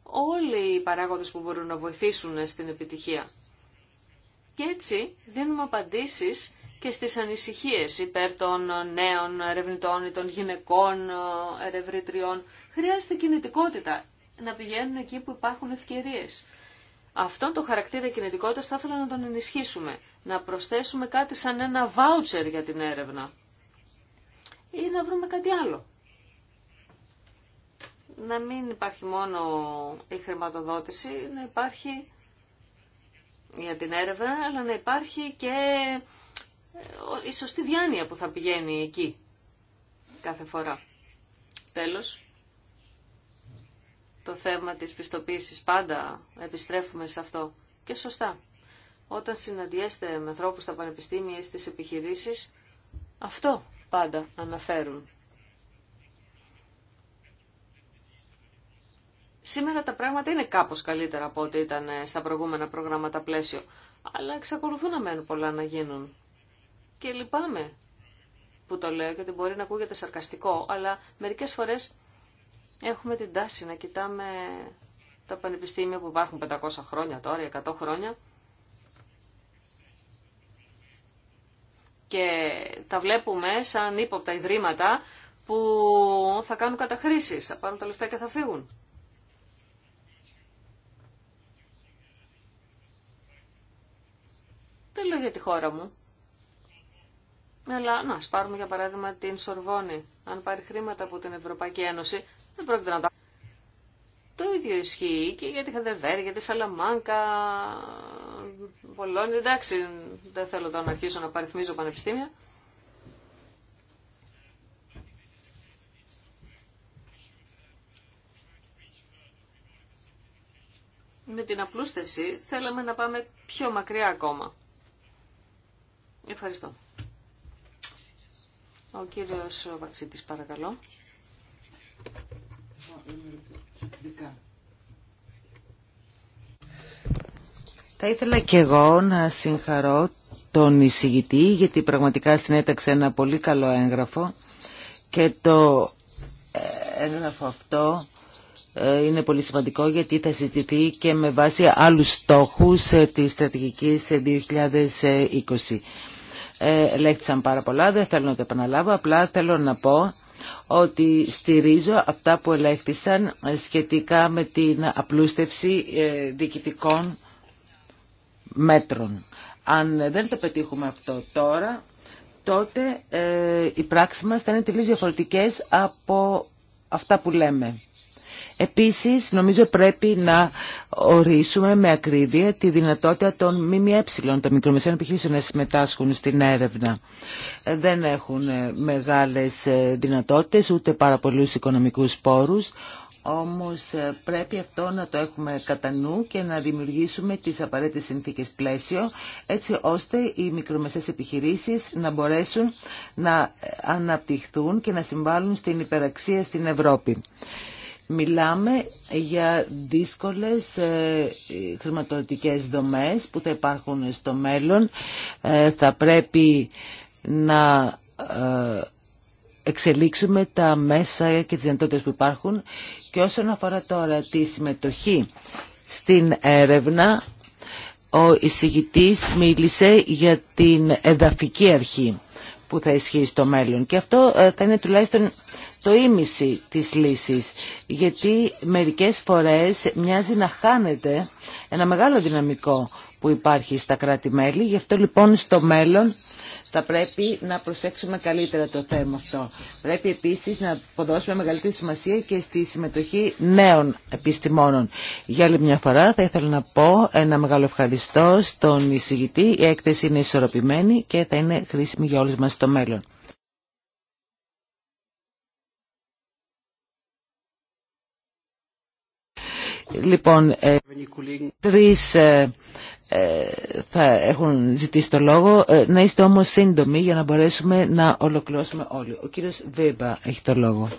όλοι οι παράγοντες που μπορούν να βοηθήσουν στην επιτυχία. Και έτσι δίνουμε απαντήσεις και στις ανησυχίες υπέρ των νέων ερευνητών ή των γυναικών ε, ερευνητριών. Χρειάζεται κινητικότητα να πηγαίνουν εκεί που υπάρχουν ευκαιρίες. Αυτόν τον χαρακτήρα κινητικότητας θα ήθελα να τον ενισχύσουμε, να προσθέσουμε κάτι σαν ένα βάουτσερ για την έρευνα ή να βρούμε κάτι άλλο. Να μην υπάρχει μόνο η χρηματοδότηση, να υπάρχει για την έρευνα, αλλά να υπάρχει και ε, η σωστή διάνοια που θα πηγαίνει εκεί κάθε φορά. Τέλος, το θέμα της πιστοποίησης πάντα επιστρέφουμε σε αυτό και σωστά. Όταν συναντιέστε με ανθρώπους στα πανεπιστήμια ή στις επιχειρήσεις, αυτό πάντα αναφέρουν. Σήμερα τα πράγματα είναι κάπως καλύτερα από ό,τι ήταν ε, στα προηγούμενα προγράμματα πλαίσιο, αλλά εξακολουθούν να μένουν πολλά να γίνουν. Και λυπάμαι που το λέω, γιατί μπορεί να ακούγεται σαρκαστικό, αλλά μερικές φορές έχουμε την τάση να κοιτάμε τα πανεπιστήμια που υπάρχουν 500 χρόνια τώρα, 100 χρόνια και τα βλέπουμε σαν ύποπτα ιδρύματα που θα κάνουν καταχρήσεις, θα πάρουν τα λεφτά και θα φύγουν. Δεν λέω για τη χώρα μου. Αλλά να για παράδειγμα την Σορβόνη. Αν πάρει χρήματα από την Ευρωπαϊκή Ένωση, δεν πρόκειται να τα. Το ίδιο ισχύει και για τη Χαδεβέρ, για τη Σαλαμάνκα, Πολώνη. Εντάξει, δεν θέλω τώρα να αρχίσω να παριθμίζω πανεπιστήμια. Με την απλούστευση θέλαμε να πάμε πιο μακριά ακόμα. Ευχαριστώ. Ο κύριος Βαξίτης, παρακαλώ. Θα ήθελα και εγώ να συγχαρώ τον εισηγητή γιατί πραγματικά συνέταξε ένα πολύ καλό έγγραφο και το ε, έγγραφο αυτό ε, είναι πολύ σημαντικό γιατί θα συζητηθεί και με βάση άλλους στόχους ε, της στρατηγικής 2020. Ε, ελέγχθησαν πάρα πολλά, δεν θέλω να το επαναλάβω, απλά θέλω να πω ότι στηρίζω αυτά που ελέγχθησαν ε, σχετικά με την απλούστευση ε, διοικητικών μέτρων. Αν δεν το πετύχουμε αυτό τώρα, τότε οι πράξεις μας θα είναι τελείως διαφορετικές από αυτά που λέμε. Επίσης, νομίζω πρέπει να ορίσουμε με ακρίβεια τη δυνατότητα των ΜΜΕ, των μικρομεσαίων επιχειρήσεων, να συμμετάσχουν στην έρευνα. Δεν έχουν ε, μεγάλες ε, δυνατότητες, ούτε πάρα πολλούς οικονομικούς πόρους, όμως ε, πρέπει αυτό να το έχουμε κατά νου και να δημιουργήσουμε τις απαραίτητες συνθήκες πλαίσιο έτσι ώστε οι μικρομεσαίες επιχειρήσεις να μπορέσουν να αναπτυχθούν και να συμβάλλουν στην υπεραξία στην Ευρώπη. Μιλάμε για δύσκολες ε, χρηματοδοτικές δομές που θα υπάρχουν στο μέλλον. Ε, θα πρέπει να ε, εξελίξουμε τα μέσα και τις δυνατότητες που υπάρχουν. Και όσον αφορά τώρα τη συμμετοχή στην έρευνα, ο εισηγητής μίλησε για την εδαφική αρχή που θα ισχύει στο μέλλον. Και αυτό ε, θα είναι τουλάχιστον το ίμιση της λύσης, γιατί μερικές φορές μοιάζει να χάνεται ένα μεγάλο δυναμικό που υπάρχει στα κράτη-μέλη. Γι' αυτό λοιπόν στο μέλλον θα πρέπει να προσέξουμε καλύτερα το θέμα αυτό. Πρέπει επίσης να αποδώσουμε μεγαλύτερη σημασία και στη συμμετοχή νέων επιστημόνων. Για άλλη μια φορά θα ήθελα να πω ένα μεγάλο ευχαριστώ στον εισηγητή. Η έκθεση είναι ισορροπημένη και θα είναι χρήσιμη για όλους μας στο μέλλον. Λοιπόν, ε, τρεις ε, ε, θα έχουν ζητήσει το λόγο. Ε, να είστε όμως σύντομοι για να μπορέσουμε να ολοκληρώσουμε όλοι. Ο κύριος Βίμπα έχει το λόγο.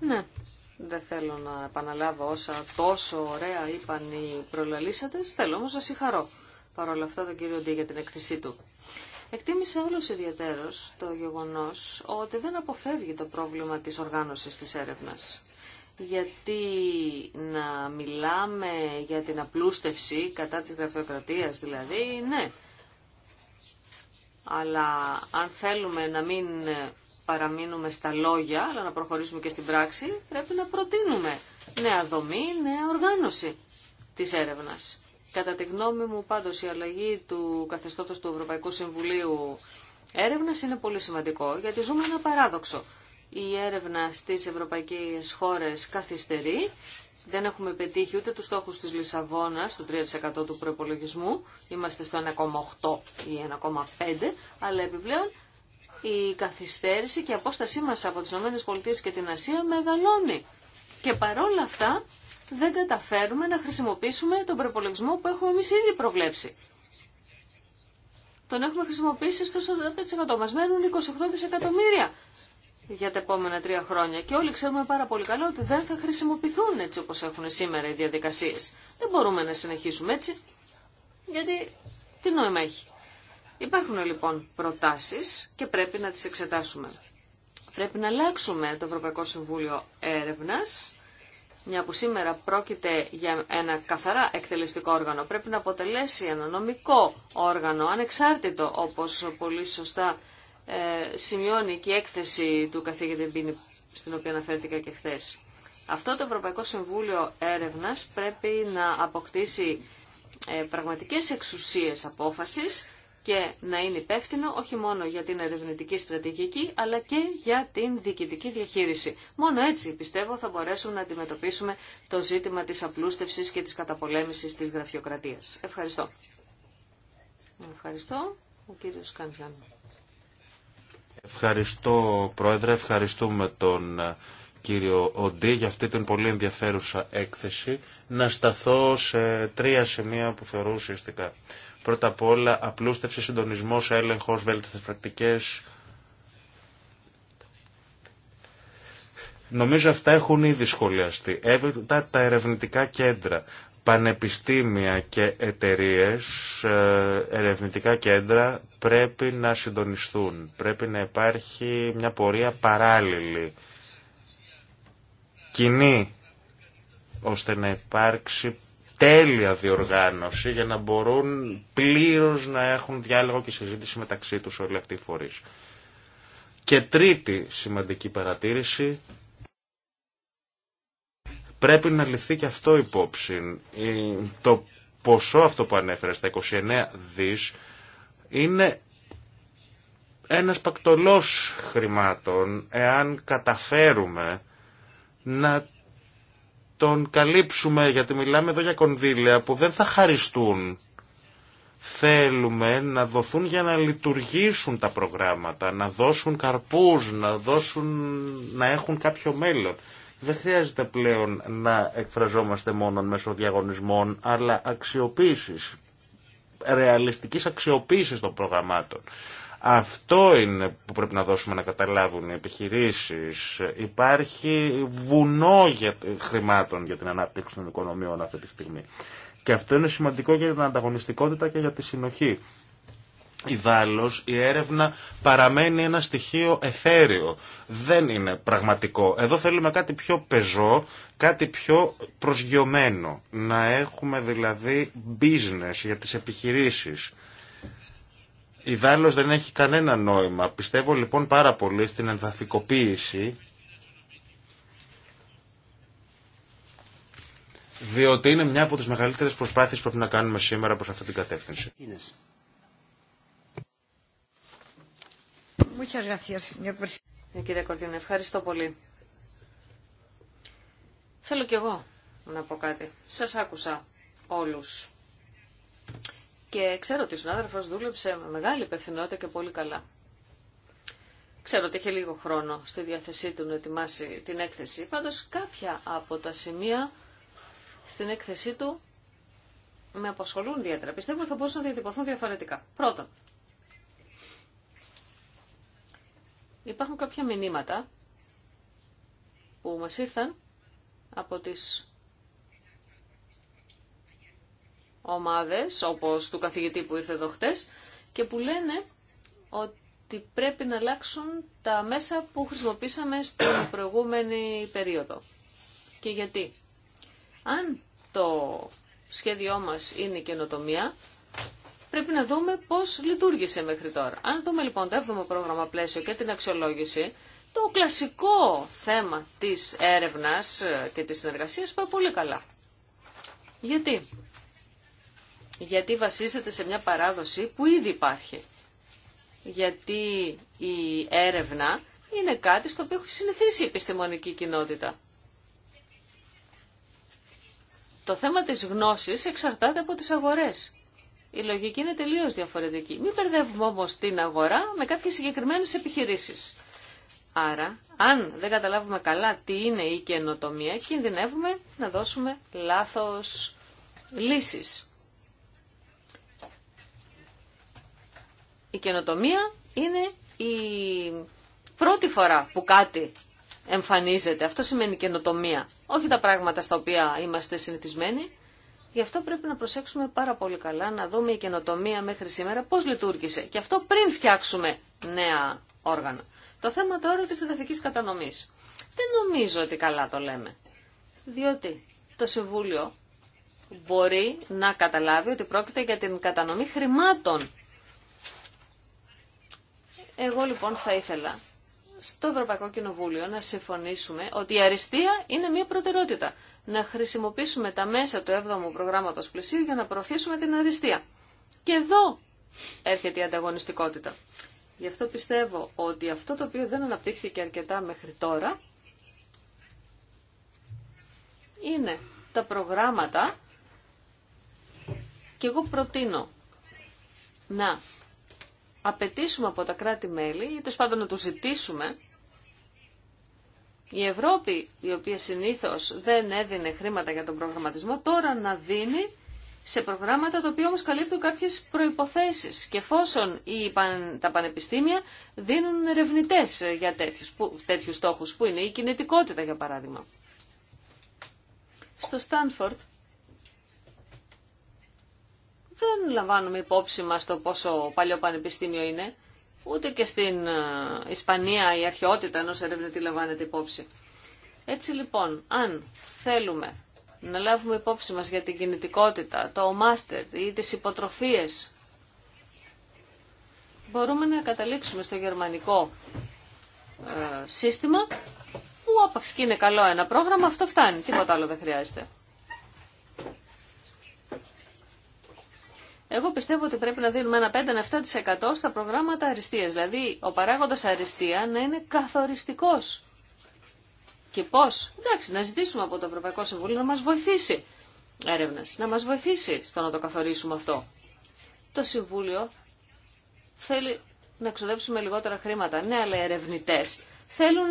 Ναι, δεν θέλω να επαναλάβω όσα τόσο ωραία είπαν οι προλαλήσατες. Θέλω όμως να συγχαρώ παρόλα αυτά τον κύριο Ντί για την εκθεσή του. Εκτίμησε όλος ιδιαίτερος το γεγονός ότι δεν αποφεύγει το πρόβλημα της οργάνωση της έρευνας γιατί να μιλάμε για την απλούστευση κατά της γραφειοκρατίας δηλαδή, ναι. Αλλά αν θέλουμε να μην παραμείνουμε στα λόγια, αλλά να προχωρήσουμε και στην πράξη, πρέπει να προτείνουμε νέα δομή, νέα οργάνωση της έρευνας. Κατά τη γνώμη μου πάντως η αλλαγή του καθεστώτος του Ευρωπαϊκού Συμβουλίου Έρευνας είναι πολύ σημαντικό, γιατί ζούμε ένα παράδοξο η έρευνα στις ευρωπαϊκές χώρες καθυστερεί. Δεν έχουμε πετύχει ούτε τους στόχους της Λισαβόνας, του 3% του προπολογισμού, είμαστε στο 1,8 ή 1,5, αλλά επιπλέον η καθυστέρηση και η απόστασή μας από τις ΗΠΑ και την Ασία μεγαλώνει. Και παρόλα αυτά δεν καταφέρουμε να χρησιμοποιήσουμε τον προπολογισμό που έχουμε εμείς ήδη προβλέψει. Τον έχουμε χρησιμοποιήσει στο 45%. Μας μένουν 28 δισεκατομμύρια για τα επόμενα τρία χρόνια. Και όλοι ξέρουμε πάρα πολύ καλό ότι δεν θα χρησιμοποιηθούν έτσι όπως έχουν σήμερα οι διαδικασίες. Δεν μπορούμε να συνεχίσουμε έτσι, γιατί τι νόημα έχει. Υπάρχουν λοιπόν προτάσεις και πρέπει να τις εξετάσουμε. Πρέπει να αλλάξουμε το Ευρωπαϊκό Συμβούλιο Έρευνας, μια που σήμερα πρόκειται για ένα καθαρά εκτελεστικό όργανο. Πρέπει να αποτελέσει ένα νομικό όργανο, ανεξάρτητο όπως πολύ σωστά ε, σημειώνει και η έκθεση του καθηγητή Μπίνη, στην οποία αναφέρθηκα και χθε. Αυτό το Ευρωπαϊκό Συμβούλιο Έρευνας πρέπει να αποκτήσει ε, πραγματικές εξουσίες απόφασης και να είναι υπεύθυνο όχι μόνο για την ερευνητική στρατηγική, αλλά και για την διοικητική διαχείριση. Μόνο έτσι, πιστεύω, θα μπορέσουμε να αντιμετωπίσουμε το ζήτημα της απλούστευσης και της καταπολέμησης της γραφειοκρατίας. Ευχαριστώ. Ευχαριστώ, Πρόεδρε. Ευχαριστούμε τον ε, κύριο Οντί για αυτή την πολύ ενδιαφέρουσα έκθεση. Να σταθώ σε τρία σημεία που θεωρώ ουσιαστικά. Πρώτα απ' όλα, απλούστευση, συντονισμός, έλεγχος, βέλτιστες πρακτικές, Νομίζω αυτά έχουν ήδη σχολιαστεί. Έπειτα τα ερευνητικά κέντρα πανεπιστήμια και εταιρείες, ε, ερευνητικά κέντρα πρέπει να συντονιστούν. Πρέπει να υπάρχει μια πορεία παράλληλη, κοινή, ώστε να υπάρξει τέλεια διοργάνωση για να μπορούν πλήρως να έχουν διάλογο και συζήτηση μεταξύ τους όλοι αυτοί οι φορείς. Και τρίτη σημαντική παρατήρηση Πρέπει να ληφθεί και αυτό υπόψη. Το ποσό αυτό που ανέφερε στα 29 δις είναι ένας πακτολός χρημάτων εάν καταφέρουμε να τον καλύψουμε γιατί μιλάμε εδώ για κονδύλια που δεν θα χαριστούν. Θέλουμε να δοθούν για να λειτουργήσουν τα προγράμματα, να δώσουν καρπούς, να, δώσουν, να έχουν κάποιο μέλλον. Δεν χρειάζεται πλέον να εκφραζόμαστε μόνο μέσω διαγωνισμών, αλλά αξιοποίησης, ρεαλιστικής αξιοποίησης των προγραμμάτων. Αυτό είναι που πρέπει να δώσουμε να καταλάβουν οι επιχειρήσεις. Υπάρχει βουνό για, χρημάτων για την ανάπτυξη των οικονομιών αυτή τη στιγμή. Και αυτό είναι σημαντικό για την ανταγωνιστικότητα και για τη συνοχή. Ιδάλλως η έρευνα παραμένει ένα στοιχείο εθέριο. Δεν είναι πραγματικό. Εδώ θέλουμε κάτι πιο πεζό, κάτι πιο προσγειωμένο. Να έχουμε δηλαδή business για τις επιχειρήσεις. Ιδάλλως δεν έχει κανένα νόημα. Πιστεύω λοιπόν πάρα πολύ στην ενδαφικοποίηση διότι είναι μια από τις μεγαλύτερες προσπάθειες που πρέπει να κάνουμε σήμερα προς αυτή την κατεύθυνση. Ε, κύριε ευχαριστώ πολύ. Θέλω κι εγώ να πω κάτι. Σας άκουσα όλους. Και ξέρω ότι ο συνάδελφος δούλεψε με μεγάλη υπευθυνότητα και πολύ καλά. Ξέρω ότι είχε λίγο χρόνο στη διάθεσή του να ετοιμάσει την έκθεση. Πάντως κάποια από τα σημεία στην έκθεσή του με απασχολούν ιδιαίτερα. Πιστεύω ότι θα μπορούσαν να διατυπωθούν διαφορετικά. Πρώτον, Υπάρχουν κάποια μηνύματα που μας ήρθαν από τις ομάδες, όπως του καθηγητή που ήρθε εδώ χτες, και που λένε ότι πρέπει να αλλάξουν τα μέσα που χρησιμοποίησαμε στην προηγούμενη περίοδο. Και γιατί. Αν το σχέδιό μας είναι η καινοτομία, πρέπει να δούμε πώς λειτουργήσε μέχρι τώρα. Αν δούμε λοιπόν το 7ο πρόγραμμα πλαίσιο και την αξιολόγηση, το κλασικό θέμα της έρευνας ε, και της συνεργασία πάει πολύ καλά. Γιατί? Γιατί βασίζεται σε μια παράδοση που ήδη υπάρχει. Γιατί η έρευνα είναι κάτι στο οποίο έχει συνηθίσει η επιστημονική κοινότητα. Το θέμα της γνώσης εξαρτάται από τις αγορές. Η λογική είναι τελείως διαφορετική. Μην μπερδεύουμε όμως την αγορά με κάποιες συγκεκριμένες επιχειρήσεις. Άρα, αν δεν καταλάβουμε καλά τι είναι η καινοτομία, κινδυνεύουμε να δώσουμε λάθος λύσεις. Η καινοτομία είναι η πρώτη φορά που κάτι εμφανίζεται. Αυτό σημαίνει καινοτομία. Όχι τα πράγματα στα οποία είμαστε συνηθισμένοι. Γι' αυτό πρέπει να προσέξουμε πάρα πολύ καλά, να δούμε η καινοτομία μέχρι σήμερα πώς λειτουργήσε. Και αυτό πριν φτιάξουμε νέα όργανα. Το θέμα τώρα τη εδαφική κατανομής. Δεν νομίζω ότι καλά το λέμε. Διότι το Συμβούλιο μπορεί να καταλάβει ότι πρόκειται για την κατανομή χρημάτων. Εγώ λοιπόν θα ήθελα στο Ευρωπαϊκό Κοινοβούλιο να συμφωνήσουμε ότι η αριστεία είναι μια προτεραιότητα να χρησιμοποιήσουμε τα μέσα του 7ου προγράμματος πλησίου για να προωθήσουμε την αριστεία. Και εδώ έρχεται η ανταγωνιστικότητα. Γι' αυτό πιστεύω ότι αυτό το οποίο δεν αναπτύχθηκε αρκετά μέχρι τώρα είναι τα προγράμματα και εγώ προτείνω να απαιτήσουμε από τα κράτη-μέλη ή τέλο πάντων να τους ζητήσουμε η Ευρώπη, η οποία συνήθως δεν έδινε χρήματα για τον προγραμματισμό, τώρα να δίνει σε προγράμματα τα οποία όμως καλύπτουν κάποιες προϋποθέσεις και εφόσον τα πανεπιστήμια δίνουν ερευνητέ για τέτοιους, που, στόχους που είναι η κινητικότητα για παράδειγμα. Στο Στάνφορντ δεν λαμβάνουμε υπόψη μας το πόσο παλιό πανεπιστήμιο είναι ούτε και στην ε, Ισπανία η αρχαιότητα ενός ερευνητή λαμβάνεται υπόψη. Έτσι λοιπόν, αν θέλουμε να λάβουμε υπόψη μας για την κινητικότητα, το μάστερ ή τις υποτροφίες, μπορούμε να καταλήξουμε στο γερμανικό ε, σύστημα που άπαξ και είναι καλό ένα πρόγραμμα, αυτό φτάνει, τίποτα άλλο δεν χρειάζεται. Εγώ πιστεύω ότι πρέπει να δίνουμε ένα 5-7% στα προγράμματα αριστείας. Δηλαδή, ο παράγοντας αριστεία να είναι καθοριστικός. Και πώς. Εντάξει, να ζητήσουμε από το Ευρωπαϊκό Συμβούλιο να μας βοηθήσει έρευνα, να μας βοηθήσει στο να το καθορίσουμε αυτό. Το Συμβούλιο θέλει να ξοδέψουμε λιγότερα χρήματα. Ναι, αλλά οι ερευνητές θέλουν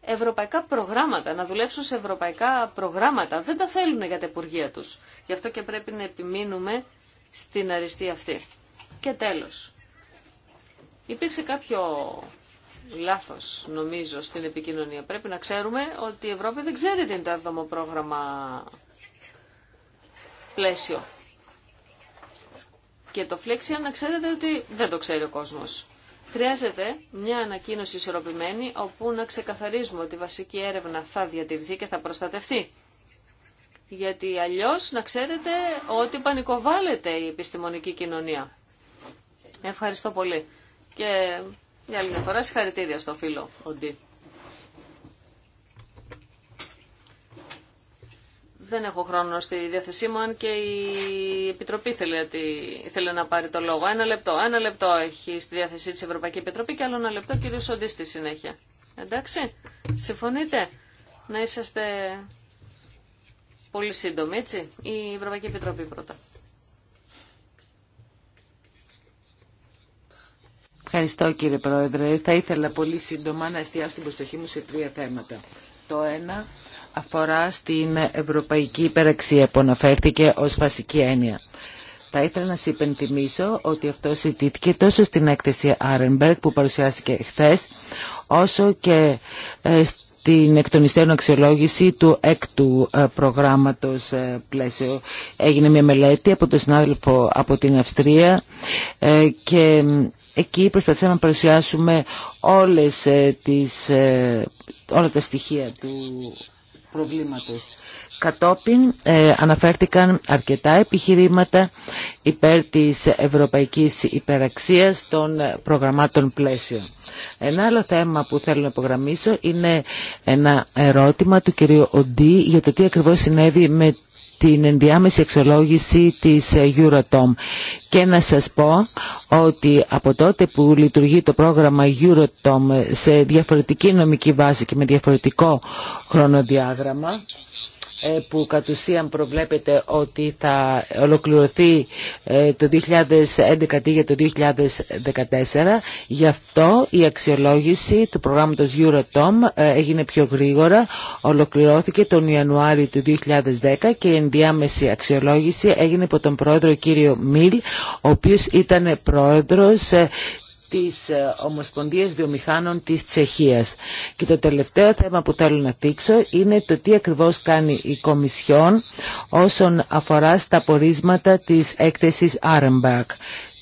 ευρωπαϊκά προγράμματα, να δουλέψουν σε ευρωπαϊκά προγράμματα. Δεν τα θέλουν για τα υπουργεία τους. Γι' αυτό και πρέπει να επιμείνουμε στην αριστεία αυτή. Και τέλος, υπήρξε κάποιο λάθος νομίζω στην επικοινωνία. Πρέπει να ξέρουμε ότι η Ευρώπη δεν ξέρει τι είναι το πρόγραμμα πλαίσιο. Και το Flexia να ξέρετε ότι δεν το ξέρει ο κόσμος. Χρειάζεται μια ανακοίνωση ισορροπημένη όπου να ξεκαθαρίζουμε ότι η βασική έρευνα θα διατηρηθεί και θα προστατευτεί γιατί αλλιώς να ξέρετε ότι πανικοβάλλεται η επιστημονική κοινωνία. Ευχαριστώ πολύ. Και για άλλη φορά συγχαρητήρια στο φίλο Οντί. Δεν έχω χρόνο στη διάθεσή μου, αν και η Επιτροπή θέλει, να πάρει το λόγο. Ένα λεπτό. Ένα λεπτό έχει στη διάθεσή της Ευρωπαϊκή Επιτροπή και άλλο ένα λεπτό κύριο Σοντή στη συνέχεια. Εντάξει, συμφωνείτε να είσαστε Πολύ σύντομη, έτσι. Η Ευρωπαϊκή Επιτροπή πρώτα. Ευχαριστώ κύριε Πρόεδρε. Θα ήθελα πολύ σύντομα να εστιάσω την προσοχή μου σε τρία θέματα. Το ένα αφορά στην ευρωπαϊκή υπεραξία που αναφέρθηκε ως βασική έννοια. Θα ήθελα να σα υπενθυμίσω ότι αυτό συζητήθηκε τόσο στην έκθεση Άρενμπεργκ που παρουσιάστηκε χθε, όσο και ε, την εκ αξιολόγηση του έκτου ε, προγράμματος ε, πλαίσιο. Έγινε μια μελέτη από τον συνάδελφο από την Αυστρία ε, και εκεί προσπαθήσαμε να παρουσιάσουμε όλες τις, όλα τα στοιχεία του προβλήματος. Κατόπιν αναφέρθηκαν αρκετά επιχειρήματα υπέρ της ευρωπαϊκής υπεραξίας των προγραμμάτων πλαίσιο. Ένα άλλο θέμα που θέλω να υπογραμμίσω είναι ένα ερώτημα του κυρίου Οντί για το τι ακριβώς συνέβη με την ενδιάμεση εξολόγηση της Eurotom. Και να σας πω ότι από τότε που λειτουργεί το πρόγραμμα Eurotom σε διαφορετική νομική βάση και με διαφορετικό χρονοδιάγραμμα, ε, που κατ' ουσίαν προβλέπεται ότι θα ολοκληρωθεί ε, το 2011 για το 2014. Γι' αυτό η αξιολόγηση του προγράμματος EuroTOM ε, έγινε πιο γρήγορα, ολοκληρώθηκε τον Ιανουάριο του 2010 και η ενδιάμεση αξιολόγηση έγινε από τον πρόεδρο κύριο Μιλ, ο οποίος ήταν πρόεδρος της ε, Ομοσπονδίας Βιομηχάνων της Τσεχίας. Και το τελευταίο θέμα που θέλω να δείξω είναι το τι ακριβώς κάνει η Κομισιόν όσον αφορά στα πορίσματα της έκθεσης Άρεμπακ.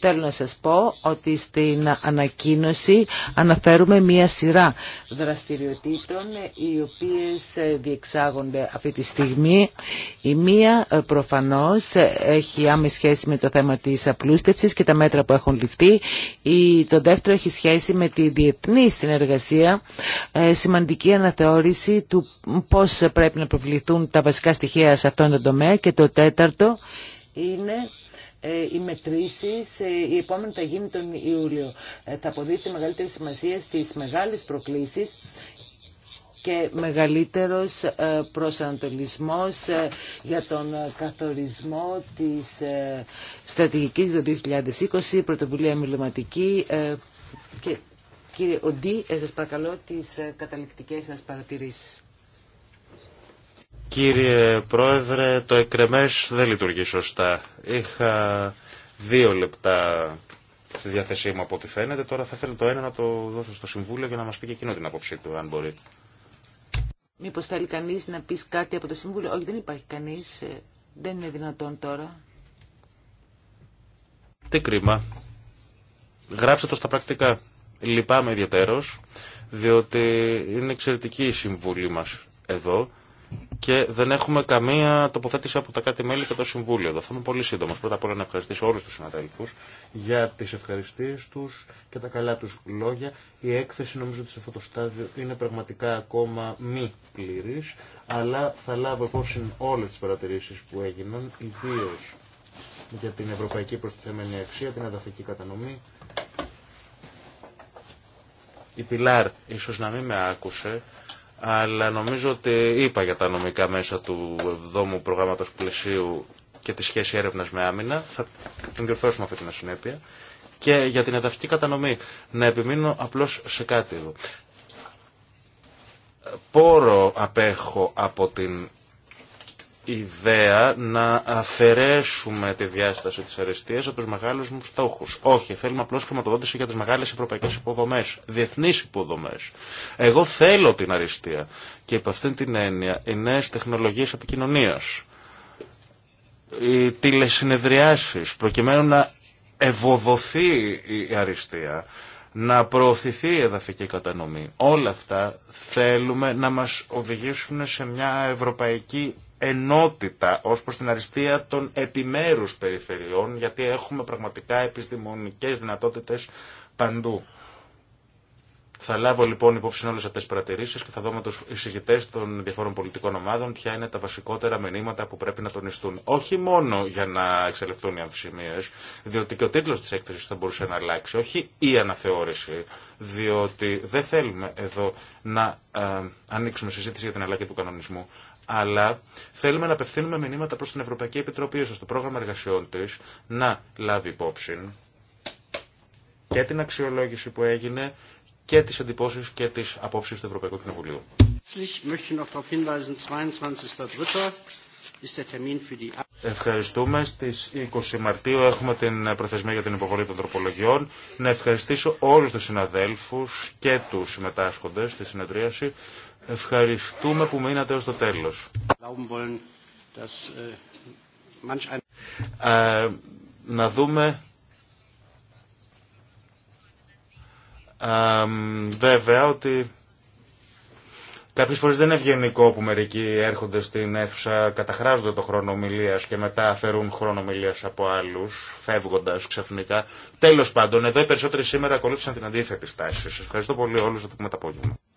Θέλω να σας πω ότι στην ανακοίνωση αναφέρουμε μία σειρά δραστηριοτήτων οι οποίες διεξάγονται αυτή τη στιγμή. Η μία ε, προφανώς έχει άμεση σχέση με το θέμα της απλούστευσης και τα μέτρα που έχουν ληφθεί. Το δεύτερο έχει σχέση με τη διεθνή συνεργασία, ε, σημαντική αναθεώρηση του πώς πρέπει να προβληθούν τα βασικά στοιχεία σε αυτόν τον τομέα και το τέταρτο είναι ε, οι μετρήσεις, ε, η επόμενη θα γίνει τον Ιούλιο. Ε, θα αποδείτε μεγαλύτερη σημασία στι μεγάλες προκλήσεις και μεγαλύτερος προσανατολισμός για τον καθορισμό της στρατηγικής του 2020, πρωτοβουλία μιλωματική και κύριε Οντί, σας παρακαλώ τις καταληκτικές σας παρατηρήσεις. Κύριε Πρόεδρε, το εκρεμές δεν λειτουργεί σωστά. Είχα δύο λεπτά στη διάθεσή μου από ό,τι φαίνεται. Τώρα θα ήθελα το ένα να το δώσω στο Συμβούλιο για να μας πει και εκείνο την άποψή του, αν μπορεί. Μήπως θέλει κανείς να πει κάτι από το Συμβούλιο. Όχι, δεν υπάρχει κανείς. Ε, δεν είναι δυνατόν τώρα. Τι κρίμα. Γράψτε το στα πρακτικά. Λυπάμαι ιδιαίτερος, διότι είναι εξαιρετική η συμβουλή μας εδώ και δεν έχουμε καμία τοποθέτηση από τα κάτι μελη και το Συμβούλιο. θα είμαι πολύ σύντομο. Πρώτα απ' όλα να ευχαριστήσω όλου του συναδέλφου για τι ευχαριστίε του και τα καλά του λόγια. Η έκθεση νομίζω ότι σε αυτό το στάδιο είναι πραγματικά ακόμα μη πλήρη, αλλά θα λάβω υπόψη όλε τι παρατηρήσει που έγιναν, ιδίω για την ευρωπαϊκή προστιθέμενη αξία, την εδαφική κατανομή. Η Πιλάρ ίσως να μην με άκουσε, αλλά νομίζω ότι είπα για τα νομικά μέσα του 7ου προγράμματο και τη σχέση έρευνα με άμυνα. Θα την διορθώσουμε αυτή την ασυνέπεια. Και για την εδαφική κατανομή. Να επιμείνω απλώ σε κάτι εδώ. Πόρο απέχω από την ιδέα να αφαιρέσουμε τη διάσταση της αριστείας από τους μεγάλους μου στόχους. Όχι, θέλουμε απλώς χρηματοδότηση για τις μεγάλες ευρωπαϊκές υποδομές, διεθνείς υποδομές. Εγώ θέλω την αριστεία και υπ' αυτήν την έννοια οι νέες τεχνολογίες επικοινωνίας, οι τηλεσυνεδριάσεις, προκειμένου να ευωδοθεί η αριστεία, να προωθηθεί η εδαφική κατανομή. Όλα αυτά θέλουμε να μας οδηγήσουν σε μια ευρωπαϊκή ενότητα ως προς την αριστεία των επιμέρους περιφερειών, γιατί έχουμε πραγματικά επιστημονικές δυνατότητες παντού. Θα λάβω λοιπόν υπόψη όλες αυτές τι παρατηρήσεις και θα δω με του εισηγητέ των διαφόρων πολιτικών ομάδων ποια είναι τα βασικότερα μηνύματα που πρέπει να τονιστούν. Όχι μόνο για να εξελιχθούν οι αμφισημίε, διότι και ο τίτλο τη έκθεσης θα μπορούσε να αλλάξει. Όχι η αναθεώρηση, διότι δεν θέλουμε εδώ να ε, ανοίξουμε συζήτηση για την αλλαγή του κανονισμού αλλά θέλουμε να απευθύνουμε μηνύματα προς την Ευρωπαϊκή Επιτροπή, ώστε το πρόγραμμα εργασιών τη, να λάβει υπόψη και την αξιολόγηση που έγινε και τις εντυπώσεις και τις απόψεις του Ευρωπαϊκού Κοινοβουλίου. Ευχαριστούμε. Στις 20 Μαρτίου έχουμε την προθεσμία για την υποβολή των τροπολογιών. Να ευχαριστήσω όλους τους συναδέλφους και τους συμμετάσχοντες στη συνεδρίαση. Ευχαριστούμε που μείνατε ως το τέλος. Äh, ε, να δούμε βέβαια ότι κάποιες φορές δεν είναι ευγενικό που μερικοί έρχονται στην αίθουσα, καταχράζονται το χρόνο ομιλίας και μετά αφαιρούν χρόνο ομιλίας από άλλους, φεύγοντας ξαφνικά. Τέλος πάντων, εδώ οι περισσότεροι σήμερα ακολούθησαν την αντίθετη στάση. Σας ευχαριστώ πολύ όλου. Θα το πούμε το απόγευμα.